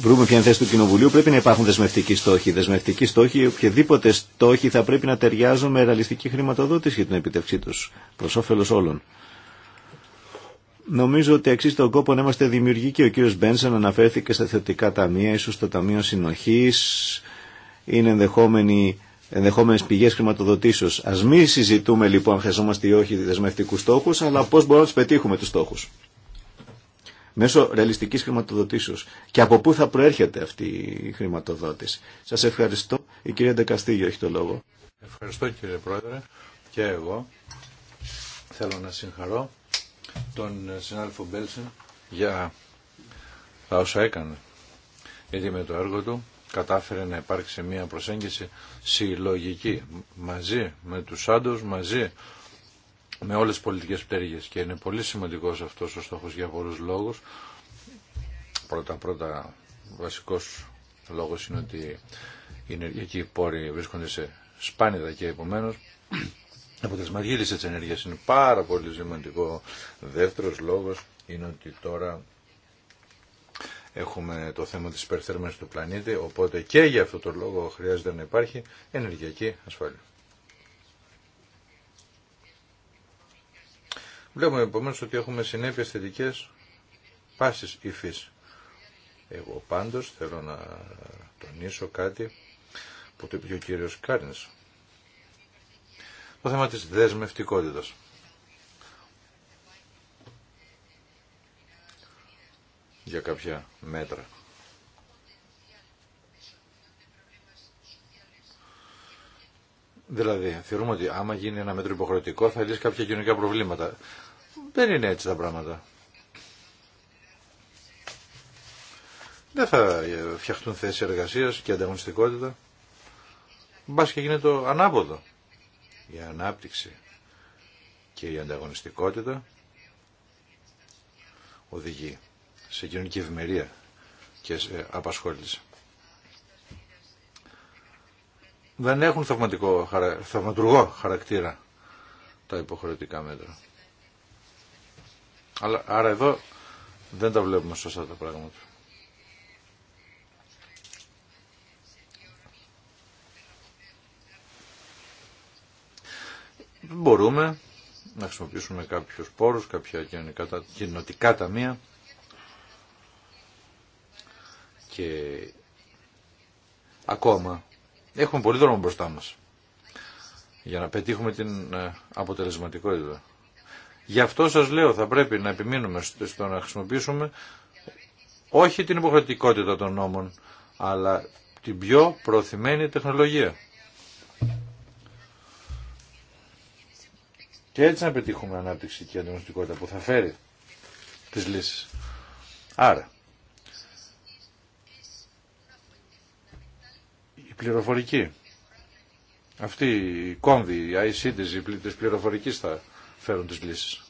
βρούμε ποια είναι θέση του Κοινοβουλίου, πρέπει να υπάρχουν δεσμευτικοί στόχοι. Δεσμευτικοί στόχοι, οποιαδήποτε στόχοι θα πρέπει να ταιριάζουν με ρεαλιστική χρηματοδότηση για την επιτευξή του προ όφελο όλων. Νομίζω ότι αξίζει τον κόπο να είμαστε δημιουργικοί. Ο κύριο Μπένσον αναφέρθηκε στα θετικά ταμεία, ίσως το Ταμείο συνοχή, είναι ενδεχόμενοι ενδεχόμενε πηγέ χρηματοδοτήσεω. Α μην συζητούμε λοιπόν αν χρειαζόμαστε ή όχι δεσμευτικού στόχου, αλλά πώ μπορούμε να του πετύχουμε του στόχου μέσω ρεαλιστικής χρηματοδοτήσεως. Και από πού θα προέρχεται αυτή η χρηματοδότηση. Σας ευχαριστώ. Η κυρία Ντεκαστήγιο έχει το λόγο. Ευχαριστώ κύριε Πρόεδρε και εγώ θέλω να συγχαρώ τον συνάδελφο Μπέλσεν για όσα έκανε. Γιατί με το έργο του κατάφερε να υπάρξει μια προσέγγιση συλλογική μαζί με τους άντρους, μαζί με όλες τις πολιτικές πτέρυγες και είναι πολύ σημαντικός αυτός ο στόχος για πολλούς λόγους. Πρώτα πρώτα βασικός λόγος είναι ότι οι ενεργειακοί πόροι βρίσκονται σε σπάνιδα και επομένως αποτελεσματική λύση της ενέργειας είναι πάρα πολύ σημαντικό. Δεύτερος λόγος είναι ότι τώρα έχουμε το θέμα της υπερθέρμανσης του πλανήτη, οπότε και για αυτό το λόγο χρειάζεται να υπάρχει ενεργειακή ασφάλεια. Βλέπουμε επομένως ότι έχουμε συνέπειες θετικές πάσης υφής. Εγώ πάντως θέλω να τονίσω κάτι που το είπε ο κύριος Κάρνης. Το θέμα της δεσμευτικότητας. για κάποια μέτρα. Δηλαδή, θεωρούμε ότι άμα γίνει ένα μέτρο υποχρεωτικό θα λύσει κάποια κοινωνικά προβλήματα. Δεν είναι έτσι τα πράγματα. Δεν θα ε, φτιαχτούν θέσει εργασία και ανταγωνιστικότητα. Μπα και γίνεται το ανάποδο. Η ανάπτυξη και η ανταγωνιστικότητα οδηγεί σε κοινωνική ευημερία και σε ε, απασχόληση. Δεν έχουν θαυματικό, θαυματουργό χαρακτήρα τα υποχρεωτικά μέτρα. Αλλά, άρα εδώ δεν τα βλέπουμε σωστά τα πράγματα. Μπορούμε να χρησιμοποιήσουμε κάποιους πόρους, κάποια κοινωτικά ταμεία και ακόμα έχουμε πολύ δρόμο μπροστά μας για να πετύχουμε την ε, αποτελεσματικότητα. Γι' αυτό σας λέω θα πρέπει να επιμείνουμε στο να χρησιμοποιήσουμε όχι την υποχρεωτικότητα των νόμων, αλλά την πιο προωθημένη τεχνολογία. Και έτσι να πετύχουμε ανάπτυξη και ανταγωνιστικότητα που θα φέρει τις λύσεις. Άρα, η πληροφορική, αυτή η κόμβη, η IC της πληροφορικής θα φέρουν τις λύσεις.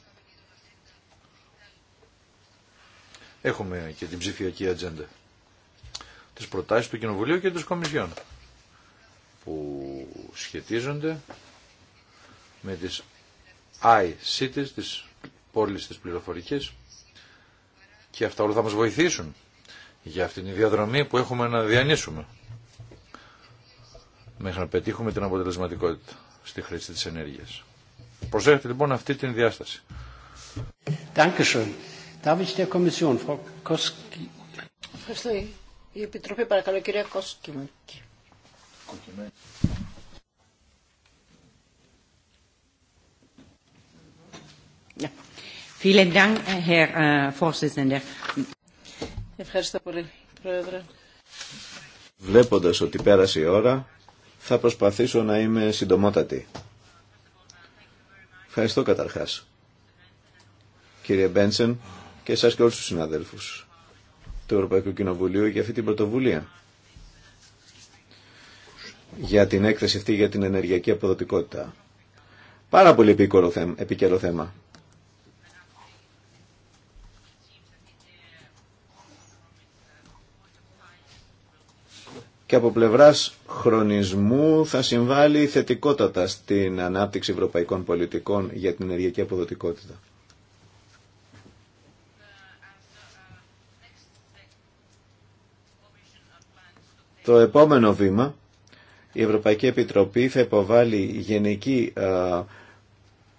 Έχουμε και την ψηφιακή ατζέντα. Τις προτάσεις του Κοινοβουλίου και της Κομισιόν που σχετίζονται με τις i-cities, τις πόλεις της πληροφορικής και αυτά όλα θα μας βοηθήσουν για αυτήν τη διαδρομή που έχουμε να διανύσουμε μέχρι να πετύχουμε την αποτελεσματικότητα στη χρήση της ενέργειας. Προσέχετε λοιπόν αυτή την διάσταση. Ευχαριστώ. πολύ, Πρόεδρε. Βλέποντας ότι πέρασε η ώρα, θα προσπαθήσω να είμαι συντομότατη. Ευχαριστώ καταρχάς, κύριε Μπένσεν, και εσάς και όλους τους συναδέλφους του Ευρωπαϊκού Κοινοβουλίου για αυτή την πρωτοβουλία. Για την έκθεση αυτή για την ενεργειακή αποδοτικότητα. Πάρα πολύ επίκαιρο θέμα. και από πλευράς χρονισμού θα συμβάλλει θετικότατα στην ανάπτυξη ευρωπαϊκών πολιτικών για την ενεργειακή αποδοτικότητα. Το επόμενο βήμα, η Ευρωπαϊκή Επιτροπή θα υποβάλει γενική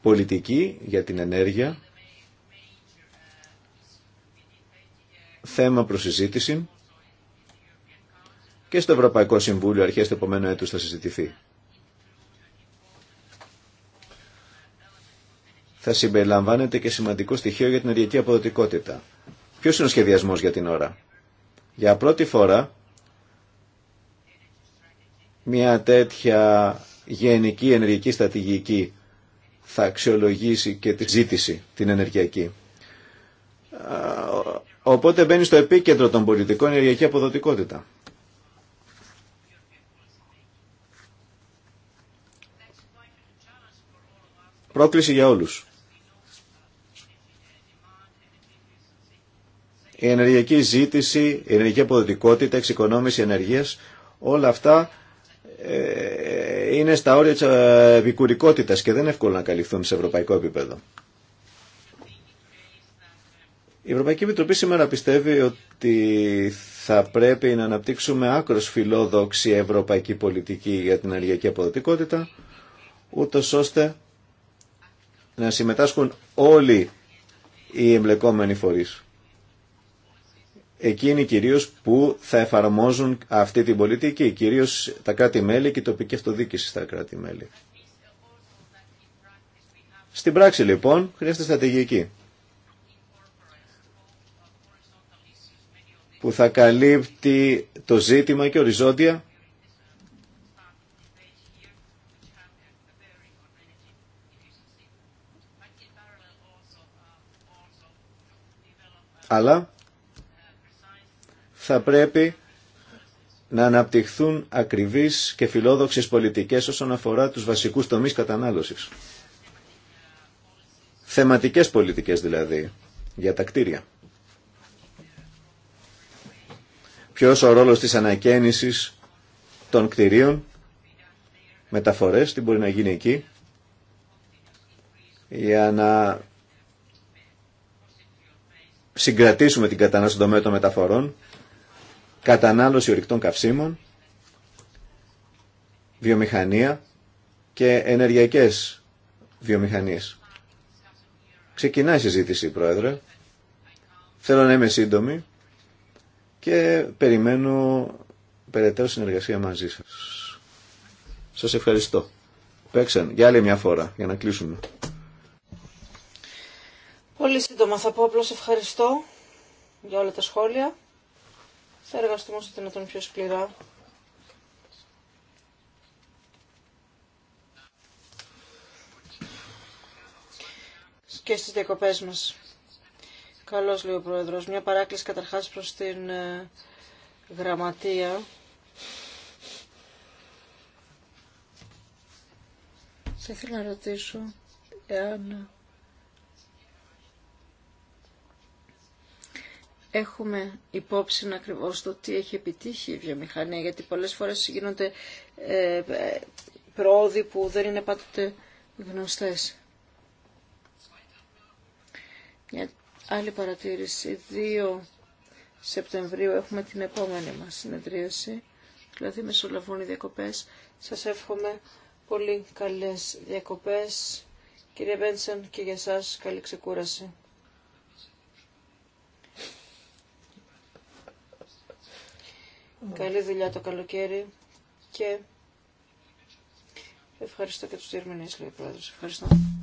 πολιτική για την ενέργεια, θέμα προσυζήτηση και στο Ευρωπαϊκό Συμβούλιο αρχές του επόμενου έτους θα συζητηθεί. Θα συμπεριλαμβάνεται και σημαντικό στοιχείο για την ενεργειακή αποδοτικότητα. Ποιος είναι ο σχεδιασμός για την ώρα. Για πρώτη φορά μια τέτοια γενική ενεργειακή στρατηγική θα αξιολογήσει και τη ζήτηση την ενεργειακή. Οπότε μπαίνει στο επίκεντρο των πολιτικών η ενεργειακή αποδοτικότητα. Πρόκληση για όλους. Η ενεργειακή ζήτηση, η ενεργειακή αποδοτικότητα, η εξοικονόμηση ενεργείας, όλα αυτά ε, είναι στα όρια της ε, επικουρικότητας και δεν είναι εύκολο να καλυφθούν σε ευρωπαϊκό επίπεδο. Η Ευρωπαϊκή Επιτροπή σήμερα πιστεύει ότι θα πρέπει να αναπτύξουμε άκρος φιλόδοξη ευρωπαϊκή πολιτική για την ενεργειακή αποδοτικότητα, ούτω ώστε να συμμετάσχουν όλοι οι εμπλεκόμενοι φορείς. Εκείνοι κυρίως που θα εφαρμόζουν αυτή την πολιτική, κυρίως τα κράτη-μέλη και η τοπική αυτοδίκηση στα κράτη-μέλη. Στην πράξη λοιπόν χρειάζεται στρατηγική που θα καλύπτει το ζήτημα και οριζόντια αλλά θα πρέπει να αναπτυχθούν ακριβείς και φιλόδοξες πολιτικές όσον αφορά τους βασικούς τομείς κατανάλωσης. Θεματικές πολιτικές δηλαδή, για τα κτίρια. Ποιος ο ρόλος της ανακαίνησης των κτιρίων, μεταφορές, τι μπορεί να γίνει εκεί, για να συγκρατήσουμε την κατανάλωση στον τομέα των μεταφορών, κατανάλωση ορυκτών καυσίμων, βιομηχανία και ενεργειακές βιομηχανίες. Ξεκινάει η συζήτηση, Πρόεδρε. Θέλω να είμαι σύντομη και περιμένω περαιτέρω συνεργασία μαζί σας. Σας ευχαριστώ. Παίξαν για άλλη μια φορά για να κλείσουμε. Πολύ σύντομα θα πω απλώς ευχαριστώ για όλα τα σχόλια. Θα εργαστούμε όσο δυνατόν πιο σκληρά. Και στις διακοπές μας. Καλώς λέει ο Πρόεδρος. Μια παράκληση καταρχάς προς την ε, γραμματεία. Θα ήθελα να ρωτήσω εάν έχουμε υπόψη ακριβώς το τι έχει επιτύχει η βιομηχανία, γιατί πολλές φορές γίνονται ε, πρόοδοι που δεν είναι πάντοτε γνωστές. Μια άλλη παρατήρηση. 2 Σεπτεμβρίου έχουμε την επόμενη μας συνεδρίαση, δηλαδή μεσολαβούν οι διακοπές. Σας εύχομαι πολύ καλές διακοπές. Κύριε Μπένσεν, και για σας καλή ξεκούραση. Mm. Καλή δουλειά το καλοκαίρι και ευχαριστώ και τους διερμηνείς, λέει ο Πρόεδρος. Ευχαριστώ.